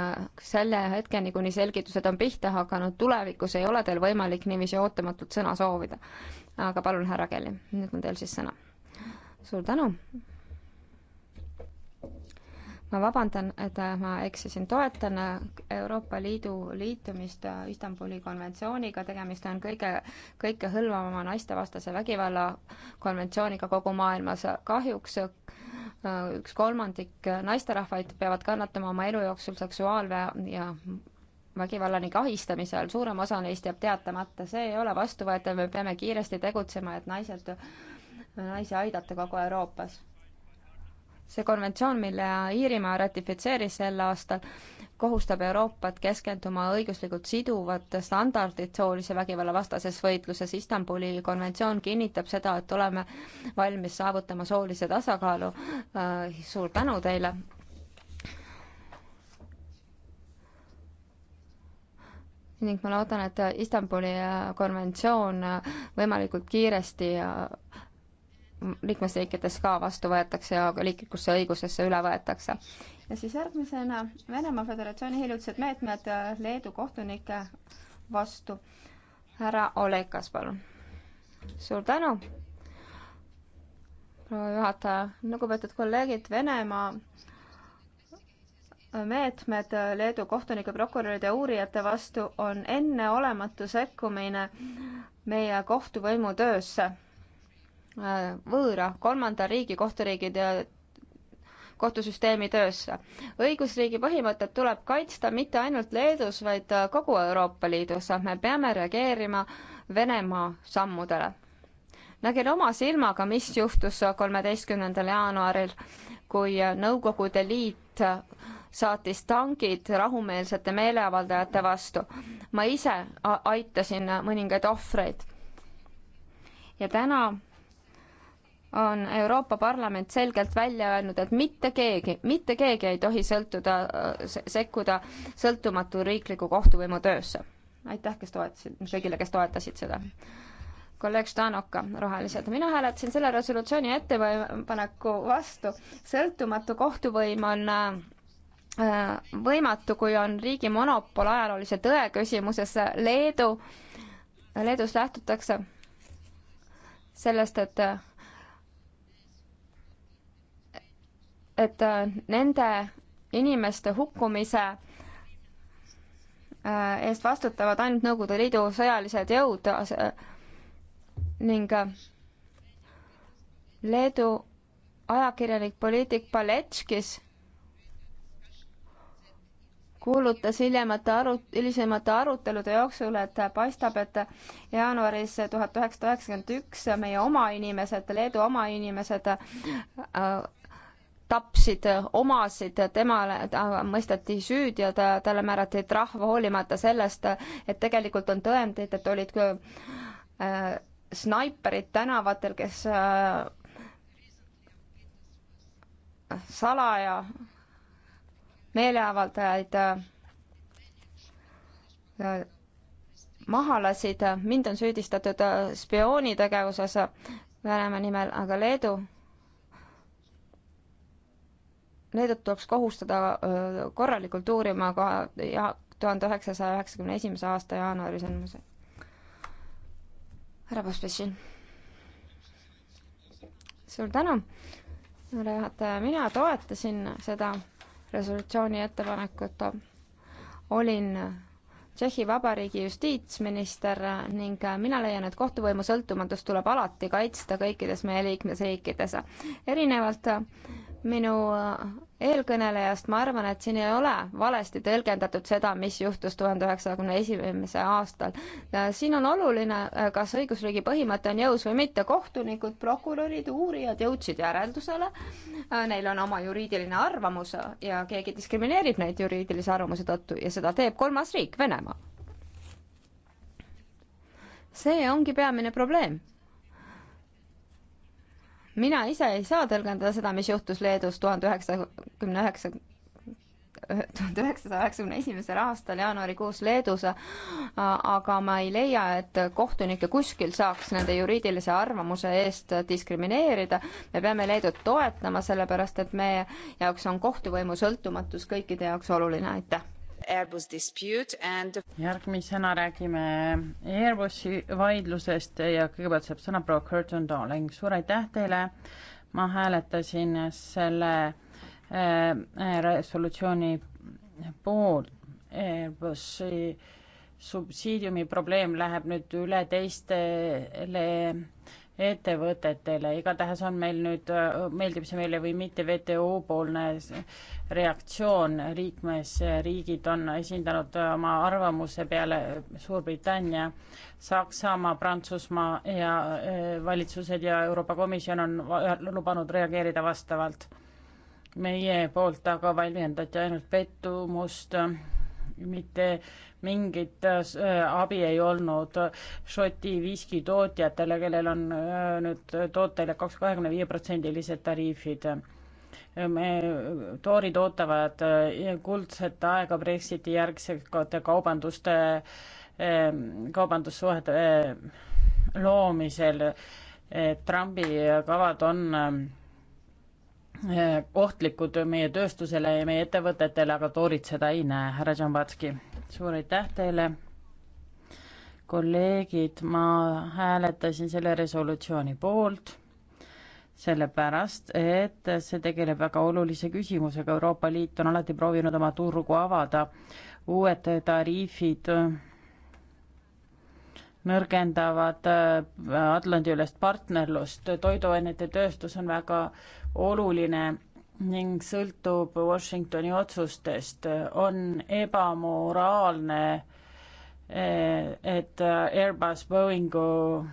selle hetkeni, kuni selgitused on pihta hakanud, tulevikus ei ole teil võimalik niiviisi ootamatult sõna soovida. aga palun, härra Kelly, nüüd on teil siis sõna. suur tänu! ma vabandan, et ma eksisin, toetan Euroopa Liidu liitumist Istanbuli konventsiooniga, tegemist on kõige, kõikehõlmavama naistevastase vägivalla konventsiooniga kogu maailmas. kahjuks üks kolmandik naisterahvaid peavad kannatama oma elu jooksul seksuaalväe ja vägivalla ning ahistamise all, suurem osa neist jääb teatamata, see ei ole vastuvõetav, me peame kiiresti tegutsema, et naised, naisi aidata kogu Euroopas see konventsioon, mille Iirimaa ratifitseeris sel aastal, kohustab Euroopat keskenduma õiguslikult siduvate standardid soolise vägivalla vastases võitluses. Istanbuli konventsioon kinnitab seda, et oleme valmis saavutama soolise tasakaalu. Äh, suur tänu teile. ning ma loodan, et Istanbuli äh, konventsioon äh, võimalikult kiiresti liikmesriikides ka vastu võetakse ja riiklikusse õigusesse üle võetakse. ja siis järgmisena Venemaa Föderatsiooni hiljutised meetmed Leedu kohtunike vastu. härra Olekas, palun. suur tänu, proua juhataja, lugupeetud kolleegid, Venemaa meetmed Leedu kohtunike, prokuröride ja uurijate vastu on enneolematu sekkumine meie kohtuvõimu töösse Äh, võõra kolmanda riigi kohturiigi kohtusüsteemi töösse. õigusriigi põhimõtet tuleb kaitsta mitte ainult Leedus, vaid äh, kogu Euroopa Liidus. me peame reageerima Venemaa sammudele. nägin oma silmaga, mis juhtus äh, kolmeteistkümnendal jaanuaril, kui Nõukogude Liit saatis tankid rahumeelsete meeleavaldajate vastu. ma ise aitasin mõningaid ohvreid. ja täna on Euroopa Parlament selgelt välja öelnud, et mitte keegi, mitte keegi ei tohi sõltuda, sekkuda sõltumatu riikliku kohtuvõimu töösse. aitäh, kes toetasid, kõigile, kes toetasid seda. kolleeg Štanoka, Rohelised, mina hääletasin selle resolutsiooni ettepaneku vastu. sõltumatu kohtuvõim on äh, võimatu, kui on riigi monopol ajaloolise tõe küsimuses. Leedu, Leedus lähtutakse sellest, et et äh, nende inimeste hukkumise äh, eest vastutavad ainult Nõukogude Liidu sõjalised jõud äh, ning Leedu ajakirjanik poliitik Paletškis kuulutas hiljemate aru, hilisemate arutelude jooksul, et paistab, et jaanuaris tuhat üheksasada üheksakümmend üks meie oma inimesed, Leedu oma inimesed tapsid omasid, temale, ta mõisteti süüdi ja ta, talle määrati trahv hoolimata sellest, et tegelikult on tõendeid, et olid ka äh, snaiperid tänavatel, kes äh, salaja meeleavaldajaid äh, maha lasid, mind on süüdistatud äh, spioonitegevuses Venemaa nimel, aga Leedu Leedut tuleks kohustada korralikult uurima ka tuhande üheksasaja üheksakümne esimese aasta jaanuari sündmusi. härra Pospešin. suur tänu, härra juhataja, mina toetasin seda resolutsiooni ettepanekut, olin Tšehhi Vabariigi justiitsminister ning mina leian, et kohtuvõimu sõltumatust tuleb alati kaitsta kõikides meie liikmesriikides. erinevalt minu äh, eelkõnelejast, ma arvan, et siin ei ole valesti tõlgendatud seda, mis juhtus tuhande üheksasaja kahekümne esimese aastal. siin on oluline, äh, kas õigusriigi põhimõte on jõus või mitte, kohtunikud, prokurörid, uurijad jõudsid järeldusele, äh, neil on oma juriidiline arvamus ja keegi diskrimineerib neid juriidilise arvamuse tõttu ja seda teeb kolmas riik, Venemaa. see ongi peamine probleem mina ise ei saa tõlgendada seda, mis juhtus Leedus tuhande üheksakümne üheksa tuhande üheksasaja üheksakümne esimesel aastal jaanuarikuus Leedus, aga ma ei leia, et kohtunikke kuskil saaks nende juriidilise arvamuse eest diskrimineerida. me peame Leedut toetama, sellepärast et meie jaoks on kohtuvõimu sõltumatus kõikide jaoks oluline, aitäh! Airbus dispute and järgmisena räägime Airbusi vaidlusest ja kõigepealt saab sõna proua Curtin Darling. suur aitäh teile. ma hääletasin selle äh, resolutsiooni poolt. Airbusi subsiidiumi probleem läheb nüüd üle teistele ettevõtetele, igatahes on meil nüüd, meeldib see meile või mitte, WTO poolne reaktsioon, liikmesriigid on esindanud oma arvamuse peale Suurbritannia, Saksamaa, Prantsusmaa ja eh, valitsused ja Euroopa Komisjon on lubanud reageerida vastavalt. meie poolt aga väljendati ainult pettumust, mitte äh, mingit äh, äh, abi ei olnud Šoti viskitootjatele, kellel on äh, nüüd tootele kaks, kahekümne viie protsendilised tariifid. me, toorid ootavad kuldset aega Brexiti järgsete kaubanduste, ähm, kaubandussuhete loomisel. Trumpi kavad on ohtlikud meie tööstusele ja meie ettevõtetele, aga toorid seda ei näe, härra Džambatski suur aitäh teile. kolleegid, ma hääletasin selle resolutsiooni poolt, sellepärast et see tegeleb väga olulise küsimusega, Euroopa Liit on alati proovinud oma turgu avada, uued tariifid nõrgendavad äh, Atlandi-ülest partnerlust, toiduainete tööstus on väga oluline ning sõltub Washingtoni otsustest, on ebamoraalne, eh, et Airbus Boeingu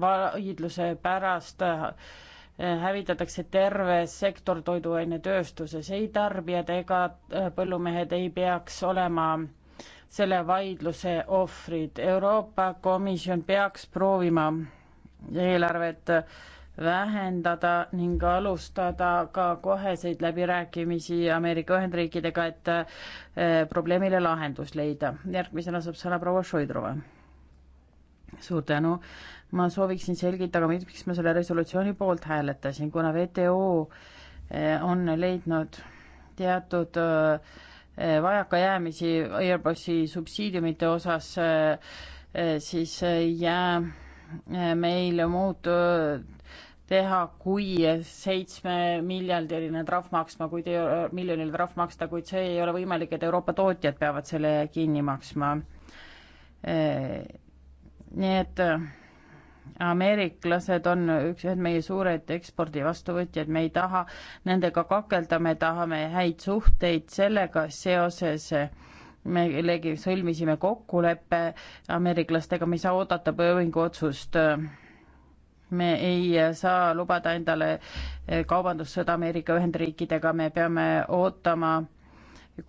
vaidluse pärast eh, hävitatakse terve sektor toiduainetööstuses, ei tarbijad ega eh, põllumehed ei peaks olema selle vaidluse ohvrid. Euroopa Komisjon peaks proovima eelarvet vähendada ning alustada ka koheseid läbirääkimisi Ameerika Ühendriikidega, et eh, probleemile lahendus leida. järgmisena saab sõna proua Šoidrova. suur tänu. ma sooviksin selgitada, miks ma selle resolutsiooni poolt hääletasin, kuna WTO eh, on leidnud teatud eh, vajakajäämisi Airbusi subsiidiumite osas, siis ei jää meil muud teha, kui seitsme miljardiline trahv maksma, kuid ei, miljoniline trahv maksta, kuid see ei ole võimalik, et Euroopa tootjad peavad selle kinni maksma. nii et äh, ameeriklased on üks meie suured ekspordi vastuvõtjad, me ei taha nendega kakelda, me tahame häid suhteid, sellega seoses äh, me jällegi sõlmisime kokkuleppe ameeriklastega, me ei saa oodata Boeingu otsust äh, me ei saa lubada endale eh, kaubandussõda Ameerika Ühendriikidega, me peame ootama,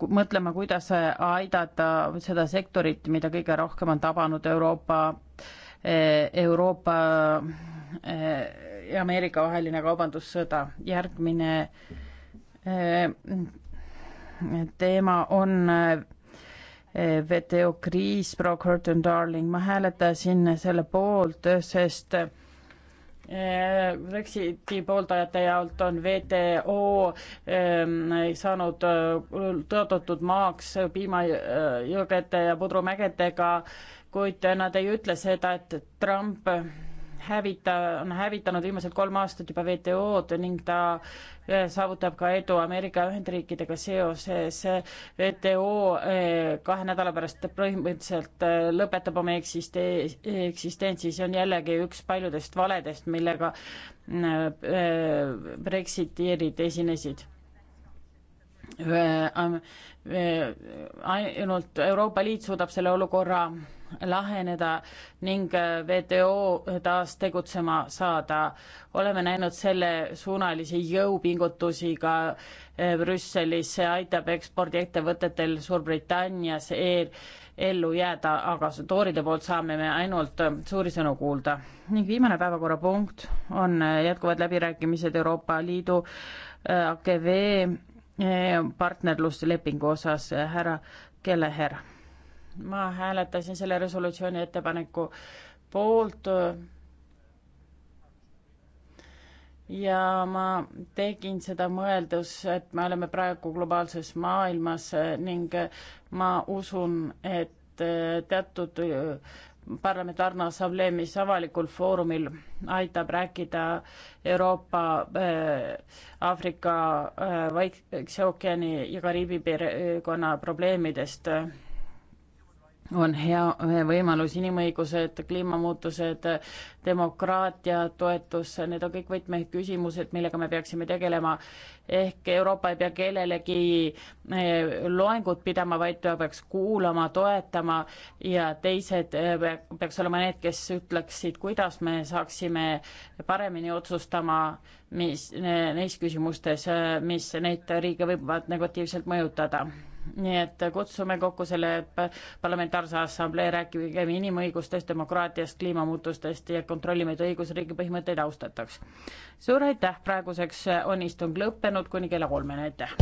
mõtlema, kuidas aidata seda sektorit, mida kõige rohkem on tabanud Euroopa, eh, Euroopa eh, ja Ameerika vaheline kaubandussõda. järgmine teema on WTO kriis, Brock Hurt and Darling, ma hääletasin selle poolt, sest Brexiti pooldajate jaolt on WTO ähm, saanud äh, tõotatud maaks piimajõgede ja pudrumägedega, kuid nad ei ütle seda, et Trump hävita, on hävitanud viimased kolm aastat juba WTO-d ning ta äh, saavutab ka edu Ameerika Ühendriikidega seoses. WTO äh, kahe nädala pärast põhimõtteliselt äh, lõpetab oma eksiste-, eksistentsi, see on jällegi üks paljudest valedest, millega Brexiteerid esinesid Ähm, ainult Euroopa Liit suudab selle olukorra laheneda ning äh, WTO taas tegutsema saada. oleme näinud sellesuunalisi jõupingutusi ka äh, Brüsselis, see aitab ekspordiettevõtetel Suurbritannias eel, ellu jääda, aga tooride poolt saame me ainult äh, suuri sõnu kuulda. ning viimane päevakorrapunkt on jätkuvad läbirääkimised Euroopa Liidu AKV Eh, partnerluslepingu osas, eh, härra Kelleher. ma hääletasin selle resolutsiooni ettepaneku poolt eh, ja ma tegin seda mõeldes, et me oleme praegu globaalses maailmas ning ma usun, et teatud parlamentaarne assamblee, mis avalikul foorumil aitab rääkida Euroopa äh,, Aafrika äh,, Vaikse ookeani ja Kariibi piirkonna probleemidest äh, on hea võimalus, inimõigused, kliimamuutused, demokraatia toetus, need on kõik võtmeküsimused, millega me peaksime tegelema. ehk Euroopa ei pea kellelegi eh, loengut pidama, vaid ta peaks kuulama, toetama ja teised eh, peaks olema need, kes ütleksid, kuidas me saaksime paremini otsustama, mis neis küsimustes, mis neid riike võivad negatiivselt mõjutada nii et kutsume kokku selle parlamentaarse assamblee, rääkigem inimõigustest, demokraatiast, kliimamuutustest ja kontrollime, et õigusriigi põhimõtteid austataks. suur aitäh, praeguseks on istung lõppenud kuni kella kolmeni, aitäh!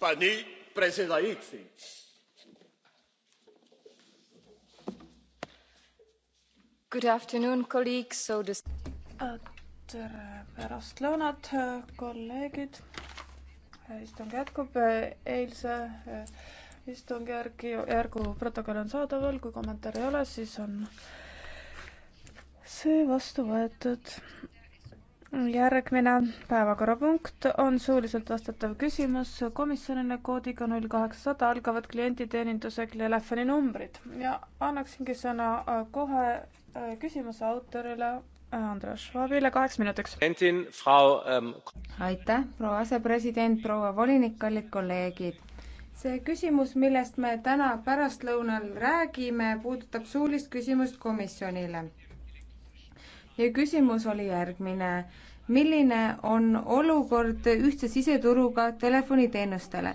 paní předsedající tere pärastlõunat kolleegid! istung jätkub. eilse eh, istungjärgu protokoll on saadaval, kui kommentaare ei ole, siis on see vastu võetud järgmine päevakorrapunkt on suuliselt vastatav küsimus komisjonile koodiga null kaheksasada algavad klienditeeninduse telefoninumbrid ja annaksingi sõna äh, kohe äh, küsimuse autorile äh, Andres Schwabile kaheks minutiks. Ähm, aitäh, proua asepresident, proua volinik, kallid kolleegid. see küsimus, millest me täna pärastlõunal räägime, puudutab suulist küsimust komisjonile ja küsimus oli järgmine. milline on olukord ühtse siseturuga telefoniteenustele?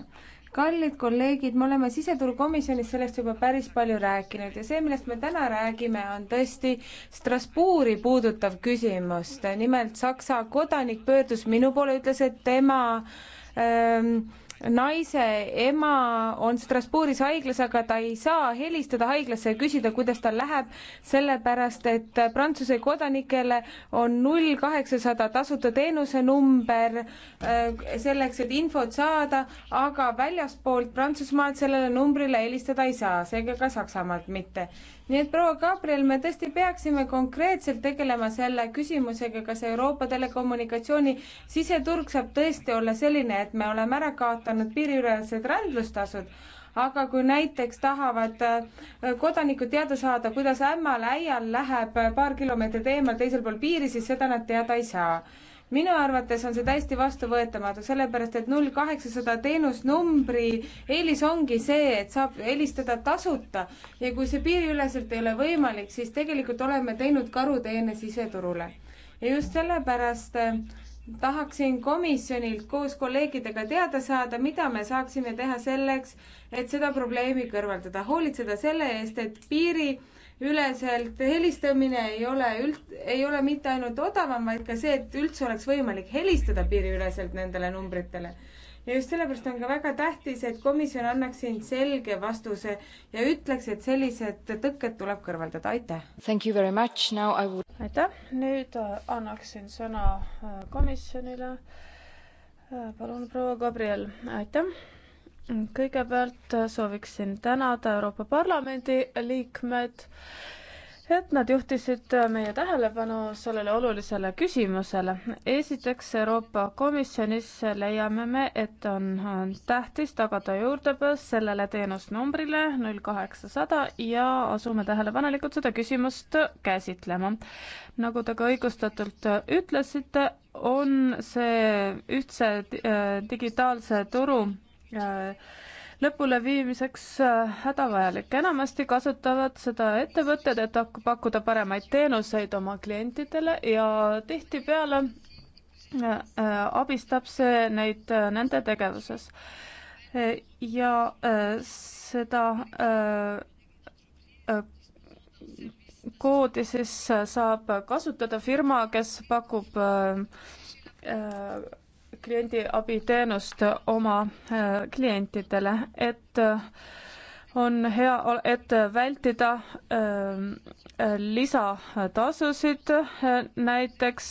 kallid kolleegid, me oleme siseturukomisjonis sellest juba päris palju rääkinud ja see, millest me täna räägime, on tõesti Strasbourgi puudutav küsimus. nimelt Saksa kodanik pöördus minu poole, ütles, et tema ähm, naise ema on Strasbourgis haiglas, aga ta ei saa helistada haiglasse ja küsida, kuidas tal läheb, sellepärast et Prantsuse kodanikele on null kaheksasada tasuta teenusenumber äh, selleks, et infot saada, aga väljaspoolt Prantsusmaalt sellele numbrile helistada ei saa, seega ka Saksamaalt mitte nii et proua Gabriel, me tõesti peaksime konkreetselt tegelema selle küsimusega, kas Euroopa telekommunikatsiooni siseturg saab tõesti olla selline, et me oleme ära kaotanud piiriülesed rändlustasud, aga kui näiteks tahavad äh, kodanikud teada saada, kuidas ämmal äial läheb paar kilomeetrit eemal teisel pool piiri, siis seda nad teada ei saa minu arvates on see täiesti vastuvõetamatu, sellepärast et null kaheksasada teenusnumbri eelis ongi see, et saab helistada tasuta ja kui see piiriüleselt ei ole võimalik, siis tegelikult oleme teinud karuteene siseturule. ja just sellepärast eh, tahaksin komisjonilt koos kolleegidega teada saada, mida me saaksime teha selleks, et seda probleemi kõrvaldada, hoolitseda selle eest, et piiri üleselt helistamine ei ole üld, ei ole mitte ainult odavam, vaid ka see, et üldse oleks võimalik helistada piiriüleselt nendele numbritele. ja just sellepärast on ka väga tähtis, et komisjon annaks siin selge vastuse ja ütleks, et sellised tõkked tuleb kõrvaldada, aitäh. Thank you very much, now I would. aitäh, nüüd äh, annaksin sõna äh, komisjonile. Äh, palun, proua Gabriel, aitäh kõigepealt sooviksin tänada Euroopa Parlamendi liikmed, et nad juhtisid meie tähelepanu sellele olulisele küsimusele. esiteks Euroopa Komisjonis leiame me, et on tähtis tagada juurdepääs sellele teenusnumbrile null kaheksasada ja asume tähelepanelikult seda küsimust käsitlema. nagu te ka õigustatult ütlesite, on see ühtse äh, digitaalse turu Äh, lõpuleviimiseks äh, hädavajalik. enamasti kasutavad seda ettevõtted, et pakkuda paremaid teenuseid oma klientidele ja tihtipeale äh, abistab see neid nende tegevuses. ja seda koodi siis saab kasutada firma, kes pakub kliendiabiteenust oma äh, klientidele, et äh, on hea, et vältida äh, lisatasusid näiteks,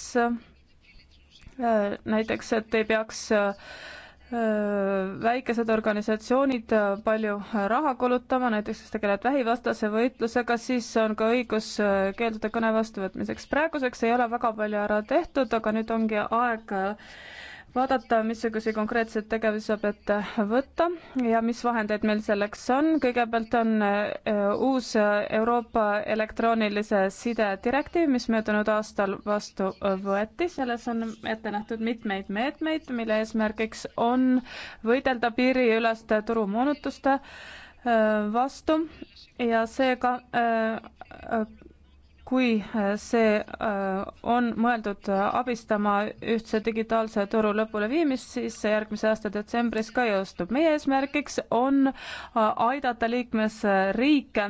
näiteks et ei peaks väikesed organisatsioonid palju raha kulutama, näiteks kes tegelevad vähivastase võitlusega, siis on ka õigus keelduda kõne vastuvõtmiseks. praeguseks ei ole väga palju ära tehtud, aga nüüd ongi aeg vaadata, missuguseid konkreetseid tegevusi saab ette võtta ja mis vahendeid meil selleks on. kõigepealt on äh, uus Euroopa elektroonilise side direktiiv, mis möödunud aastal vastu äh, võeti. selles on ette nähtud mitmeid meetmeid, mille eesmärgiks on võidelda piiriüleste turumoonutuste äh, vastu ja seega kui äh, see äh, on mõeldud äh, abistama ühtse digitaalse turu lõpuleviimist, siis see järgmise aasta detsembris ka jõustub. meie eesmärgiks on aidata liikmesriike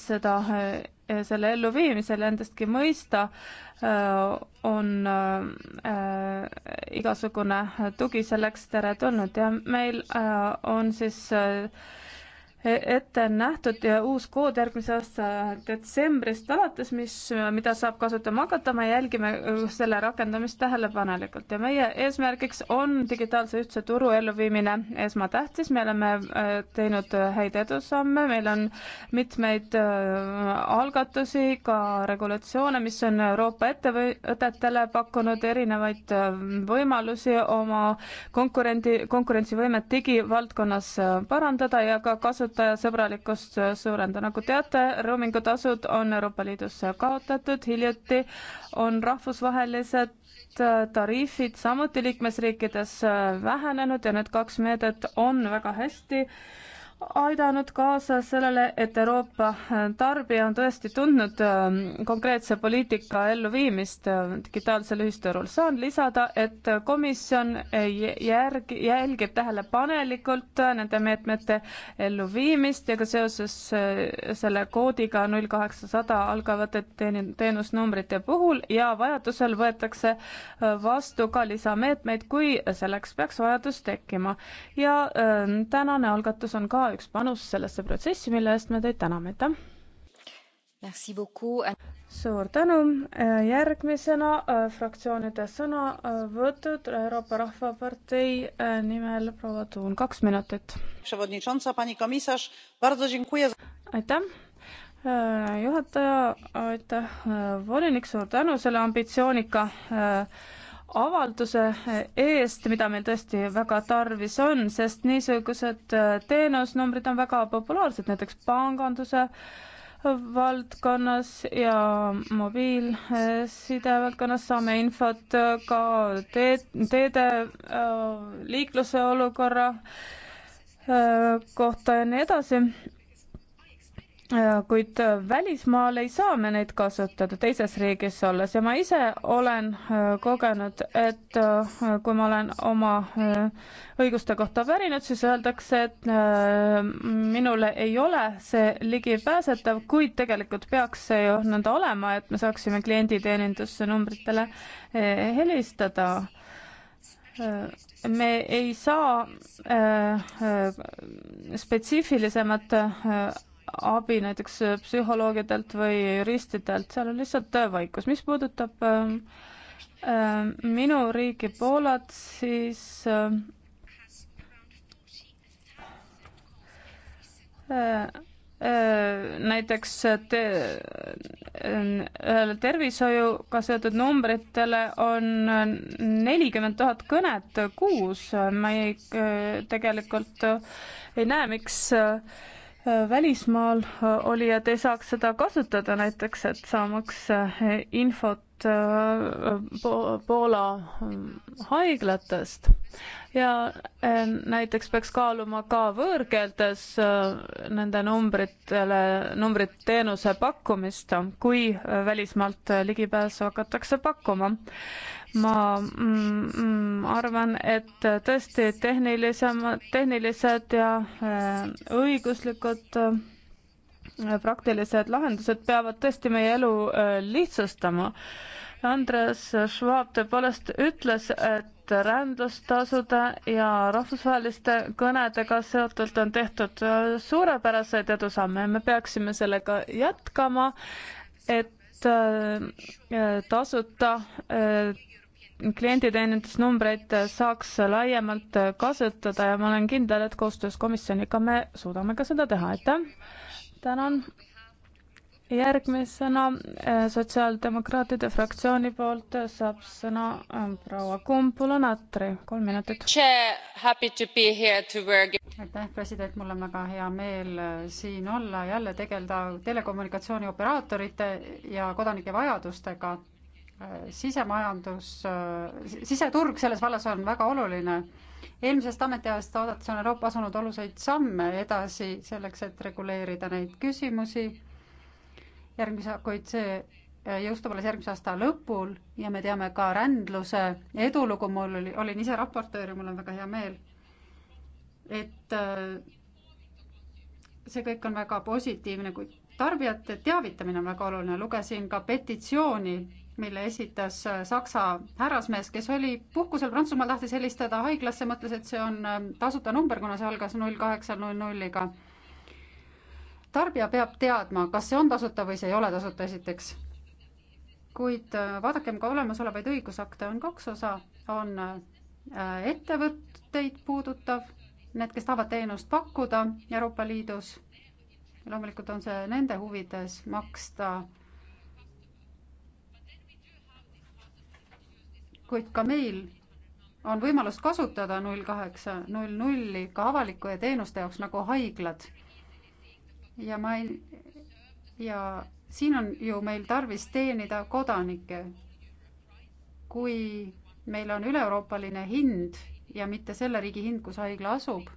seda, selle elluviimisel endastki mõista, on igasugune tugi selleks teretulnud ja meil on siis ette nähtud ja uus kood järgmise aasta detsembrist alates, mis, mida saab kasutama hakata, me jälgime äh, selle rakendamist tähelepanelikult ja meie eesmärgiks on digitaalse ühtse turu elluviimine esmatähtis, me oleme äh, teinud äh, häid edusamme, meil on mitmeid algatusi, ka regulatsioone, mis on Euroopa ettevõtetele pakkunud erinevaid võimalusi oma konkurendi, konkurentsivõimet digivaldkonnas parandada ja ka kasutada kasutajasõbralikkust suurendada. nagu teate, roamingu tasud on Euroopa Liidus kaotatud, hiljuti on rahvusvahelised tariifid samuti liikmesriikides vähenenud ja need kaks meedet on väga hästi aidanud kaasa sellele, et Euroopa tarbija on tõesti tundnud ähm, konkreetse poliitika elluviimist äh, digitaalsel ühisturul. saan lisada, et komisjon järg, jälgib tähelepanelikult äh, nende meetmete elluviimist ja ka seoses äh, selle koodiga null kaheksasada algavate teenusnumbrite puhul ja vajadusel võetakse vastu ka lisameetmeid, kui selleks peaks vajadus tekkima. ja ähm, tänane algatus on ka ka üks panus sellesse protsessi, mille eest me teid täname, aitäh! suur tänu, järgmisena äh, fraktsioonide sõnavõtud Euroopa Rahvapartei äh, nimel proua Tuun, kaks minutit. aitäh, äh, juhataja, aitäh, volinik, suur tänu selle ambitsioonika äh, avalduse eh, eest, mida meil tõesti väga tarvis on, sest niisugused eh, teenusnumbrid on väga populaarsed, näiteks panganduse valdkonnas ja mobiilside valdkonnas saame infot eh, ka teed, teede, liikluse olukorra kohta ja nii edasi Äh, kuid äh, välismaal ei saa me neid kasutada, teises riigis olles ja ma ise olen äh, kogenud, et kui ma olen oma õiguste kohta pärinud, siis öeldakse, et minule ei ole see ligipääsetav, kuid tegelikult peaks see ju nõnda olema, et me saaksime klienditeenindusse numbritele helistada me ei saa spetsiifilisemat abi näiteks äh, psühholoogidelt või juristidelt, seal on lihtsalt vaikus. mis puudutab äh, äh, minu riigi Poolat, siis äh, äh, äh näiteks te, ühele tervishoiuga seotud numbritele on nelikümmend tuhat kõnet kuus. ma ei, tegelikult ei näe, miks äh, välismaal äh, olijad ei saaks seda kasutada näiteks, et saamaks äh, infot äh, Poola haiglatest ja näiteks peaks kaaluma ka võõrkeeltes nende numbritele, numbrit teenuse pakkumist, kui välismaalt ligipääsu hakatakse pakkuma ma mm, mm, arvan, et tõesti tehnilisem, tehnilised ja äh, õiguslikud äh, praktilised lahendused peavad tõesti meie elu äh, lihtsustama. Andres Schwab tõepoolest ütles, et rändlustasude ja rahvusvaheliste kõnedega seotult on tehtud suurepäraseid edusamme ja me peaksime sellega jätkama, et tasuta klienditeenindusnumbreid saaks laiemalt kasutada ja ma olen kindel, et koostöös komisjoniga me suudame ka seda teha, aitäh. tänan. järgmisena eh, Sotsiaaldemokraatide fraktsiooni poolt saab sõna eh, proua Kumbula-Natri, kolm minutit. aitäh, president, mul on väga hea meel eh, siin olla, jälle tegeleda telekommunikatsiooni operaatorite ja kodanike vajadustega sisemajandus, siseturg selles vallas on väga oluline. eelmisest ametiajast oodates on Euroopa asunud oluliseid samme edasi selleks, et reguleerida neid küsimusi. järgmise, kuid see jõustub alles järgmise aasta lõpul ja me teame ka rändluse edulugu, mul oli, olin ise raportöör ja mul on väga hea meel, et äh, see kõik on väga positiivne, kuid tarbijate teavitamine on väga oluline, lugesin ka petitsiooni mille esitas äh, Saksa härrasmees, kes oli puhkusel Prantsusmaal, tahtis helistada haiglasse, mõtles, et see on äh, tasuta number, kuna see algas null kaheksa null nulliga. tarbija peab teadma, kas see on tasuta või see ei ole tasuta, esiteks. kuid äh, vaadakem ka olemasolevaid õigusakte, on kaks osa, on ettevõtteid puudutav, need, kes tahavad teenust pakkuda Euroopa Liidus, loomulikult on see nende huvides maksta äh, kuid ka meil on võimalus kasutada null kaheksa null nulli ka avaliku ja teenuste jaoks nagu haiglad. ja ma ei, ja siin on ju meil tarvis teenida kodanikke. kui meil on üleeuroopaline hind ja mitte selle riigi hind, kus haigla asub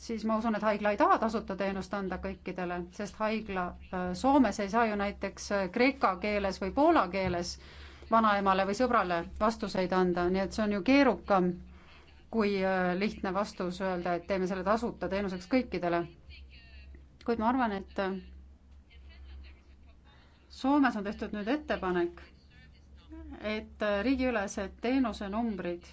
siis ma usun, et haigla ei taha tasuta teenust anda kõikidele, sest haigla äh, Soomes ei saa ju näiteks äh, kreeka keeles või poola keeles vanaemale või sõbrale vastuseid anda, nii et see on ju keerukam kui äh, lihtne vastus öelda, et teeme selle tasuta teenuseks kõikidele. kuid ma arvan, et Soomes on tehtud nüüd ettepanek, et riigiülesed teenusenumbrid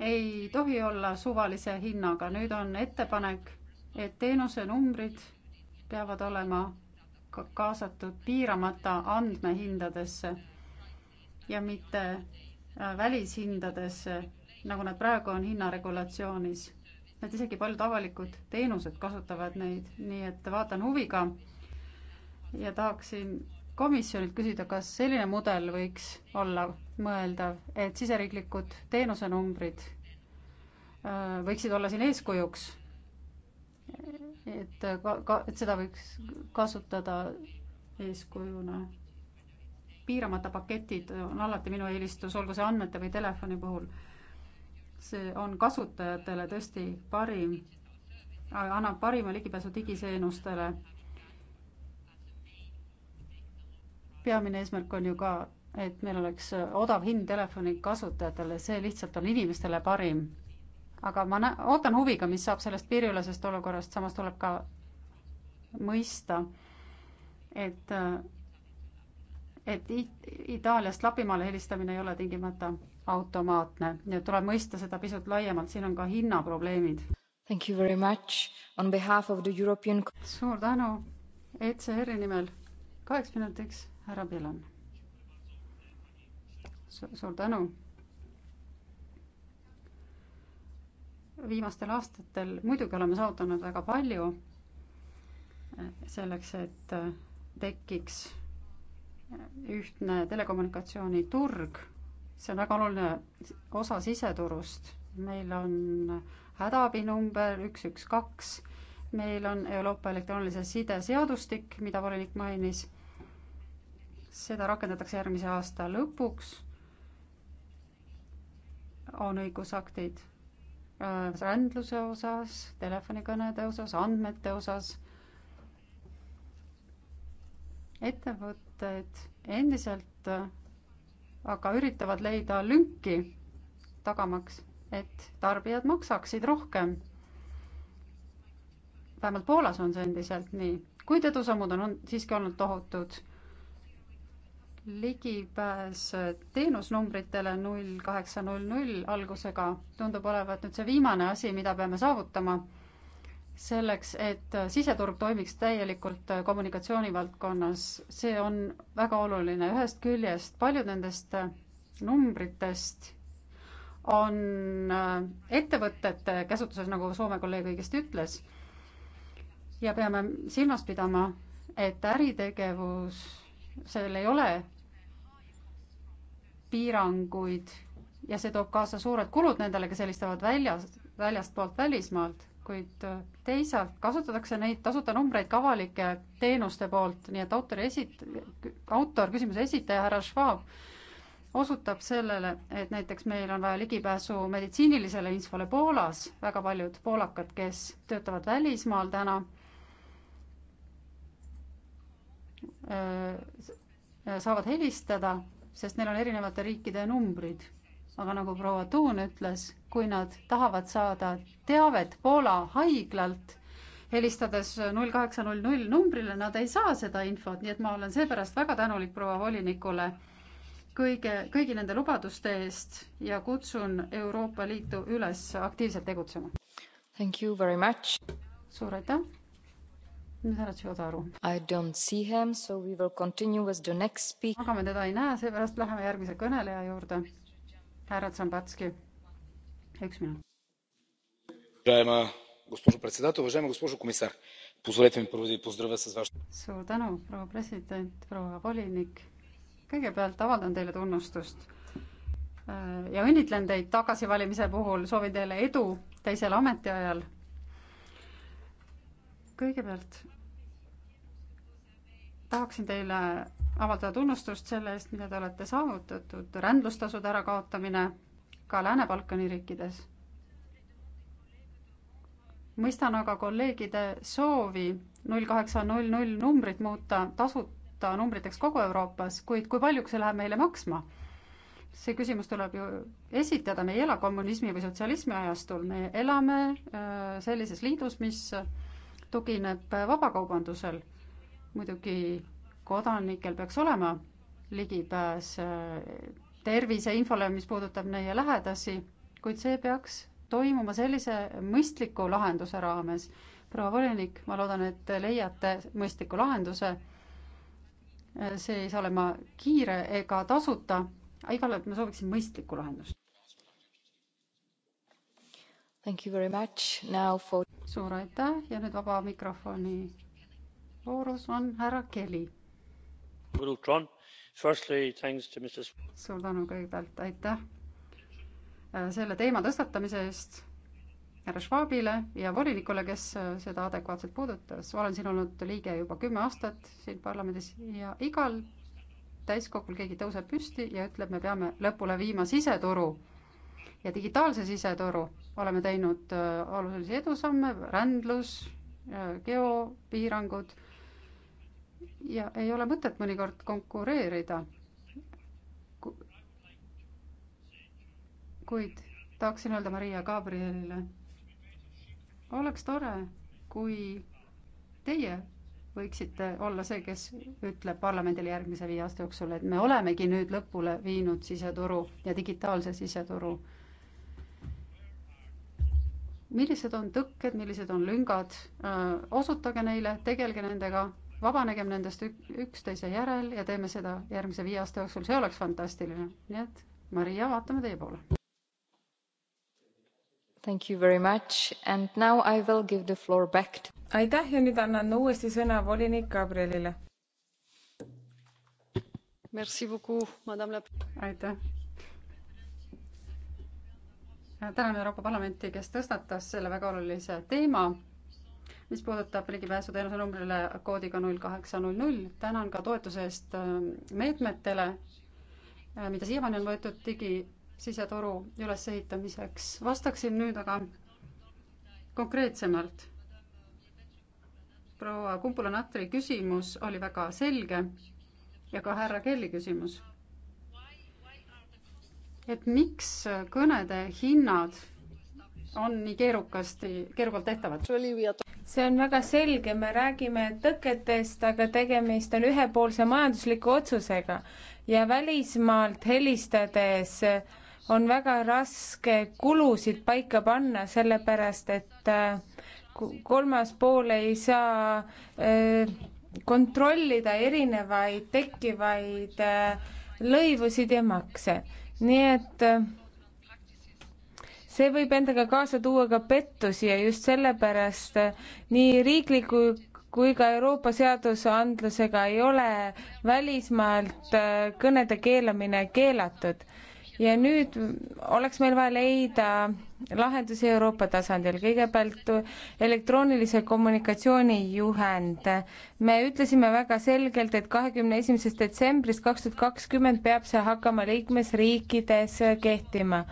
ei tohi olla suvalise hinnaga. nüüd on ettepanek, et teenuse numbrid peavad olema ka kaasatud piiramata andmehindadesse ja mitte äh, välishindadesse, nagu nad praegu on hinnaregulatsioonis. et isegi paljud avalikud teenused kasutavad neid, nii et vaatan huviga ja tahaksin komisjonilt küsida, kas selline mudel võiks olla mõeldav, et siseriiklikud teenusenumbrid äh, võiksid olla siin eeskujuks. et ka, ka, et seda võiks kasutada eeskujuna. piiramata paketid on alati minu eelistus, olgu see andmete või telefoni puhul. see on kasutajatele tõesti parim, annab parima ligipääsu digiseenustele peamine eesmärk on ju ka, et meil oleks odav hind telefoni kasutajatele, see lihtsalt on inimestele parim. aga ma nä-, ootan huviga, mis saab sellest piiriülesest olukorrast, samas tuleb ka mõista, et et It-, Itaaliast Lapimaale helistamine ei ole tingimata automaatne ja tuleb mõista seda pisut laiemalt, siin on ka hinnaprobleemid. Thank you very much on behalf of the European suur tänu ECR-i nimel kaheks minutiks härra Pilan. suur tänu. viimastel aastatel muidugi oleme saavutanud väga palju eh, selleks, et eh, tekiks eh, ühtne telekommunikatsiooniturg, see on väga oluline osa siseturust, meil on hädaabinumber üks, üks, kaks, meil on Euroopa elektroonilise side seadustik, mida volinik mainis seda rakendatakse järgmise aasta lõpuks. on õigusaktid äh, rändluse osas, telefonikõnede osas, andmete osas. ettevõtted endiselt äh, aga üritavad leida lünki tagamaks, et tarbijad maksaksid rohkem. vähemalt Poolas on see endiselt nii, kuid edusammud on, on siiski olnud tohutud ligipääs teenusnumbritele null kaheksa null null algusega tundub olevat nüüd see viimane asi, mida peame saavutama selleks, et siseturg toimiks täielikult kommunikatsioonivaldkonnas, see on väga oluline, ühest küljest paljud nendest numbritest on ettevõtete käsutuses, nagu Soome kolleeg õigesti ütles, ja peame silmas pidama, et äritegevus, sellel ei ole piiranguid ja see toob kaasa suured kulud nendele, kes helistavad väljas, väljastpoolt välismaalt, kuid äh, teisalt kasutatakse neid tasuta numbreid ka avalike teenuste poolt, nii et autori esit-, autor, küsimuse esitaja härra Schwab osutab sellele, et näiteks meil on vaja ligipääsu meditsiinilisele infole Poolas, väga paljud poolakad, kes töötavad välismaal täna, äh, saavad helistada sest neil on erinevate riikide numbrid. aga nagu proua Tuun ütles, kui nad tahavad saada teavet Poola haiglalt, helistades null kaheksa null null numbrile, nad ei saa seda infot, nii et ma olen seepärast väga tänulik proua volinikule kõige, kõigi nende lubaduste eest ja kutsun Euroopa Liitu üles aktiivselt tegutsema. Thank you very much. suur aitäh nüüd härra Tšiodaru. I don't see him, so we will continue with the next speaker. aga me teda ei näe, seepärast läheme järgmise kõneleja juurde. härra Tšambatski, üks minut. suur tänu, proua president, proua volinik. kõigepealt avaldan teile tunnustust ja õnnitlen teid tagasivalimise puhul, soovin teile edu teisel ametiajal. kõigepealt tahaksin teile avaldada tunnustust selle eest, mida te olete saavutatud, rändlustasude ärakaotamine ka Lääne-Balkani riikides. mõistan aga kolleegide soovi null kaheksa null null numbrit muuta tasuta numbriteks kogu Euroopas, kuid kui paljuks see läheb meile maksma? see küsimus tuleb ju esitada, me ei ela kommunismi või sotsialismi ajastul, me elame äh, sellises liidus, mis tugineb vabakaubandusel muidugi kodanikel peaks olema ligipääs äh, terviseinfole, mis puudutab neie lähedasi, kuid see peaks toimuma sellise mõistliku lahenduse raames. proua volinik, ma loodan, et te leiate mõistliku lahenduse. Äh, see ei saa olema kiire ega tasuta, igal juhul ma sooviksin mõistlikku lahendust. For... suur aitäh ja nüüd vaba mikrofoni voorus on härra Kelly. suur tänu kõigepealt, aitäh äh, selle teema tõstatamise eest härra Schwabile ja volinikule, kes äh, seda adekvaatselt puudutas. olen siin olnud liige juba kümme aastat siin parlamendis ja igal täiskogul keegi tõuseb püsti ja ütleb, me peame lõpule viima siseturu ja digitaalse siseturu. oleme teinud olulisi äh, edusamme, rändlus, geopiirangud ja ei ole mõtet mõnikord konkureerida. kuid tahaksin öelda Maria Gabrielile, oleks tore, kui teie võiksite olla see, kes ütleb parlamendile järgmise viie aasta jooksul, et me olemegi nüüd lõpule viinud siseturu ja digitaalse siseturu. millised on tõkked, millised on lüngad, äh, osutage neile, tegelge nendega vabanegem nendest ük-, üksteise järel ja teeme seda järgmise viie aasta jooksul, see oleks fantastiline. nii et Maria, vaatame teie poole. Thank you very much and now I will give the floor back to aitäh ja nüüd annan uuesti sõna volinik Gabrielile. Merci beaucoup, madame la aitäh. tänan Euroopa Parlamenti, kes tõstatas selle väga olulise teema mis puudutab ligipääsu teenuse numbrile koodiga null kaheksa null null, tänan ka toetuse eest äh, meetmetele, äh, mida siiamaani on võetud digisiseturu ülesehitamiseks. vastaksin nüüd aga konkreetsemalt. proua Kumpula-Natri küsimus oli väga selge ja ka härra Kelly küsimus. et miks kõnede hinnad on nii keerukasti, keerukalt tehtavad? see on väga selge, me räägime tõketest, aga tegemist on ühepoolse majandusliku otsusega ja välismaalt helistades on väga raske kulusid paika panna, sellepärast et äh, kolmas pool ei saa äh, kontrollida erinevaid tekkivaid äh, lõivusid ja makse, nii et see võib endaga kaasa tuua ka pettusi ja just sellepärast nii riikliku kui ka Euroopa seadusandlusega ei ole välismaalt äh, kõnede keelamine keelatud. ja nüüd oleks meil vaja leida lahendusi Euroopa tasandil, kõigepealt elektroonilise kommunikatsiooni juhend. me ütlesime väga selgelt, et kahekümne esimesest detsembrist kaks tuhat kakskümmend peab see hakkama liikmesriikides kehtima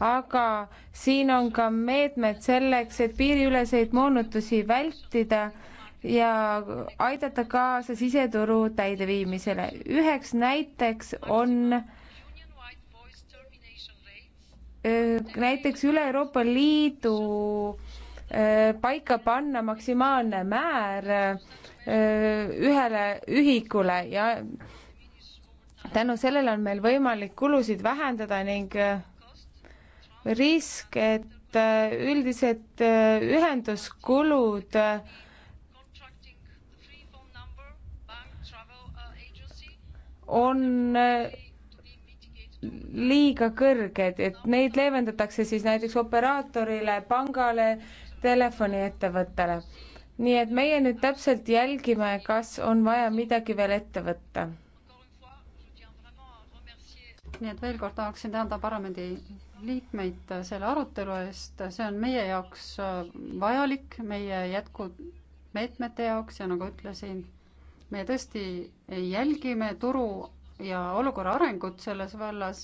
aga siin on ka meetmed selleks, et piiriüleseid moonutusi vältida ja aidata kaasa siseturu täideviimisele. üheks näiteks on näiteks üle Euroopa Liidu paika panna maksimaalne määr ühele ühikule ja tänu sellele on meil võimalik kulusid vähendada ning risk, et äh, üldised äh, ühenduskulud äh, on liiga kõrged, et neid leevendatakse siis näiteks operaatorile, pangale, telefoniettevõttele. nii et meie nüüd täpselt jälgime, kas on vaja midagi veel ette võtta. nii et veel kord tahaksin tänada parlamendi liikmeid äh, selle arutelu eest, see on meie jaoks äh, vajalik, meie jätkumeetmete jaoks ja nagu ütlesin, me tõesti jälgime turu ja olukorra arengut selles vallas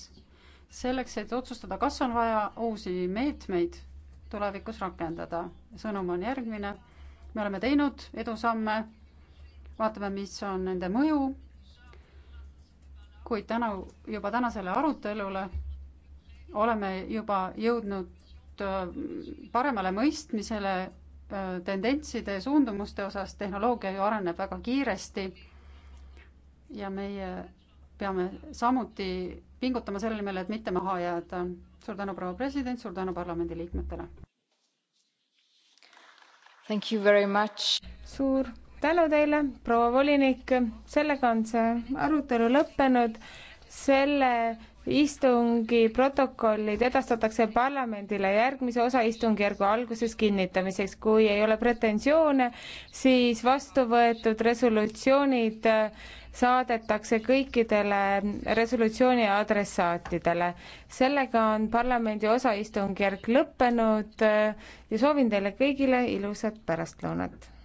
selleks, et otsustada, kas on vaja uusi meetmeid tulevikus rakendada. sõnum on järgmine, me oleme teinud edusamme, vaatame, mis on nende mõju, kuid tänu, juba tänasele arutelule oleme juba jõudnud äh, paremale mõistmisele äh, tendentside ja suundumuste osas, tehnoloogia ju areneb väga kiiresti ja meie peame samuti pingutama selle nimel, et mitte maha jääda. suur tänu, proua president, suur tänu parlamendi liikmetele. Thank you very much. suur tänu teile, proua volinik, sellega on see arutelu lõppenud. selle istungi protokollid edastatakse parlamendile järgmise osa istungjärgu alguses kinnitamiseks. kui ei ole pretensioone, siis vastu võetud resolutsioonid äh, saadetakse kõikidele resolutsiooni adressaatidele. sellega on parlamendi osaistungjärk lõppenud äh, ja soovin teile kõigile ilusat pärastlõunat.